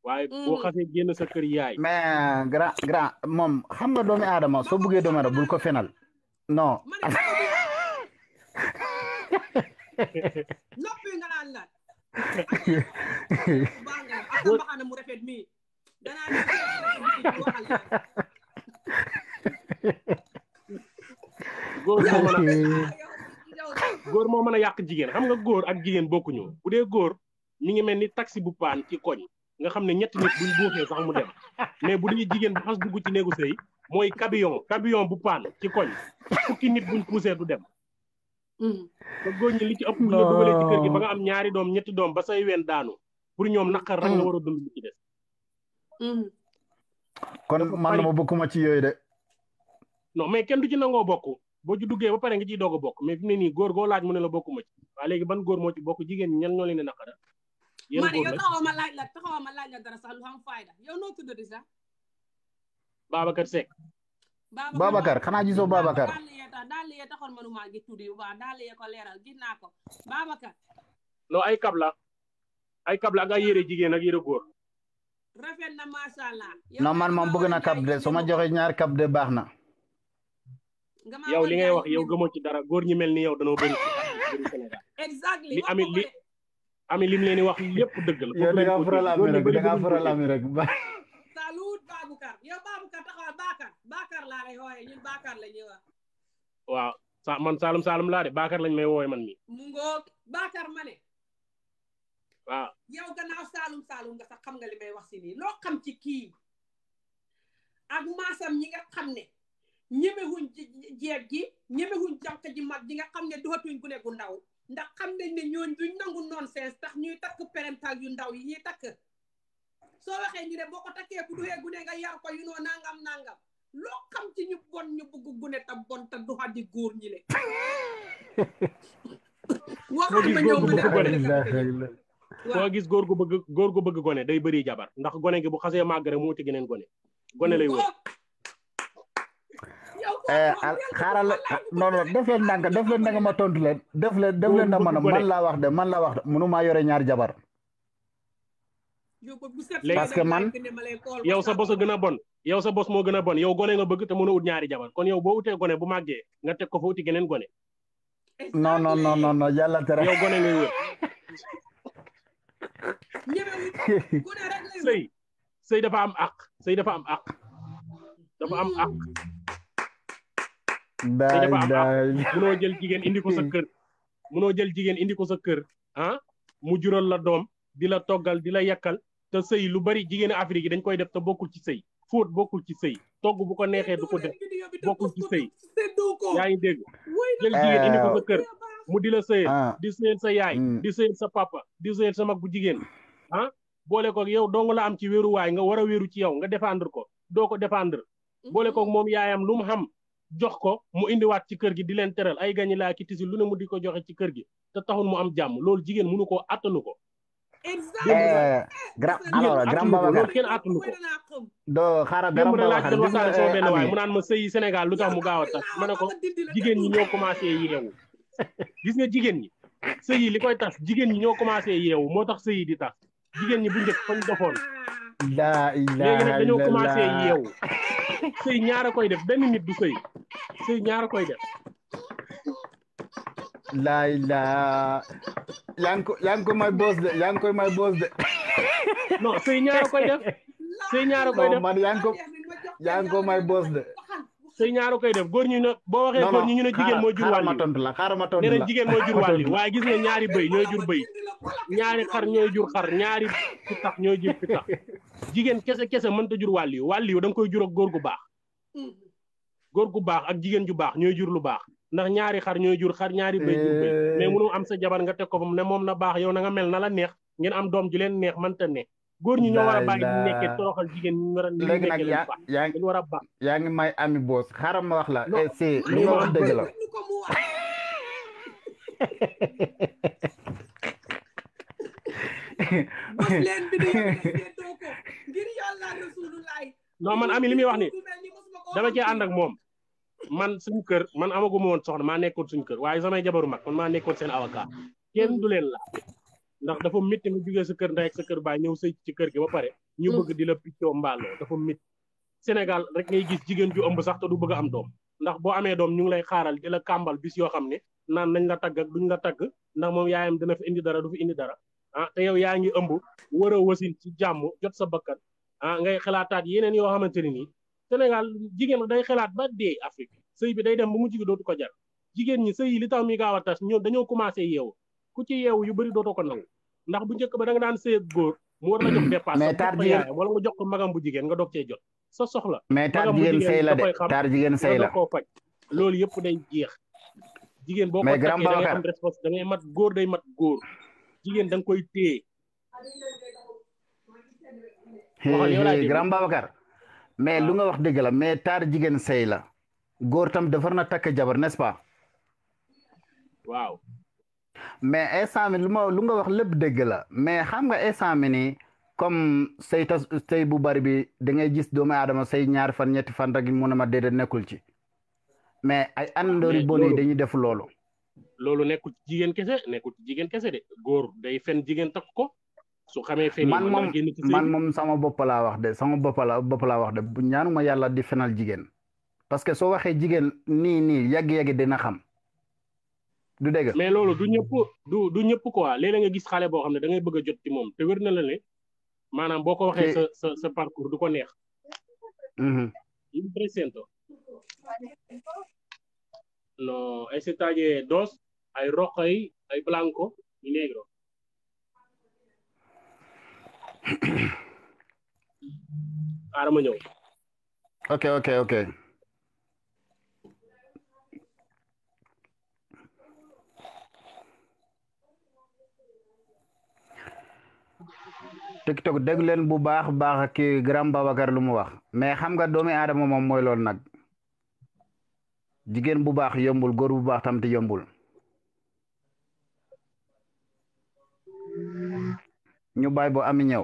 Speaker 12: waaye boo mm-hmm. xasee génn sa kër yaay. mais grand grand
Speaker 9: moom xam nga doomi aadama soo buggee doomi aadama bul ko fenal non.
Speaker 6: [laughs] [laughs] [laughs] [laughs] [laughs]
Speaker 12: góor moo mën a yàq jigéen xam nga góor ak jigéen bokkuñu bu dee góor mi ngi mel ni taxi bu paan ci koñ nga xam ne ñetti nit buñ buuxee sax mu dem mais bu dee jigéen bu xas dugg ci néegu sëy mooy camion camion bu paan ci koñ fukki nit buñ poussé du dem. Mm. te góor am ñaari doom ñetti doom ba say ween daanu pour ñoom naqar rek nga mm. war a dund li ci des.
Speaker 9: Mm. kon man ma bokkuma ci yooyu de.
Speaker 12: non mais kenn du ci nangoo bokk. bo ci duggé ba paré nga ci doog bok mais fimné ni gor go laaj mu né la bokuma ci wa légui ban gor mo ci bok jigen ñan ñoo leen nakara naqara gor ma yow taxaw
Speaker 1: ma laaj la taxaw ma laaj la dara sax lu xam fayda yow no tuddu di sax Babacar Seck Babacar xanaa gisoo babakar dal yee tax daal yee taxoon manuma gi tudd wa dal daal ko leeral gis naa ko babakar
Speaker 12: non ay kab la ay kab la ak ay ak yéré gor
Speaker 1: rafet na sha allah
Speaker 12: non man mom bëgg na kab de
Speaker 9: joxe ñaar kab de
Speaker 1: yow li ngay wax yow gëmo ci dara
Speaker 12: góor ñi melni ni yow danoo bëri exactly li ami li ami lim leen wax yépp dëgg la yow da nga faral ami rek da ngaa faral ami rek
Speaker 1: salut babukar yow ya, babukar taxawal Bakar Bakar la lay hoye ñun Bakar la ñuy wax
Speaker 12: waaw sa man Saalum Saalum la de Bakar lañ may woy man mi
Speaker 1: mu ngoog Bakar mané waaw yow gannaaw Saalum Saalum nga sax xam nga limay wax ci ni lo xam ci ki ak masam ñi nga xam ne ñemewuñ jeeg ji ñemewuñ jànq ji mat ji nga xam ne dootuñ gune gu ndaw ndax xam nañ ne ñooñ duñ nangu nonsense tax ñuy takk parental yu ndaw yi ñuy takk soo waxee ñu ne boo ko takkee ku duhee gune nga yar ko yu noo nangam nangam loo xam ci ñu bon ñu bëgg gune ta bon ta du xaddi góor ñi le [laughs] waxal
Speaker 12: ma ñëw ma soo gis góor gu bëgg góor gu bëgg gone day bëri jabar ndax gone gi bu xasee màgg rek moo ci geneen gone gone lay wër
Speaker 9: Eh, xaaral non non def leen ndànk def leen ndànk ma tontu leen def leen def leen na man man laa wax de man laa wax de mënu maa yore ñaar jabar
Speaker 1: parce que man yow sa bos
Speaker 12: gën a bon yow sa bos moo gën a bon yow gone nga bëgg te mën a ñaari jabar kon yow boo bu màggee nga teg ko fa uti geneen gone
Speaker 9: non non non non non yàlla tere yow gone ngay
Speaker 12: [laughs] sëy sëy dafa am àq sëy dafa am àq dafa am àq
Speaker 11: daal daal [laughs] munoo
Speaker 12: jël jigéen indi ko sa kër. munoo jël jigéen indi ko sa kër ah mu jural la doom di la toggal di la yàkkal te sëy lu bari jigéenu Afrique yi dañ koy def ta bokkul ci sëy fóot bokkul ci sëy togg bu ko neexee du ko def bokkul ci sëy yaa ngi dégg jël jigéen indi ko sa kër mu di la sëyal ah. di sëyal sa yaay mm. di sëyal sa papa di sëyal sa mag bu jigéen ah boole kook yow dong la am ci wéruwaay nga war a wéru ci yow nga défendre ko doo ko défendre mm-hmm. jox ko mu indiwaat ci kër gi di leen teral ay gañi laa ki tisi lu ne mu di ko joxe ci kër gi te taxul mu am jàmm loolu jigéen mënu ko attanu ko. exactement eh, eh, eh, grand
Speaker 9: alors grand Babacar kenn
Speaker 12: attanu ko. doo xaaral dara ma waxal gis nga benn waay mu naan ma sëyi Sénégal lu tax mu gaaw a tas ma ne ko jigéen ñi ñoo commencé yeewu gis nga jigéen ñi sëyi li koy tas jigéen ñi ñoo commencé yeewu moo tax sëyi di tas jigéen ñi bu njëkk fañ defoon.
Speaker 9: laa ilaaha léegi nag dañoo commencé yeewu.
Speaker 12: sëy ñaar a koy def benn nit du sëy sëy ñaar koy def.
Speaker 9: laa ilaaha yaa ngi ko may boos de yaa ngi koy may boos de. non sëy ñaar koy def. sëy ñaar a koy def man yaa ngi ko yaa
Speaker 11: ngi
Speaker 12: ko may boos de. sey ñaaro koy def góor ñu boo waxee góor ñi ñu ne jigéen mooy jur wàlli nee na jigéen mooy jur wàlli waaye gis nga [laughs] ñaari bëy ñooy jur bëy ñaari xar ñooy jur xar ñaari pitax ñooy jur pitax jigéen kese kese mënta jur wàll yu wàll yu da nga koy jur ak góor gu baax góor gu baax ak jigéen ju baax ñooy jur lu baax ndax ñaari xar ñooy jur xar ñaari bëy jur bëy eh. am sa jabar nga teg ko ne moom na baax yow na nga mel na la neex ngeen am doom ju leen neex mënta ne góor ñi ñoo war a bàyyi ñu nekkee toroxal jigéen ñu war a léegi nag yaa yaa ngi war a
Speaker 9: ba yaa ngi may ami boos xaram ma wax la eh, si lu nga wax dëgg la
Speaker 6: leen non man ami li muy wax ni dama cee ànd ak
Speaker 12: moom man suñu kër man amaguma woon soxna maa nekkoon suñu kër waaye samay jabaru mag man maa nekkoon seen avocat kenn du leen laaj ndax dafa métti nga jógee sa kër ndey ak sa kër baa ñëw sëy ci kër gi ba pare ñu bëgg di la piccoo mbaaloo dafa métti Sénégal rek ngay gis jigéen ju ëmb sax te du bëgg doom ndax boo amee doom ñu ngi lay xaaral di la kàmbal bis yoo xam ne naan nañ la tagg duñ la tagg ndax moom yaayam dina fi indi dara du fi indi dara ah yow yaa ngi ëmb war a wasin ci jàmm jot sa bakkan ah ngay xalaataat yeneen yoo xamante ne nii Sénégal jigéen day xalaat ba dee Afrique sëy bi day dem ba mu jigi dootu ko jar jigéen ñi sëy li tax muy gaaw a tas ñoo dañoo commencé yeewu ku ci yew ya, yu bari doto ko nang ndax bu njëkk ba da nga daan sey goor mu war [clears throat] la jox dépasse mais tar jigéen ya? wala nga jox ko magam bu jigen nga doog cee jot sa soxla mais tar jigéen sey la de tar jigen sey la lool faj loolu day jeex jigen boko ko takkee da am response da ngay mat goor day mat goor jigen dang nga koy téye grand babakar
Speaker 9: mais lu nga wax deug la mais tar jigen sey la goor tam defar na takk jabar n'est-ce pas waaw mais instant mi lu lu nga wax lepp deug la mais xam nga instant mi comme sey tas bu bari bi da ngay gis doomu adama sey ñaar fan ñetti fan rek mu ne ma dede nekul ci mais ay andori bon dañuy def lolu
Speaker 12: lolu nekul ci kese nekkul ci jigen kese de gor day fen jigen tak ko su xame fe man mom man
Speaker 9: mom sama bop la wax de sama bop la bop la wax de ñaanuma yalla di fenal jigen parce que so waxe jigen nii nii yag yag dina xam
Speaker 12: du dégg mais loolu du ñëpp du du ñëpp quoi léeg-léeg nga gis xale boo xam ne da ngay bëgg a jot ci moom te wér na la ne maanaam boo ko waxee sa sa sa parcours du ko neex. Mm-hmm. Impresiento. No, ese talle dos, hay rojo ay hay blanco y negro. [clears throat] ma ñëw. Ok,
Speaker 9: ok, ok. TikTok dégg leen bu baax baax ki grand Babacar lu mu wax mais xam nga doomi aadama moom mooy loolu nag jigéen bu baax yombul góor bu baax tamit yombul ñu bàyyi bo ami ñëw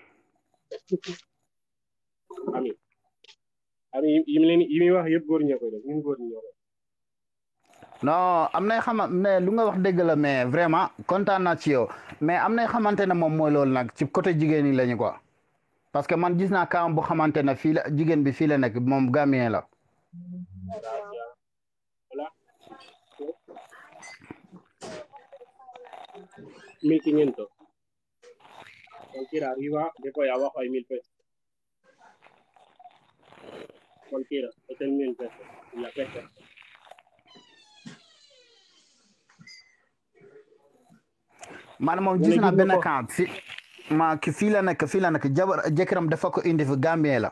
Speaker 12: amin amin yi mu leen yi muy wax yëpp góor
Speaker 9: am nay xama lu nga wax dëgg mais vraiment kontaan naa ci yow mais am nay xamante ne moom mooy loolu nag ci côté jigéen ñi lañu ko parce que man gis naa kaam bu xamante ne fii la jigéen bi fii la nekk moom Gambien la.
Speaker 12: mi ci ngeen cualquiera arriba, de
Speaker 4: la pesca.
Speaker 9: moom gis benn camp fi ma fii la nekk fii la nekk jabar dafa ko indi fi Gambie la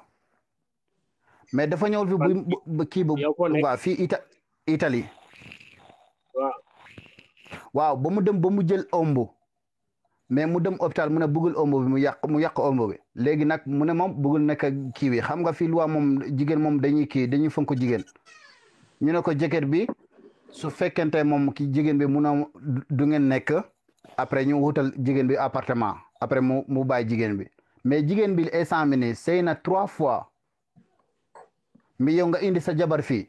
Speaker 9: mais dafa ñëw fi bu kii bu waaw fii waaw ba mu dem ba mu jël ombu mais mu dem hôpital mu ne bëggul ëmb bi mu yàq mu yàq ëmb bi léegi nag mu ne moom bëggul nekk kii bi xam nga fii loi moom jigéen moom dañuy kii dañuy fonk jigéen ñu ne ko jëkkër bi su fekkente moom ki jigéen bi mun a du ngeen nekk après ñu wutal jigéen bi appartement après mu mu bàyyi jigéen bi mais jigéen bi instant bi nii sëy na trois fois mi yow nga indi sa jabar fii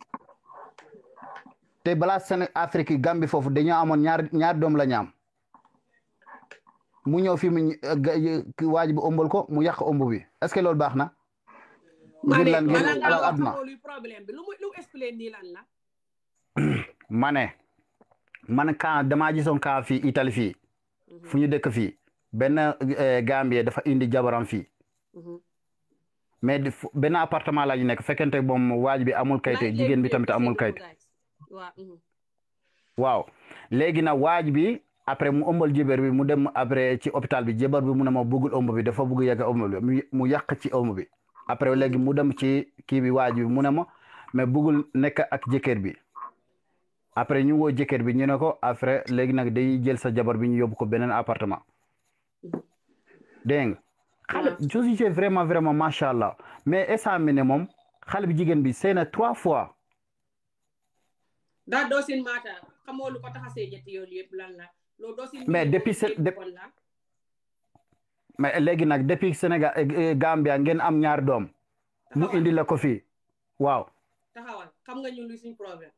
Speaker 9: te balaa seen Afrique Gambie foofu dañoo amoon ñaar ñaar doom la ñaam mu ñëw fi mu euh, waaj bu ëmbal ko mu yàq ëmb wi est-ce loolu baax na.
Speaker 1: ngir lan ngir alal adduna
Speaker 9: [clears throat] ma ne man kan damaa gisoon kan fii Italie fii mhm. fu ñu dëkk fii benn euh, Gambie dafa indi jabaram fii mhm. mais benn appartement laa ñu nekk fekkente moom waaj bi amul kayit jigéen bi tamit amul kayite
Speaker 6: mhm.
Speaker 9: waaw léegi na waaj bi après mu ëmbal jébér bi mu dem après ci hôpital bi jébér bi mu ne ma bëggul ëmb bi dafa bëgg yàgg ëmb bi mu yàq ci ëmb bi après léegi mu dem ci kii bi waaj bi mu ne ma mais bëggul nekk ak jëkkër bi après ñu woo jëkkër bi ñu ne ko après léegi nag day jël sa jabar bi ñu yóbbu ko beneen apartement dégg nga xale ah. josi c'est vraiment macha allah mais instant bi ne moom xale bi jigéen bi sëy na trois fois
Speaker 1: loolu doo si mais depuis
Speaker 9: mais léegi nag depuis Sénégal eh, eh, Gambia ngeen am ñaar doom mu indi la ko fii waaw
Speaker 1: taxawal xam nga ñun lu suñ problème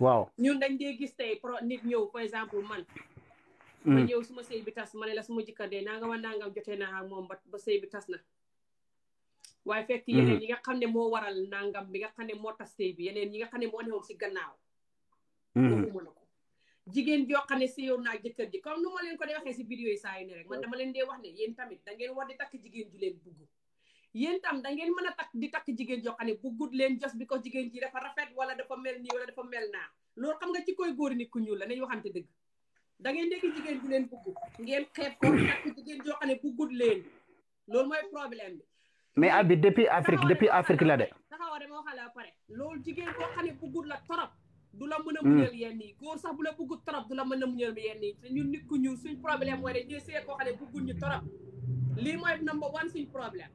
Speaker 1: waaw ñun dañ dee gis tey pro ñëw par exemple man mm. ma ñëw suma sëy bi tas ma ne la suma jëkkër dee naa nga ma naa jotee naa ak moom ba ba bi tas na waaye fekk mm-hmm. yeneen yi nga xam ne moo waral nangam bi nga xam ne moo tas sëy bi yeneen ñi nga xam ne moo newoon si gannaaw mm-hmm. jigéen joo xam ne séyoon naa jëkkër ji comme nu ma leen ko dee waxee si vidéo yi saa yu ne rek man dama leen dee wax ne yéen tamit da ngeen di takk jigéen ju leen bugg yéen tam da ngeen mën a takk di takk jigéen joo xam ne buggut leen jos bi ko jigéen ji dafa rafet wala dafa mel nii wala dafa mel naa loolu xam nga ci koy góor nit ku ñuul la nañ waxante dëgg da ngeen nekk jigéen ju leen bugg ngeen xeeb ko takk jigéen joo xam ne buggut leen loolu mooy problème bi
Speaker 9: mais abi depuis Afrique depuis Afrique la de
Speaker 1: taxaw dama waxal la pare loolu jigéen koo ne buggut la torop du la mën a muñal yenn yi góor sax bu la bëggut torop du la mën a muñal yenn yi te ñun nit ku ñuul suñ problème mooy rek see koo xam ne ñu number one suñ problème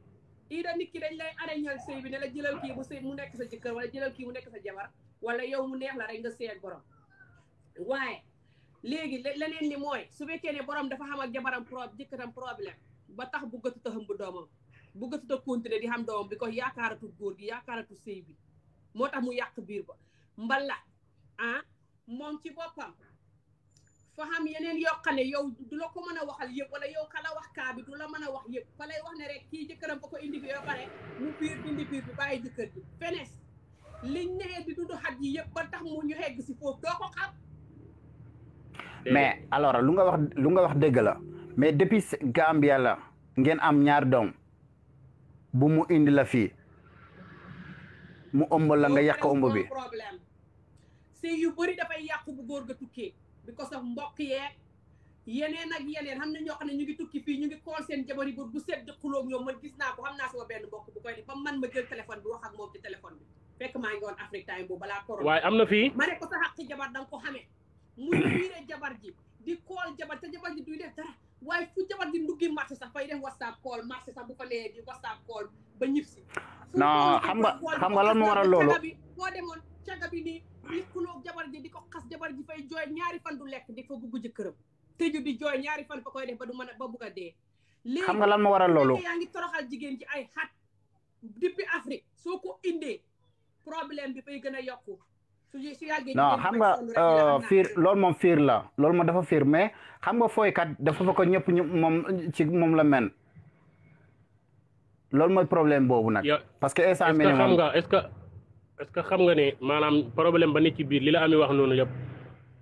Speaker 1: ida nit ki dañ lay arañal sëy bi ne la jëlal kii bu sëy mu nekk sa jëkkër wala jëlal kii mu nekk sa jabar wala yow mu neex la rek nga sëy ak borom waaye léegi leneen li mooy su fekkee ne borom dafa xam ak jabaram prob jëkkëram problème ba tax bu gëtu bu doomam bu gëtu ta continuer di xam doomam bi ko yaakaaratu góor gi yaakaaratu sëy bi moo mu yàq biir ba mbala ah moom ci boppam fa xam yeneen yoo yow du la ko mën waxal yëpp wala yow kala wax kaa bi du la mën wax yëpp fa lay wax ne rek kii jëkkëram ba indi bi ba pare mu biir bindi biir bi bàyyi jëkkër ji fenes liñ di xat yi ba tax mu ñu ko xam
Speaker 9: mais alors lu nga wax lu nga wax la mais depuis Gambia la ngeen am ñaar doom bu mu indi la fii mu ëmb la nga yàq ëmb bi
Speaker 1: problème sëy yu da fay yàqu bu gor ga tukke because of mbokk ye eh? yeneen ak yeneen xam ne ñoo xam ne ñu ngi tukki fii ñu ngi kool seen jabar yi bu set dëkkuloog ñoom man gis naa ko xam naa sama benn mbokk bu koy def ba man ma jël téléphone bi wax ak moom ci téléphone bi fekk maa ngi woon Afrique time boobu balaa corona waaye am na fii ma ne ko sa xàq jabar da nga ko xamee mu yire jabar ji di kool jabar te jabar ji duy def dara waaye fu jabar di nduggi marché sax fay def whatsapp call marché sax bu ko lee di whatsapp call ba ñib si
Speaker 9: non xam nga xam nga lan mu waral loolu
Speaker 1: foo demoon caga bi nii nit ku loog jabar ji di ko xas jabar ji fay jooy ñaari fan du lekk di fa bugg jëkkëram tëju di jooy ñaari fan fa koy def ba du mën a ba bugg a dee léegi xam nga lan ma waral loolu yaa ngi toroxal jigéen ci ay xat depuis afrique soo ko indee problème bi fay gën a yokku
Speaker 6: non xam nga euh,
Speaker 9: fiir loolu moom fiir la loolu moom dafa fiir mais xam nga fooykat dafa fa ko ñëpp ñu ci moom la men loolu mooy problème boobu nag parce que instant mi est
Speaker 12: ce que est-ce que xam nga ne maanaam problème ba nit ci biir li la ami wax noonu yëpp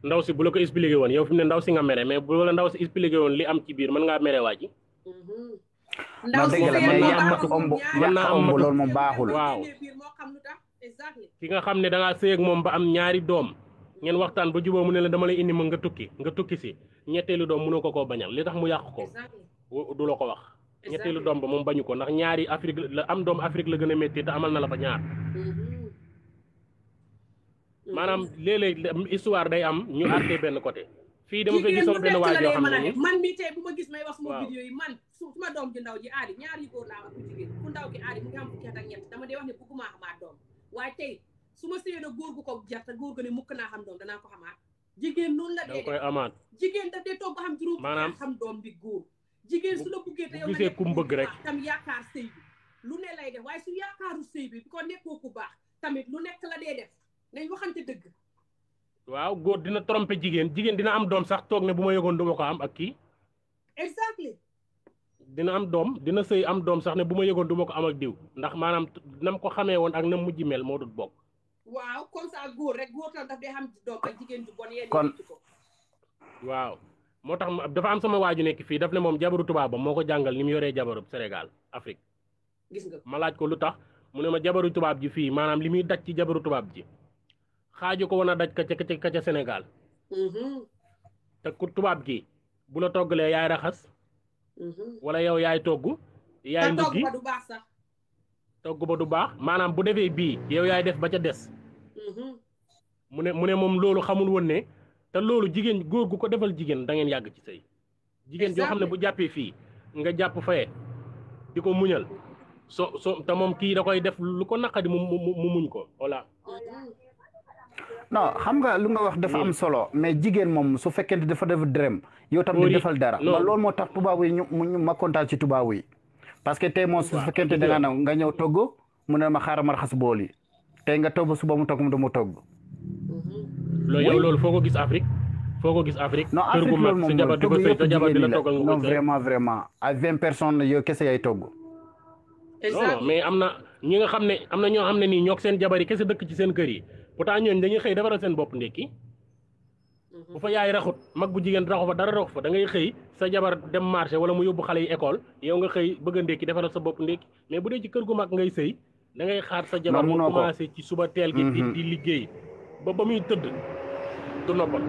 Speaker 12: ndaw si bu la ko expliqué woon yow fi ndaw si nga mere mais bu la ndaw si expliqué woon li am ci biir mën ngaa mere waa ji
Speaker 3: mm-hmm. ndaw si mën naa am
Speaker 12: omb
Speaker 9: mën naa am loolu moom baaxul waaw
Speaker 12: ki nga xam ne da ngaa sëy ak moom ba am ñaari doom ngeen waxtaan ba juboo mu ne la dama lay indi ma nga tukki nga tukki si ñetteelu doom mënoo ko koo bañal li tax mu yàq ko du la ko wax ñetteelu doom ba moom bañu ko ndax ñaari afrique la am dom afrique la gën a métti te amal na la fa ñaar
Speaker 6: mm-hmm.
Speaker 1: maanaam
Speaker 12: léeg-léeg histoire day am ñu àttee [coughs] benn côté. fii dama fay gisoon benn waay yoo xam ne
Speaker 1: man mi tey bu ma gis may wax sama vidéo man su ma doom ji ndaw ji aadi ñaari góor laa wax ku jigéen ku am fukki at ak ñett dama dee wax ne bëgguma xamaat doom waaye su ma séyee na góor gu ko jarte góor gu ne mukk naa xam doom danaa ko xamaat jigéen noonu la dee koy amaat jigéen daf dee xam juróom maanaam xam doom bi góor jigéen la bëggee te yow gisee ku bëgg rek tam lu ne lay def waaye su yaakaaru sëy bi bi ko nekkoo baax tamit lu nekk la dee def nañ waxante dëgg
Speaker 12: waaw góor dina trompé jigéen jigéen dina am doom sax toog ne bu ma yëgoon duma ko am ak kii exactly dina am doom dina sëy am doom sax ne bu ma yëgoon duma ko am ak diw ndax maanaam nam ko xamee woon ak nam mujj mel moo dut bokk
Speaker 1: waaw comme ça góor rek góor tam daf day xam doom ak jigéen ju bon yeen kon
Speaker 12: waaw moo tax dafa am sama waaju nekk fii daf ne moom jabaru tubaabam moo ko jàngal ni mu yoree jabaru Sénégal Afrique gis nga ma laaj ko lu tax mu ne ma jabaru tubaab ji fii maanaam li muy daj ci jabaru tubaab ji xaaju ko woon daj ka ca ka ca Sénégal. Mm-hmm. te ku tubaab gi bu la toggalee yaay raxas. Mm-hmm. wala yow yaay togg. yaay nduggi togg ba du baax sax. togg ba du baax maanaam bu defee bii yow yaay def ba ca des.
Speaker 6: Mm-hmm.
Speaker 12: mu ne mu ne moom loolu xamul woon ne te loolu jigéen góor gu ko defal jigéen dangeen yàgg ci sëy jigéen joo xam ne bu jàppee fii nga jàpp fayee di ko muñal soo soo te moom kii da koy def lu ko naqadi mu mu mu muñ ko voilà.
Speaker 9: non xam nga lu nga wax dafa am solo mais jigéen moom su fekkente dafa def dërëm yow tam di defal dara ma loolu moo tax tubaab yi ñu ñu ma kontaan ci tubaab yi parce que tey moom su fekkent da nga nga ñëw togg mu ne ma xaaral ma raxas bool yi tey nga togg suba mu togg mu du mu togg mm-hmm.
Speaker 12: loolu yow loolu foo ko gis Afrique foo ko gis Afrique non Afrique loolu moom togg yëpp jigéen la non
Speaker 9: vraiment vraiment à vingt personnes yow kese yay togg
Speaker 12: non mais am na ñi nga xam ne am na ñoo xam ne nii ñook seen jabar yi kese dëkk ci seen kër yi pourtant ñooñ dañuy xëy defaral seen bopp ndékki mhm. bu fa yaay raxut mag bu jigen raxu fa dara raxu fa da ngay xey sa jabar dem marché wala mu yobbu xalé yi école yow nga xey bëgg a dafa defaral sa bopp ndékki mais bu dé ci kër gu mag ngay sey da ngay xaar sa jabar mu commencé ci suba tel gi di mhm. di liggéey ba ba muy teud du noppal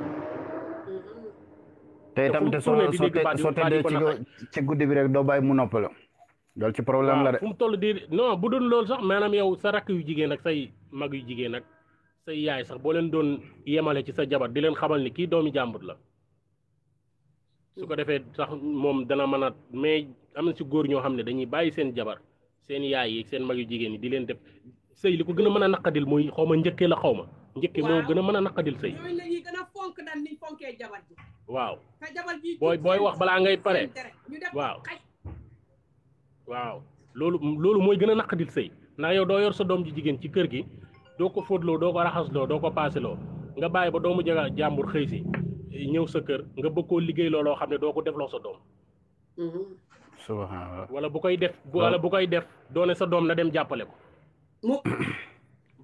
Speaker 9: té tam té so so té ci ci guddi bi rek do bay mu noppal loolu ci problème la rek fu mu
Speaker 12: toll di non bu dun loolu sax manam yow sa rak yu jigen ak say mag yu jigen ak say yaay sax boo leen doon yemale ci sa jabar di leen xamal ni kii doomi jàmbur la su ko defee sax moom dana mën a mais am na si góor ñoo xam ne dañuy bàyyi seen jabar seen yaay yi seen mag yu jigéen yi di leen def sëy li ko gën a mën a naqadil mooy xaw ma njëkkee la xaw ma njëkkee moo gën a mën a naqadil sëy waaw booy booy wax balaa ngay pare waaw loolu loolu mooy gën a naqadil sëy ndax yow doo yor sa doom ji jigéen ci kër gi doo ko fóotloo doo ko raxasloo doo ko loo nga bàyyi ba doomu jaga jàmbur xëy si ñëw sa kër nga bëgg koo liggéey looloo xam ne doo ko defloo sa doom. Mm-hmm. subhanallah wala bu koy def wala bu koy def doone sa doom na dem jàppale ko.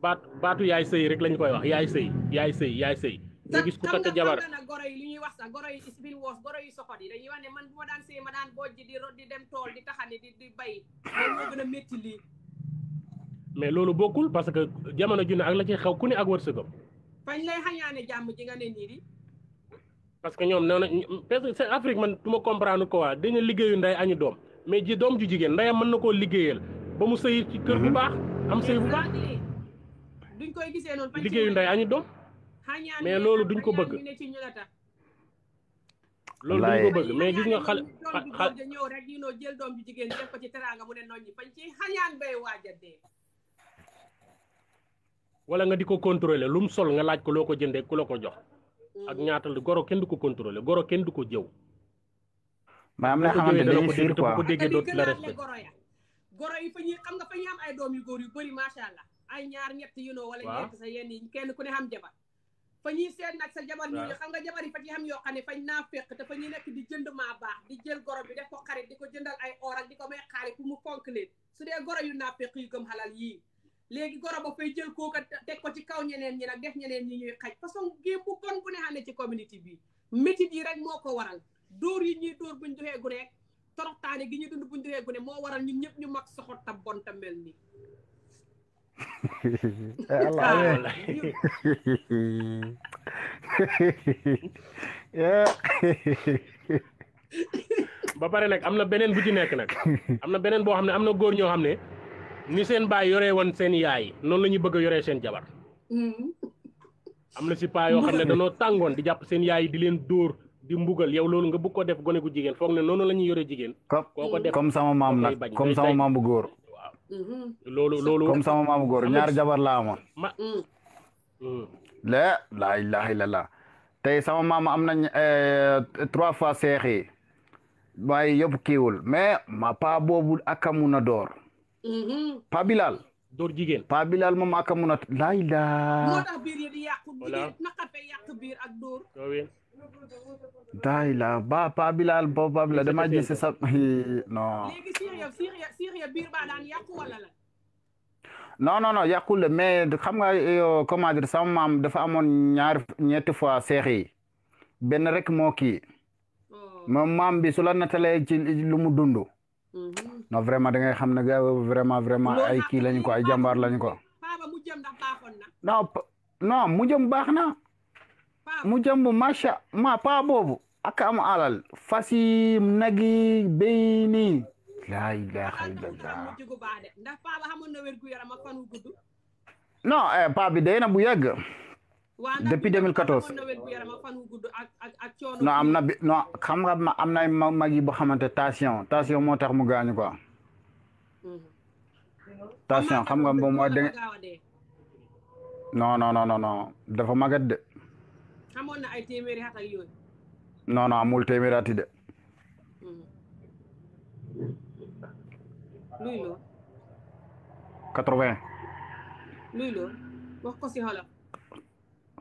Speaker 12: baat baatu yaay sëy rek lañu koy wax yaay sëy yaay sëy yaay sëy. nga gis ko takk jabar tam
Speaker 1: tam goro yi li ñuy wax sax goro yi isbil woos goro yi soxor yi dañuy wax ne man ma daan sëy ma daan bojj di dem tool di taxani di di moo gën a métti
Speaker 12: mais loolu bokkul parce que jamono ju ne ak la ci xew ku ne ak wërsëgam.
Speaker 1: fañ lay xañaane jàmm ji nga ne nii
Speaker 12: parce que ñoom nee nañ parce que c'est Afrique man du ma comprendre quoi dañu liggéeyu nday añu doom mais ji doom ju jigéen ndayam mën na koo liggéeyal ba mu sëy ci kër bu mhm. baax. am sëy bu
Speaker 1: koy gisee noonu. liggéeyu nday añu doom. mais loolu duñ ko bëgg.
Speaker 12: loolu duñ ko bëgg mais gis nga xale. xale
Speaker 1: ñëw rek ñu noo jël doom ju jigéen def ko ci teraanga mu ne noonu ñu fañ ci xañaan bay waaj a dee
Speaker 12: wala nga diko contrôler lum sol nga laaj ko loo ko jëndee ku la jox ak mm. ñaatal goro kenn du ko contrôler goro kenn du ko jëw
Speaker 9: maam la xamante dañuy fiir quoi ko déggee do la respect
Speaker 1: goro yi fa ñi xam nga fa ñi am ay doom yu goor yu bari machallah ay ñaar ñett yu no wala ñett sa yenn yi kenn ku ne xam jaba fa ñi seen nak sa jabar ñu xam nga jabar yi fa ci xam yo xane fa fañ naa te fa ñi nekk di jënd ma baax di jël goro bi def ko xarit diko jëndal ay or ak diko may xaalé fu mu fonk leen su dé goro yu naa yu gëm halal yi léegi goro ba fay jël kooka teg ko ci kaw ñeneen ñi nag def ñeneen ñi ñuy xaj façon géem bu bon bu ne xam ne ci community bi métit yi rek moo ko waral dóor yi ñuy dóor buñ doxee gu nekk toroxtaane gi ñu dund buñ doxee gu ne moo waral ñun ñëpp ñu mag soxot ta bon ta mel nii
Speaker 3: Allah
Speaker 6: [laughs] [laughs] eh. [laughs]
Speaker 12: ba pare nag am na beneen bu ci nekk nag am na beneen boo xam ne am na góor ñoo xam ne ni seen baay yore woon seen yaay noonu la ñuy bëgg a yoree seen jabar. Hmm. am na si paa xam ne hmm. danoo tàngoon di jàpp seen yaay di leen dóor di mbugal yow loolu nga bëgg ko def gone gu jigéen foog ne noonu lañuy yore jigéen. koo ko def comme
Speaker 9: sama maam nag comme sama maam bu góor.
Speaker 12: waaw hmm. loolu loolu. comme sama góor ñaari jabar laa amoon. ma.
Speaker 9: la laa ilaha tey sama maam am na eh, trois fois seex yi waaye yëpp kiiwul mais ma paa boobu akamu na door.
Speaker 6: Pabila,
Speaker 9: Bilal door jigéen Paa Bilal moom ya ya ak a mun a
Speaker 6: di
Speaker 1: naka
Speaker 9: ak ba Paa Bilal bo Paa Bilal dama gis sa no léegi
Speaker 1: Syria Syria Syria ya wala la
Speaker 9: non non non mais xam nga eh, comment dire sama mam. dafa ñaar fois yi rek moki kii oh. mam maam bi su la Mm-hmm. non vraiment da ngay xam ne gars vraiment vraiment ay kii lañu ko ay jàmbaar lañu ko. non non mu jëm baax na. mu jëm bu macha ma paa boobu. ak am alal fas yi nag yi béy nii.
Speaker 1: laa
Speaker 6: ilaaha illallah.
Speaker 9: paa eh, bi dee na bu yàgg.
Speaker 1: depuis 2014 non am bi
Speaker 9: non xam nga ma am na mag yi boo xamante tension tension moo tax mu gaañu quoi mm-hmm. tension xam nga moom mooy dégg non non non non dafa magat de
Speaker 1: amoon na ay téeméeri at ak de mm-hmm.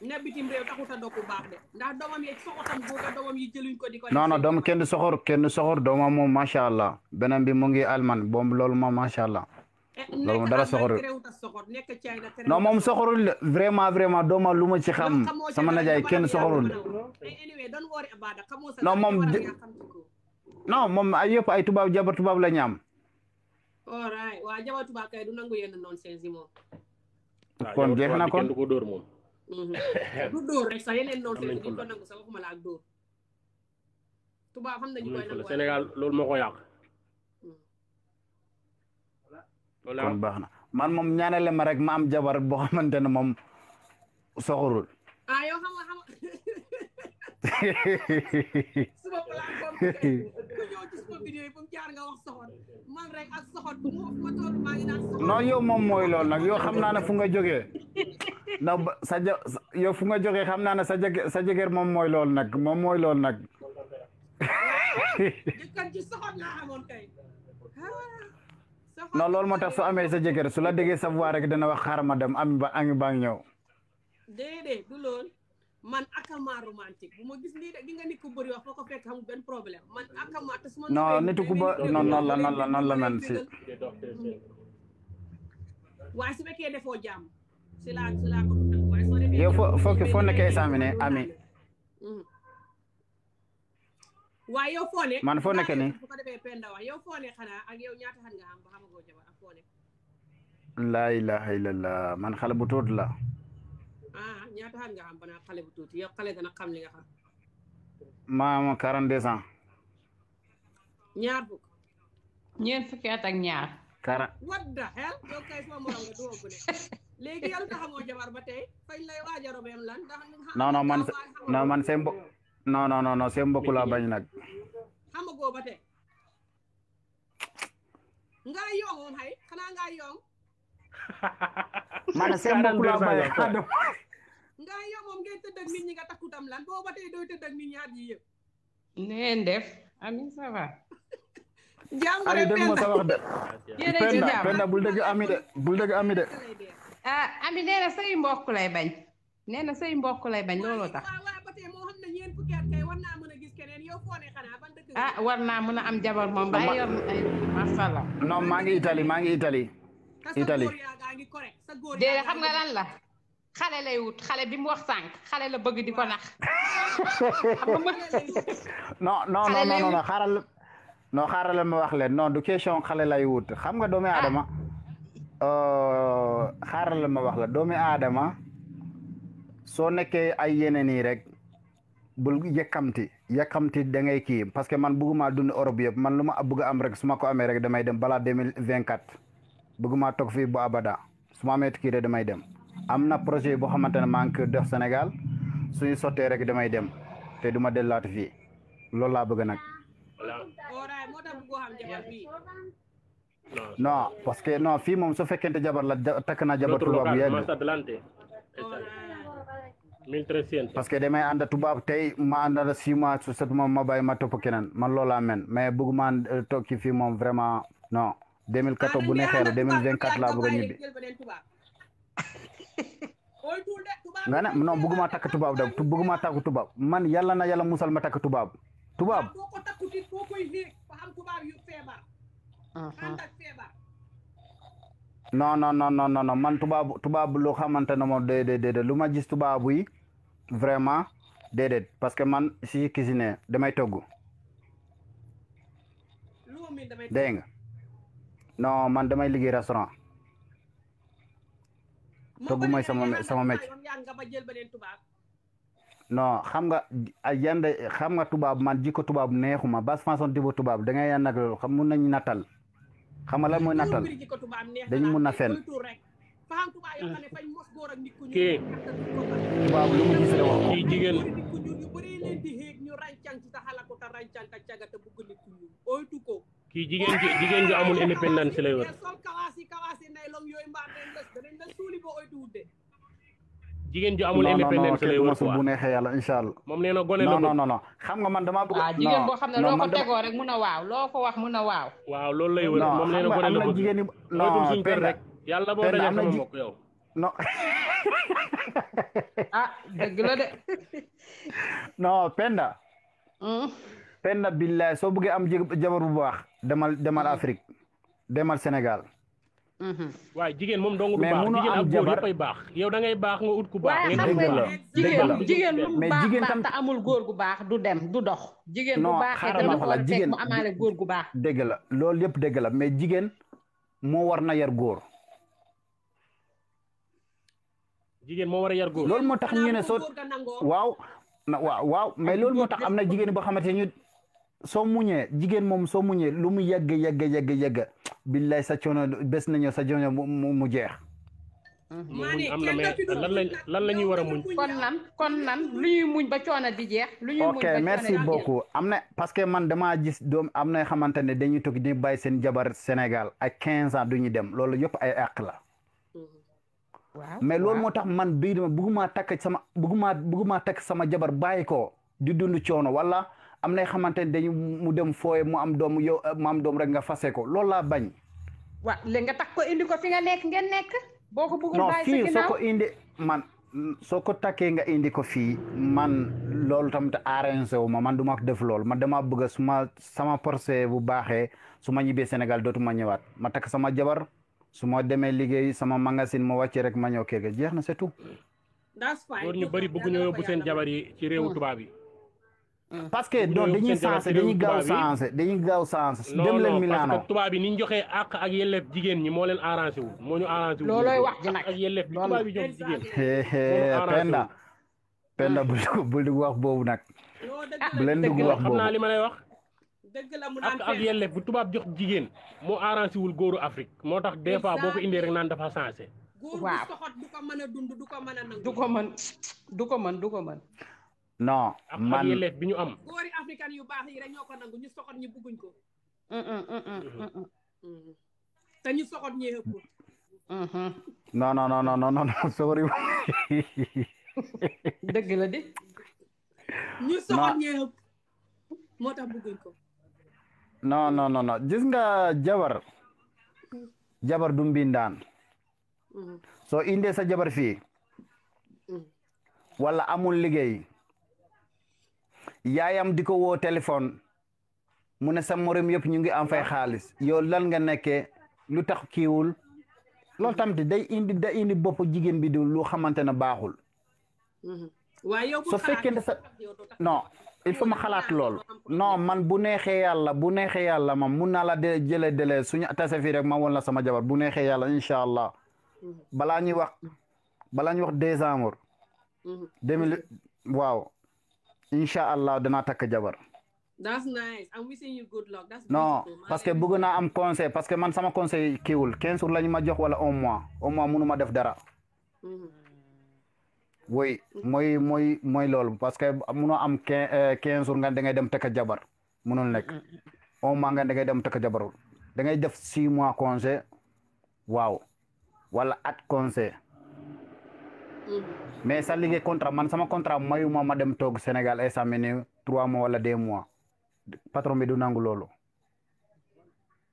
Speaker 1: ne bitim réew taxut a dokku baax de ndax doomam yi soxotam googa doomam yi jëluñ ko di ko non non doom
Speaker 9: kenn soxor kenn soxor doomam moom macha allah beneen bi mu ngi alman bom loolu moom macha allah
Speaker 1: eh,
Speaker 6: loolu dara soxor non moom
Speaker 9: soxorul vraiment vraiment dooma lu ma ci xam sama najaay kenn soxorul
Speaker 1: eh, non moom
Speaker 9: non moom ay yëpp ay tubaab jabar tubaab la ñaam
Speaker 1: alright waa jabar tubaab kay du nangu yenn nonsense yi moom
Speaker 12: ah, kon jeex na kon ko dóor moom
Speaker 1: du dóor rek sax yeneen noonu tamit duñ ko nangu sax waxuma la ak dóor tubaab xam
Speaker 12: loolu moo ko yàq
Speaker 9: kon baax na man moom ñaane ma rek ma jabar boo xamante ne moom soxorul [laughs] suma plateforme ñëw moom mooy lool nag yow xam naa ne fu nga jógee [laughs] ndax sa ja yow fu nga jógee xam naa ne sa jege sa jegeer moom mooy lool nag moom mooy lool nag
Speaker 6: [laughs] jëkkan ci
Speaker 9: loolu moo tax su amee sa jegeer su la déggee sa voix rek dana wax xaaral ma dem am ba angi baa ngi
Speaker 1: man akama romantique bu ma gis lii de gi nga nit ku bëri wax benn problème man akama te su ma. non nit ku ba non la non
Speaker 9: la non la mel si.
Speaker 1: waaye su si la si la foo foo foo hmm. foo ne. man foo ne xanaa ak ñaata xat nga am ba xamagoo jabar ak foo ne.
Speaker 9: la ilaha illallah man xale bu tuut la.
Speaker 1: ah ñaata at nga xam bana bu tuuti yow xale dana xam li nga xam.
Speaker 9: maa quarante deux ans. ñaar fukk. ñeent fukki at ak ñaar. quarante.
Speaker 1: what the [laughs] léegi yàlla nga xamoo jabar ba tey fañ lay
Speaker 9: man seen mbokk non non non seen mbokk laa bañ nag.
Speaker 1: xamagoo ba tey. nga yong
Speaker 6: [laughs] man seen mbokk laa bañ [laughs]
Speaker 1: gaa yow moom ngeen tëdd nit ñi nga takkutam lan boo tey dooy tëdd nit ñi at yi yëpp
Speaker 8: neen def amin ça va
Speaker 1: jàmm rek dégg ma sa wax de yéen ci
Speaker 9: bul dégg ami de bul dégg ami de
Speaker 1: ah ami nee na say mbokk lay bañ nee na say mbokk lay bañ looloo tax ah war naa mën a am jabar moom ba eh, yor
Speaker 9: masala non maa ngi itali maa ngi itali
Speaker 1: itali déedéet xam nga lan la xale lay wut xale bi mu wax sank xale la bëgg di ko nax.
Speaker 9: [laughs] non non non non non xaral no xaral ma wax len non du question xale lay wut xam nga doomi ah. euh xaral ma wax la doomi adama so nekké ay yeneen yi rek bul yëkkamti yëkkamti da ngay ki parce que man bëgguma dund Europe yëpp man luma bëgg am rek suma ko amé rek damay dem bala 2024, bëgguma tok fi bu abada suma amé tikki rek damay dem amna projet bo xamantene ne def senegal suñu soté rek damay dem té duma delat fi loolu la bëgg nak non parce que non fi mom su fekkente jabar la tak na jabar tubaab bu yàgg parce que damay ànd tubaab tay ma la six mois su sept mois ma bay ma top kenen man loolaa men mais bëgguma euh, toog tokki fi mom vraiment non 2014 bu neexee 2024 la bëgg ñibi nga ne non bëgguma takk tubaab da bëgguma takk tubaab man yàlla na yàlla musal ma takk tubaab tubaab
Speaker 1: uh-huh.
Speaker 9: non non non non non man tubaab tubaab loo xamante ne moom déedéet déedéet lu ma gis tubaab yi vraiment déedéet parce que man si cuisine damay togg dégg nga non man damay liggéey restaurant
Speaker 1: te bu may sama sama métier
Speaker 9: non xam nga yanda xam nga tubaab man jikko tubaab neexuma bas façon diba tubaab danga ngay yànnak loolu xam mun nañu nattal xam nga lan mooy nattal
Speaker 1: dañu mun na fen kii lu mu gis rek wax ko
Speaker 12: kii jigéen kii amul indépendance lay wër
Speaker 1: suuli boo koy tuut
Speaker 12: jigen ju amul independence lay wax bu neexee yàlla inshallah mom moom
Speaker 9: nee gone la non non non xam nga man dama bëgg ah jigen bo xam loko loo
Speaker 1: rek mëna waw loko wax mëna waw waw lool
Speaker 12: lay wër mom nee gone la bëgg jigéen non suñu kër rek yàlla bo dajee sama mbokk yow non
Speaker 3: [laughs] ah dëgg la de
Speaker 9: [laughs] non penda hmm? penda billahi So bëgg am jabar bu baax demal demal hmm. afrique demal senegal
Speaker 12: Mhm. waaye jigéen moom dong du baax jigéen ak góor yëppay baax yow da ngay baax nga ut ku baax jigéen jigéen lu mu baax baax te
Speaker 1: amul góor gu baax du dem du dox jigéen bu baaxee dana ko fekk mu amaale góor gu baax
Speaker 9: dëgg la loolu yëpp dëgg la mais jigéen moo war na yar góor
Speaker 12: jigéen moo war a yar góor loolu moo tax ñu ne soo waaw
Speaker 9: waaw waaw mais loolu moo tax am na jigéen boo xamante ñu soo muñee jigéen moom soo muñee lu mu yàgg yàgg yàgg yàgg billaay sa coono bés nañu sa coono mu jeex.
Speaker 1: maa am na lan lañ lan la ñuy war a muñ. kon nan kon lu ñuy muñ ba coono di jeex. lu ok merci beaucoup
Speaker 9: am na parce que man dama gis doom am na xamante ne dañuy toog di bàyyi seen jabar Sénégal ay quinze ans du ñu dem loolu yëpp ay àq la. mais loolu moo tax man bii dama bëgguma takk sama bëgguma bëgguma takk sama jabar bàyyi ko di dund coono wala. am nay xamantene dañu mu dem foye mu am dom yo mu am doom rek nga fase ko lool la bañ.
Speaker 1: wa léegi nga tak ko indi ko fi nga nek ngeen nek boko bëggul bay ci ginaaw soko
Speaker 9: indi man soko ko nga indi ko fi man tam ta arrangé wu ma man duma def lool man dama bëgg suma sama porcé bu baxé suma ñibé sénégal dotu ma ñëwaat ma tak sama jabar suma démé demee liggéey sama magasin mo wacce rek ma ñëw kër ga jeex na c'est tout.
Speaker 12: góor ñu bëri bëgguñu yóbbu seen jabar yi ci réewu hmm. Ah. parce que donc dañuy sensé dañuy gaaw sensé
Speaker 9: dañuy gaaw sensé. dem leen Milano parce
Speaker 12: tubaab yi ni ñu joxee àq ak yelleef jigéen ñi moo leen arrangé wul moo ñu arrangé wul. loolooy wax ji ak yelleef bi tubaab yi jigéen. Penda
Speaker 9: Penda boobu
Speaker 12: nag.
Speaker 1: bu leen dugg wax boobu xam naa li ma lay wax. dëgg la ak yelleef
Speaker 12: bu tubaab jox jigéen moo arrangé wul góoru Afrique moo tax des boo ko indee rek naan dafa sensé.
Speaker 1: waaw góor bu soxot
Speaker 8: du ko mën non man yelef
Speaker 6: bi ñu
Speaker 10: am
Speaker 1: yu baax yi rek nangu ñu soxot mm,
Speaker 6: mm, mm, mm-hmm. ñu bëgguñ
Speaker 1: ko ñu soxot ñi
Speaker 9: non sorry
Speaker 1: la di ñu soxot ñi
Speaker 9: bëgguñ jabar jabar du mm-hmm. sa jabar fi mm-hmm. wala amul liggéey yaayam di ko woo téléphone mu ne sa morom yëpp ñu ngi am fay xaalis yow lan nga nekkee lu tax kiiwul loolu tamit day indi da indi bopp jigéen bi di lu xamante ne baaxul.
Speaker 8: Mm-hmm. waaye yow soo fekkente sa
Speaker 9: non il ma xalaat lool no man bu neexee yàlla bu neexee yàlla moom mun naa la de jëlee délai suñu tase fii rek ma woon sama jabar bu neexee yàlla incha allah mm-hmm. balaa ñuy wax balaa ñuy wax décembre.
Speaker 1: Mm-hmm. deux mille
Speaker 9: incha allah danaa takk jabar.
Speaker 1: that's nice I'm wishing you non
Speaker 9: parce que bëgg naa am conseil parce que man sama conseil kiiwul quinze jours la ñu ma jox wala un mois un mois munu ma def dara. Mm-hmm. oui mooy mooy loolu parce que mënoo am euh, quinze jours nga da ngay dem takk jabar mënul nekk un mois nga da ngay dem takk jabarul da ngay def six mois conseil waaw wala at conseil. mais sa ligue contrat man sama contrat mayuma ma dem tok senegal et sa mené 3 mois wala 2 mois patron bi du nangu loolu.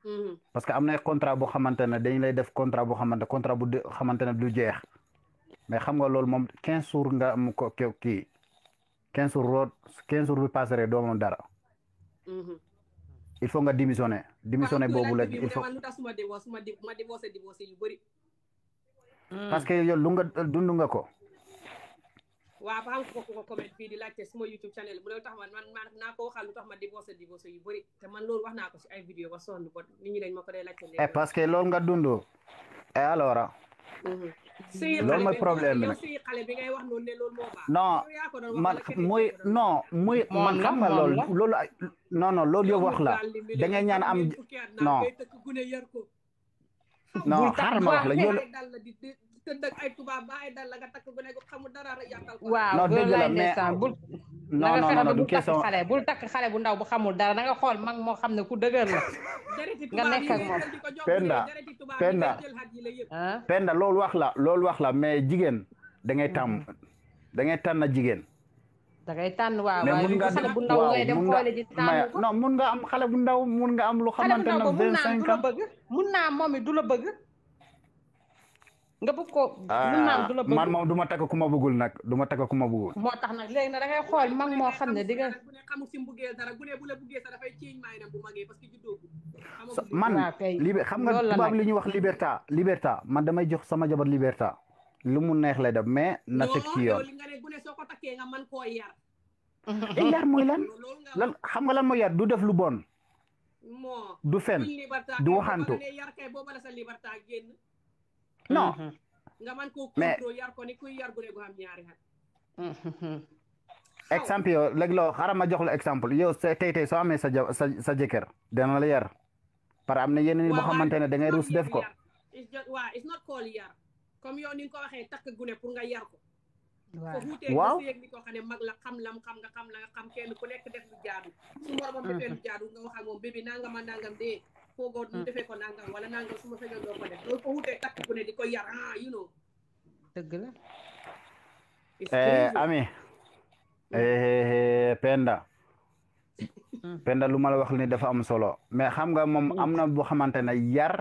Speaker 9: Mm-hmm. parce que amna contrat bo xamantene dañ lay def contrat bo xamantene contrat bu xamantene du jeex mais xam nga lolo mom 15 jours nga am ko ki 15 jours road 15 jours bi passeré do mo moom dara. Mm-hmm. il faut nga démissionner démissionner bobu la il faut. Mm. parce que yow lu nga dund nga ko.
Speaker 1: waaw ba xam ko ku ko comment fii di laajte tax ma man man naa ko waxal lu tax ma divorcé divorcé yu bëri te man loolu wax naa ko si ay vidéo ba sonn ba nit ñi dañ ma ko day eh, parce
Speaker 9: que loolu nga dund. et eh, alors.
Speaker 1: Mm-hmm. Mm-hmm. loolu mooy problème bi nag xale bi ngay wax ne loolu moo baax. non man muy non
Speaker 9: man xam nga loolu loolu non non loolu yow wax la da ñaan am
Speaker 8: non. non xaaral ma wax la [laughs] yow
Speaker 1: waaw non dëgg la mais
Speaker 8: non non non du question
Speaker 1: bul takk xale bu ndaw bu xamul dara da nga xool mag moo xam ne ku dëgër la [laughs] nga nekk ak moom
Speaker 9: penda penda penda loolu wax la loolu wax la mais jigéen da ngay tàmm mm. da ngay tànn jigéen
Speaker 1: da ngay tànn
Speaker 6: waaw waaye mun nga xale bu ndaw ngay dem xoole ji tànn
Speaker 9: non mun nga am xale bu ndaw mun nga am lu xamante ne vingt cinq ans
Speaker 1: mun naa moom du la bëgg nga bëgg ko ah. mun naa du la bëgg man moom
Speaker 9: du ma takk ku ma bëggul nag du ma takk ku ma bëggul moo
Speaker 1: tax nag léegi nag da ngay xool mag moo xam ne di nga bu si dara bu bu la buggee sa dafay ciiñ maay bu magee parce que juddoo
Speaker 9: man libe xam nga tubaab li ñu wax liberta liberta man damay jox sama jabar liberta lu mu neex lay def mais na tek ci yoon
Speaker 1: nga ne bu ne soo ko takkee nga man koo yar
Speaker 9: eh, yar mooy lan lan xam nga lan mooy yar du def lu bon
Speaker 1: du sen du waxantu non nga man ko do yar ko ni kuy yar gune gu am ñaari hat
Speaker 9: exemple yo leg lo xaram ma jox lo exemple yo tay tay so amé sa sa jeker dana la yar par amna yeneen bo xamantene da ngay rouss def ko
Speaker 1: wa it's not call yar comme yo ni ko waxé tak gune pour nga yar ko
Speaker 3: waaw foofu wuutee nga si yëg
Speaker 1: ni koo xam mag la xam lam xam nga xam la nga xam kenn ku nekk def lu jaadu su moromam defee lu jaadu nga wax ak moom bébé nangama nangam dee foogoo nu defee ko nangam wala nangam su ma fekkee doo ko def loolu ko wuutee takk ku ne di ko yar ah you know
Speaker 8: dëgg la
Speaker 3: eh,
Speaker 9: ami Eh, eh, eh penda hmm. penda lu ma la wax ni dafa am solo mais xam nga moom am na bu xamante yar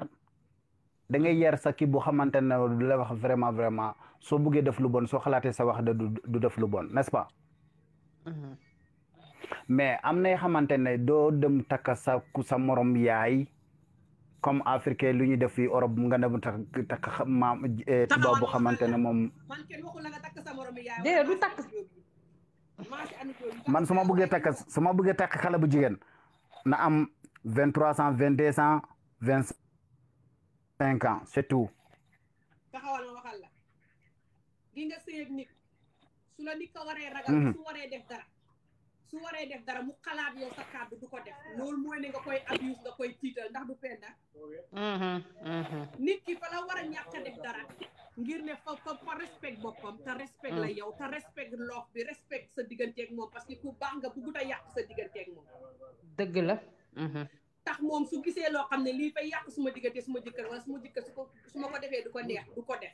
Speaker 9: da ngay yar sa ki bu xamantene ne du la wax vraiment vraiment so bëggé def lu bon so xalaté sa wax da du def lu bon n'est-ce pas mm-hmm. mais am nay xamantene do dem takka sa ku sa morom yaay comme africain lu ñu def fi Europe nga dem tak tak ma eh, tuba bu xamante ne de du tak man suma bëggé tak takk bëggé tak xala bu jigen na am 2300, 2200, cent 5 ans c'est tout
Speaker 1: taxawal ma waxal la gi nga nit su la nit ko ragal mm-hmm. su def dara su koy abuse koy ndax du
Speaker 6: mm-hmm, mm-hmm.
Speaker 1: nit ki fa la respect respect la mm. yow respect bi respect sa bugut tax mom su gisee lo xamne li fay yak suma digeete suma jëkkër wala suma jëkkër suko suma ko defee du ko neex du ko def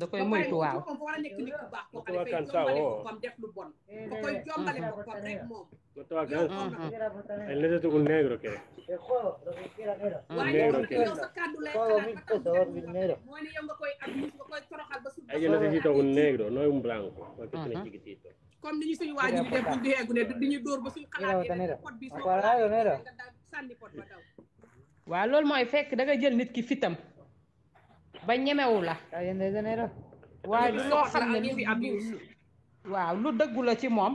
Speaker 1: da koy moytu waaw ko pare war a nit ku baax koo xam ne fay ko fam def lu bon ko koy ko fam rek moom mm-hmm.
Speaker 6: El nene un negro que. El lo que quiera que era. Un negro que era.
Speaker 1: Ella necesita
Speaker 12: un negro, no un blanco, porque tiene chiquitito.
Speaker 1: Como ni suñu waji bi bu deegu ne diñu door ba suñu xalaat ko bi so. sànni pot waaw loolu mooy fekk da jël nit ki fitam ba ñemewu la. waaye du loo xam ne waaw lu dëggu la ci moom.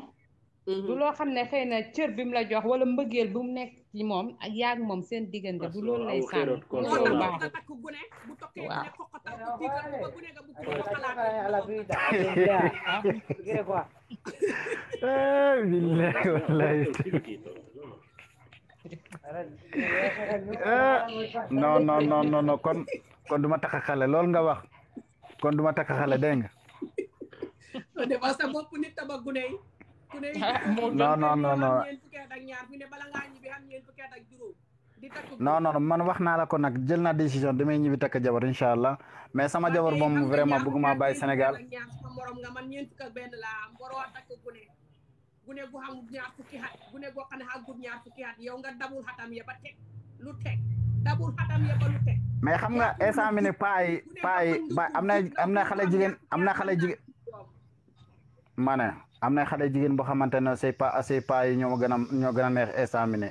Speaker 1: Mhm. du loo xam ne xëy na cër bi mu la jox wala mbëggeel bu mu nekk ci moom ak yaag moom seen diggante
Speaker 6: bu loolu lay sànni. loolu baaxul waaw. [laughs] non eh, non non non
Speaker 9: no. kon kon duma takk xale lool nga wax kon duma takk xale No
Speaker 1: nga [laughs] no no. No no. nit taba guney guney
Speaker 6: non non non non ñeen fukki ak ñaar fi ne bala nga ñibi am ñeen fukki
Speaker 1: non
Speaker 9: non man wax naa la ko nag jël naa décision damay ñibbi takk jabar insha mais sama jabar moom vraiment bëgguma bàyyi Sénégal
Speaker 1: morom nga man ñeen fukk ak benn laa am waroo takk gune gu xamul ñaar fukki xat gune goo xam ne xamul ñaar nga dabul xatam ya ba teg lu teg
Speaker 9: mais xam nga instant bi ne ba am na am xale jigéen am na xale jigéen ma am na xale jigéen boo xamante ne say pa say paa yi ñoo gën a ñoo gën a neex instant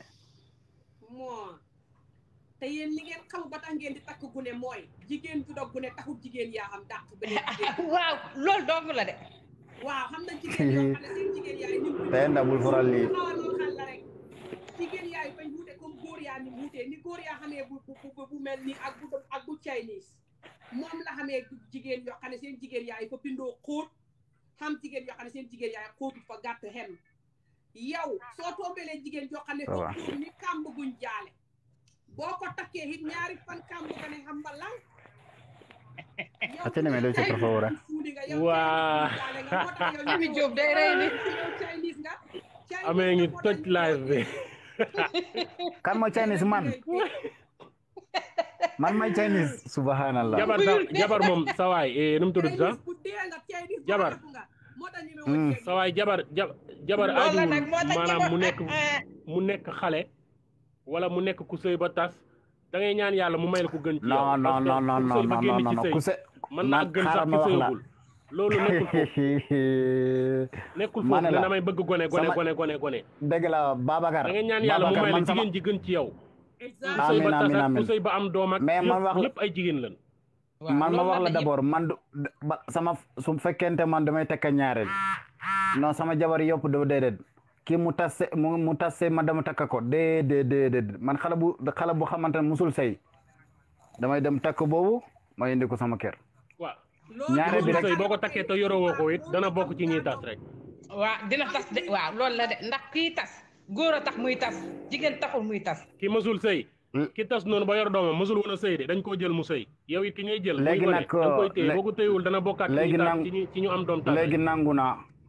Speaker 1: te yéen li ngeen di takk gune mooy jigéen du gune taxul jigéen yaa xam dàq waaw loolu dong la de waaw xam nañ jigéen yoo xam ne seen jigéen yaay ñu tey comme góor yaa ni wuutee ni góor xamee bu bu bu mel nii ak bu ak bu Chinese moom la xamee jigéen yoo xam ne seen jigéen yaay fa pindoo xóot xam jigéen yoo xam ne seen jigéen yaay xóotu fa gàtt xem yow soo tombelee jigéen joo xam ne fa ni kàmb guñ jaale boo ko takkee it ñaari fan kàmb ko ne xam nga lan Atene Meloy por favor.
Speaker 9: Waa
Speaker 12: amee ngi toj live bi
Speaker 9: kan mooy Chinese man
Speaker 12: man may Chinese subhanallah jabar moom sawaay eh nu mu tudd sax jabar mm. sawaay jabar jabar maanaam mu nekk mu nekk xale wala mu nekk ku sëy ba tas da ngay ñaan yàlla mu may la ku gën ci yow non non non non non non non non ku se man naa gën sax ki sëyagul loolu nekkul foofu
Speaker 9: [laughs] nekkul foofu ne damay bëgg gone gone gone
Speaker 12: gone gone dëgg la Babacar da ngay ñaan yàlla mu may la jigéen ji gën ci yow amin amin amin ku sëy ba am doom ak lépp ay jigéen lan man ma wax la d'abord man
Speaker 9: sama su fekkente man damay tekk ñaareel non sama jabar yëpp do déedéet ki mu tasse mu tasse ma dama de de de de. man xala bu xala bu xamantene musul sey damay dem takk bobu may indi ko sama ker
Speaker 6: wa
Speaker 12: ñaare bi rek boko takke to yoro woko it dana bok ci ñi tas rek.
Speaker 1: wa dina tas de wa loolu la de ndax ki tass goro tax muy tass jigen taxul muy tass
Speaker 12: ki musul sey. ki tass non ba yor doom musul wona sey de dañ ko jël mu sey yow it ki ngay jël. léegi nag léegi boo ko téyewul dana bokkaat ci ñu am doom tass legi nanguna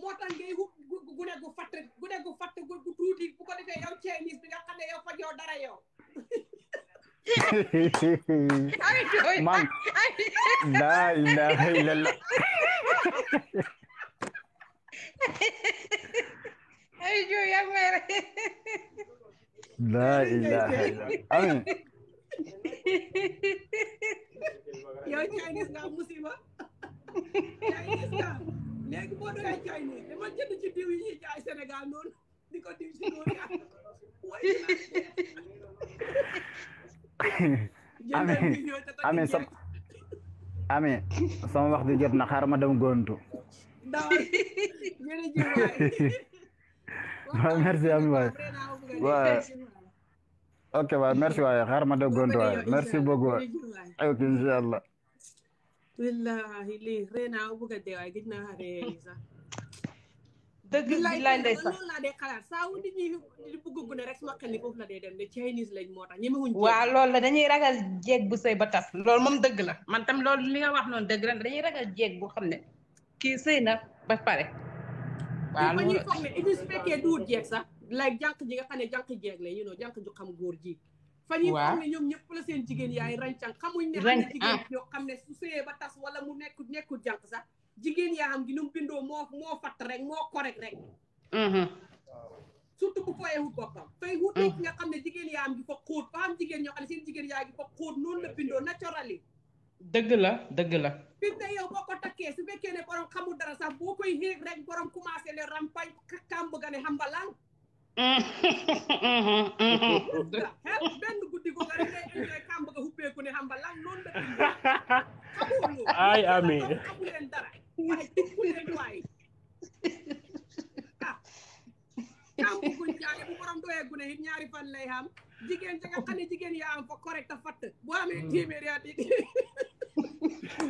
Speaker 1: moo ngay gune gu fatt gune gu fatt gu tuuti bu ko defee yow Chinese bi nga xam yow fa yow dara yow
Speaker 6: [laughs] man laa ilaaha illallah [laughs] ay jooy yaa may rek laa ilaaha illallah amin yow Chinese nga musiba Chinese
Speaker 1: nga léegi boo doyee jaay
Speaker 9: sama wax di jot na xaaral ma dem gontu dawal jërëjëf waay [laughs] merci ami waay waay ok waay merci waay xaaral ma dem gontu waay merci beaucoup ok incha allah
Speaker 1: wallaahi lii ree naa ba a dee waaye gëj naa ree yi sax. dëgg billaay ndeysaan loolu laa dee xalaat saa wu nit ni foofu la dee dem ne Chinese lañ moo tax ñemewuñ. waaw loolu la dañuy ragal jeeg bu sëy ba tas lool moom dëgg la man lool loolu li nga wax noonu dëgg la dañuy ragal jeeg bu xam ne kii sëy na ba pare. waaw loolu la ñu foog ne su fekkee duur jeeg sax like jànq ji nga ne jànq jeeg la ñu noo jànq ju xam góor ji. fa ñuy xam ne ñoom ñëpp la seen jigéen yaay ràncang xamuñ ne am na jigéen yoo ah. xam ne su sëyee ba tas wala mu nekk nekkul jànq sax jigéen yaa xam gi num moo moo fatt rek moo correct rek mm-hmm. surtout bu fooyee wut boppam fay wut nekk mm. nga xam ne jigéen yaa am gi fa xóot fa am jigéen ñoo xam ne seen jigéen yaa gi fa xóot noonu la bindoo naturel yi dëgg la dëgg la fi yow boo ko takkee su fekkee ne borom xamul dara sax boo koy xéeg rek borom commencé le rampagne kàmb ga ne xambalaan
Speaker 3: hel benn
Speaker 1: guddi ko nga rek ngay kamba nga hubbeeku ne hamba lan noon da xamulu ñaari fan lay jigéen ja jigéen yaa am fa correct a fatt boo amee téeméeri at it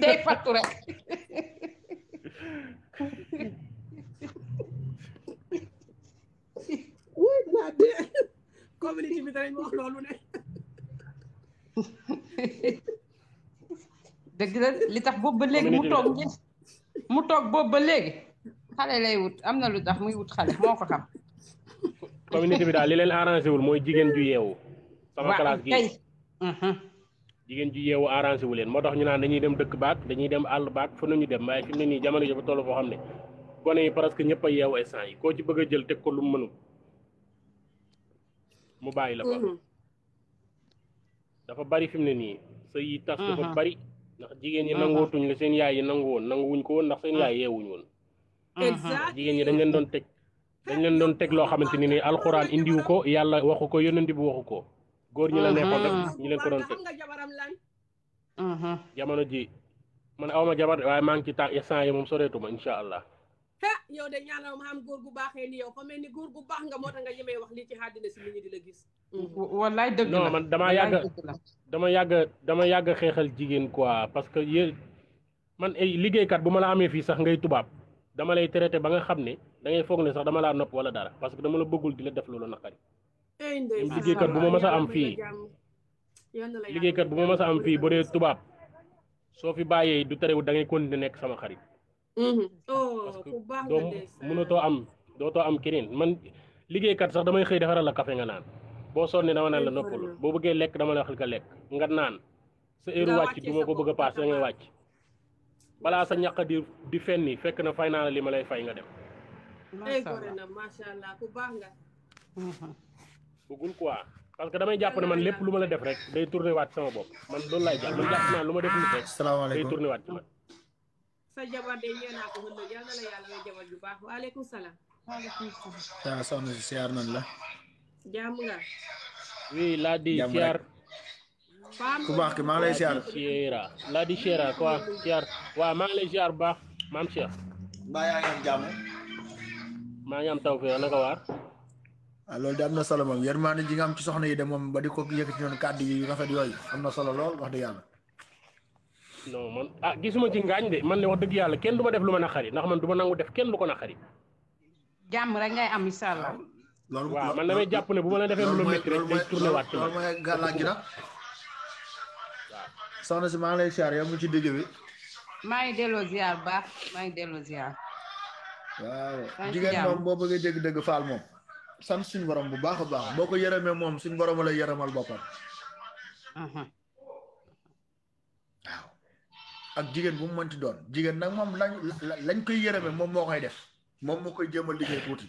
Speaker 6: day fattu rek What?
Speaker 1: Not that. Comedy mi tara ñu wax loolu ne. la li tax boobu ba léegi mu toog mu toog boobu ba léegi xale lay wut am lu tax muy wut xale sama classe gi
Speaker 12: ju tax ñu dem dëkk bat, dañuy dem àll baak fu ñu dem waaye fi mu jamono ji ba toll foo xam presque mu bàyyi la fa mhm. dafa bari fimne ni ne yi tas dafa mhm. bari ndax jigen ñi mhm. nangootuñ la seen yaay yi nangu woon ko won ndax seen yaay yewuñ won jigen ñi dañ leen don tek dañ leen don tek lo xamanteni ni alquran indi wu ko yalla waxu ko yonent bi waxu ko góor ñi la nekkoon def ñi leen ko don tek jamono ji man awma jabar way maa ngi ci temps instant yi mom soreetuma insha allah
Speaker 1: ah yow de ñaanal ma góor gu baaxee yow fa mel ni góor gu baax nga moo tax nga wax lii ci àddina si nit
Speaker 12: mm. man damaa yàgg dama yàgg dama yàgg xeexal jigéen quoi parce que yéen man ay liggéeykat bu ma la amee fii sax ngay tubaab dama lay traité ba nga xam ne dangay foog ne sax dama laa nopp wala dara parce que dama la bëggul di la def loolu naqari.
Speaker 1: liggéeykat bu ma mës a am fii
Speaker 12: liggéeykat bu ma mës a am fii bu dee tubaab soo fi bàyyee du terewul dangay ngay continuer nekk sama xarit.
Speaker 6: Mm-hmm. parce Oh,
Speaker 12: doo am dootoo am keneen man liggéeykat sax damay xëy defaral la café nga naan boo sonnee dama naan la noppalu boo bëggee lekk dama la wax nga lekk nga naan sa heure wàcc du ma ko bëgg a paase da ngay sa ñaq di di fenni fekk na fay naa la li ma fay nga dem.
Speaker 1: macha eh, allah ku baax nga.
Speaker 12: [laughs] bëggul quoi parce que damay jàpp ne man lépp lu ma la def rek day tourné waat sama bopp man loolu laay jàpp man jàpp naa lu ma def nit ah, rek day tourné waat ci man
Speaker 1: sa jabar de ñëw naa ko xund yal na la yàlla may jabar ju baax waaleykum salaam. waaleykum
Speaker 11: salaam. taa soxna si siyaar la. nga.
Speaker 12: di siar
Speaker 1: ku baax ki maa ngi
Speaker 12: di siyaar ko siar wa maa Siar lay siyaar baax maam Cheikh. mbaa yaa ngi ah, am jàmm. maa ngi naka
Speaker 11: na solo nga am ci soxna yi ba di
Speaker 12: ko non man ah gisuma ci ngaañ de man ne wax dëgg yàlla kenn du def lu ma ndax man du ma def kenn lu ko naqari
Speaker 1: rek ngay am incha allah
Speaker 12: loolu man damay jàpp ne bu la defee lu métti rek day tourné waat ci man mooy gi nag
Speaker 11: soxna si maa lay siyaar yow mu ci digg bi
Speaker 1: maa ngi ziar baax ziar
Speaker 11: waaw suñu borom bu baax suñu borom ak jigen bu mën ti doon jigen nak mom lañ lañ koy yërëme mom mo koy def mom mo koy jéem a liggéey tuuti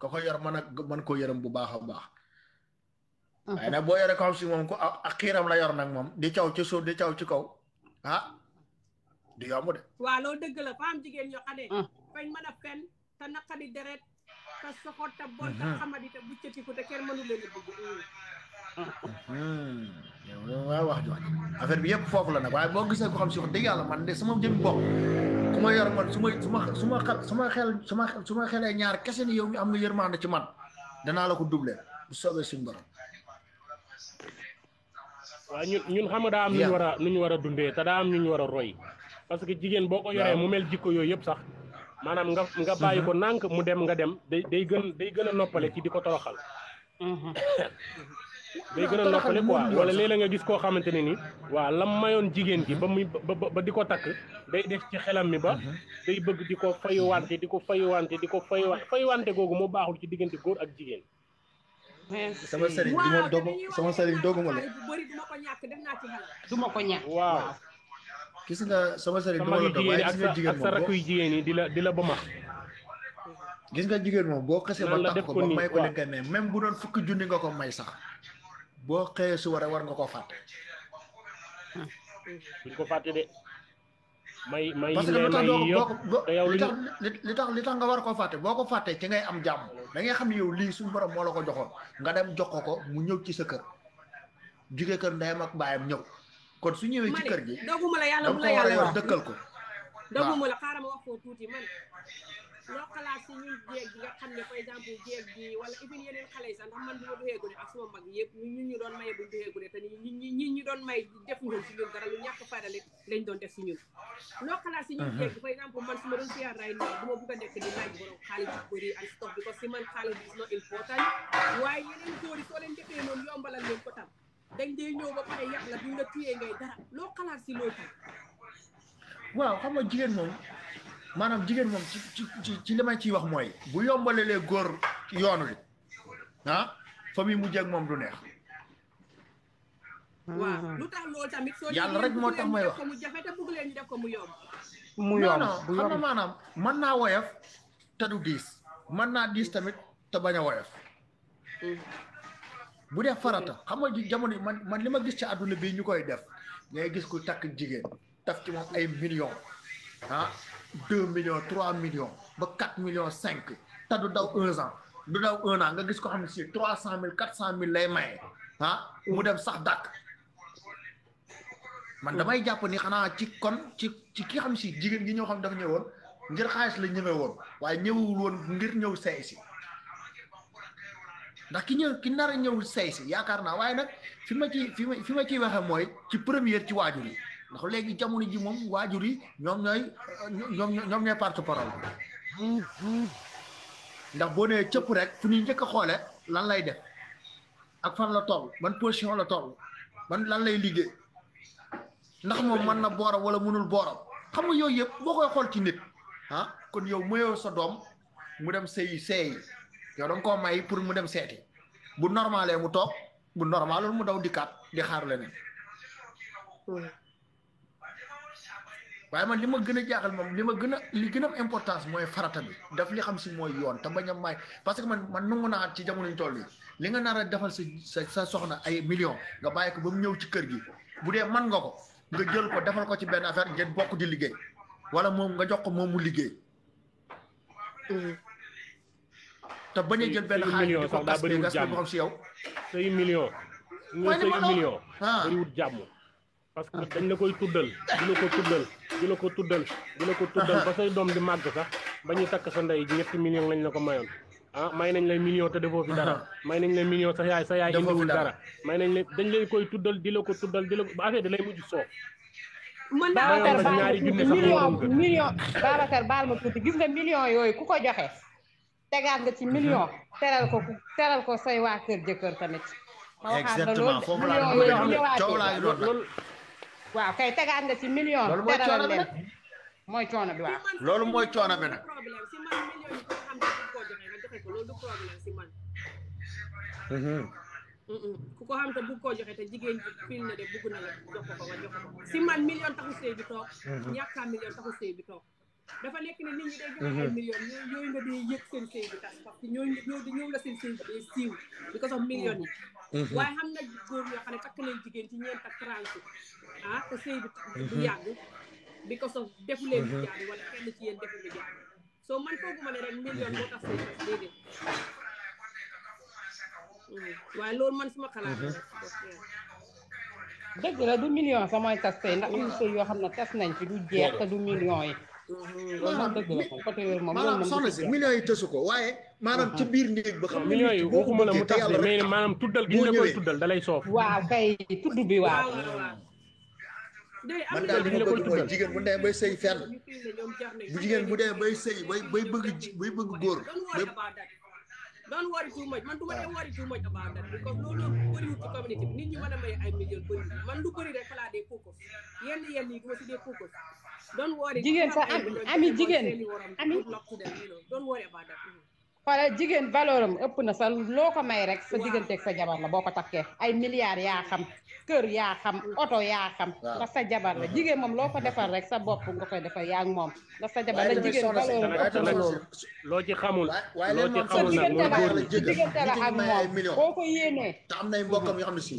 Speaker 11: ka ko yor man ak man ko yërëm bu baaxa baax ay na boy rek si moom ko ak la yor nak mom di caw ci suuf di caw ci kaw ha ah, di yomb de
Speaker 1: wa lo deug la fam jigen ño yoo ah. fañ mëna fenn fen naqadi deret te soxot ta bon ta xamadi te buccati
Speaker 6: ko te kenn mënu leen bëgg
Speaker 11: yow waaw wax jox affaire bi yépp foofu la nag waaye boo gisee ko xam si wax dëgg yàlla man de sama jëm bopp ku ma yor man su ma su ma su ma xel su ma xel su ma su ma xelee ñaar kese ni yow mi am nga yërmande ci man danaa la ko doublé bu soobee suñ borom
Speaker 12: waaw ñun ñun xam nga daa am nuñ war a nuñ war a dundee te daa am nuñ war a roy parce que jigéen boo ko yoree ya, iya. mu mel jikko yooyu yëpp sax maanaam nga nga mhm. bàyyi ko nànk mu dem nga dem day day gën day gën a noppale ci di ko toroxal [coughs]
Speaker 3: day gën a noppale quoi wala léeg-léeg
Speaker 12: nga gis koo xamante ni waaw lam mayoon jigéen gi ba ba ba di day def ci xelam mi ba day bëgg di ko fayuwante di ko fayuwante di ko fayuwante fayuwante googu moo baaxul ci diggante góor ak jigéen
Speaker 1: sama sëriñ du sama ko
Speaker 12: di la di ba max gis nga jigéen moom boo xasee ba takk ko ba may ko li nga
Speaker 11: même bu doon nga ko may sax boo xëyee suba rek war nga koo fàtte.
Speaker 12: ko fàtte may may parce que tax
Speaker 11: li tax li tax nga war koo fàtte boo ko fàttee ci ngay am jàmm da ngay xam yow lii su borom moo la ko joxoon nga dem jox ko ko mu ñëw ci sa kër jugee kër ndeyam ak baayam ñëw kon su ñëwee ci kër gi. doguma la yàlla bu dëkkal ko.
Speaker 1: loo xalaat si ñun jéeg gi nga xam ne par exemple jéeg gi wala even yeneen xale yi sax ndax man bu ma duxee gune ak suma mag yëpp ñun ñu doon maye buñ duxee gune te ñi ñi ñu doon may def ñun si ñun dara lu ñàkk faydale lañ doon def si ñun loo xalaat si ñun jéeg uh-huh. gi par exemple man su ma doon fiyaat ray no du ma bugg a nekk di laaj borom xaalis bu bëri ak stock bi parce que man xaalis bi is not important waaye yeneen góor yi soo leen defee noonu yombalal leen ko tam dañ dee ñëw ba pare yàq la buñ la tuyee ngay dara loo xalaat si loolu
Speaker 11: waaw xam nga jigéen moom manam jigen mom ci ci ci li ma ciy wax moy bu yombalalee gor yoonu li ha ah, fami mu mujjee mom du neex hmm. wa
Speaker 1: lutax lol tamit so yàlla rek moo tax may wax mu jafe te bëgg leen ñu def ko mu yom
Speaker 11: mu yomb non xam na maanaam mën naa woyof te du dis man na dis tamit ta baña woyof hmm. bu def farata xam nga jamono man man lima gis ci aduna bi ñukoy def ngay gis ku tak jigen taf ci mom ay million ha ah, deux millions trois millions ba quatre millions cinq te du daw un an du daw un an nga gis ko xam ne si trois cent mille quatre cent mille lay maye ah mu dem sax dàq man damay jàpp ni xanaa ci kon ci ci ki xam si jigéen gi ñëw xam dafa ñëw woon ngir xaalis la ñëwee woon waaye ñëwul woon ngir ñëw say si ndax ki ñëw ki nar a ñëw say yaakaar naa waaye nag fi ma ci fi ma fi ma ciy waxee mooy ci première ci waajur yi ndax léegi jamono ji moom waajur yi ñoom ñooy ñoom ñoom ñooy porte-parole ndax boo nee cëpp rek fu njëkk a xoole lan lay def ak fan la toll ban position la toll ban lan lay liggéey ndax moom mën na booram wala mënul booram xam yooyu yëpp boo koy xool ci nit ah kon yow mayoo sa doom mu dem sëyi seeyi yow danga koo may pour mu dem seeti bu normalee mu toog bu normalul mu daw dikkaat di xaar leneen waaye man li ma gën a jaaxal moom li ma gën a li gën a importance mooy farata bi daf li xam si mooy yoon te bañ a may parce que man man nangu naa ci jamono ñu toll yi li nga nar a defal sa sa sa soxna ay million nga bàyyi ko ba mu ñëw ci kër gi bu dee man nga ko nga jël ko defal ko ci benn affaire ngeen bokk di liggéey wala moom nga jox ko moom mu liggéey te bañ a jël benn xaalis di ko gas bi gas bi
Speaker 12: si yow say million say million parce que dañ la koy tuddal di la ko tuddal di la ba say doom di màgg sax ba ñuy takk sa ndey ñetti million lañ la ko mayoon ah may nañ lay million te defoo fi dara may nañ lay million sa yaay sa yaay indiwul dara may nañ lay dañ lay koy tuddal di la ko tuddal di la ba affaire di lay mujj
Speaker 1: soof mën naa baal million million ma tuuti gis nga million yooyu ku ko joxe tegaat nga ci million teral ko teral ko say waa kër jëkkër tamit ma
Speaker 3: waxaat la loolu million yooyu ñëwaatee
Speaker 1: waaw kay tegaat nga ci million. loolu mooy coono bi mooy coono bi waaw. loolu mooy coono bi nag. problème si man million bi ko xam ne ko joxe nga joxe ko du mm-hmm. koo joxe te jigéen de na la jox ko ko million taxu sëy bi mm-hmm. ñàkk a million taxu dafa nekk ne nit ñi day joxe ay mm-hmm. million yooyu nga di yëg seen sëy tax parce que ñooñu ñoo di ñëw la seen sëy bi day siiw million yi. Mm-hmm. waaye xam na góor yoo xam ne takk nañ jigéen ci ñeent a trente a ah te sëy bi du mm-hmm. yàgg bi ko sof defu leen mm-hmm. lu soo man fooguma ne rek million moo tax sëy tas déedéet mm. waaye du million sa tas sëy ndax ñu sëy yoo xam ne tas nañ ci du jeex te du million yi loolu moom dëgg
Speaker 11: million yi tësu ko waaye maanaam ci biir néeg ba xam millions yi waxuma la mu tax de mais maanaam tuddal gi ñu la koy tuddal dalay soof waaw kay tudd bi waaw man daal li ma bëgg mooy jigéen bu demee bay sëy
Speaker 1: bu jigéen bu demee
Speaker 11: bay sëy bay bay bëgg bay bëgg góor
Speaker 1: don't worry too much man du ma dem worry too much about that because loolu bëriwul ci community bi a may ay million bëriwul man du bëri rek falaa dee focus yenn yenn yi du ma si dee focus don't worry jigéen sax ami jigéen ami don't wala jigéen valeur am ëpp na sa loo ko may rek sa digganteeg sa jabar boo ko takkee ay milliards yaa xam kër yaa xam oto yaa xam ndax sa jabar la jigéen moom loo ko defal rek sa bopp nga koy defal moom ndax sa jabar la jigéen valeur am na loolu
Speaker 12: loo ci xamul la ak moom boo
Speaker 11: ko yéenee te am nay mbokkam yoo xam ne si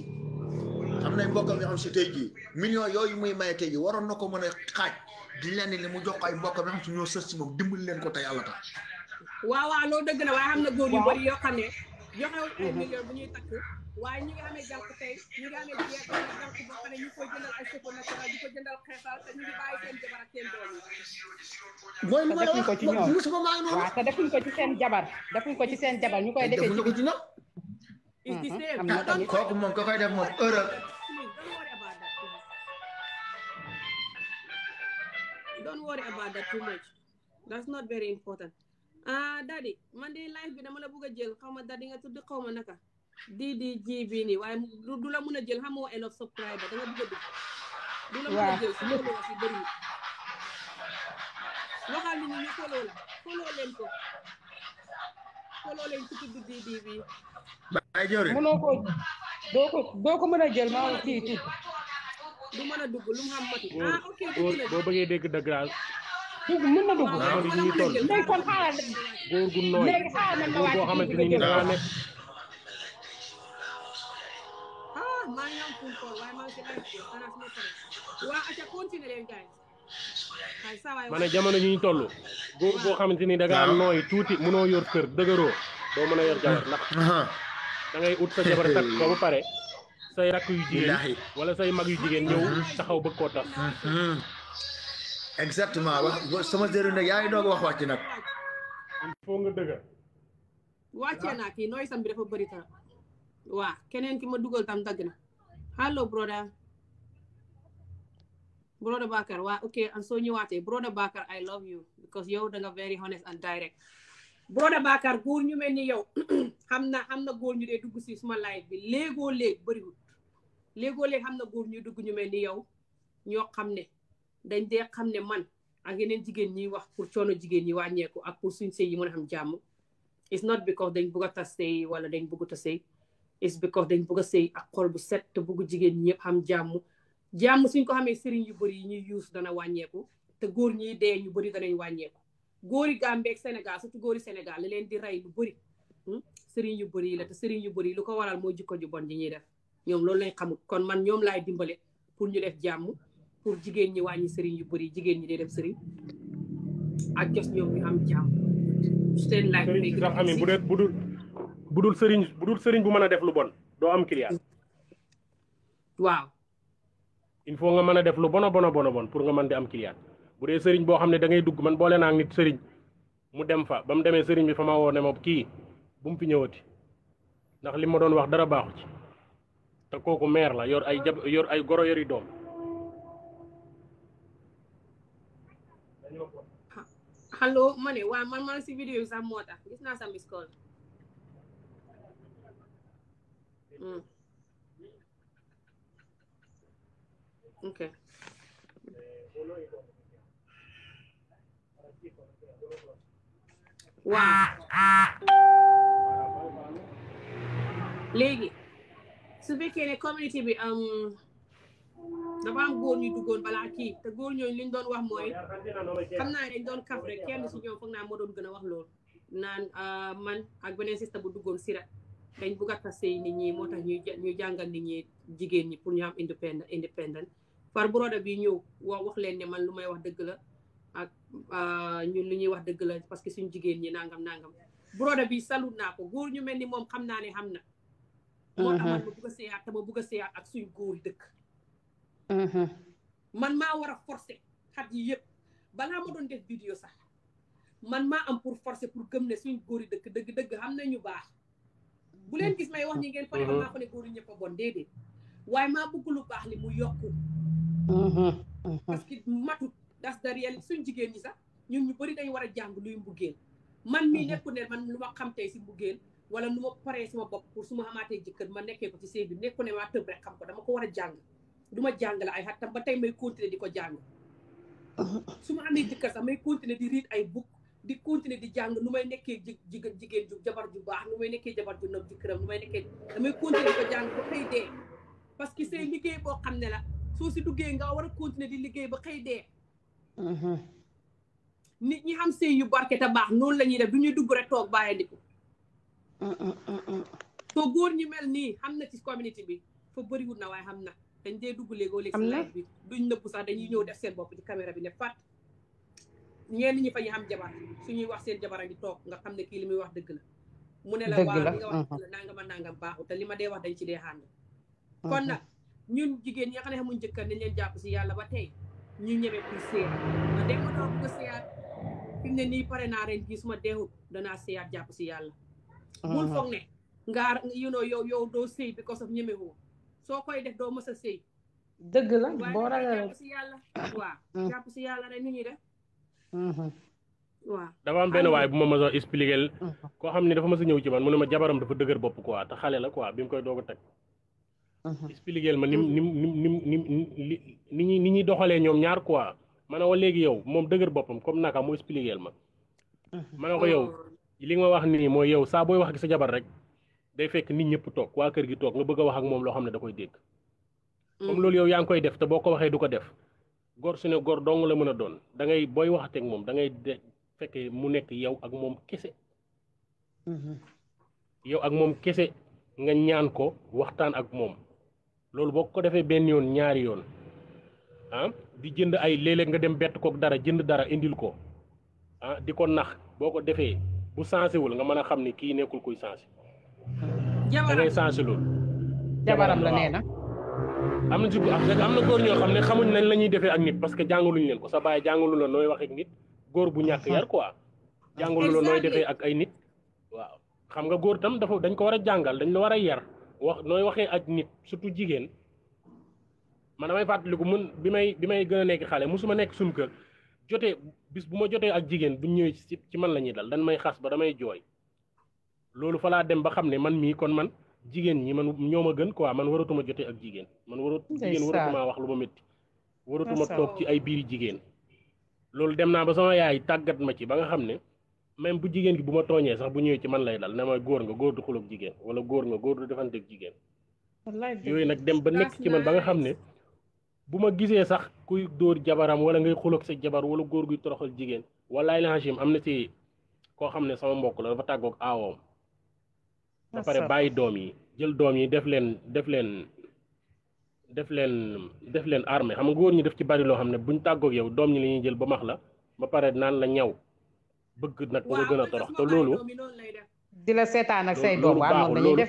Speaker 11: am nay mbokkam yoo xam si tey jii yooyu muy maye tey waroon na ko mën a xaaj di leen li mu jox ko ay mbokkam yoo xam ne si ñoo sës moom dimbali
Speaker 1: leen ko tey yàlla waaw waaw dëgg na waaye xam na góor yu bëri yoo xam ne joxewul ay million bu ñuy takk waaye ñi nga amee jànk tey ñi ñu koy jëndal ay seko
Speaker 6: naturel ko jëndal seen jabar ak
Speaker 3: yi ko
Speaker 1: ci ñoom musuma maa ngi waaw te defuñ ko ci seen jabar defuñ ko ci seen jabar ñu koy defee ko ci ñoom
Speaker 6: am na tamit kooku moom ko koy def moom erreur
Speaker 1: ah dadi man de live bi dama la bëgg jël xawma dadi nga tudd xawma naka di di ji bii nii waaye du la mëna a jël xamoo enough subscriber da nga bugg a du la mëna a jël si loolu ci bari waxal ni ñi ñu foloo la foloo leen ko foloo leen ci tudd di di bi
Speaker 12: bay jori mëno ko
Speaker 1: doo ko doo ko mën a jël maa kii tudd du mëna dugg lu mu xam matu ah ok bo
Speaker 12: bëggee dégg de grâce kooku mën na dugg waaw di ñuy toll
Speaker 1: léegi kon xaaral góor gu nooy léegi xaaral man ma wàcc boo xamante ni daa ah, nekk ma ne jamono
Speaker 12: ji ñu toll góor boo xamante ni da ngaa nooy tuuti mënoo yor kër dëgëroo doo mën a yor jabar ndax da ngay ut sa jabar takk ko ba pare say rakk yu jigéen wala say mag yu jigéen ñëw mhm. taxaw bëgg koo tas mhm. exactement wax sama zéro nag yaa ngi doog wax wàcc nag. il faut nga dëgg.
Speaker 1: wàccee naa kii nooy sam bi dafa bëri tam. waa keneen ki ma dugal tam dagg na allo brother. broda Bakar waa ok and soo ñëwaatee Brother Bakar I love you because you are very honest and direct. Brother Bakar góor ñu mel ni yow xam na xam na góor ñu dee dugg si suma live bi léegoo léeg bëriwul léegoo léeg xam na góor ñu dugg ñu mel ni yow ñoo xam ne. dañ dee xam ne man ak yeneen jigéen ñiy wax pour coono jigéen ñi wàññeeku ak pour suñ sëy yi mën a xam jàmm it's not because dañ bugg a tas wala dañ bugg ta sëy it's because dañ bugg a sëy ak xol bu set te bugg jigéen ñi yëpp xam jàmm jàmm suñ ko xamee sëriñ yu bëri yi ñuy yuus dana wàññeeku te góor ñiy dee ñu bëri danañ wàññeeku góori Gambie ak Sénégal surtout góori Sénégal la leen di rey lu bëri hmm, sëriñ yu bëri la te sëriñ yu bëri lu ko waral mooy jikko ju bon ji ñuy def ñoom loolu lañ xamul kon man ñoom laay dimbale pour ñu def jàmm pour jigéen ñi wàññi sëriñ yu bëri jigéen ñi day def sëriñ ak jos ñoom ñu am jàmm seen laaj lay gën bu dul
Speaker 12: budul budul sëriñ budul sëriñ bu mën a def lu bon doo am client waaw il faut nga mën a def lu bono bon bono bon pour nga mën di am client bu dee sëriñ boo xam ne da ngay dugg man boole naa nit sëriñ mu dem fa ba mu demee sëriñ bi fa ma woo ne ma kii bu mu fi ñëwati ndax li ma doon wax dara baaxu ci te kooku meer la yor ay jab yor ay goro yori doom
Speaker 1: Hello, money. Why well, my man see videos and a mother? This is not a miss Okay. Wow. Lady, so we can a community be um dafa am góor ñu duggoon balaa kii te góor ñooñu liñ doon wax mooy xam naa dañ doon kaf rek kenn si ñoom foog naa moo doon gën a wax loolu naan ah, man ak beneen sista bu duggoon sira dañ bugg a tase nit ñi moo tax ñuy ñu jàngal nit ñi jigéen ñi pour ñu am indépendant indépendant par broda bi ñëw wax wax leen ne man lu may wax dëgg la ak ah, ñun lu ñuy wax dëgg la parce que suñu jigéen ñi nangam nangam broda bi salut naa ko góor ñu mel ni moom xam naa ne xam na
Speaker 3: mm-hmm. moo tax man ma
Speaker 1: bugg a seeyaat te ma bugg a seeyaat ak suñ góor dëkk Mm-hmm. man maa war a forcer xat yi yëpp balaa ma doon def vidéo sax man maa am pour force pour gëm ne suñ góor yi dëkk dëgg dëgg xam nañu baax
Speaker 3: bu leen gis may wax ñi ngeen
Speaker 1: pare mm-hmm. maa ko ne góor yi ñëpp a bon déedéet lu baax li mu yokku
Speaker 6: mm-hmm. parce que
Speaker 1: matut das da réel suñ jigéen ñi sax ñun ñu bëri dañu war a jàng luy mbuggeel man mii nekku ne man lu ma xam tey si mbuggeel wala lu ma paree sama bopp pour suma ma xamaatee jëkkër ma nekkee ko ci sëy bi nekku ne maa tëb rek xam ko dama ko war a jàng du ma jàngale ay xattam ba tey may continuer di ko jàng [laughs] su ma amee jëkkër sax may continuer di riit ay bukk di continuer di jàng nu may nekkee jigéen jigéen ju jabar ju baax nu may nekkee jabar ju nob ju këram nu may nekkee damay continuer di ko parce que c'est liggéey boo xam ne la soo si duggee nga war a continuer di liggéey ba xëy dee mm-hmm. nit ñi xam sëy yu barke te baax noonu la ñuy def du ñuy dugg rek toog bàyyandiku soo góor ñi mel nii xam na ci communauté bi fa bëriwul na waaye xam na dañ dee dugg léegoo léegi si live bi duñ nëbbu sax dañuy ñëw def seen bopp ci caméra bi ne fat ñenn ñi fa ñu am jabar suñuy wax seen jabar a ngi toog nga xam ne kii li muy wax dëgg la mu ne la waaw li nga wax la nangama nangam baaxu te li ma dee wax dañ ci dee xànd kon nag ñun jigéen ñi nga xam ne xamuñ jëkkër nañ leen jàpp si yàlla ba tey ñu ñeme pour seet ma dee ma doon ko seyaat fi mu ne nii pare naa ren gis ma deewut danaa seyaat jàpp si yàlla bul foog ne nga you know yow yow doo sëy because of ñemewoo soo koy def doo mës a sëy dëgg la boo ragalee jàpp si yàlla [coughs] waaw mm. jàpp si yàlla rek ni ñuy def mm-hmm. waaw
Speaker 12: dafa am benn waaye bu ma mësa expliquer mm-hmm. koo xam ne dafa mësa ñëw ci man mu ne ma jabaram dafa dëgër bopp quoi te xale la quoi bi mu koy doog a teg mm-hmm. expliquer ma nim nim nim nim ni ñuy ni ñuy doxalee ñoom ñaar quoi ma ne ko léegi yow moom dëgër boppam comme naka mu expliquer ma ma ne ko yow li nga wax wax nii mooy yow saa booy wax ak sa jabar rek day fekk nit ñëpp toog waa kër gi toog nga bëgg a wax ak moom loo xam ne da koy dégg. moom mm. loolu yow yaa ngi koy def te boo ko waxee du ko def góor su ne góor dong la mën a doon da ngay booy waxateeg moom dangay de fekkee mu nekk yow ak moom kese. Mm-hmm. yow ak moom kese nga ñaan ko waxtaan ak moom loolu boo ko defee benn yoon ñaari yoon ah, di jënd ay léeg nga dem bett kook dara jënd dara indil ko ah di ko nax boo ko defee bu sensé wul nga mën a xam ni kii nekkul kuy sensé. jabaram da ngay sensé loolu. jabaram la nee na. am na ci am na góor ñoo xam ne xamuñ nañ la ñuy defee ak nit parce que jàngaluñ leen ko sa baay jàngalu la nooy wax ak nit góor bu ñàkk yar quoi. [laughs] jàngalu la nooy defee ak ay nit. waaw xam nga góor tam dafa dañ ko war a jàngal dañ la war a yar wax nooy waxee ak nit surtout jigéen man damay fàttaliku mun bi may bi may gën a nekk xale musuma nekk suñu kër jotee bis bu ma jotee ak jigéen bu ñëwee ci ci man la ñuy dal dañ may xas ba damay jooy. loolu falaa dem ba xam ne man mii kon man jigéen ñi man ñoo ma gën quoi man waratuma jote ak jigéen man warat jigéen wax lu ma métti waratuma toog ci ay biir jigéen loolu dem naa ba sama yaay tàggat ma ci ba nga xam ne même bu jigéen gi bu ma tooñee sax bu ñëwee ci man lay dal ne ma góor nga góor du xuloo jigéen wala góor nga góor du defanteeg jigéen yooyu nag dem ba nekk ci man ba nga xam ne bu ma gisee sax kuy dóor jabaram wala ngay xuloo sa jabar wala góor guy toroxal jigéen walaay la hachim am na ci koo xam ne sama mbokk la dafa tàggook aawoom ba pare bàyyi doom yi jël doom yi def leen def leen def leen def leen armée xam nga góor ñi def ci bari loo xam ne buñ tàggook yow doom ñi la ñuy jël ba max la ba pare naan la ñaw bëgg nag ba gën a torox te loolu. di la seetaan ak say doom waaw noonu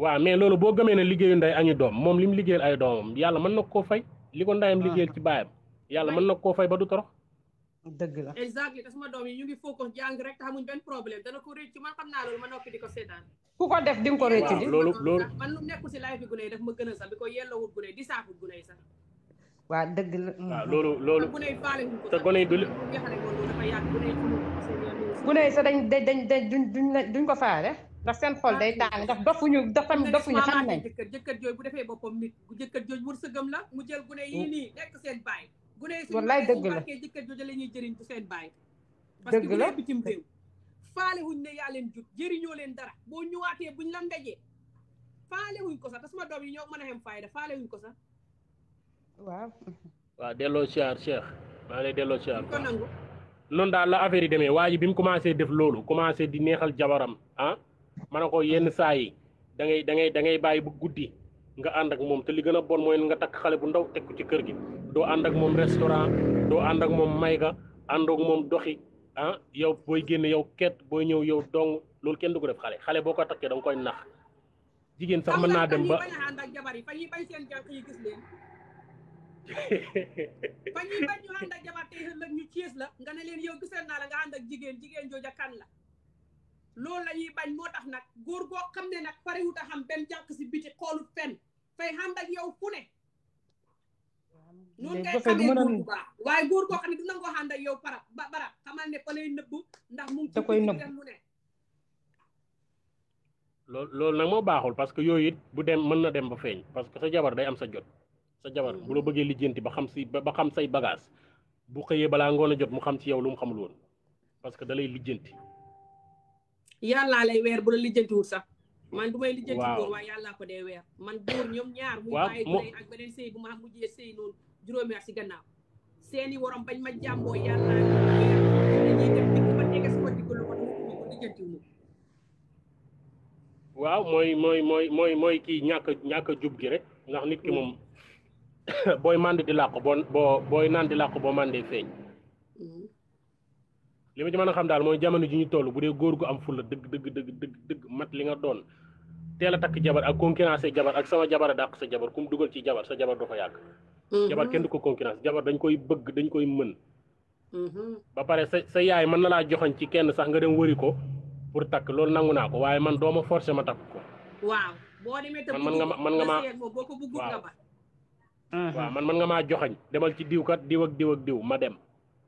Speaker 12: lañuy loolu boo gëmee ne liggéeyu ndey añu doom moom li mu liggéeyal ay doomam yàlla mën na koo fay li ko ndeyam ah. liggéeyal ci baayam yàlla mën na koo fay ba du torox.
Speaker 1: dëgg la exactly te suma doom yi ñu ngi focus jàng rek te xamuñ benn problème dana ko rëccu man xam naa loolu ma noppi di ko seetaan ku ko def di ko rëccu di loolu loolu man lu nekkul si life bi gune yi daf ma gën a sax bi ko yelloowul di saaful gune sax waa dëgg la mm. waaw loolu loolu gune yi faale te gone yi du ko loolu dafa yàgg gune yi gune yi sax dañ dañ dañ duñ duñ duñ ko faale ndax seen xol day taan ndax dofuñu dofam dofuñu xam nañ jëkkër jëkkër jooju bu defee boppam nit jëkkër jooju wërsëgam la mu jël gune yii mm. nii nekk seen bàyyi bu wallahi deug barkee jëkkër jooju la ñuy jëriñ bu seen bàyyi parce que bu bitim réew faale wuñ ne yaa leen jur jëriñoo leen dara boo ñëwaatee buñ la ndajee faale wuñ ko sax te suma doom yi ñoo mën a fayda faale wuñ ko sax
Speaker 3: waaw
Speaker 12: waaw cheikh lay ko nangu la affaire yi commencé def commencé di neexal jabaram ah ma ne yenn saa da ngay da ngay da ngay bu nga and ak moom te li gëna bon moy nga tak xalé bu ndaw tek ko ci kër gi do and ak mom restaurant do and ak moom mayga and ak mom doxi ah yow boy génn yow ket boy ñew yow dong lool kenn du ko def xalé xalé boko ko dang koy nax jigen sax mën dem ba
Speaker 1: fa yi [laughs] bañ ñu ànd ak jabar tey ëllëg ñu ciis la nga ne leen yow la nga ak kan la bañ xam ne nag farewut xam biti xoolut fenn fay xànd ak yow ku ne.
Speaker 12: noonu ngay xamee góor bu
Speaker 1: baax waaye góor koo xam ne dina yow para bara xamal ne lay nëbbu ndax mu da koy nëbbu mu
Speaker 12: loolu loolu nag moo baaxul parce que yooyu it bu dem mën na dem ba feeñ parce que sa jabar day am sa jot. sa jabar bu la bëggee lijjanti ba xam si ba xam say bagage bu xëyee balaa ngoon a jot mu xam ci yow lu mu xamul woon
Speaker 1: parce que dalay lijjanti. yàllaa lay weer bu la lijjantiwul sax. man du may lijjanti góor waaye yàllaa ko dee weer man góor ñoom ñaar muy bàyyi tey ak beneen sëy bu ma mujjee sëy noonu juróomi at si gannaaw seeni waroom bañ ma jàmboo yàllaa dañuy def dikk ba teges ko dikk lu ko ko lijjanti moom
Speaker 3: waaw
Speaker 12: mooy mooy mooy mooy mooy kii ñàkk ñàkk jub gi rek ndax nit ki mm. moom [coughs] booy mànd di làqu boo boo booy naan di làqu boo màndee feeñ Lima ci mëna xam daal moy jamono ji ñu tollu bu dé goor gu am fulla deug deug deug deug deug mat li nga doon teel a takk jabar ak concurrence jabar ak sama jabar daq sa jabar kum duggal ci jabar sa jabar do fa yag mm-hmm. jabar kenn du ko concurrence jabar dañ koy bëgg dañ koy mën mm-hmm. ba paré sa yaay man la la joxon ci kenn sax nga dem wëri ko pour tak lool nangu naa ko waye man doo ma ma tak ko
Speaker 1: waaw bo demee tam man nga man nga ma boko ko nga ba
Speaker 12: mm-hmm. waaw man man nga ma joxagn demal ci diw kat diw ak diw ak diw ma dem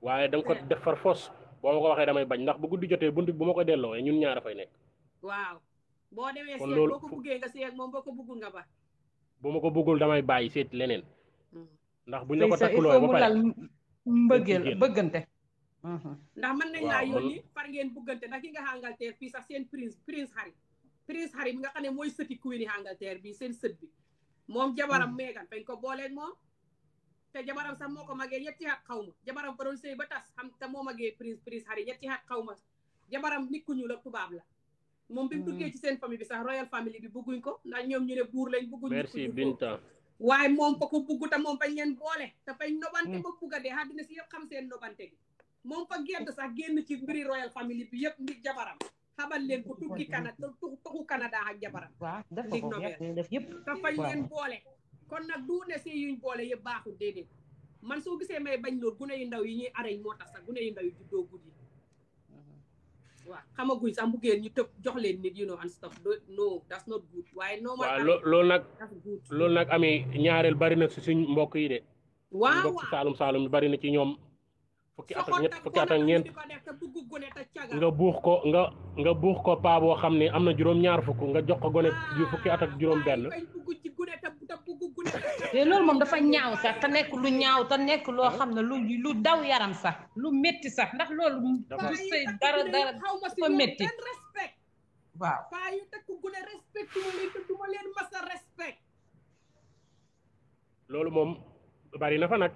Speaker 12: waye dang ko eh. def force boo ma ko waxee damay bañ ndax bu guddi jotee bunt bu ma ko delloowee ñun ñaara fay nekk.
Speaker 1: waaw boo demee seet ko buggee nga seet moom boo ko buggul nga ba.
Speaker 12: bu ma ko buggul damay bàyyi seet leneen. Hmm. ndax buñ la ko takkuloo ba pare
Speaker 1: mbëggeel bëggante. Hmm. ndax mën nañ laa yónni par ngeen bëggante ndax ki nga Angleterre fii sax seen prince prince Harry. prince Harry bi nga xam ne mooy sëti queen Angleterre bi seen sët bi moom jabaram hmm. Megan fañ ko booleeg moom. te jabaram sax moo ko magee ñetti at xaw ma jabaram ko doon ba tas xam te moo magee prince prince xari ñetti at xaw ma jabaram nit ku ñuul ak tubaab la moom bi mu duggee hmm. ci seen famille bi sax royal family bi bugguñ ko ndax ñoom ñu ne buur lañ bugguñ merci Binta waaye moom ko ko bugg te moom fañ leen boole te fañ nobante ba hmm. bugga dee àddina si yëpp xam seen nobante gi moom fa gedd sax génn ci mbiri royal family bi yëpp ndig jabaram xamal leen ko tukki Canada tuxu Canada ak jabaram ndig nobel te fañ leen boole kon nag du ne sëy yuñ boole yëpp baaxul déedéet man soo gisee may bañ loolu gune yu ndaw yi ñuy areñ moo tas sax gune yu ndaw yi juddoo guddi mm-hmm. waaw xamaguñ sax mbugéen ñu tëb jox leen nit you know and stuff no that's not good waaye normal waaw nag loolu nag
Speaker 12: amee ñaareel bari na si suñ mbokk yi de waaw mbokk saalum saalum bari na ci ñoom fukki at ak ñett fukki at ak ñeent nga buux ko nga nga buux ko paa boo xam ne am na juróom ñaar fukk nga jox ko gone yu ah, fukki at ak juróom benn
Speaker 1: [laughs] te loolu moom dafa ñaaw sax te nekk lu ñaaw te nekk loo ah. xam ne lu lu daw yaram sax lu metti sax ndax loolu du sëy dara dara dafa metti waaw paa yu takk gune respect ma leen te duma leen masa respect
Speaker 12: loolu moom bari na fa nag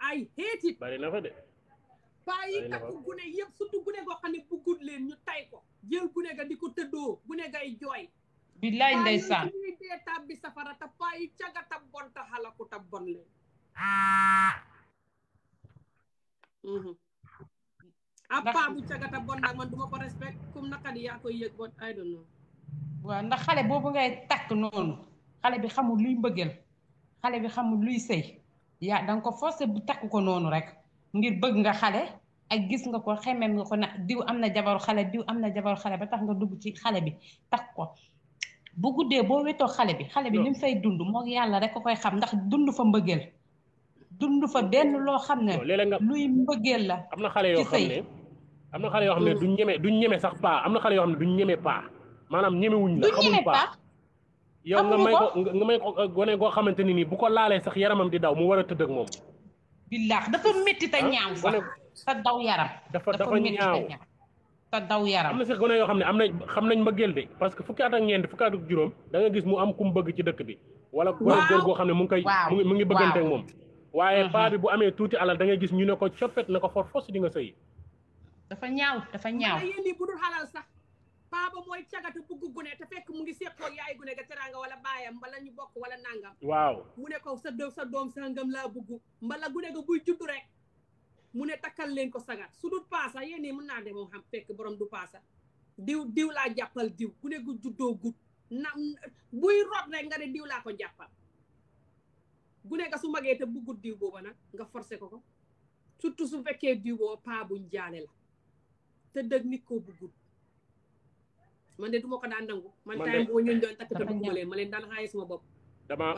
Speaker 12: ay hate it. bari na fa de.
Speaker 1: paa yi takk gune yëpp surtout gune goo xam ne bëggut leen ñu tay ko. jël gune ga di ko tëddoo gune gay jooy. billaay ndeysaan paa yi dee tàbbi safara te paa yi caga ta bon ta bon leen. Mhm. ab paa bu caga ta bon nag man du ma respect comme naka yaa koy yëg bon I don't know. waaw ndax xale boobu ngay takk noonu xale bi xamul luy mbëggeel xale bi xamul luy sëy yaa danga ko forcé bu takk ko noonu rek ngir bëgg nga xale ak gis nga ko xemem nga ko na diw am na jabaru xale diw am na jabaru xale ba tax nga dugg ci xale bi takk ko bu guddee boo wetoo xale bi xale bi li mu dund moo yàlla rek ko koy xam ndax dund fa mbëggeel dund fa benn loo xam ne luy mbëggeel
Speaker 12: la am na xale yoo xam ne mm. am na xale yoo xam ne duñ ñeme duñ ñeme sax paa am na xale yoo xam ne duñ ñeme paa maanaam ñemewuñ la xamuñ paa yow nga may may ko uh, gone goo xamante ni nii bu ko laalee sax yaramam di daw mu war a tëdd ak moom.
Speaker 1: billaax dafa métti te ah, ñaaw sax daw yaram.
Speaker 12: dafa dafa ñaaw
Speaker 1: te daw yaram.
Speaker 12: am na yoo xam ne am nañ xam nañ mbëggeel de parce que fukki at ak ñeent fukki juróom da nga gis mu am ku mu bi. wala góor goo xam ne mu ngi koy. mu ngi bëggante ak moom. waaye mm-hmm. paa bi bu amee tuuti da nga gis ñu ne ko coppet na ko for fos di nga sëyi.
Speaker 1: dafa ñaaw dafa ñaaw. baaba mooy cagatu bugg gune te fekk mu ngi seqoo yaay ya gune ga teraanga wala baayam mbala ñu bokk wala nangam waaw mu ne ko sa doom sa doom sangam laa bugg mbala gune ga buy judd rek mu ne takkal leen ko sagat su dul paasa yéen nii mën naa de moo xam fekk borom du paasa diw diw laa jàppal diw gune gu juddoo gut na buy rot rek nga ne diw laa ko jàppal gune ga su magee te buggut diw booba nag nga forcé ko ko surtout su fekkee diw booba paa buñ jaale la te dëgg nit koo buggut man de du ma ko daan nangu. man time boo ñun doon takk te duguma leen daan xaaye sama bopp. dama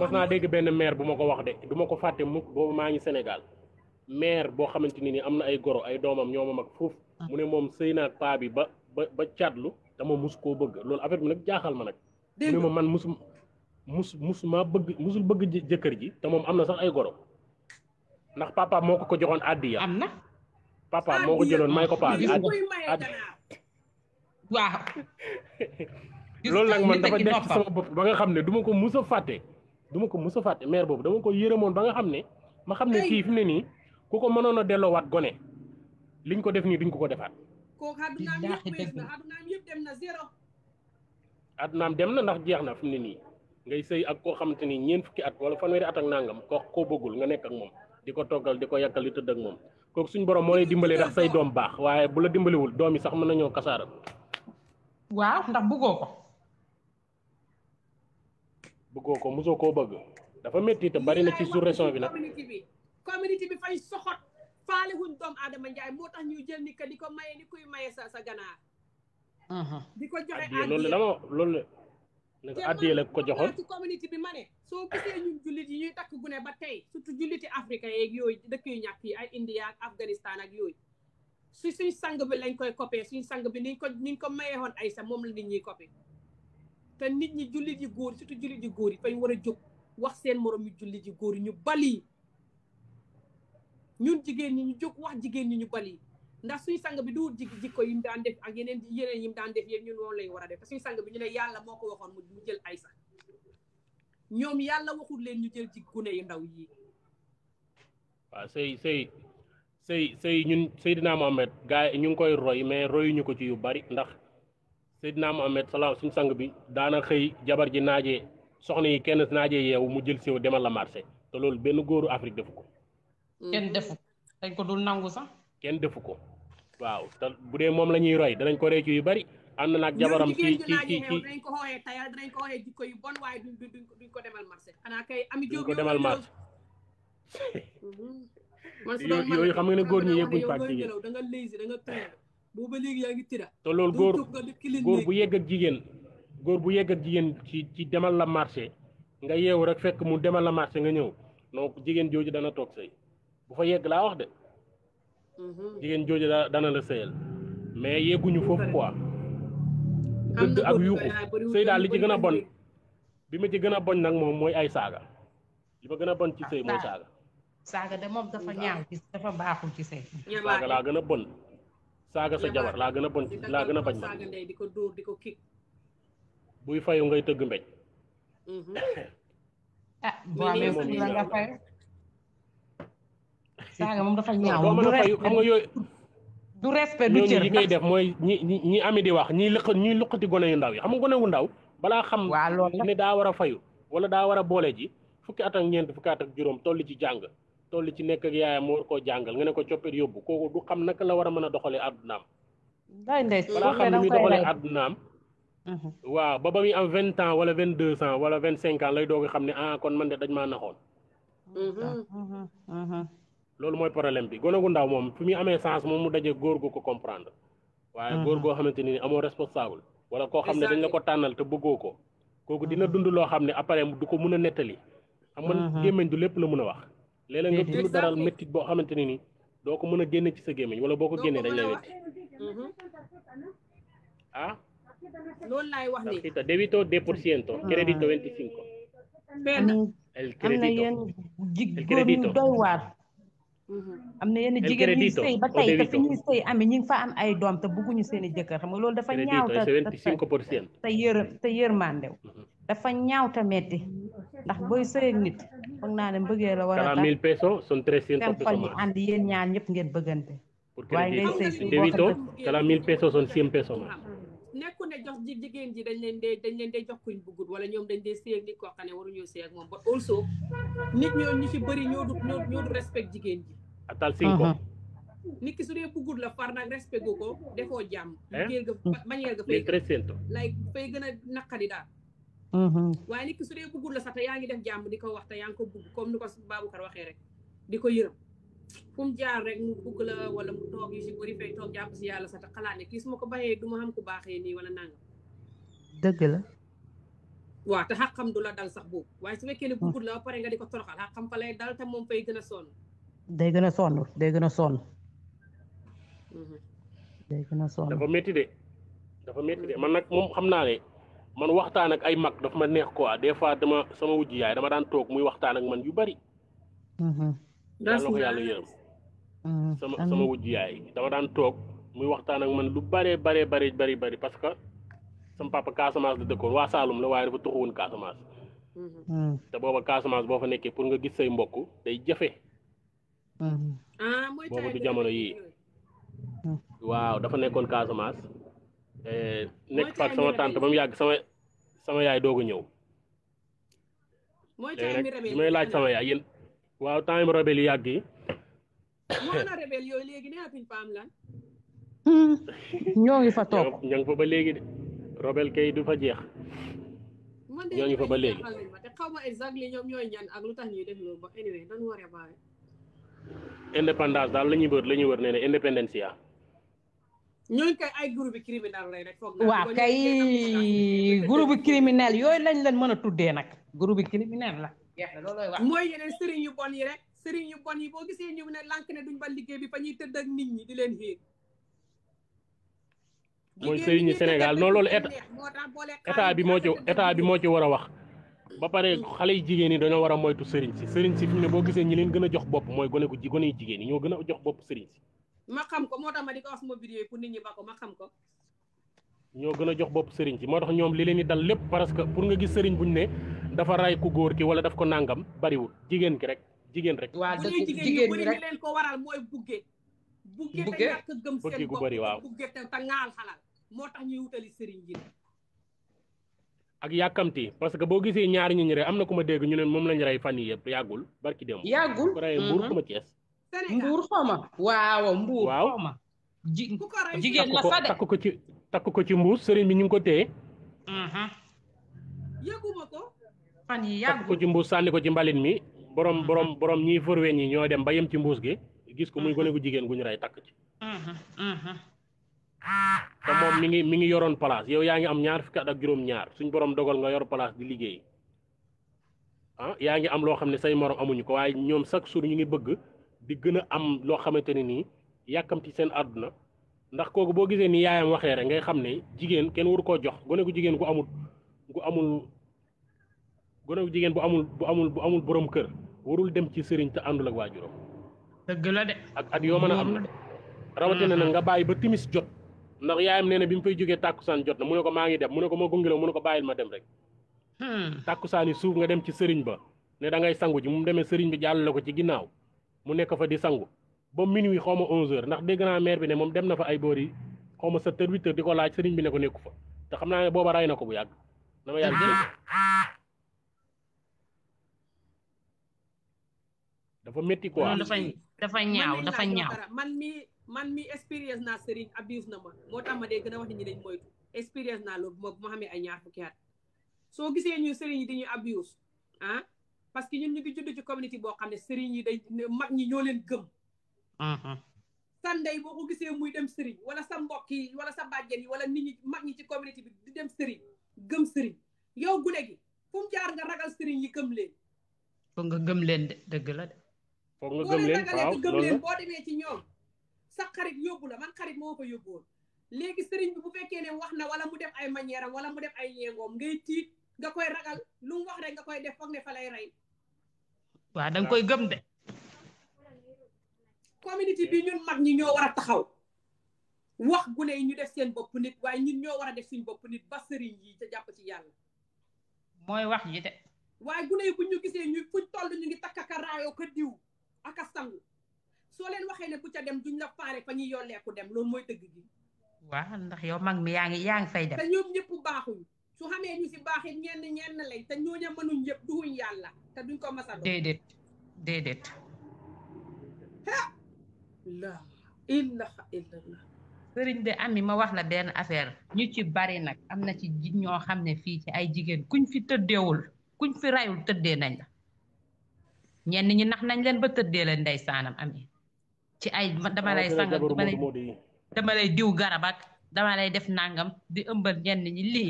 Speaker 1: mas naa
Speaker 12: dégg benn maire bu ma ko wax de du ma ko fàtte mukk boobu maa ngi senegal maire boo xamante ni ni am na ay goro ay doomam ñoo ma mag foofu. mu ne moom sëy naag paa bi ba ba ba catlu dama mus koo bëgg loolu affaire bi nag jaaxal ma nag. dégg ma man musu mus mus maa bëgg musul bëgg jëkkër ji te moom am na sax ay goro ndax papa moo ko ko joxoon addiya. am na papa moo ko jëloon may ko paa bi
Speaker 6: waaw.
Speaker 3: loolu nag man dafa nekk sama
Speaker 12: bopp ba nga xam ne duma ko musa a fàtte. du ko mus a fàtte maire boobu dama ko yërëmoon ba nga xam ne ma xam ne kii fi mu ne nii ku ko mënoon a delloowaat gone liñ ko def nii duñ ko ko defaat.
Speaker 1: kooku addunaam yëpp
Speaker 12: na dem na ndax jeex na fi mu ne nii ngay sëy ak koo xamante ni ñeent fukki at wala fanweeri at ak nangam ko koo bëggul nga nekk ak moom di ko toggal di ko yàkkal li tëdd ak moom kooku suñ borom moo lay dimbalee ndax say doom baax waaye bu la dimbaliwul doom yi sax mën na ñëw kasaaral
Speaker 1: waaw ndax bëggoo ko.
Speaker 12: bëggoo ko mosoo koo bëgg. dafa métti te bari na ci sous-région bi nag.
Speaker 1: communauté bi communauté bi fay soxot faale wuñ doomu aadama Ndiaye moo tax ñuy jël ni di ko maye ni kuy maye sa sa ganaar. Uh-huh. di ko joxe addiya loolu la ma
Speaker 12: loolu la addiya la ko joxoon
Speaker 1: ci bi ma ne soo gisee ñun jullit yi ñuy takk gune ba tey surtout julliti Afrique yeeg yooyu dëkk yu ñàkk yi ay India ak Afghanistan ak yooyu. si suñ sang bi lañ koy copé suñ sang bi niñ ko niñ ko mayeexoon ay sa moom la nit ñiy copé te nit ñi jullit ji góor surtout jullit yi góor yi fañ war a jóg wax seen moroom yu julli yi góor yi ñu bali ñun jigéen ñi ñu jóg wax jigéen ñi ñu bali ndax suñ sang bi du jig jikko yi mu daan def ak yeneen yeneen yi mu daan def yéen ñun loolu lañ war a def te suñ sang bi ñu ne yàlla moo ko waxoon mu jël ay sa ñoom yàlla waxul leen ñu jël ci gune yu ndaw yi
Speaker 12: waaw sëy sëy sëy sëy ñun Seydina Mohamed gars yi ñu ngi koy roy mais ñu ko ci yu bari ndax Seydina Mohamed salaam suñ sang bi daana xëy jabar ji naajee soxna yi kenn naajee yeewu mu jël siw demal la marché te loolu benn góoru Afrique defu ko.
Speaker 8: Mm. kenn defu ko dañ ko dul nangu sax.
Speaker 12: kenn defu ko waaw bu dee moom la ñuy roy danañ ko yu bari. ànd naag jabaram ci ci ci ci dinañ
Speaker 1: waaye duñ duñ ko demal marché. xanaa kay ami jóg ko demal marché. [laughs] man su yooyu xam nga ne góor ñi yegguñ fa ak jigéen da nga da nga ah. tënk ba ngi tira te loolu góor
Speaker 12: bu yegg ak jigéen góor bu yegg ak jigéen ci ci demal la marché nga yeewu rek fekk mu demal la marché nga ñëw donc jigéen jooju dana toog sëy bu fa yegg laa wax de mm-hmm. jigéen jooju dana la sëyal mais yegguñu foofu quoi dëgg ak yuuxu sëy daal li ci gën a bon bi ma ci gën a boñ nag moom mooy ay saaga li ma gën a bon ci ah, sëy mooy saaga
Speaker 1: saaga de moom dafa ñaaw ci dafa baaxul ci sëy saaga laa
Speaker 12: gën a bon saaga sa jabar laa gën a bon laa gën a bañ ma
Speaker 1: di ko dóor di ko kii
Speaker 12: buy fayu ngay tëgg mbéj
Speaker 1: mm-hmm. [coughs] ah, moom boo amee fu la nga fay moom a fayu xam nga yooyu du respect du cër def
Speaker 12: mooy ñi ñi ami di wax ñi lëq ñuy luqati gone yu ndaw yi xam nga gone wu ndaw balaa xam ne daa war a fayu wala daa war a boole ji fukki at ak ñeent fukki at ak juróom toll ci jàng tolli ci nekk ak yaayam war koo jàngal nga ne ko coppet yóbbu kooku du xam naka la war a mën a doxalee àddunaam
Speaker 3: balaa xam ne muy
Speaker 12: mhm. waaw ba ba muy am vingt ans wala vingt deux ans wala vingt cinq lay doog a xam ne ah kon man de dañ maa naxoon
Speaker 6: mhm. Mhm,
Speaker 12: loolu mooy problème bi gone gu ndaw moom fi muy amee sens moom mu daje góor gu ko comprendre waaye góor goo xamante ni amoo responsable wala koo xam ne dañ la ko tànnal te bëggoo ko kooku dina dund loo xam ne après du ko mun a nettali xam nga gémmiñ du lépp la mun a wax léeg nga dund daral métti boo xamanteni ni doo ko mën a génne ci sa gémmiñ wala boo ko génnee dañ lay métti ah
Speaker 1: loolu laay wax ni
Speaker 12: debito débito deux pour ciento ah. crédito vingt cinco
Speaker 6: el crédito el crédito
Speaker 1: am na yenn jigéen ñi sëy ba tey te fi ñuy sëy amee ñu ngi fa am ay doom te bugguñu seen i jëkkër xam nga loolu dafa ñaaw te te yër te yërmandew mhm. dafa ñaaw te metti ndax booy sëyeeg nit foog naa ne mbëggee la war a tax 4000
Speaker 12: pesos son 300 pesos xol yi ànd
Speaker 1: yéen ñaar ñëpp ngeen bëggante. waaye ngay sëy ji dañ leen dee dañ leen dee jox kuñ bëggul wala ñoom dañ dee sëy ak nit koo xam ne waruñoo sëy ak moom ba nit ñoo ñu ci bëri ñoo du ñoo respect jigéen ji.
Speaker 12: atal cinco. Mhm.
Speaker 1: nit ki su dee bëggul la far nag respect gu ko defoo jàmm. liggéey eh? nga bañeel nga fay. les 300. gën a naqari daal. Mm-hmm. waaye nit ki su dee bëggul la sax te yaa ngi def jàmm di ko wax te yaa ngi ko bëgg comme ni ko Babacar waxee rek di ko yërëm fu mu jaar rek mu bëgg la wala mu toog yu si bëri fay toog jàpp si yàlla sax te xalaat ne kii su ma ko bàyyee duma ma xam ku baaxee nii wala nangam dëgg la waaw te xaqam du la dal sax boobu waaye su fekkee ne bëggul mm. la ba pare nga di ko toroxal xam fa lay dal te moom fay gën a sonn day gën a sonn day gën a sonn mm-hmm. dafa métti de dafa métti de man
Speaker 12: nag xam naa man waxtaan ak ay mag daf ma neex ko des fois dama sama wujj yaay dama daan toog muy waxtaan ak man yu bari
Speaker 6: mm-hmm. yàlla ko yàlla yërëm mm-hmm.
Speaker 12: sama sama wujj yaay dama daan toog muy waxtaan ak man lu bare bare bare bari bari parce que sama papa Casamance la dëkkoon waa Saalum la waaye dafa tuxu woon Casamance mm-hmm. te booba Casamance boo fa nekkee pour nga gis say mbokk day jafe
Speaker 6: ah, booba du jamono
Speaker 12: yii waaw dafa nekkoon Casamance Eh, mm. nekk fa sama tante ba mu yàgg sama sama yaay doog a ñëw.
Speaker 1: mooy léegi may laaj sama
Speaker 12: yaay yéen waaw temps yu rebelle yu yàgg yi.
Speaker 1: moo na yooyu léegi ne atuñ fa lan.
Speaker 12: ñoo ngi fa toog ñoo ngi fa ba léegi de rebelle kay du fa jeex.
Speaker 1: ñoo ngi fa ba léegi. xaw ma exactly ñoom ñooy ñan ak lu tax ñuy def loolu ba anyway dañu war a baax.
Speaker 12: indépendance daal la ñuy wër la ñuy wër nee na indépendance yaa.
Speaker 1: ñooñu kay ay groupe criminel lay rek foog naa. waaw kay groupe criminel yooyu lañ leen mën a tuddee nag. groupe criminel la. jeex na loolooy wax mooy yeneen sëriñ yu bon yi rek. sëriñ yu bon yi boo gisee ñu ne lànk ne ba liggéey bi fa ñuy tëdd ak nit ñi di leen xéeg.
Speaker 12: mooy sëriñu Sénégal non bi moo ci état bi moo ci war a wax. ba pare xale yi jigéen ñi dañoo a moytu sëriñ ñi leen gën a jox bopp mooy gone gu gone yi jigéen ñi ñoo gën a jox bopp sëriñ si.
Speaker 1: ma xam ko moo tax ma di ko wax sama vidéo yi pour nit ñi ba ko ma xam ko
Speaker 12: ñoo gën a jox bopp sëriñ ci moo tax ñoom li leen di dal lépp parce que pour nga gis sëriñ buñ ne dafa ray ku góor ki wala daf ko nangam bariwul jigéen ki rek jigéen rek waa dëkk jigéen ñi rek
Speaker 1: leen ko waral mooy bugge bugge te ñàkk gëm seen bopp bari waaw bugge te te ngaal xalal moo tax ñuy wutali sëriñ yi
Speaker 12: ak yàkkamti parce que boo gisee ñaari ñi ñu rey am na ku ma dégg ñu leen moom lañ rey fan yi yëpp yàggul barki dem yàggul ko rey mbuur ku ma cees
Speaker 1: mbuur xoma. waaw
Speaker 12: mbuur xoma. ji
Speaker 1: jigéen la fa de takku
Speaker 12: ko ci takku ko ci mbuus serigne bi ñu ko téé.
Speaker 1: Aha. Yaguma kan iya, ko fan yi yagu. ko ci
Speaker 12: mbuus sànni ko ci mbalit mi borom borom borom fur wéñ ñi ñoo dem ba yem ci mbuus gi gis ko muy gone gu guñu ray ñu ci.
Speaker 6: Aha. Aha.
Speaker 12: te mom mi ngi mi ngi yoron place yow yaangi am ñaar fukki ak juroom ñaar suñ borom dogal nga yor place di liggéey ah yaangi am lo xam say morom amuñu ko way ñom sax suñu ñi bëgg di gën am loo xamanteni ni nii yàkkamti seen àdduna ndax kooku boo gisee ni yaayam waxee rek ngay xam ne jigéen kenn waru koo jox gone gu jigéen gu amul gu amul gone gu jigéen bu amul bu amul bu amul borom kër warul dem ci sëriñ te àndul ak waajuram. dëgg la de. ak at yoo mën a am na de. rawatina mm-hmm. nag nga bàyyi ba timis jot. ndax yaayam nee na bi mu fay jógee tàkkusaan jot na mu ne ko maa ngi dem mu ne ko ma mu ne ko bàyyil ma dem rek. Hmm. tàkkusaan yi suuf nga dem ci sëriñ ba ne da ngay sangu ji mu demee sëriñ bi jàll la ko ci ginnaaw. mu nekk fa di sangu ba wi xaw ma 11h ndax dégg naa maire bi ne moom dem na fa ay boor xaw ma sa h bi h di ko laaj sëriñ bi ne ko nekku fa te xam naa ne booba ray na ko bu yàgg na ma yàgg dafa métti quoi
Speaker 8: dafa
Speaker 1: ñaaw man mi man mi expérience naa sëriñ abuse na ma moo tax ma dee gën a wax ni ñi dañ moytu expérience naa loolu bu ma bu ma xamee ay ñaar fukki at soo gisee ñu sëriñ yi di ñu abuse ah, parce que ñun ñu ngi judd ci communauté boo xam ne sëriñ yi day mag ñi ñoo leen gëm. Mm-hmm. sa ndey boo ko gisee muy dem sëriñ wala sa mbokk yi wala sa bàjjen yi wala nit ñi mag ñi ci communauté bi di dem sëriñ gëm sëriñ yow gune gi fu mu jaar nga ragal sëriñ yi gëm leen. foog nga gëm leen de dëgg la de. foog nga gëm leen waaw gëm leen boo demee ci ñoom sa xarit yóbbu la man xarit moo ko yóbbuwoon. léegi sëriñ bi bu fekkee ne wax na wala mu dem ay manière am wala mu dem ay yéengoom ngay tiit nga koy ragal lu wax rek nga koy def foog fa lay rey waaw da nga koy gëm de. communauté bi ñun mag ñi ñoo war a taxaw wax gune yi ñu def seen bopp nit waaye ñun ñoo war a def suñ bopp nit ba sëriñ yi te jàpp ci yàlla. mooy wax ji de. waaye gune yi bu ñu gisee ñu fuñ toll ñu ngi takk ak raayoo ko diw ak a sangu soo leen waxee ne ku ca dem duñ la faale fa ñuy yolleeku dem loolu mooy dëgg gi. waaw ndax yow mag mi yaa ngi yaa ngi fay dem. te ñoom ñëpp baaxuñ. su xamee ñu si baax it ñenn ñenn lañ te ñooña mënuñ yëpp duhuñ yàlla te duñ ko masa doon déedéet déedéet ah la ilaha illallah sëriñ ma wax la benn affaire ñu ci bari nag am na ci ñoo xam ne fii ci ay jigéen kuñ fi tëddeewul kuñ fi rayul tëddee nañ la ñenn ñi nax nañ leen ba tëddee leen ndey saanam ami ci ay dama lay sangal dama lay diw garab dama lay def nangam di ëmbal ñen ñi li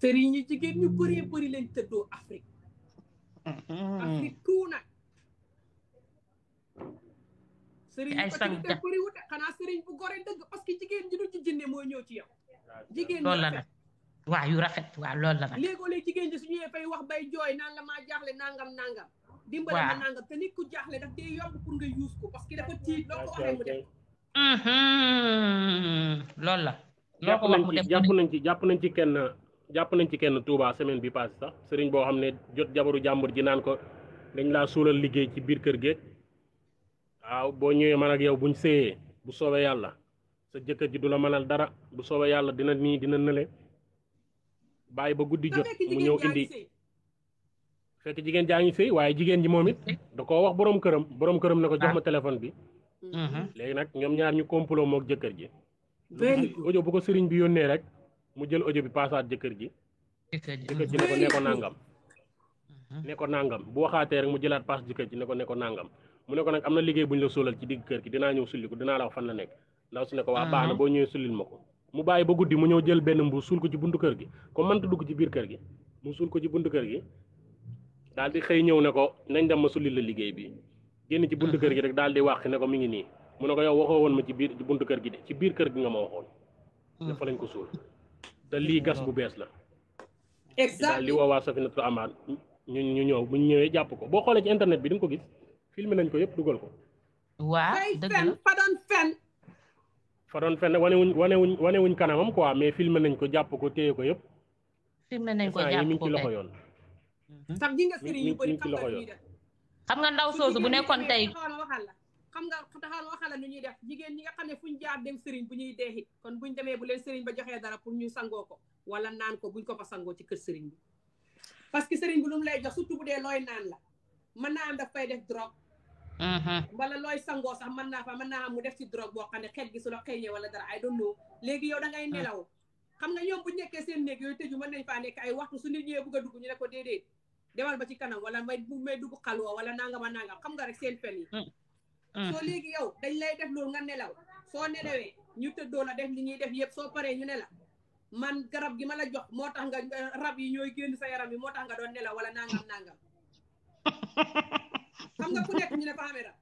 Speaker 1: sëriñ ñi gën ñu bari bari lañ teddo afrique
Speaker 6: mm-hmm. afrique tuna
Speaker 1: sëriñ ay sang da bëri wut xana sëriñ bu gore deug parce que jigéen ji du ci jinné mooy ñëw ci yow jigen lool la nak wa yu rafet wa lool la nak légo léeg jigen ji suñu fay wax bay joy nan la ma jaxlé nangam nangam dimbalé ma nangam té nit ku jaxlé daf dé yomb pour nga yuus ko parce que dafa tiit loko ko mu def
Speaker 6: loolu la. loo ko wax
Speaker 12: jàpp nañ ci jàpp nañ ci kenn jàpp nañ ci kenn tuubaa semaine bi passé sax sëriñ boo xam ne jot jabaru jàmbur ji naan ko dañ laa suulal liggéey ci biir kër géej waaw boo ñëwee man ak yow buñ seeyee bu soobee yàlla sa jëkkër ji du la mënal dara bu soobee yàlla dina nii dina nële bàyyi ba guddi jot mu ñëw indi fekk jigéen jaa ngi sëy waaye jigéen ji moom it da koo wax boroom këram borom këram ne ko jox ma ah. téléphone bi. Mm-hmm. Mm-hmm. léegi nag ñoom ñaar ñu complot mook jëkkër ji. audio bu ko sëriñ bi yónnee rek mu jël audio bi paasaat jëkkër ji.
Speaker 1: jëkkër ji ne ko ne ko mm-hmm. nangam.
Speaker 12: ne ko nangam bu waxaatee rek mu jëlaat paas jëkkër ji ne ko ne ko nangam mu ne ko nag am na liggéey bu ñu la sóolal ci digg kër gi dinaa ñëw sulli ko dinaa la wax fan la nekk ndaw si ne ko waa baax na boo ñëwee sullil ma ko mu bàyyi ba guddi mu ñëw jël benn mbuus suul ko ci buntu kër gi comme mënta dugg ci biir kër gi mu suul ko ci buntu kër gi daal di xëy ñëw ne ko nañ dem ma sulli liggéey bi génn ci buntu kër gi rek daal di wàq ne ko mi ngi nii mu ne ko yow waxoo woon ma ci biir ci buntu kër gi de ci biir kër gi nga ma waxoon hmm. fa lañ ko suul te lii gas bu hmm. bees la daal di woowaa safinatu amaan ñu ñu ñëw bu ñëwee jàpp ko boo xoolee ci internet bi di nga ko gis filmé nañ ko yëpp dugal ko waaw dëgg la
Speaker 1: fa doon fen
Speaker 12: fa doon fen wane wuñ wane wuñ wane wuñ kanamam quoi mais filmé nañ ko jàpp ko téye ko yëpp
Speaker 1: filmé nañ ko jàpp ko mi ngi ci loxo yoon sax gi nga sëriñ yu bëri xam nga xam nga ndaw soosu bu nekkoon tey xam nga taxawal waxal la nu ñuy def jigéen ñi nga xam ne fu ñu jaar dem sëriñ bu ñuy deexit kon buñ demee bu leen sëriñ ba joxee dara pour ñu sangoo ko wala naan ko buñ ko fa sangoo ci kër sëriñ bi parce que sëriñ bi lu mu lay jox surtout bu dee looy naan la mën naa daf fay def drogue mm-hmm. wala looy sangoo sax man naa fa mën naa am mu def ci drogue boo xam ne xeet gi su la xëyee wala dara ay don't know léegi yow da ngay mm. nelaw xam nga ñoom bu ñu nekkee seen néeg yooyu tëju mën su nit ñëwee bugg a dugg ko déedéet demal ba ci kanam wala may bu may dugg xalwa wala nangama nangam xam nga rek seen fen yi soo léegi yow dañ lay def loolu nga nelaw soo nelawee ñu teddo la def li ñi def yëpp so paree ñu ne man garab gi mala jox motax nga rab yi ñoy genn sa yaram yi motax nyom nga do nelaw wala nangam nangam xam nga ku nek ñu ne fa amé rab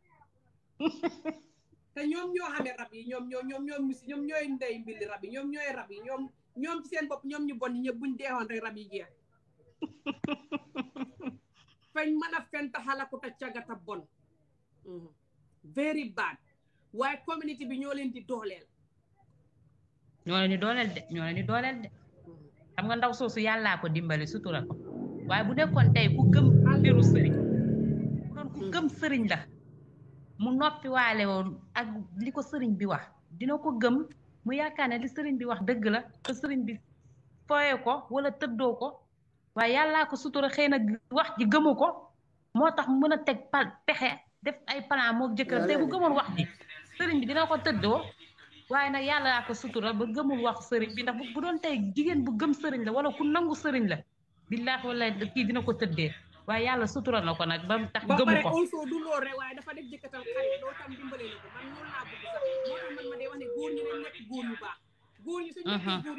Speaker 1: te ñom ñoo nyom rab yi ñom ñoo ñoom ñoom ñom ñoy ndey mbili rab yi ñom ñoy rab yi ñom ñom ci seen bop ñom ñu bon ñepp buñ déxon rek rab yi jeex [laughs] fañ mën a fenta xalakut a cagata bon mhm. very bad waaye community bi ñoo leen di dooleel ñoo leen di dooleel de mhm. xam nga ndaw soosu yàllaa ko dimbali sutura ko waaye bu nekkoon tey ku gëm mbiru sëriñ bu doon ku mhm. gëm sëriñ la mu noppi waale woon ak li ko sëriñ bi wax dina ko gëm mu yaakaar ne li sëriñ bi wax dëgg la te sëriñ bi fooye ko wala tëddoo ko waaye yàllaa ko sutura xëy na wax ji gëmu ko moo tax mu mën a teg pal pexe def ay plan moo jëkkër te bu gëmoon wax ji sëriñ bi dina ko tëddoo waaye nag yàllaa ko sutura ba gëmul wax sëriñ bi ndax bu doon tey jigéen bu gëm sëriñ la wala ku nangu sëriñ la billaahi wala kii dina ko tëddee waaye yàlla sutura na ko nag ba mu tax gëmu ko also du lool rek waaye dafa def jëkkatam xale doo tam dimbale la ko man loolu laa bëgg sax moo tax man ma dee wax ne góor ñu ne nekk góor ñu baax góor ñi suñu nga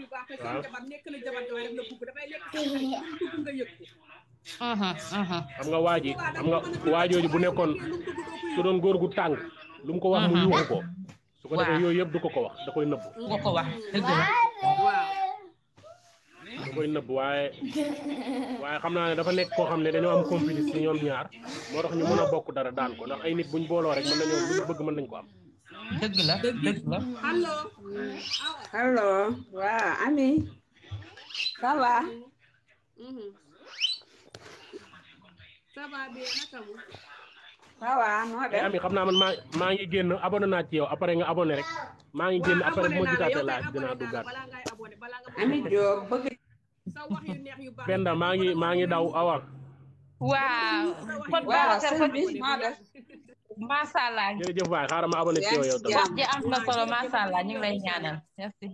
Speaker 1: yëg
Speaker 6: xam
Speaker 12: nga waa ji xam nga waajooju bu nekkoon su doon góor gu tàng lu mu ko wax mu yuuxu ko su ko defee yooyu yëpp du ko ko wax da koy nëbb du ko ko wax dëgg la da koy nëbb waaye waaye xam naa ne dafa nekk koo xam ne dañoo am compétition ñoom ñaar moo tax ñu mën a bokk dara daan ko ndax ay nit buñ booloo rek mën nañoo lu bëgg mën nañ ko am dëgg la dëgg la
Speaker 1: allo allo waaw ami ça va mhm. ça va bien naka mu eh, def ami xam
Speaker 12: naa man maa ngi génn abonné naa ci yow après nga abonné rek maa ngi génn après bu ma gisaatee laa dinaa duggaat ami Diop bëgg Penda maa ngi maa ngi daw awal
Speaker 1: waaw
Speaker 6: kon [laughs]
Speaker 1: macha allah
Speaker 12: jërëjëf waay xaaral ma abonné ci yow yow tamit wax
Speaker 1: ji am na solo macha allah ñu ngi lay ñaanal merci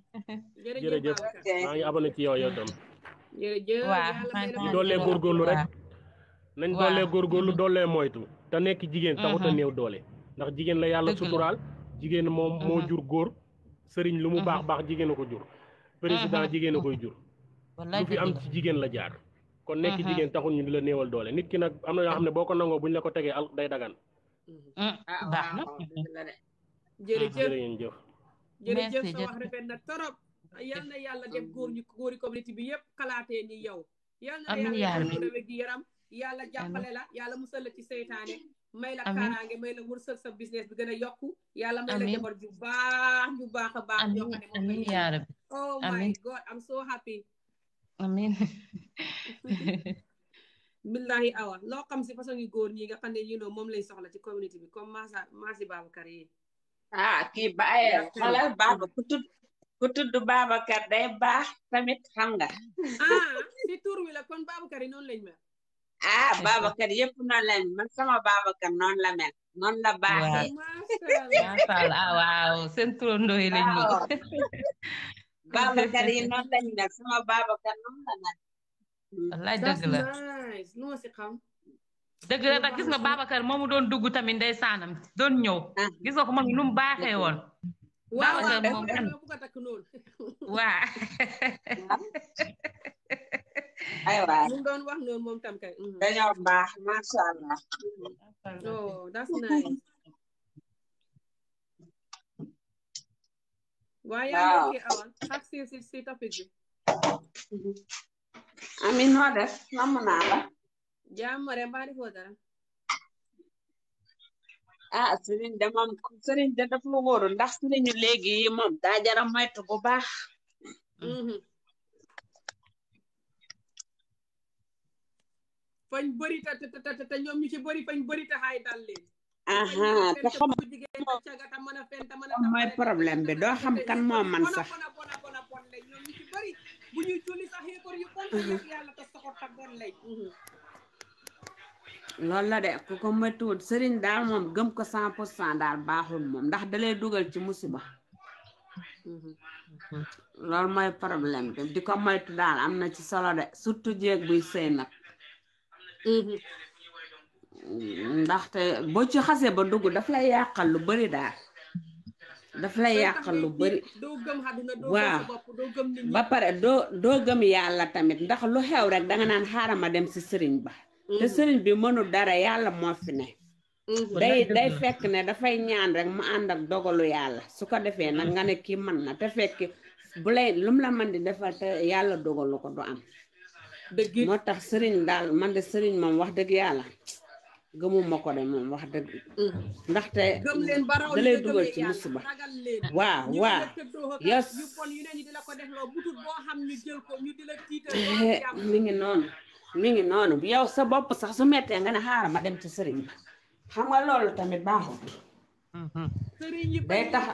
Speaker 6: jërëjëf maa ngi
Speaker 12: abonné ci yow yow tam
Speaker 6: jërëjëf waaw ñu doolee góorgóorlu rek
Speaker 12: nañ doolee góorgóorlu doolee moytu te nekk jigéen taxut a néew doole ndax jigéen la yàlla suturaal jigéen moom moo jur góor sëriñ lu mu baax baax jigéen ko jur président jigéen a jur lu fi am ci jigéen la jaar kon nekk jigéen taxul ñu di la néewal doole nit ki nag am na yoo xam ne buñ la ko tegee day dagan
Speaker 6: Mm, ah,
Speaker 1: baax na jërëjëf ah, jërëjëf jërëjëf sa wax rafet na torop yal na yàlla de mm-hmm. góor ñu góori communauté bi yëpp xalaatee ni yow yal na yàlla wér gi yaram yàlla jàppale la yàlla musal la ci seytaane may la kaaraange may la wërsëg sa business bi gën a yokku yàlla may la jabar ju baax ñu baax a baax ñoo xam ne moom oh my god I'm so happy
Speaker 6: amin [laughs]
Speaker 1: billahi awa loo xam si façon yu góor ñi nga xam ne you know moom lañ soxla ci community bi comme Massa Massi Babacar yi ah kii ba xoolal baaba ku tudd ku tudd Babacar day baax tamit xam nga ah, si tur wi la kon Babacar yi noonu lañ mel ah yëpp noonu lañ sama Babacar noonu la mel noonu la baaxee
Speaker 6: macha allah ah,
Speaker 8: waaw seen turandoo yi lañ bëgg
Speaker 6: Babacar yi noonu lañ mel sama Babacar noonu la mel wallaay dëgg la
Speaker 1: non si xam
Speaker 3: dëgg la nag gis nga Babacar
Speaker 1: moomu doon dugg tamit ndey saanam doon ñëw ah. gis nga ko moom nu mu baaxee Wow. Babacar moom kan [laughs] waa [laughs] aywa mu doon wax noonu Wow. tam kay mm. dañoo baax
Speaker 6: macha allah oh that's nice Wow. yaa ngi
Speaker 1: awal ak si si si topic bi mm-hmm. amin noo def namm naa la jàmm rek mbaa defoo dara ah sëriñ de moom sëriñ de dafa wóoru ndax sëriñu léegi yi moom daa jara moytu bu baax fañ bëri ta ta ñoom ñu ci bëri fañ bëri ta xaay dal leen te xam problème bi doo kan moo man sax bu mhm. loolu la de ku ko méttiwul sëriñ daal moom gëm ko cent pour cent daal baaxul moom ndax dalay dugal ci musiba mhm. loolu mooy problème di ko moytu daal am na ci solo de surtout jéeg buy sëy nag mhm. ndaxte boo ci xasee ba dugg daf lay yàqal lu bari daal dafa lay yàqal lu bëri waaw ba pare doo doo gëm yàlla tamit ndax lu xew rek danga naan xaaral ma dem si sëriñ ba
Speaker 6: te mm-hmm.
Speaker 1: sëriñ bi mënul dara yàlla moo fi ne
Speaker 6: mm-hmm. day day fekk ne
Speaker 1: dafay ñaan rek mu ànd ak dogalu yàlla su ko defee nag nga ne kii mën na te fekk bu lay lu mu la mën di defal te yàlla dogalu ko du am moo tax sëriñ daal man de sëriñ moom wax dëgg yàlla gëmuma ko de moom wax dëgg mm. ndaxte da lay dugal ci musiba waaw waaw yes [laughs] mi ngi noonu mi ngi noonu yow sa bopp sax su mettee nga ne xaaral ma dem ci sëriñ ba tamit baaxut Mm-hmm. sëriñ yi day tax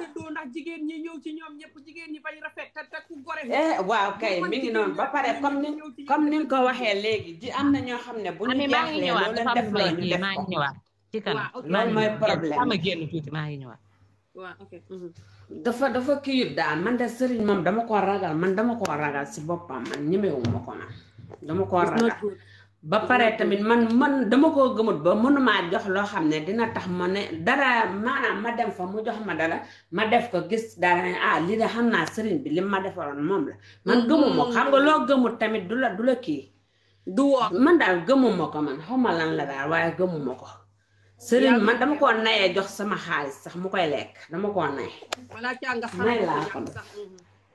Speaker 1: jigéen ñi ñëw ci ñoom ñëpp jigéen ñi bañ rafet te te ku gore eh waaw kay mi ngi noonu ba pare comme ni comme ni nga ko waxee léegi ji am na ñoo xam ne bu ñu jaaxlee loolu leen def loolu ñu def maa ngi ñëwaat
Speaker 6: ci kanam loolu mooy problème ama
Speaker 1: génn tuuti maa ngi ñëwaat
Speaker 6: waaw ok mm-hmm.
Speaker 1: dafa dafa kii daal man de sëriñ moom dama ko ragal man dama ko ragal si boppam man ñemewuma ko man dama ko ragal ba pare tamit man man dama koo gëmut ba mënumaa jox loo xam ne dina tax ma ne dara maanaam ma dem fa mu jox ma dara ma def ko gis dara ne ah lii de xam naa sëriñ bi li ma defaroon moom la man mm-hmm. gëmuma xam nga loo gëmut tamit du la du la kii du woo man daal gëmuma ko man xawma lan la daal waaye gëmuma ko sëriñ man dama koo nayee jox sama xaalis sax mu koy lekk dama koo nay nay laa ko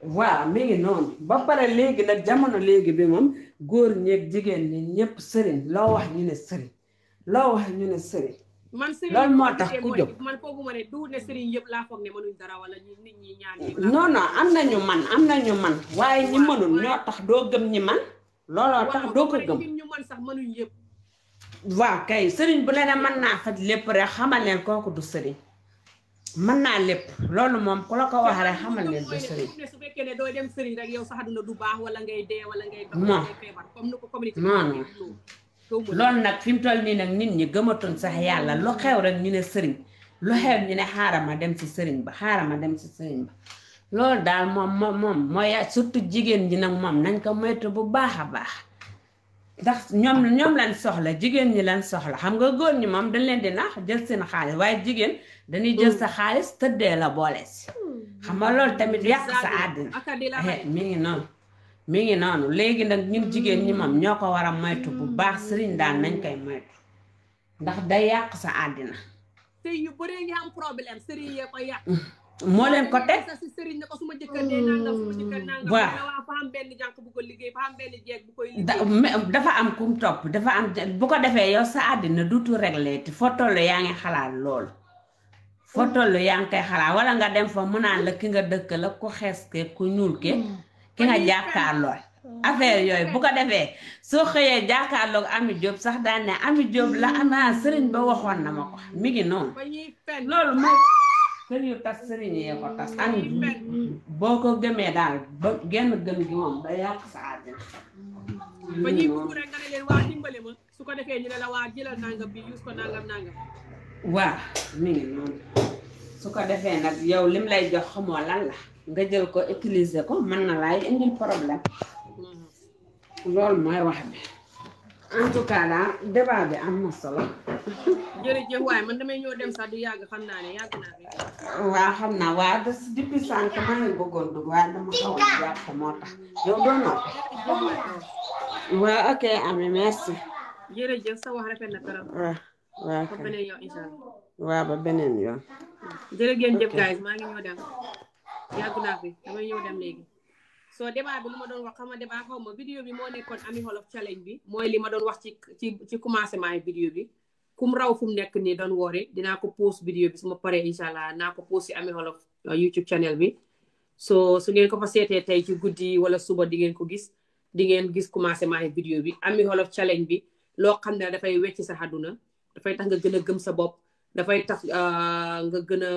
Speaker 1: waa mi ngi noonu ba pare léegi nag jamono léegi bi moom góor ñeeg jigéen ñi ñëpp sëriñ loo wax ñu ne sëriñ loo ñu ne sëriñ. man sëriñ loolu moo tax ku jóg man foogu ma ne du ne sëriñ yëpp laa foog ne mënuñ dara wala nit ñi ñaan non non am nañu man am nañu man waaye ñi mënul ñoo tax doo gëm ñi man looloo tax doo ko gëm ñu sax mënuñ yëpp waaw kay sëriñ bu leen mën naa faj lépp rek xamal leen kooku du sëriñ mën naa lépp loolu moom ku la ko wax rek xamal ne du sëriñ su fekkee ne dooy dem sëriñ rek yow sax du baax wala ngay wala ngay feebar comme ni ko nag fi mu toll nii nag nit ñi gëmatoon sax yàlla lu xew rek ñu ne sëriñ lu xew ñu ne xaaral ma dem si sëriñ ba xaaral ma dem si sëriñ ba loolu daal moom moom moom mooy surtout jigéen ji nag moom nañ ko moytu bu baax a baax ndax ñoom ñoom leen soxla jigéen ñi lañ soxla xam nga góor ñi moom dañ leen di nax jël seen xaalis waaye jigéen dañuy jël sa xaalis tëddee la boole si xam nga loolu tamit yàq sa àddina eh, mii ngi noonu mi ngi noonu léegi nag ñu jigéen ñi moom ñoo ko war a moytu bu baax sëriñ daan nañ koy moytu ndax day yàq sa àddina sëy yu ko yàq mm. moo leen ko te sa si ko su ma jëkkër dee nangam su benn jànq bu ko liggéey fa am benn jeeg bu koy liggéey dafa am kum topp dafa am bu ko defee yow sa àddina duutu réglé te foo toll yaa ngi xalaat loolu foo mm. toll yaa ngi koy xalaat wala nga dem fa mu naan la ki nga dëkk la ku xees ke ku ñuul ki mm. ki nga jàkkaar lool mm. affaire yooyu bu ko defee soo xëyee jàkkaarloog Ami Diop sax daan ne Ami Diop la ama sëriñ ba waxoon na ma ko mi ngi noonu loolu moo kër yu tas sëriñ yee ko tas boo ko gëmee daal ba genn gëm gi moom da yàq sa àddina ba ñuy bugg nga leen waa dimbale ma su ko defee ñu ne la waa jëlal nangam bi ko su ko defee nag yow lim lay jox xamoo lan la nga jël ko utiliser ko mën na laay indil problème
Speaker 6: mm-hmm.
Speaker 1: loolu mooy wax bi en tout cas daal débat bi am na solo. jërëjëf waaye man damay ñëw dem sax du yàgg xam naa ne yàgg naa fi. waaw xam naa waaw depuis sànq maa ngi bëggoon dugg waaye dama xaw a jàpp moo tax yow doo noppi. waaw ok sa wax rafet na trop. waaw
Speaker 3: ba beneen yoon
Speaker 1: maa ngi soo débat bi lu ma doon wax xama débat xaw ma vidéo bi moo nekkoon Ami Olof challenge bi mooy li ma doon wax ci ci ci commencement ko post vidéo bi su ma paree incha allah naa ko post si Ami Olof euh, YouTube channel bi so su ngeen ko fa seetee tey ci guddi wala suba di ngeen ko gis di ngeen gis commencement yi vidéo bi Ami Olof challenge bi loo xam ne dafay wecc sax àdduna dafay tax nga gën a gëm sa bopp dafay tax euh, nga gën a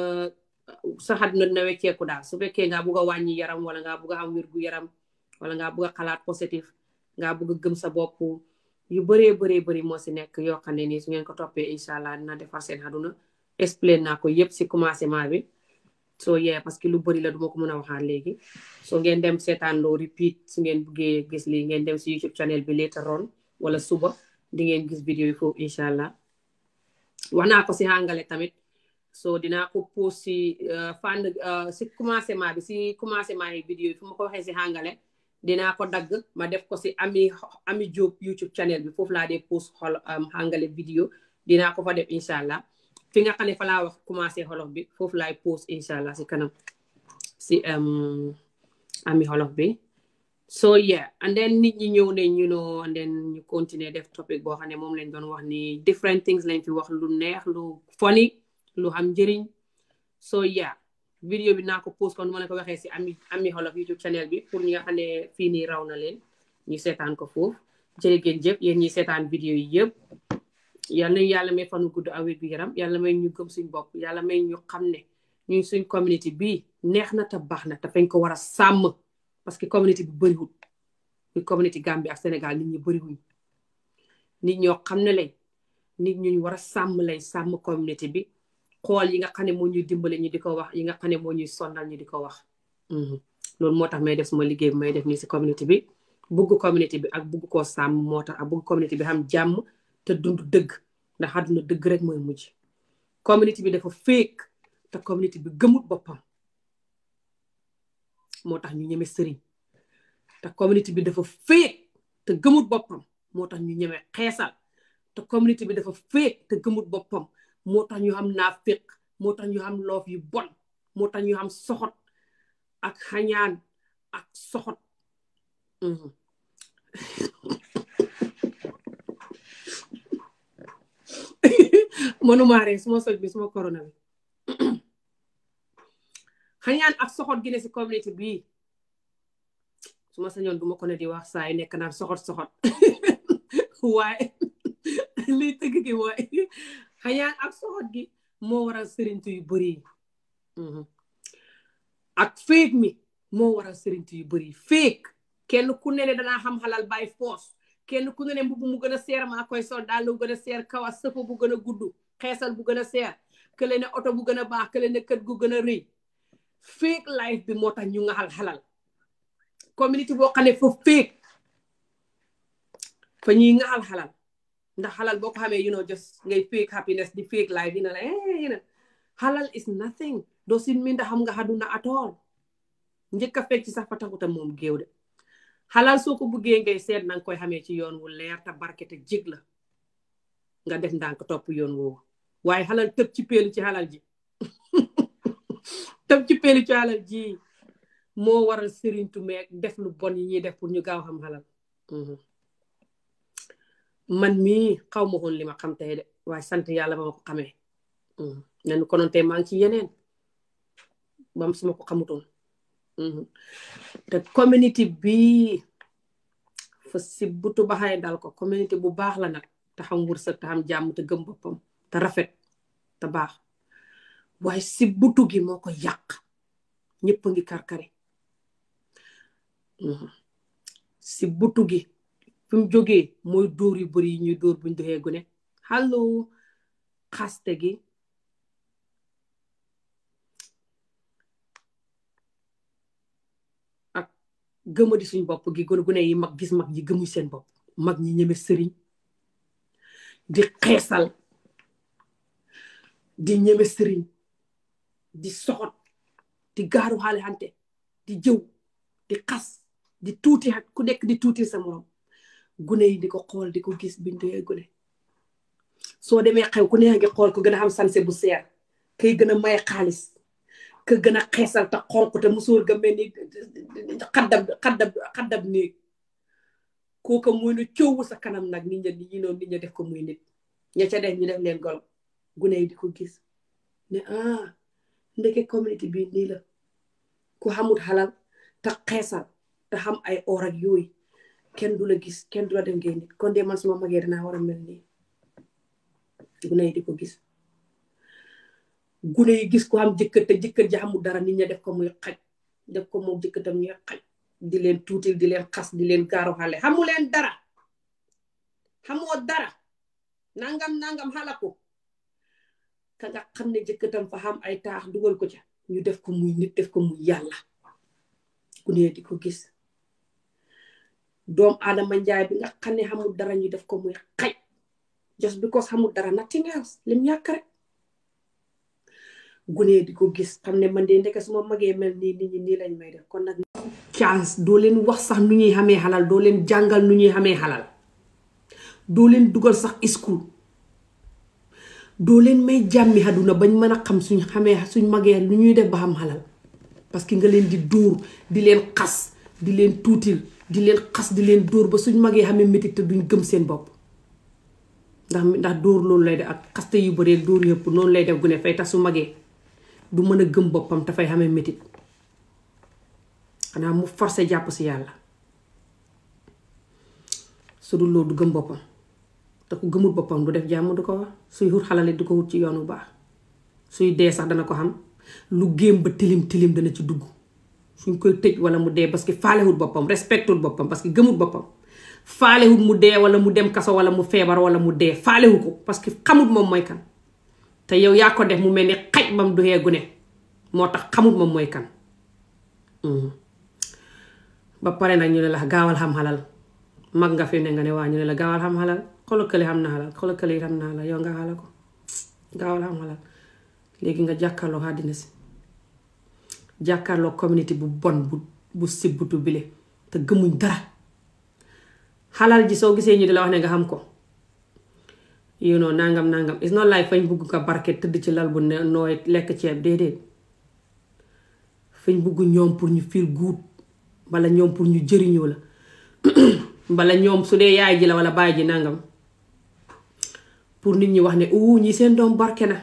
Speaker 1: saxat na nawekeeku daal su fekkee ngaa bugg a yaram wala ngaa bugg a am wirgu yaram wala ngaa bugg a positif ngaa bugg a gëm sa bopp yu bëree bëree bëri moo si nekk yoo xam ne nii su ngeen ko toppee incha allah dina defar seen aduna explain naa ko yëpp si commencement bi soo yee parce que lu bëri la duma ko mën a waxaat léegi ngeen dem seetaan loo repeat su ngeen buggee gis lii ngeen dem si youtube channel bi later on wala suba di ngeen gis vidéo yi foofu incha allah wax naa ko si tamit so dinaa ko post si uh, fànn uh, si commencement bi si commencement yi vidéo yi fu ma ko waxee si hàngale dinaa ko dagg ma def ko si ami ami Diop YouTube channel bi foofu laa dee post xol hàngale um, vidéo dinaa ko fa incha allah fi nga xam ne fa wax commencé xolof bi foofu laay post incha allah si kanam si um, ami xolof bi so yeah and nit ñi ñëw ne ñu noo ñu continuer def topic boo xam ne moom lañ doon wax ni different things lañ fi wax lu neex lu funny lu xam njëriñ soo yaa vidéo bi naa ko post kon nu ma leen ko waxee si ami ami xolof youtube channel bi pour ñi fii nii raw na leen ñu seetaan ko foofu jërë ngeen jëf yéen ñi seetaan yi yëpp yàlla nañu yàlla may fanu gudd awet bi yaram yàlla may ñu gëm suñ bopp yàlla may ñu xam ne ñu suñ communauté bii neex na baax na te fañ ko war a sàmm parce que communauté bi bëriwul bi communauté Gambie ak Sénégal nit ñi bëriwuñ nit ñu war a sàmm lañ sàmm communauté bi xool yi nga xam ne moo ñuy dimbale ñu di ko wax yi nga xam ne moo ñuy sondal ñu di ko wax mhm. loolu moo tax may def suma liggéey bi may def nii si communauté bi bugg communauté bi ak bugg koo sàmm moo tax ak bugg communauté bi xam jàmm te dund dëgg ndax dëgg rek mooy mujj communauté bi dafa fëyeek te communauté bi gëmut boppam moo tax ñu ñeme sëriñ te communauté bi dafa féeg te gëmut boppam moo tax ñu ñeme xeesal te communauté bi dafa féeg te gëmut boppam moo tax ñu xam nafiq moo tax ñu xam loof yu bon moo tax ñu xam soxot ak xañaan ak soxot mhm. [laughs] mënuma ree suma soj bi suma corona bi [clears throat] xañaan ak soxot gi ne si communauté bii suma sañoon duma ko ne di wax saa yi nekk naan soxot soxot [laughs] waaye [laughs] lii tëgg gi xayaan ak soxot gi moo waral sëriñtu yu bëri yi mm-hmm. mi moo waral sëriñtu yu bëri yi féeg kenn ku ne ne xam xalal bàyyi foos kenn ku ne mbubbu mu gën a seer maa koy sol daal lu gën a seer kawas sëfa bu gën a gudd xeesal bu gën a seer kële ne oto bu gën a baax kële ne kër gu gën a rëy fake life bi moo tax ñu nga xal xalal community boo xanee ne fa fake fa nga xal xalal ndax halal boo ko you know just ngay fake happiness di fake life know, like, hey, eh, you know halal is nothing doesn't mean da hamga haduna at all njëkk a fekk ci sax fa taxuta mom de halal soko ko ngay seet nang koy xamee ci yoon wu leer ta barke te jig la nga def ndank top yoon wu waye halal tepp ci pelu ci halal ji [laughs] tëb ci pelu ci halal ji mo waral serigne tu def lu bon yi def pour ñu gaaw xam halal mhm man mi xaw ma woon li ma xam tey de waaye sant yàlla ba ma ko xamee mm. nen non tey maa ci yeneen bam sama ko xamutoon mm-hmm. te community bi fa si butu dal ko community bu baax la nag te xam wursa te xam jàmm te gëm boppam te rafet te baax waaye si gi moo ko yàq ngi karkare mm-hmm. si butu gi fi mu jógee mooy dóor yu bëri yi ñuy buñ doxee gune hallo xaste gi ak gëmadi suñ bopp gi gone gune yi mag gis mag ñi gëmuñ seen bopp mag ñi ñeme sëriñ di xeesal di ñeme sëriñ di soxot di gaaru halante, di jëw di xas di tuuti ku nekk di tuti sa morom gune yi di ko xool di ko gis biñ dee gune soo demee xew ku neex ngi xool ku gën a am sanse bu seer kay gën a may xaalis ka gën a xeesal te xonq te musóor ga mel ni xaddab xaddab xaddab néeg kooka muy nu coowu sa kanam nag nit ña ñi noonu nit ña def ko muy nit ña ca def ñu def leen golo gune yi di ko gis ne ah ndeke communauté bi nii la ku xamul xalal te xeesal te xam ay or ak yooyu kenn du la gis kenn du la dem ngay nit kon de man suma magee danaa war a mel nii gune yi di ko gis gune yi gis ko am jëkkër te jëkkër ja xamul dara nit ña def ko muy xaj def ko moom jëkkëram ñuy xaj di leen tuutil di leen xas di leen gaaru xale xamu dara xamoo dara nangam nangam xala ko ka nga xam ne jëkkëram fa xam ay taax dugal ko ca ñu def ko muy nit def ko muy yàlla gune di ko gis doom aadama njaay bi nga xam ne xamul dara ñu def ko muy xaj just because xamul dara nothing else lim ñàkk rek gune di ko gis xam ne man de ndeke su ma magee mel nii nit ñi nii lañ may def kon nag chance doo leen wax sax nu ñuy xamee xalal doo leen jàngal nu ñuy xamee xalal doo leen dugal sax school doo leen may jàmmi àdduna bañ mën a xam suñ xamee suñ magee nu ñuy def ba xam xalal parce que nga leen di dóor di leen xas di leen tuutil di leen xas di leen dóor ba suñ magee xamee métit te duñ gëm seen bopp ndax ndax dóor loolu lay def ak xaste yu bëree dóor yëpp noonu lay def gune fay tax su magee du mën a gëm boppam fay xamee métit xanaa mu forcé jàpp si yàlla su dul loolu du gëm boppam te ku gëmul boppam du def jàmm du ko wax suy hur xalale du ko wut ci yoonu baax suy sax dana ko xam lu géem ba tilim tilim dana ci dugg fuñ koy tëj wala mu dee parce que faalewul boppam respectul boppam parce que gëmul boppam faalewul mu dee wala mu dem kaso wala mu feebar wala mu dee faalewu ko parce que xamut moom mooy kan te yow yaa ko def mu mel ni xaj bam du xeegu ne moo tax xamut moom moykan mhm. ba pare nag ñu ne la gaawal xam xalal mag nga fi ne nga ne waa ñu ne la gaawal xam xalal xolo kële xam na xalal xolo kële xam na xalal yow nga xalal ko gaawal xam xalal léegi nga jàkkaarloo àddina lo community bu bon bu bu sibbutu bile te gemuñ dara halal ji so gise ñu dila wax ne nga xam ko you know nangam nangam it's not like fañ bugg ka barké tëdd ci lal bu lek ci ceeb dédé fañ bugg ñom pour ñu feel good bala ñom pour ñu jëriñoo la bala [clears throat] ñom su dé yaay ji la wala baay ji nangam pour nit ñi wax ne uu ñi seen doom barké na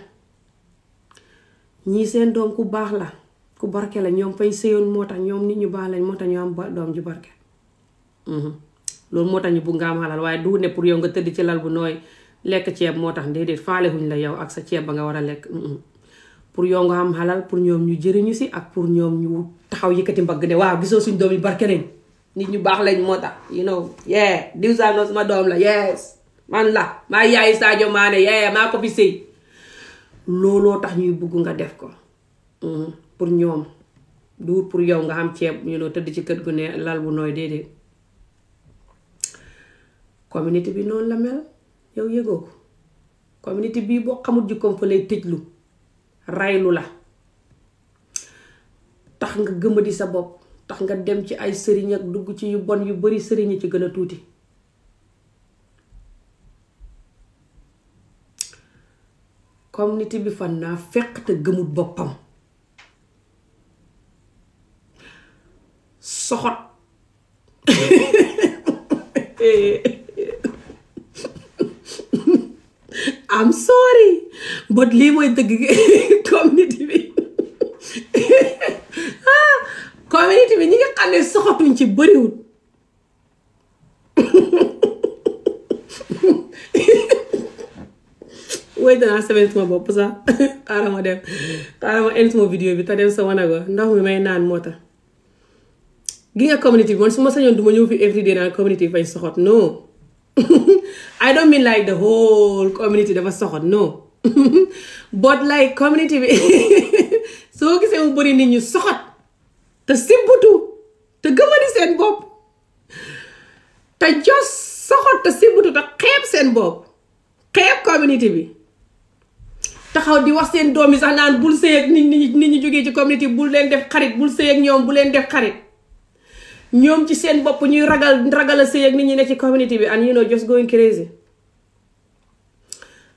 Speaker 1: ñi seen doom ku baax la ku barke la ñoom fay sëyoon moo tax ñoom nit ñu baax lañ moo tax ñu am doom ju barke mhm. loolu moo tax ñu bu nga am waaye du ne pour yow nga tëdd ci lal bu nooy lekk ceeb moo tax déedéet faalewuñ la yow ak sa ceeb ba nga war a lekk mhm. pour yow nga am halal pour ñoom ñu jëriñu si ak pour ñoom ñu taxaw yëkkati mbagg ne waaw gisoo suñ doom yi barke nañ nit ñu baax lañ moo tax you know yeah diw saa noonu sama doom la yes man la maa yaay Sadio Mané yeah maa ko fi sëy looloo tax ñuy bugg nga def ko mhm pour ñoom du pour yow nga xam ceeb ñu no tëdd ci kët gu ne lal bu nooy déedéet communauté bi noonu la mel yow yëgoo ko communauté bii boo xamul jikkoom fa lay tëjlu raylu la tax nga gëmadi sa bopp tax nga dem ci ay sëriñ ak dugg ci yu bon yu bari sëriñ ci gën a tuuti bi fan naa fekk te gëmut boppam soxot am [laughs] sorry but lii mooy dëgg [laughs] community bi [laughs] ah community bi ñi nga xam soxotuñ ci bëriwul woy danaa semaine sama sax xaaral dem xaaral ma end bi te dem sama nago ndox may naan moo tax gi nga community man suma sañoon duma ñëw fi day naan community fañ soxot no [laughs] i don't mean like the whole community dafa soxot no [laughs] but like community bi [laughs] soo gisee mu bëri nit ñu soxot te simbutu te gëmani seen bopp te jos soxot te simbutu te xeeb seen bopp xeeb community bi taxaw di wax seen doom yi sax naan bul sëy ak nit ñi nit ñi jógee ci community bul leen def xarit bul sëy ak ñoom bu leen def xarit ñoom ci seen bopp ñuy ragal ragal a sëy ak nit ñi ne ci community bi and you know just going crazy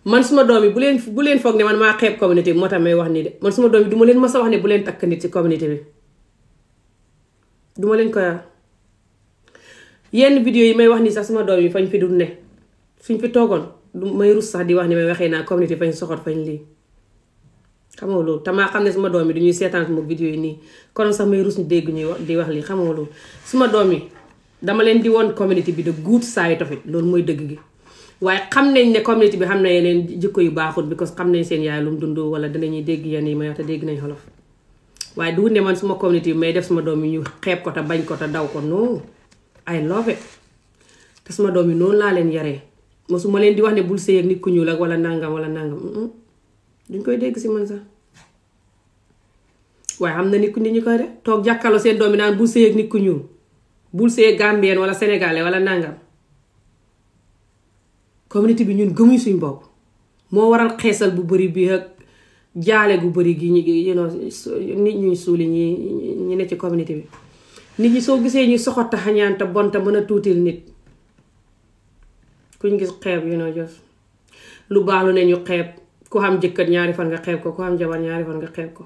Speaker 1: man suma doom yi bu leen bu leen foog ne man maa xeeb community bi moo tax wax nii de suma doom yi du ma leen ne bu leen takk nit ci community duma leen ko yenn vidéo yi may wax ni sax suma doom yi fañ fi du ne suñ fi toogoon du may rus sax di wax ni may wexe naa community fañ soxor fañ lii xamoo loolu te maa xam ne suma doom yi dañuy seetaan sama vidéo yi nii kon sax may rus ñu dégg ñuy di wax lii xamoo loolu suma doom dama leen di woon community bi de good side of it loolu mooy dëgg gi waaye xam nañ community bi xam na yeneen jikko yu because xam nañ seen yaay lu mu dund wala danañuy dégg yenn yi may wax te dégg nañ xolof waaye du ne man suma community may def suma doom yi ñu xeeb ko te bañ ko te daw ko non I love it te suma doom yi noonu laa leen yaree mosuma leen di wax ne bul sëy ak nit ku ñuul ak wala nangam wala nangam duñ koy dégg si man sax waaye xam na nit ku nit ñu koy def toog jàkkaarloo seen doom bi naan bul sëy ak nit ku ñuul bul sëy gàmbeen gambien wala sénégalais wala nàngam communauté bi ñun gëmuñ suñ bopp moo waral xeesal bu bëri bi ak jaale gu bëri gi ñu nit ñuy suuli ñi ñu ne ci communauté bi nit ñi soo gisee ñu soxota xañaanta bonta mën a tuuti nit kuñ gis xeeb yu noo jos lu baax lu ne ñu xeeb ku xam jëkkër ñaari fan nga xeeb ko ku am jabar ñaari fan nga xeeb ko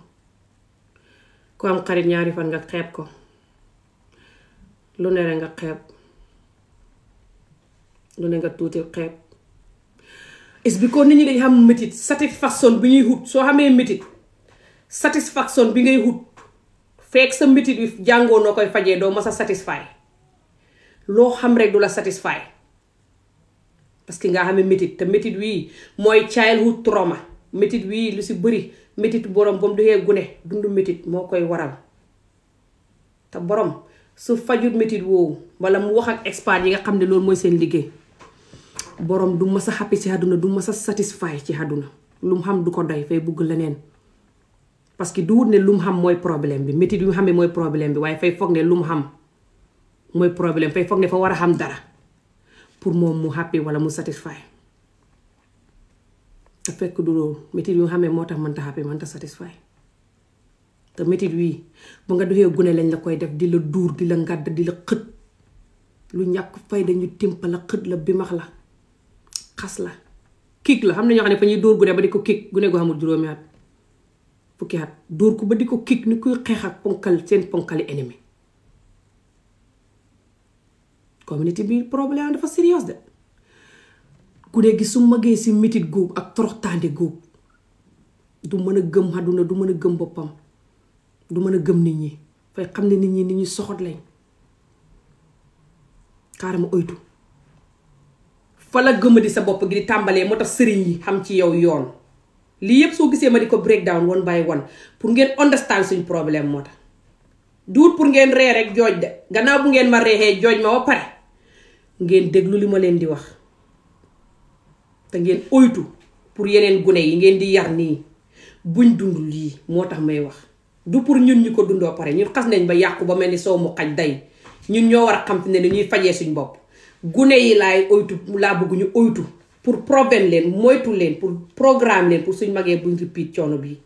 Speaker 1: ku xarit ñaari fan nga xeeb ko lu ne nga xeeb lu ne nga tuuti xeeb is because nit ñi dañ xam métit satisfaction bi ñuy wut soo xamee métit satisfaction bi ngay wut fekk sa métit jàngoo noo koy fajee doo ma sa satisfy loo xam rek du la satisfy parce que nga xam ne métit te métit wii mooy childhood trauma métit wii lu si bëri métit borom ba mu doxee gune dundu métit moo koy waral te borom su fajut métit woowu wala mu wax ak expert yi nga xam ne loolu mooy seen liggéey borom du mës sa happy si àdduna du mës a satisfy ci àdduna lu mu xam du ko doy fay bugg leneen parce que du wut ne lu mu xam mooy problème bi métit yu mu xamee mooy problème bi waaye fay foog ne lu mu xam mooy problème fay foog fa war a xam dara pour moom mu happy wala mu satisfy te fekk du loolu métit yu nga xam ne moo tax mënta happy mënta satisfy te métit wii bu nga doxee gune lañ la koy def di la duur di la ngàdd di la xët lu ñàkk fay dañu timpa la xët la bimax la xas la kiik la xam ne ñoo xam ne fa ñuy dóor gune ba di ko kiik gune goo xamul juróomi at fukki at dóor ko ba di ko kiik ni kuy xeex ponkal seen ponkali ennemi community bi problème dafa sérieux de ku dee gis su magee si mitit góob ak toroxtaande góob du mën a gëm àdduna du mën a gëm boppam du mën a gëm nit ñi fay xam ne nit ñi nit ñi soxot lañ kaarama oytu fa la gëma di sa bopp gi di tàmbalee moo tax sëriñ yi xam ci yow yoon lii yëpp soo gisee ma di ko breakdown one by one pour ngeen understand suñ problème moo tax duut pour ngeen ree rek jooj de gannaaw bu ngeen ma reexee jooj ma ba pare ngeen déglu li ma leen di wax te ngeen oytu pour yeneen gune yi ngeen di yar nii buñ dund lii moo tax may wax du pour ñun ñu ko dundoo pare ñun xas nañ ba yàqu ba mel ni soow mu xaj day ñun ñoo war a xam ne ni ñuy fajee suñ bopp gune yi laay oytu laa bëgg ñu oytu pour proven leen moytu leen pour programme leen pour suñ magee buñ repeat coono bii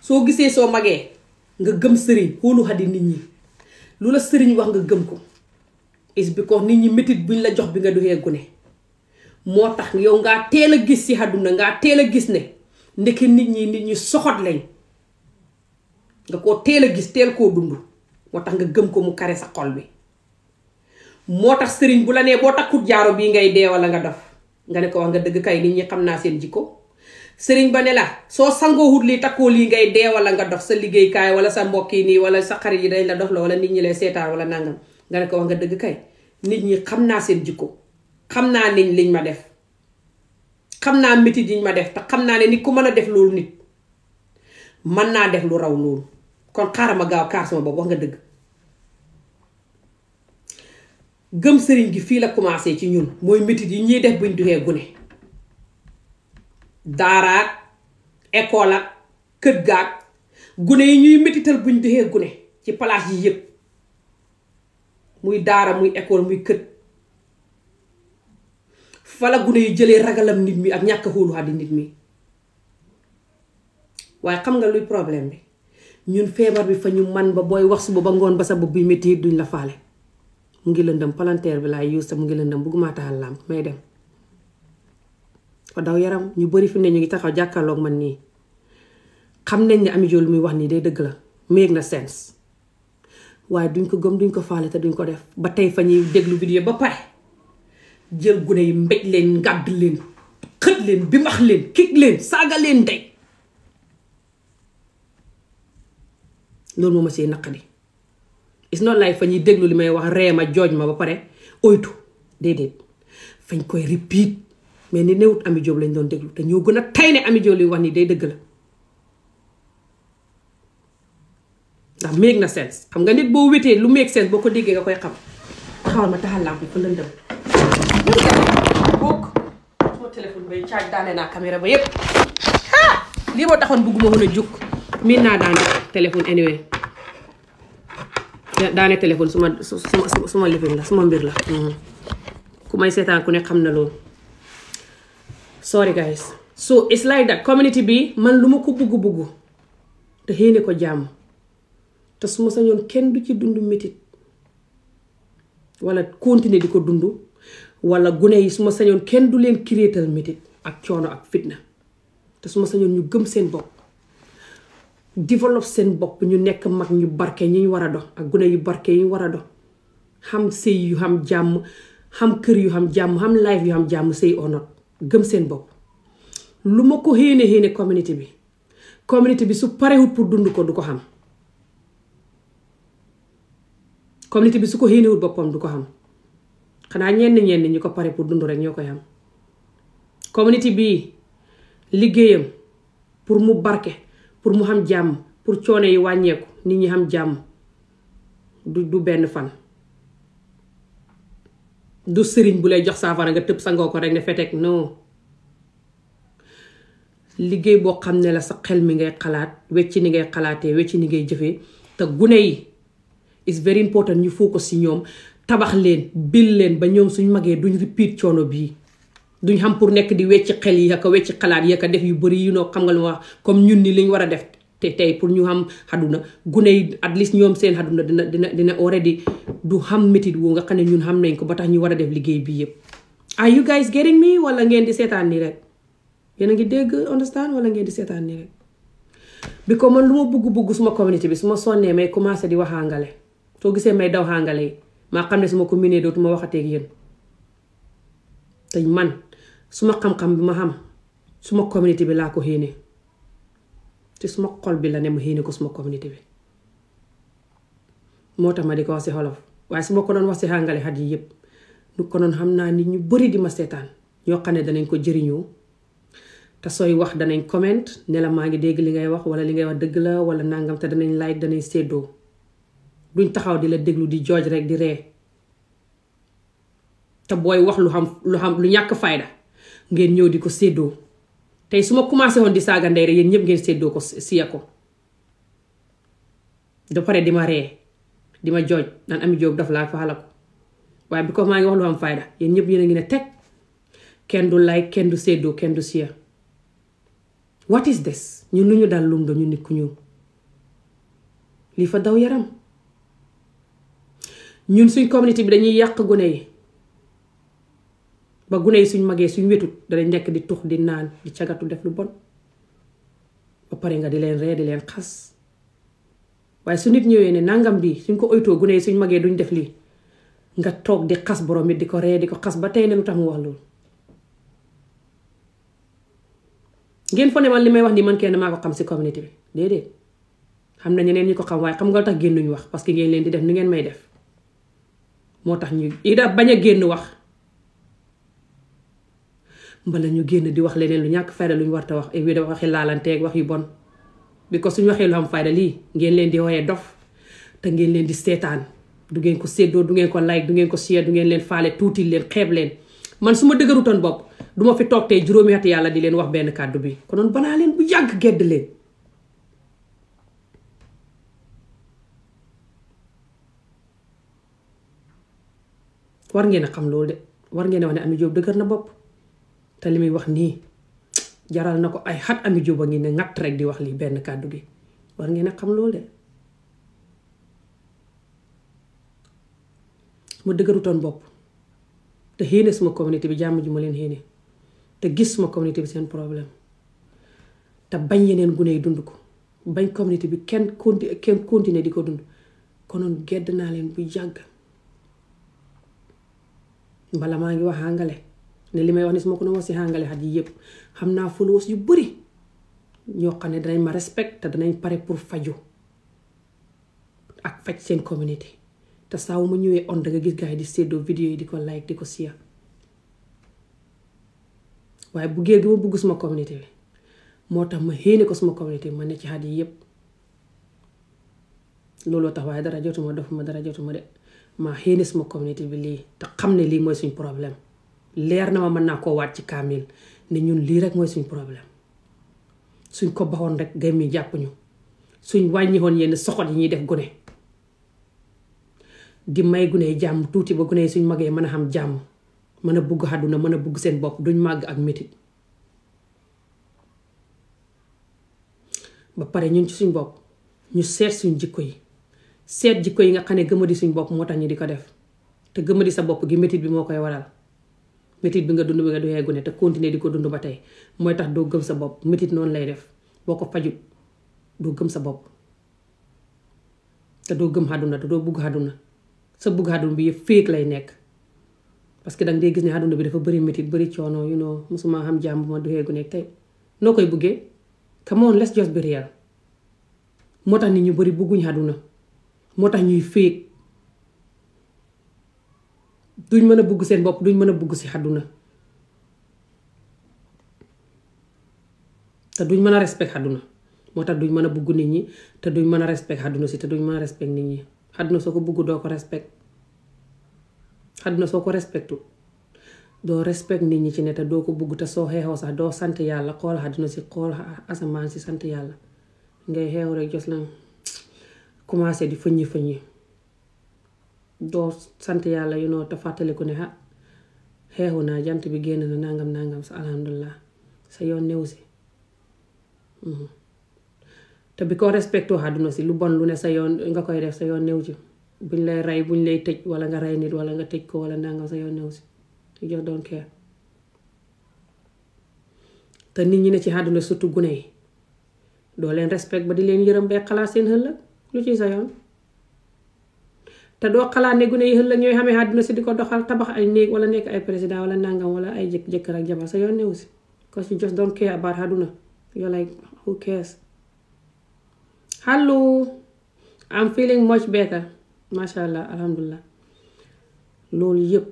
Speaker 1: soo gisee soo magee nga gëm sëriñ xoolu xadi nit ñi lu la sëriñ wax nga gëm ko is bi ko nit ñi métit buñ la jox bi nga doxee gune moo tax yow ngaa teel a gis ci àdduna ngaa teel a gis ne ndeke nit ñi nit ñi soxot lañ nga koo teel a gis teel koo dund moo tax nga gëm ko mu kare sa xol bi moo tax sëriñ bu la nee boo takkut jaaro bii ngay dee walla nga def nga ne ko wax nga dëgg kay nit ñi xam naa seen jikko sëriñ ba ne la soo sangoo hut lii takkoo lii ngay dee wala nga dox sa liggéey kaay wala sa mbokk yi nii wala sa xarit yi dañ la dox la wala nit ñi lay seetaan wala nangam nga ne ko wax nga dëgg kay nit ñi xam naa seen jikko xam naa niñ liñ ma def xam naa métit yiñ ma def te xam naa ne nit ku mën a def loolu nit mën naa def lu raw loolu kon xaarama gaaw kaar sama boobu wax nga dëgg gëm sëriñ gi fii la commencé ci ñun mooy métit yi ñuy def buñ duxee gune daaraak école ak kër gaag gune yi ñuy métital buñ doxee gune ci place yi yëpp muy daara muy école muy kër fala gune yi jëlee ragalam nit mi ak ñàkk xóolu xaddi nit mi waaye xam nga luy problème bi ñun feebar bi fa ñu man ba booy wax suba ba ngoon ba sa bu bi métti duñ la faale mu ngi lëndëm palanteer bi laay yuus mu ngi lëndëm bugguma taxal may dem fa daw yaram ñu bari fi ne ñu ngi taxaw jàkkaarloog man nii xam nañ ni Ami Diop lu muy wax nii day dëgg la méeg na sens waaye duñ ko gëm duñ ko faale te duñ ko def ba tey fa ñuy déglu vidéo ba pare jël gune yi mbéj leen ngàdd leen xët leen bi max leen kik leen fa ñuy déglu li may wax ree ma jooj ma ba pare oytu déedéet fañ koy repeat mais ni newut Ami Diop lañ doon déglu te ñoo gën a tay ne Ami Diop li wax ni day dëgg la ndax méeg na sens xam nga nit boo wétee lu méeg sens boo ko déggee nga koy xam xawal ma taxal làmp yi fa lëndëm boog sama téléphone bay caaj daane naa caméra ba yëpp ah lii moo taxoon bugguma woon a jug miin naa daane téléphone anyway daane téléphone suma suma suma lifin la suma mbir la hmm. ku may seetaan ku ne xam na loolu sorry so it's like community bi man lu ma ko bugg bugg te xéene ko jàmm te su ma sañoon kenn du ci dundu métit wala continuer di ko dundu walla gune yi su ma sañoon kenn du leen kiréetal métit ak coono ak fitna te su ma sañoon ñu gëm seen bopp développe seen bopp ñu nekk mag ñu barke ñi ñu war a dox ak gune yu barke yu war a dox xam sëy yu xam jàmm xam kër yu xam jàmm xam life yu xam jàmm sëy onot gëm seen bopp lu ma ko xéene xéene communauté bi communauté bi su parewut pour dund ko du ko xam communauté bi su ko xéenewut boppam du ko xam xanaa ñenn ñenn ñi ko pare pour dund rek ñoo koy am communauté bi liggéeyam pour mu barke pour mu xam jàmm pour coono yi wàññeeku nit ñi xam jàmm du du benn fan du sëriñ bu lay jox saafara nga tëb sangoo ko rek ne fetek non liggéey boo xam ne la sa xel mi ngay xalaat wecc ni ngay xalaatee wecc ni ngay jëfee te gune yi is very important ñu focus si ñoom tabax leen bil leen ba ñoom suñ magee duñ repeat coono bii duñ xam pour nekk di wecci xel yi ak wecci xalaat yi ak def yu bari yu noo xam nga lu ma wax comme ñun ni liñ war a def te tey pour ñu xam xadduna gune yi at least ñoom seen xaduna dina dina dina already du xam métit woo nga xam ne ñun xam nañ ko ba tax ñu war a def liggéey bii yëpp are you guys getting me wala ngeen di seetaan nii rek yéen a ngi dégg understand wala ngeen di seetaan nii rek bi ko man lu ma bugg-bugg suma communauté bi su ma sonnee may commencé di wax àngale soo gisee may daw àngale yi maa xam ne suma commune dootuma waxateeg yéen te man suma xam bi ma xam suma communauté bi laa ko xéenee ci suma xol bi la ne ma ko suma communauté bi moo tax ma di ko wax si xolof waaye su ma ko doon wax si àngale xat yi yëpp nu xam naa nit ñu bari di ma seetaan ñoo xam ne danañ ko jëriñoo te sooy wax danañ comment ne maa ngi dégg li ngay wax wala li ngay wax dëgg la wala nàngamte danañ like danañ séddoo duñ taxaw di la déglu di jooj rek di ree te booy wax lu xam lu xam lu ñàkk fayda ngeen ñëw di ko séddoo tey su ma commencé woon di saaga ndey rek yéen ñëpp ngeen séddoo ko siya ko da di ma ree di ma jooj naan Ami Jóob daf laa faala ko waaye bi ko maa ngi wax lu am fayda yéen ñëpp yéen a ngi ne teg kenn du like kenn du seddoo kenn du siya what is this ñun lu ñu dal lum do ñu nit ku ñuul lii fa daw yaram ñun suñ communauté bi dañuy yàq gone yi ba gune yi suñ magee suñ wetut danañ nekk di tux di naan di cagatu def lu bon ba nga di leen ree di leen xas waaye su nit ñëwee ne nangam bi suñ ko oytoo gune yi suñ magee duñ def lii nga toog di xas borom it di ko ree di ko xas ba tey ne lu tax mu wax loolu ngeen fa ne man li may wax nii man kenn maa ko xam si communauté bi déedéet xam na ñeneen ñi ko xam waaye xam nga lu tax génnuñ wax parce que ngeen leen di def nu ngeen may def moo tax ñu ida bañ a génn wax mbala ñu génn di wax leneen lu ñàkk fayda lu ñu war ta wax et puis dafa laalanteeg wax yu bon bi ko suñu waxee lu am fayda lii ngeen leen di woyee dof te ngeen leen di seetaan du ngeen ko seddoo du ngeen ko like du ngeen ko share du ngeen leen faale tuuti leen xeeb leen man su ma dëgërutoon bopp du ma fi toog tey juróomi at yàlla di leen wax benn kàddu bi konoon banaa leen bu yàgg gedd leen war ngeen a xam loolu war ngeen a ne Ami Jóob dëgër na bopp te li muy wax nii jaral na ko ay xat ami juba ngi ne ngatt rek di wax li benn kàddu gi war ngeen a xam loolu ma toon bopp te xéene suma communauté bi jàmm ji ma leen xéene te gis suma communauté bi seen problème te bañ yeneen gune yi dund ko bañ communauté bi kenn conti kenn continuer di ko dund konoon gedd naa leen bu yàgg bala maa ngi wax àngale ne li may wax ni sama ko no wax si hàngale xat yi followers yu bëri ñoo xane dañ ma respect te dañ pare pour faju ak fajj sen community te saw mu ñewé on da nga gis gaay di séddoo vidéo yi e diko like di sia siya bu geer gi mo bugg sama community bi motax ma xéene ko sama community ma ne ci xat yeb lolo tax waaye dara jottuma dofuma dara jottuma de ma sama community bi li te li moy suñu problème leer na ma mën naa koo waat ci kaamil ni ñun lii rek mooy suñ problème suñ ko baxoon rek gay mi jàpp ñu suñ wàññiwoon yenn soxot yi ñuy def gune gi may gune yi jàmm tuuti ba gune suñ magee mën a xam jàmm mën a bugg àdduna mën a bugg seen bopp duñ màgg ak métit ba pare ñun ci suñ bopp ñu seet suñ jikko yi seet jikko yi nga xam ne gëma di suñ bopp moo tax ñi di ko def te gëma di sa bopp gi métit bi moo koy waral métit bi nga dund bi nga doyee gone te continuer di ko dund ba tey mooy tax doo gëm sa bopp métit noonu lay def boo ko fajut doo gëm sa bopp te doo gëm àdduna te doo bugg àdduna sa bugg àdduna bi yëpp féeg lay nekk parce que danga dee gis ne àdduna bi dafa bëri métit bari coono you know musuma xam jàmm ma doyee gone tey noo koy buggee come on let's just be moo tax nit ñu bari bugguñ àdduna moo tax ñuy féeg duñ mën a bugg seen bopp duñ mën a bugg si xàdduna duñ mën respect haduna. moo tax duñ mën a bugg nit ñi te duñ mën respect haduna si te duñ mën a respect nit ñi xàdduna soo ko bugg ko respect haduna soo ko respectu doo respect nit ñi ci ne te doo ko bugg te soo xeexoo sax doo sant yàlla xool xàdduna si xool asamaan si sant yàlla ngay xeew rek jos lan commencé di fëññi fëññi doo sant yàlla yu noo te fàttaliku ne ah xeexu naa jant bi génn na nangam nangam sa alhamdulilah sa yoon néew si mhm. te bi ko respecté àdduna si lu bon lu ne sa yoon nga koy def sa yoon néew si buñ lay rey buñ lay tëj wala nga rey nit wala nga tëj ko wala nangam sa yoon néew si you just don't care te nit ñi ne ci àdduna surtout gune yi doo leen respect ba di leen yërëm bay xalaat seen ëllëg lu ciy sa yoon te doo xalaat ne gune yi la ñooy xamee àdduna si di ko doxal tabax ay néeg wala nekk ay président wala nangam wala ay jek jëkkër ak jabar sa yoon newu si because you just don't care about àdduna you like who cares hello I'm feeling much better masha alhamdulillah loolu yëpp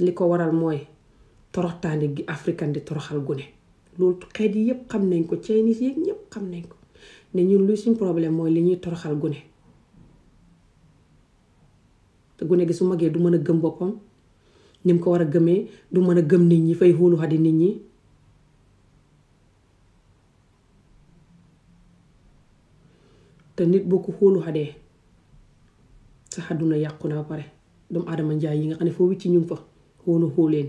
Speaker 1: li ko waral mooy toroxtaane gi african di toroxal gune loolu xeet yi yëpp xam nañ ko Chinese yi yëpp xam nañ ko ne ñun luy suñ problème mooy li ñuy toroxal gune te gune gi su magee du mën a gëm boppam nim ko war a gëmee du mën a gëm nit ñi fay xóolu xadi nit ñi te nit boo ko xóolu xadee sa xadduna yàqu na ba pare doomu aadama njaay yi nga xam ne foo wicc ñu ngi fa xóolu xóoleen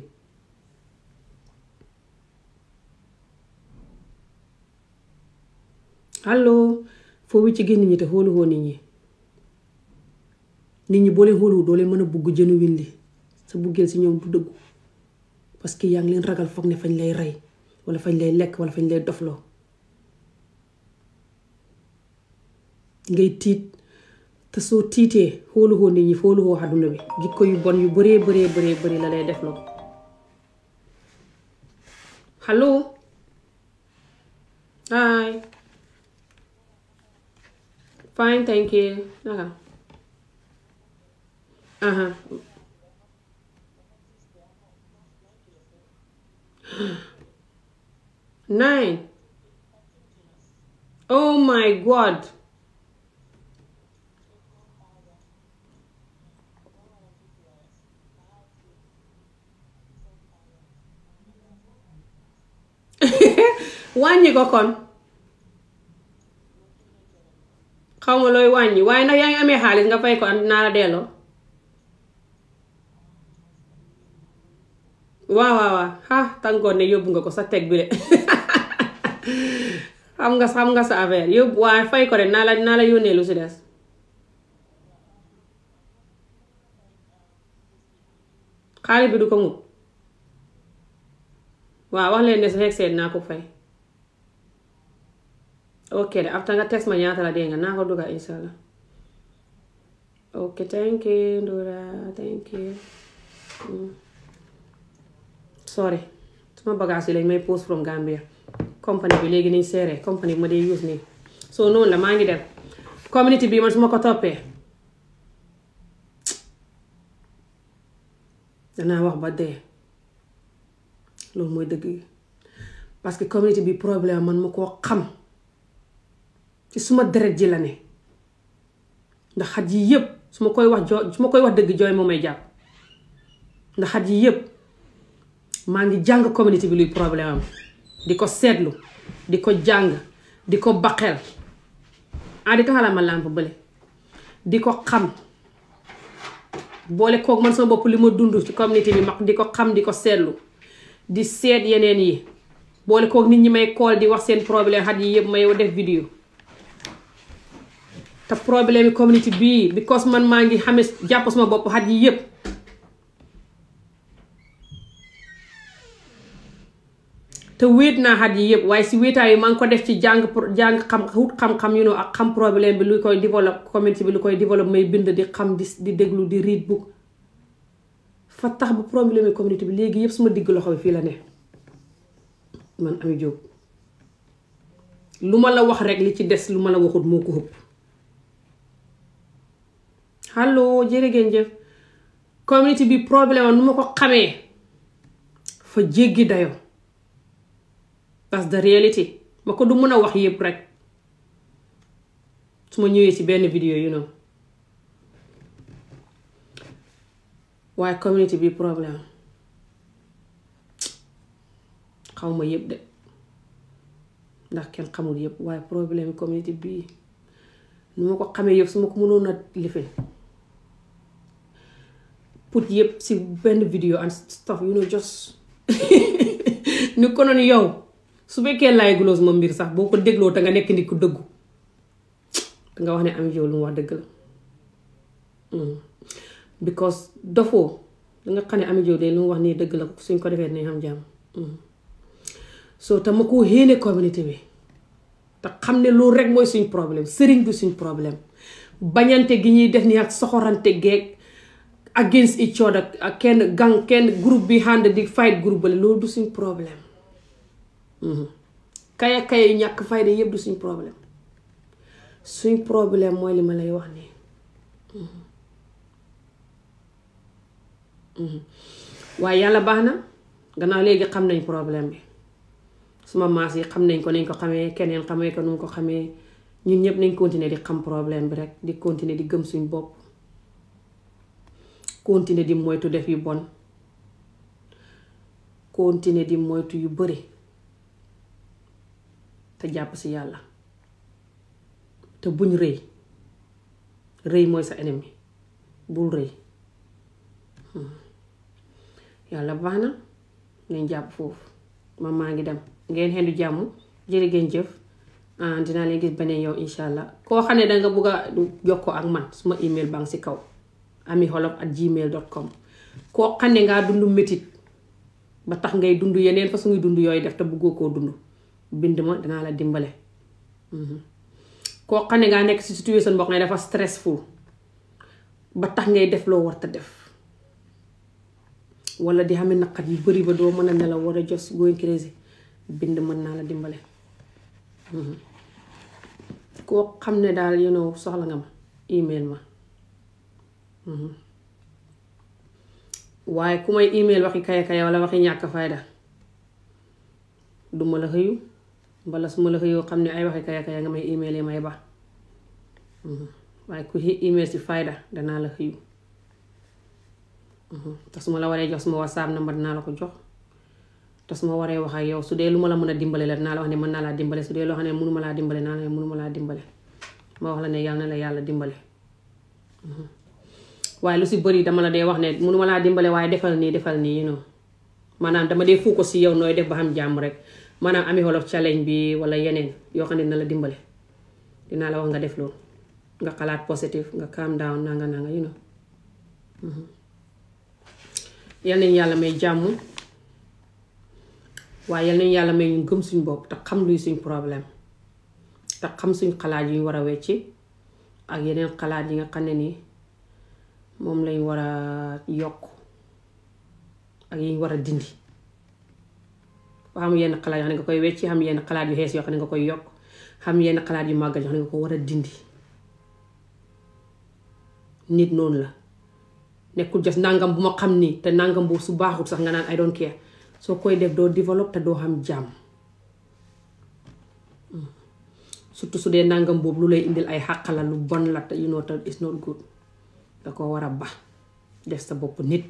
Speaker 1: allo foo wicc génn ñi te xóolu xóo nit ñi nit ñi boo leen xoolul doo leen mën a bugg jënu windi sa buggeel si ñoom du dëggu parce que yaa ngi leen ragal foog ne fañ lay rey wala fañ lay lekk wala fañ lay dofloo ngay tiit te soo tiitee xooluxoo nit ñi xooluxoo àdduna bi jikko yu bon yu bëree bëree bëree bëri la lay def loo allo hi fine thank you Nine. Oh my God. wanyi ko kon looy wàññi waaye nag yaa ngi amee xaalis nga fay ko am la delloo. waaw waaw ah tàngoor ne yóbbu nga ko sa teg bi de xam nga xam nga sa affaire yóbbu waaye fay ko de naa la naa la yónnee lu si des. xaalis bi du ko mu waaw wax leen ne sa seet naa ko fay ok de after nga text ma ñaata la dégg nga naa ko dugal incha allah ok thank you Ndoura thank you. Mm. sorry suma bagage yi lañ may pose from Gambia company bi léegi niñ seere company bi ma dee use nii so noonu la maa ngi dem community bi man suma ko toppee danaa wax ba dee loolu mooy dëgg parce que community bi problème man ma koo xam ci suma deret ji la ne ndax xat yi yëpp suma koy wax jo su koy wax dëgg jooy moo may jàpp ndax xat yi yëpp maa ngi jàng communauté bi luy problème am di ko seetlu di ko jàng di ko baqeel ah di taxalaa ma làmp bële di ko xam boole kook man sama bopp li ma dund ci communauté bi ma di ko xam di ko seetlu di seet yeneen yi boole kook nit ñi may kool di wax seen problème xat yi yëpp may def vidéo te problème yi communauté bii because man maa ngi xame jàpp sama bopp xat yi yëpp te wéet naa xat yi yëpp waaye si wéetaay yi maa ngi ko def ci jàng jàng xam wut xam-xam yu ak xam problème bi lu koy développe community bi lu koy développe may bind di xam di di déglu di read book fa tax bu problème yi community bi léegi yëpp suma digg loxo bi fii la ne man Amie Jobe lu ma la wax rek li ci des lu ma la waxut moo ko xëpp allo jërëjëf community bi problème nu ma ko xamee fa jéggi dayoo parce que réalité ma ko du mën a wax yépp rek su ma ñëwee ci benn vidéo yu noonu waaye communauté bi problème xaw ma yëpp de ndax kenn xamul yëpp waaye problème communauté bi nu ma ko xamee yëpp su ma ko mënoon a lifin put yëpp si benn vidéo and stuff you know just [laughs] ni konoon yow su fekkee laay gulóos ma mbir sax boo ko dégloo te nga nekk nit ku dëggu nga wax ne am yow lu mu wax dëgg hmm. because dofoo nga xam ne am yow de lu mu wax nii dëgg la suñ ko defee am jàmm hmm. so te ma community, héene communauté bi te xam ne loolu rek mooy suñ problème sëriñ bi suñ problème bañante gi ñuy def ni ak soxorante geeg against each other ak kenn gang kenn groupe bi hand di fight groupe bale loolu du suñ problème kaya kaya yu ñàkk fayda yëpp du suñ problème suñ problème mooy li ma lay wax nii mhm. Mhm. waaye yàlla baax na gannaaw léegi xam nañ problème bi suma maas yi xam nañ ko nañ ko xamee keneen xamee ko nu ko xamee ñun ñëpp nañ continuer di xam problème bi rek di continuer di gëm suñ bopp continé di moytu def yu bon continuer di moytu yu bëri te jàpp si yàlla te buñ rëy rëy mooy sa ennemi bul rëy hmm. yàlla baax na nañ jàpp foofu ma maa ngi dem ngeen xendu jàmm jëri ngeen jëf ah, dinaa leen gis beneen yow incha allah koo xam ne bugg ak man suma email baa ngi si kaw ami xolof at gmail dot com koo xam ne ngaa dund métit ba tax ngay dund yeneen façon ngi dund yooyu def te buggoo koo dund bind ma danaa la dimbale mhm. koo xam ne nekk si situation boo tax ngay def loo war ta di xam ne naqat ba doo mën a nelaw war a jos going mën naa la dimbale mhm. koo ne daal you know soxla nga ma email ma mhm. waaye ku may email waxi kaya kaya wala waxi ñàkk fayda duma la xëyu mbala su ma la ko xam ne ay waxi kaya kaya nga may email yi may ba mhm. waaye ku email ci fayda danaa la xiyu mhm. te su ma la waree jox suma whatsapp number dinaa la ko jox te su ma waree wax ak yow su dee lu ma la mën a dimbale la dinaa la wax ne mën naa laa dimbale su dee mënuma laa dimbale naa la laa dimbale ma wax la ne yàlla na la yàlla dimbale mhm. waaye lu si bëri dama la dee wax ne mënuma laa dimbale waaye defal nii defal nii you know maanaam dama dee fuu ko si yow nooy def ba xam jàmm manam ami holof challenge bi wala yenen yo xamne ne na la dimbalé dina la wax nga def loolu nga xalaat positif nga calm down nanga nanga you know yalla nañ yalla may jamm wa yalla nañ yalla may ñu gëm suñu bop ta xam luy suñu problème ta xam suñu xalaat yu wara wéci ak yenen xalaat yi nga xamne ni mom lañ wara yok ak yi wara dindi xam yenn xalaat yoo xam ne nga koy wecc xam yenn xalaat yu xees yoo xam ne nga koy yokk xam yenn xalaat yu màggal yoo xam ne nga ko war a dindi nit noonu la nekkul jos nangam bu ma xam nii te nangam bu su baaxut sax nga naan I don't care soo koy def doo développe te doo xam jàmm hmm. surtout su dee nangam boobu lu lay indil ay xàqala lu bon la te you know te it's not good da ko war a ba def sa bopp nit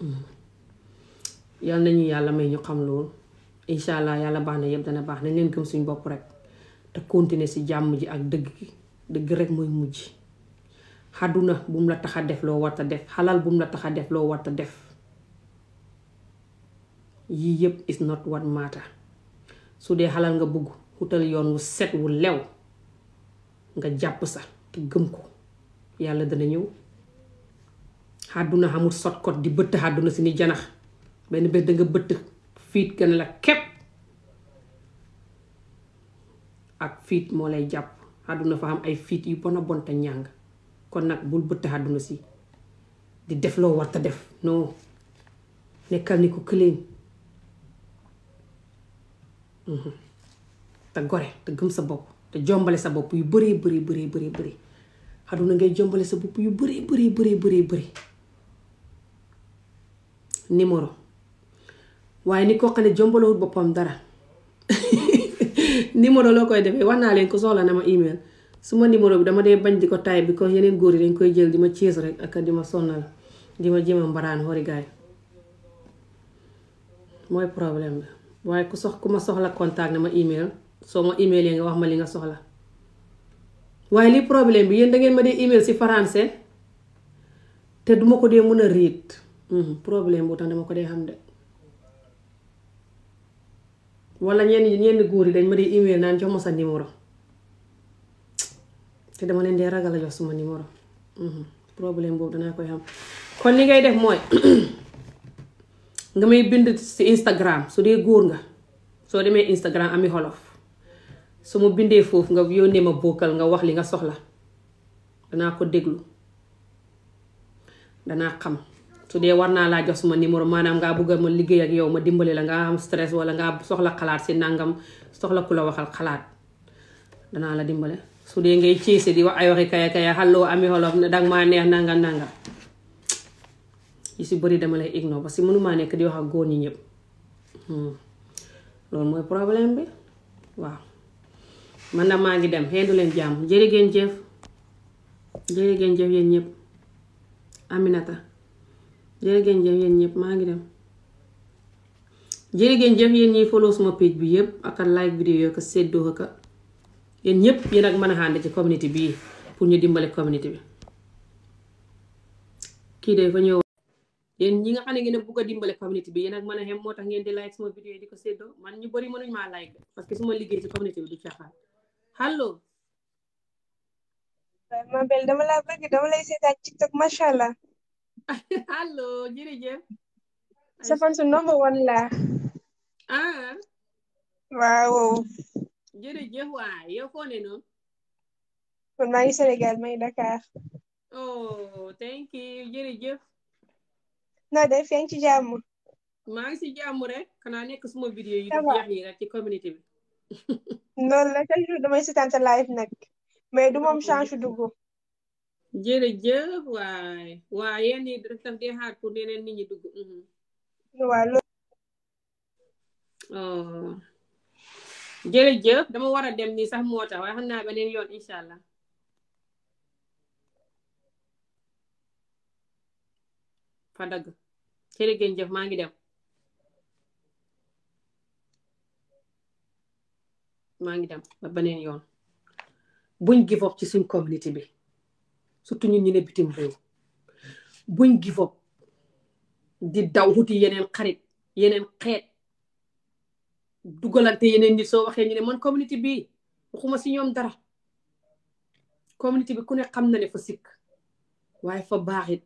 Speaker 1: hmm yal nañu yàlla may ñu xam lool incha allah yàlla baax na yëpp dana baax nañ leen gëm suñu bopp rek te continuer si jàmm ji ak dëgg gi dëgg rek mooy mujj bu mu la tax def loo warta def xalal mu la tax def loo warta def yii yëpp is not what matter su dee xalal nga bëgg hutal yoon wu set wu lew nga jàpp sa te gëm ko yàlla dana ñëw xàdduna xamul kot di bëtt haduna si ni janax benn bés da nga bëtt fiit gën kan la kepp ak fiit moo lay jàpp àdduna fa am ay fiit yu bon a bon te ñàng kon nag bul bëtt àdduna si di def loo war ta def non nekkal ni ko këleen mhm. te gore eh, te gëm sa bopp te eh jombale eh sa bopp yu bëree bëri bëri bëri bëri àdduna ngay jombale sa bopp yu bëree bëri bëri bëri bëri numéro waaye ni ko xam ne jombalawut boppam dara numéro loo koy defee wax naa leen ko soxla na ma email su ma numéro bi dama dee bañ di ko taay bi ko yeneen góor yi dañ koy jël di ma ciis rek ak di ma sonnal di ma jéem mbaraan xori gaay mooy problème bi waaye ku sox ku ma soxla contact na ma email soo ma email yi nga wax ma li nga soxla waaye li problème bi yéen da ngeen ma dee email si français te duma ko dee mën a riit hmm, problème bu tax dama ko dee xam wala ñenn ñenn góor yi dañ ma di email naan jox ma sa numéro te dama leen dee ragal a jox suma numéro mhm. problème boobu danaa koy xam kon li ngay def mooy [clears throat] nga may bind si Instagram su dee góor nga soo demee Instagram Ami Olof su ma bindee foofu nga yónnee ma bokkal nga wax li nga soxla danaa ko déglu danaa xam. su warna war naa laa jox suma numéro maanaam ngaa bëgg ma liggéey ak yow ma dimbali la nga am stress wala nga soxla xalaat si nangam soxla ku la waxal xalaat danaa la dimbale su dee ngay ciise di wax ay waxi kaya kaya xalloo ami xolof ne dag maa neex nanga nanga yi si bëri dama lay igno parce que mënumaa nekk di wax ak góor ñi ñëpp loolu mooy problème bi waaw man na maa ngi dem xeendu leen jàmm jërë jëf jërë jëf yéen ñëpp Aminata jërëgeen jëf yéen ñëpp maa ngi dem jërëgeen jëf yéen ñiy follow sama page bi yëpp ak a like vidéo yo ko séddoo ko yéen ñëpp yéen ak mën a ànd ci community bii pour ñu dimbale community bi kii de fa ñëw yéen ñi nga xam ne ngeen a bugg a dimbale community bi yéen ak mën a xem moo tax ngeen di like sama vidéo di ko séddoo man ñu bari mënuñ maa like parce que su ma liggéey ci community bi du caaxaan allo ma bel dama laa bëgg dama lay seetaan TikTok macha allah [laughs] allo jërëjëf. sa fan su number one la. ah. waaw. jërëjëf waay yow foo ne noonu. kon ngi Sénégal may Dakar. oh thank you jërëjëf. na def yaa ngi ci jàmm. maa ngi ci jàmm rek xanaa nekk suma vidéo yi du jeex yi ci communauté bi. noonu la chaque jour damay seetaan sa live nag mais du moom [laughs] change dugg. jërëjëf waay waa yéen ñi daf dee xaar pour yeneen nit ñi dugg. Mhm. waaw loolu. Oh. jërëjëf dama war a dem nii sax moo tax waaye xam naa beneen yoon incha allah. fa dagg jërëjëf maa ngi dem. maa ngi dem ba beneen yoon buñ give up ci suñ communauté bi. surtout ñun ñu ne bitim réew buñ give up di daw wuti yeneen xarit yeneen xeet dugalante yeneen nit soo waxee ñu ne man communauté bi waxuma si ñoom dara communauté bi ku ne xam na ne fa sikk waaye fa baax it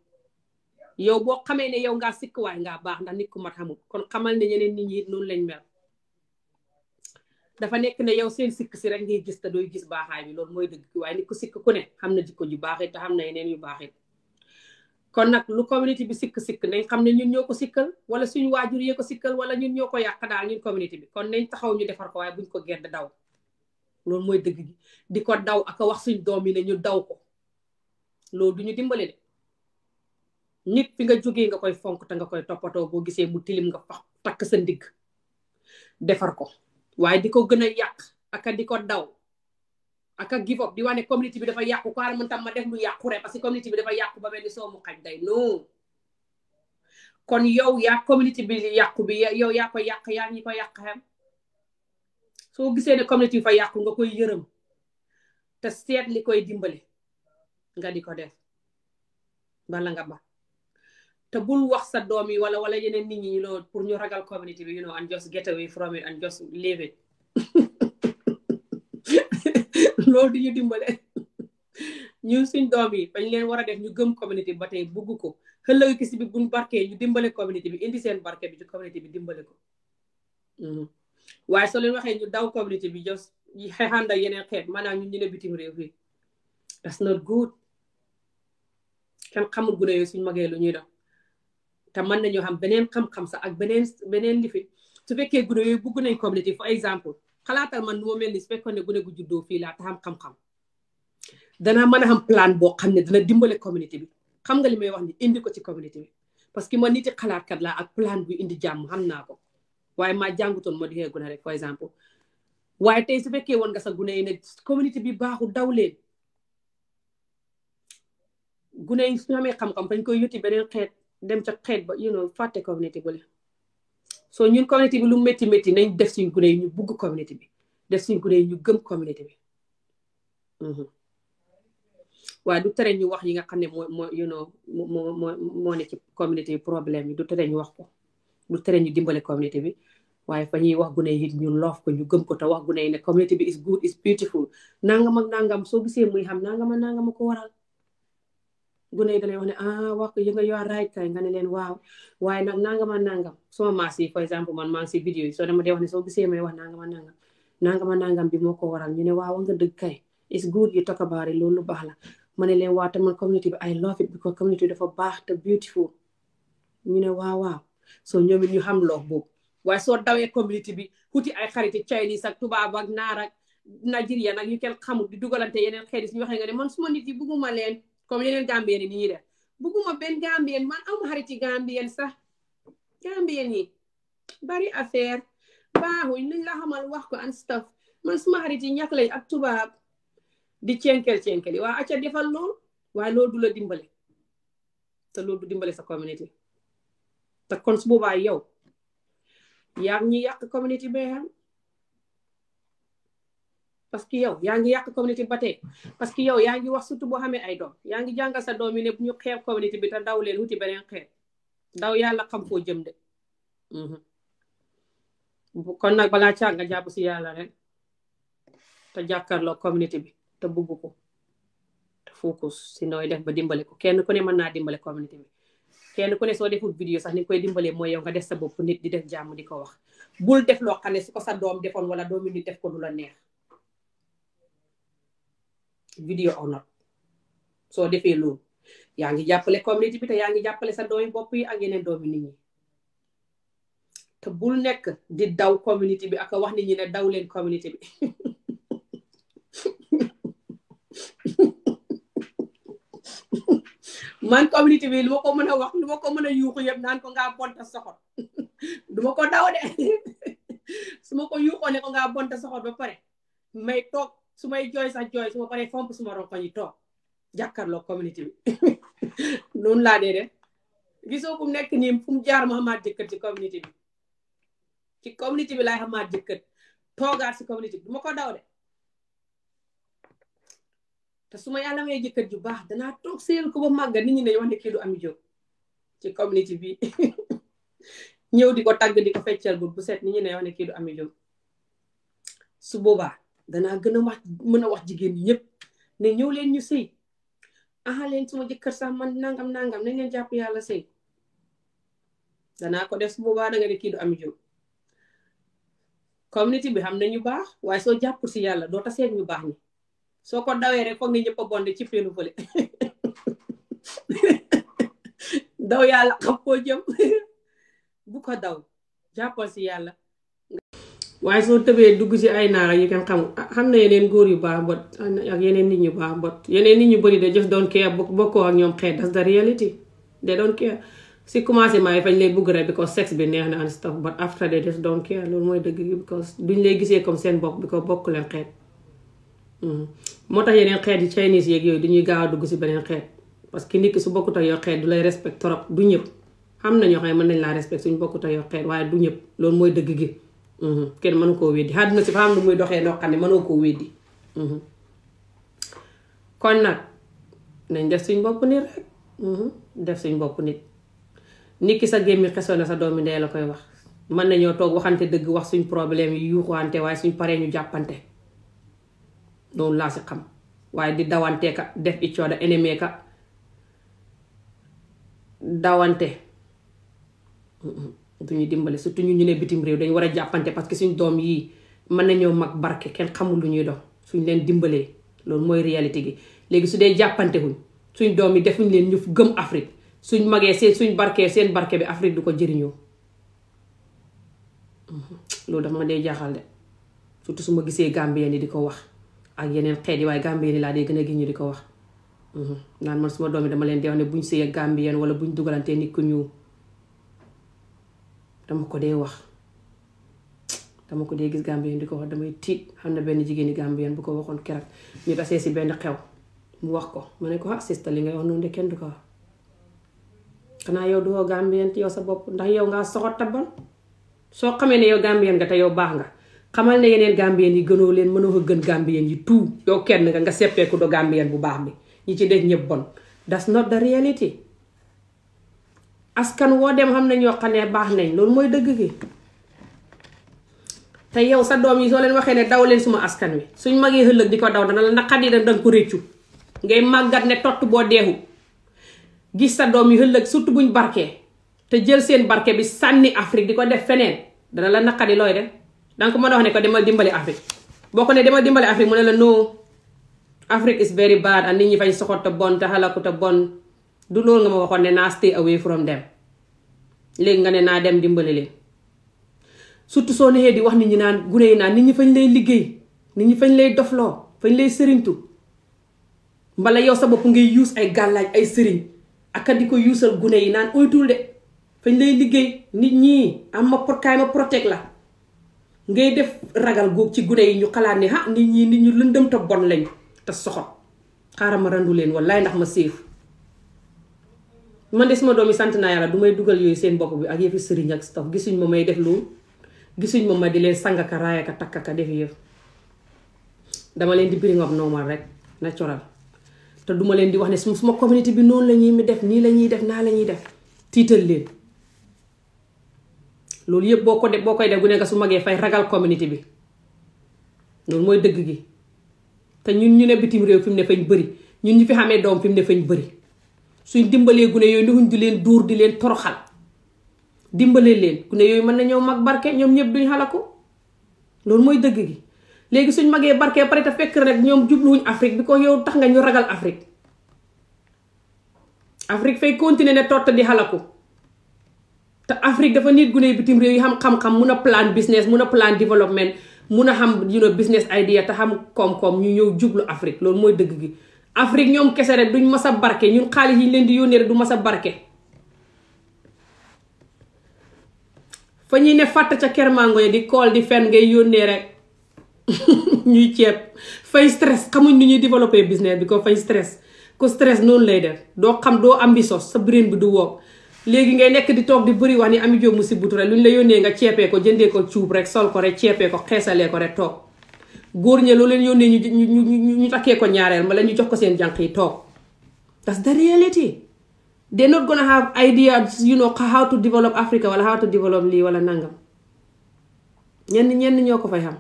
Speaker 1: yow boo xamee ne yow ngaa sikk waaye ngaa baax ndax nit ku mat kon xamal ne yeneen nit ñi it noonu lañ mel dafa nekk ne yow seen sikk si rek ngay gis te dooy gis baaxaay bi loolu mooy dëgg waaye nit ku sikk ku ne xam na jikko ju baax it te na yeneen yu baax kon nag lu communauté bi sikk-sikk nañ xam ne ñun ñoo ko sikkal wala suñu waajur yee ko sikkal wala ñun ñoo ko yàq daal ñun communauté bi kon nañ taxaw ñu defar ko waaye buñ ko gedd daw loolu mooy dëgg gi di ko daw ak wax suñ doom yi ne ñu daw ko loolu du ñu dimbali de nit fi nga jógee nga koy fonk te nga koy toppatoo boo gisee mu tilim nga fax takk sa ndigg defar ko waaye di ko gën a yàq aka di ko daw aka give up di wax ne community bi dafa yàqu ko man tam ma def mu yàqu rek parce que community bi dafa yàqu ba mel ni soo mu xaj day non kon yow yaa community bi yàqu bi yow yaa ko yàq yaa ñi ko yàq xem soo gisee ne community bi fa yàqu nga koy yërëm te seet li koy dimbali nga di ko def bala nga ba te bul wax sa doom yi wala wala yeneen nit ñi you know pour ñu ragal community bi you know and just get away from it and just leave it [laughs] loolu du ñu dimbale ñun suñ doom yi dañ leen war a def ñu gëm community bi ba tey bugg ko xëllëg kisi bi buñ barkee ñu dimbale community bi indi seen barke bi ci community bi dimbale ko mhm. waaye soo leen waxee ñu daw community bi just xeexanda yeneen xeet maanaam ñun ñu ne bitim réew fii that's not good kenn xamul gune yooyu suñ magee lu ñuy def te mën nañoo xam beneen xam-xam sax ak beneen beneen lifin su fekkee gune yooyu bugg nañ communauté for exemple xalaatal man lu ma mel ni su gune gu juddoo fii laa te xam danaa mën a xam plan boo xam ne dina dimbale communauté bi xam nga li may wax ni indi ko ci communauté bi parce que man niti xalaatkat laa ak plan bu indi jàmm xam naa ko waaye maa jàngutoon moo dikkee gune rek for exemple waaye su fekkee woon nga sax gune yi ne communauté bi baaxu daw leen gune yi su amee xam-xam dañ koy yuti beneen xeet dem ca xeet ba you know fàtte communauté bu le so ñun communauté bi lu métti métti nañ def suñ gune yi ñu bugg communauté bi def suñ gune yi ñu gëm communauté bi mhm. waaye du tere ñu wax yi nga xam ne moo moo you moo moo moo ne ci communauté bi problème yi du tere ñu wax ko du tere ñu dimbale communauté bi waaye fa ñuy wax gune yi ñu loof ko ñu gëm ko te wax gune yi ne communauté bi is good is beautiful nangam ma nangam soo gisee muy xam ma ak ma ko waral gune yi dañuy wax ne ah wax ko yënga yoo kay nga ne leen waaw waaye nag nangam ak nangam suma maas yi for exemple man maa ngi so vidéo yi soo dama dee wax ne soo gisee may wax nangam ak nangam bi moo ko waral ñu ne waaw nga dëgg kay is good yu tokka loolu lu baax la ma ne leen waa tamit community bi I love it because community dafa baax te beautiful ñu ne waaw waaw soo ñoom it ñu xam loof boobu waaye soo dawee community bi xuti ay xariti Chinese ak tubaab ak naar ak Nigeria nag yu kenn xamul di dugalante yeneen xeet yi ñu waxee nga ne man leen comme yeneen gambien yi ni ñuy def bugguma benn gambien man awma xarit yi gambien sax gambien yi bari affaire baaxuñ luñ la xamal wax ko and stuff man suma xarit yi ñàkk lañ ak tubaab di cenkel cenkel yi waa acca defal loolu waaye loolu du la dimbali te loolu du dimbale sa community te kon su boobaa yow yaa ngi yàq community bi parce que yow yaa ngi yàq bi ba tey parce que yow yaa ngi wax surtout boo xamee ay doom yaa ngi jàngal sa doom yi ne ñu xeeb bi te daw leen wuti beneen xeeb daw yàlla xam foo jëm de mhm. kon nag balaa caa nga jàpp si yàlla rek te jàkkaarloo community bi te bugg ko te focus si nooy def ba dimbale ko kenn ku ne mën naa dimbale community bi kenn ku ne soo deful vidéo sax ni koy dimbalee mooy yow nga def sa bopp nit di def jàmm di ko wax bul def loo xam ne su ko sa doom defoon wala doomi nit def ko lu la neex video or not soo defee loolu yaa ngi jàppale community bi te yaa ngi jàppale sa doomi bopp yi ak yeneen doomi nit ñi te bul nekk di daw community bi aka wax nit ñi ne daw leen community bi [laughs] man community bi lu ko mën a wax lu ma ko mën a yuuxu yëpp naan ko ngaa bonta soxor [laughs] du ko daw de [laughs] su ma ko yuuxoo ne ko ngaa bonta soxor ba pare may toog su may jooy sax jooy su ma paree fomp suma ronko ñi toog jàkkaarloo community bi [laughs] noonu laa dee de gisoo fu mu nekk nii fu mu jaar ma xamaat jëkkër ci community bi ci community bi laay xamaat jëkkër toogaat si community bi du ma ko daw de te su ma yàlla may jëkkër ju baax danaa toog séel ko ba màgga nit ñi ne wax ne kii du ami ci community bi [laughs] ñëw di ko tàgg di ko feccal bu bu set ni ñi ne wax ne kii du ami jóg su boobaa danaa gën a wax mën a wax jigéen ñi ñëpp ne ñëw leen ñu sëy aha leen suma jëkkër sax man nangam nangam nañ leen jàpp yàlla sëy danaa ko def su boobaa da nga ne kii du am jom community bi xam nañu baax waaye soo jàppul si yàlla doo taseet ñu baax mi soo ko dawee rek foog nga ñëpp a bonde ci féenu fële [laughs] daw yàlla xam koo jëm [laughs] bu ko daw jàppal si yàlla waaye soo tëbee dugg ci ay naar yi kenn xamul ah, xam na yeneen góor yu baax mbot ah, ak yeneen nit ñu baax mbot yeneen nit ñu bëri day just don't care bokkoo ak ñoom xeet that's the reality they don't care si commencement yi fañ lay bugg rek because sexe bi neex na and stuff but after they just don't mooy dëgg because duñ lay gisee comme seen bopp because bokk leen xeet hmm. moo tax yeneen xeet yi Chinese yeeg yooyu duñuy gaaw a dugg si beneen xeet parce que nit su bokkut ak yoo xeet du lay respect trop du ñëpp xam na ñoo mën nañ laa respect suñ bokkut ak yoo xeet ñëpp loolu mooy dëgg gi Mhm. kenn mënu koo weddi àdduna si fa am lu muy doxee noo xam ne mënoo koo weddi mhm. kon nag nañ def suñ bopp nit rek mhm. def suñ bopp nit nit ki sa gémmi xesoo sa sa doomi ndey la koy wax mën nañoo toog waxante dëgg wax suñ problème yi yuuxuwante waaye suñ paree ñu jàppante loolu laa si xam waaye di dawante ka def i cooda ka dawante ñu dimbale surtout ñu ñu ne bitim réew dañu war a jàppante parce que suñ doom yii mën ñëw mag barke kenn xamul lu ñuy dox suñ leen dimbalee loolu mooy réalité gi léegi su dee jàppante wuñ suñ doom yi defuñ leen ñu gëm Afrique suñ magee seen suñ barkee seen barke bi Afrique du ko jëriñoo mm-hmm. loolu dafa ma dee jaaxal su ma gisee Gambien yi di ko wax ak yeneen xeet yi waaye Gambien laa dee gën a di ko wax mm-hmm. naan man suma doom yi dama leen dee wax ne buñ sëy ak Gambien wala buñ dugalantee nit ku ñuul dama ko dee wax dama ko dee gis gambien di ko wax damay tiit xam na benn jigéeni gambien bu ko waxoon keroog ñu tasee si benn xew mu wax ko mu ne ko ah sista li ngay wax noonu de kenn du ko wax xanaa yow doo ti yow sa bopp ndax yow ngaa soxot tabal soo xamee ne yow gambien nga te yow baax nga xamal ne yeneen gambien yi gënoo leen mënoo ko gën gambien yi tout yow kenn nga nga seppeeku do gambien bu baax bi ñi ci des ñëpp bon that's not the reality askan woo dem xam na ñoo xam ne baax nañ loolu mooy dëgg gi te yow sa doom yi soo leen waxee ne daw leen suma askan wi suñ magee ëllëg di ko daw dana la naqat yi danga ko réccu ngay màggat ne tott boo deexu gis sa doom yi ëllëg surtout buñ barkee te jël seen barke bi sànni Afrique di ko def feneen dana la naqat yi looy def danga ko mën a wax ne ko demal dimbali Afrique boo ko ne demal dimbali Afrique mu ne la no Afrique is very bad ak nit ñi fañ soxot te bon bon du loolu nga ma waxoon ne naa stay away from dem léegi nga ne naa dem dimbale leen surtout soo nekkee di wax nit ñi naan gune yi naan nit ñi fañ lay liggéey nit ñi fañ lay dofloo fañ lay sëriñtu mbala yow sa bopp ngay yuus ay gàllaaj ay sëriñ ak di ko yuusal gune yi naan oytul de fañ lay liggéey nit ñi am ma porkaay ma protect la ngay def ragal góog ci gune yi ñu xalaat ni ah nit ñi nit ñu lëndëm te bon lañ te soxot xaaral ma randu leen wallaay ndax ma séef man de suma doom yi sant naa yàlla du may dugal yooyu seen bopp bi ak yëfi sëriñ ak staf gisuñ ma may def loolu gisuñ ma ma di leen sangaka raayaka takkaka def yëf dama leen di bring up normal rek natural te duma leen di wax ne suma communauté bi noonu la ñuy mi def nii la ñuy def naa la ñuy def tiital leen loolu yëpp boo ko def boo koy def gu nekk su magee fay ragal communauté bi loolu mooy dëgg gi te ñun ñu ne bitim réew fi mu ne fañ bëri ñun ñu fi xamee doom fi mu ne fañ bëri suñ dimbalee gune yooyu nduñ di len dur di len toroxal dimbalé len gune mag barke ñom ñëpp duñ xalaku lool moy dëgg gi légui suñ magé barke paré ta fekk rek jublu wuñ afrique biko yow tax nga ñu ragal afrique afrique fay continuer né torta di xalaku ta afrique dafa nit gune bitim réew yi xam xam-xam mëna plan business mëna plan développement mëna xam you know business idea ta xam kom kom ñu ñew jublu afrique lool moy dëgg gi Afrique ñoom kese rek duñ mas a barke ñun xaalis yi ñu leen di yónnee rek du mas a barke fa ñuy ne fàtt ca kermango yi di kool di fen ngay yónnee rek [laughs] ñuy ceeb fay stress xamuñ ni ñuy développé business bi ko fay stress ku stress noonu lay def doo xam doo am bi sos sa brain bi du wow léegi ngay nekk di toog di bari wax ni Ami Jobe Musibutu rek lu ñu la yónnee nga ceebee ko jëndee ko cuub rek sol ko rek ceebee ko xeesalee ko rek toog goor ñe loo leen yónnee ñu ñu ñu ñu takkee ko ñaareel leen ñu jox ko seen jànq yi toog that's the reality they're not gonna have ideas you know how to develop Africa wala how to develop lii wala nangam ñenn ñenn ñoo ko fay xam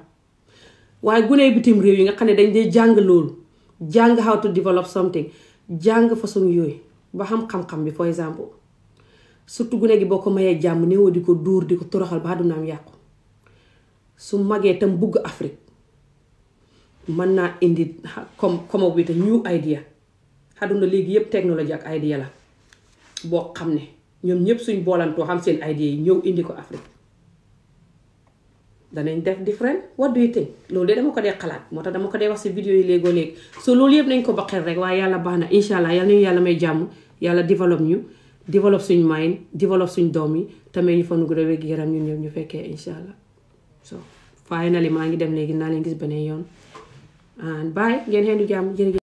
Speaker 1: waaye gune bitim réew yi nga xam ne dañ dee jàng loolu jàng how to develop something jàng façon yooyu ba xam xam-xam bi for example surtout gune gi boo ko mayee jàmm néewoo di ko dóor di ko toroxal ba àddunaam yàqu su magee tam bugg Afrique mën naa indi comme come up with a new idea xaduna léegi yëpp technologie ak idea la boo xam ne ñoom ñëpp suñ boolantoo xam seen idea yi ñëw indi ko Afrique danañ def different what do you loolu de dama ko dee xalaat moo tax dama ko dee wax si vidéo yi léegoo léegi so loolu yëpp nañ ko baqeel rek waaye yàlla baax na incha allah yal nañu yàlla may jàmm yàlla développe ñu développe suñ mind développe suñ doom yi tamit ñu fa nu guddee wér yaram ñun ñëpp ñu fekkee incha allah so finally maa ngi dem léegi naa leen gis beneen yoon and bye ngeen xeendu jàmm jërëjëf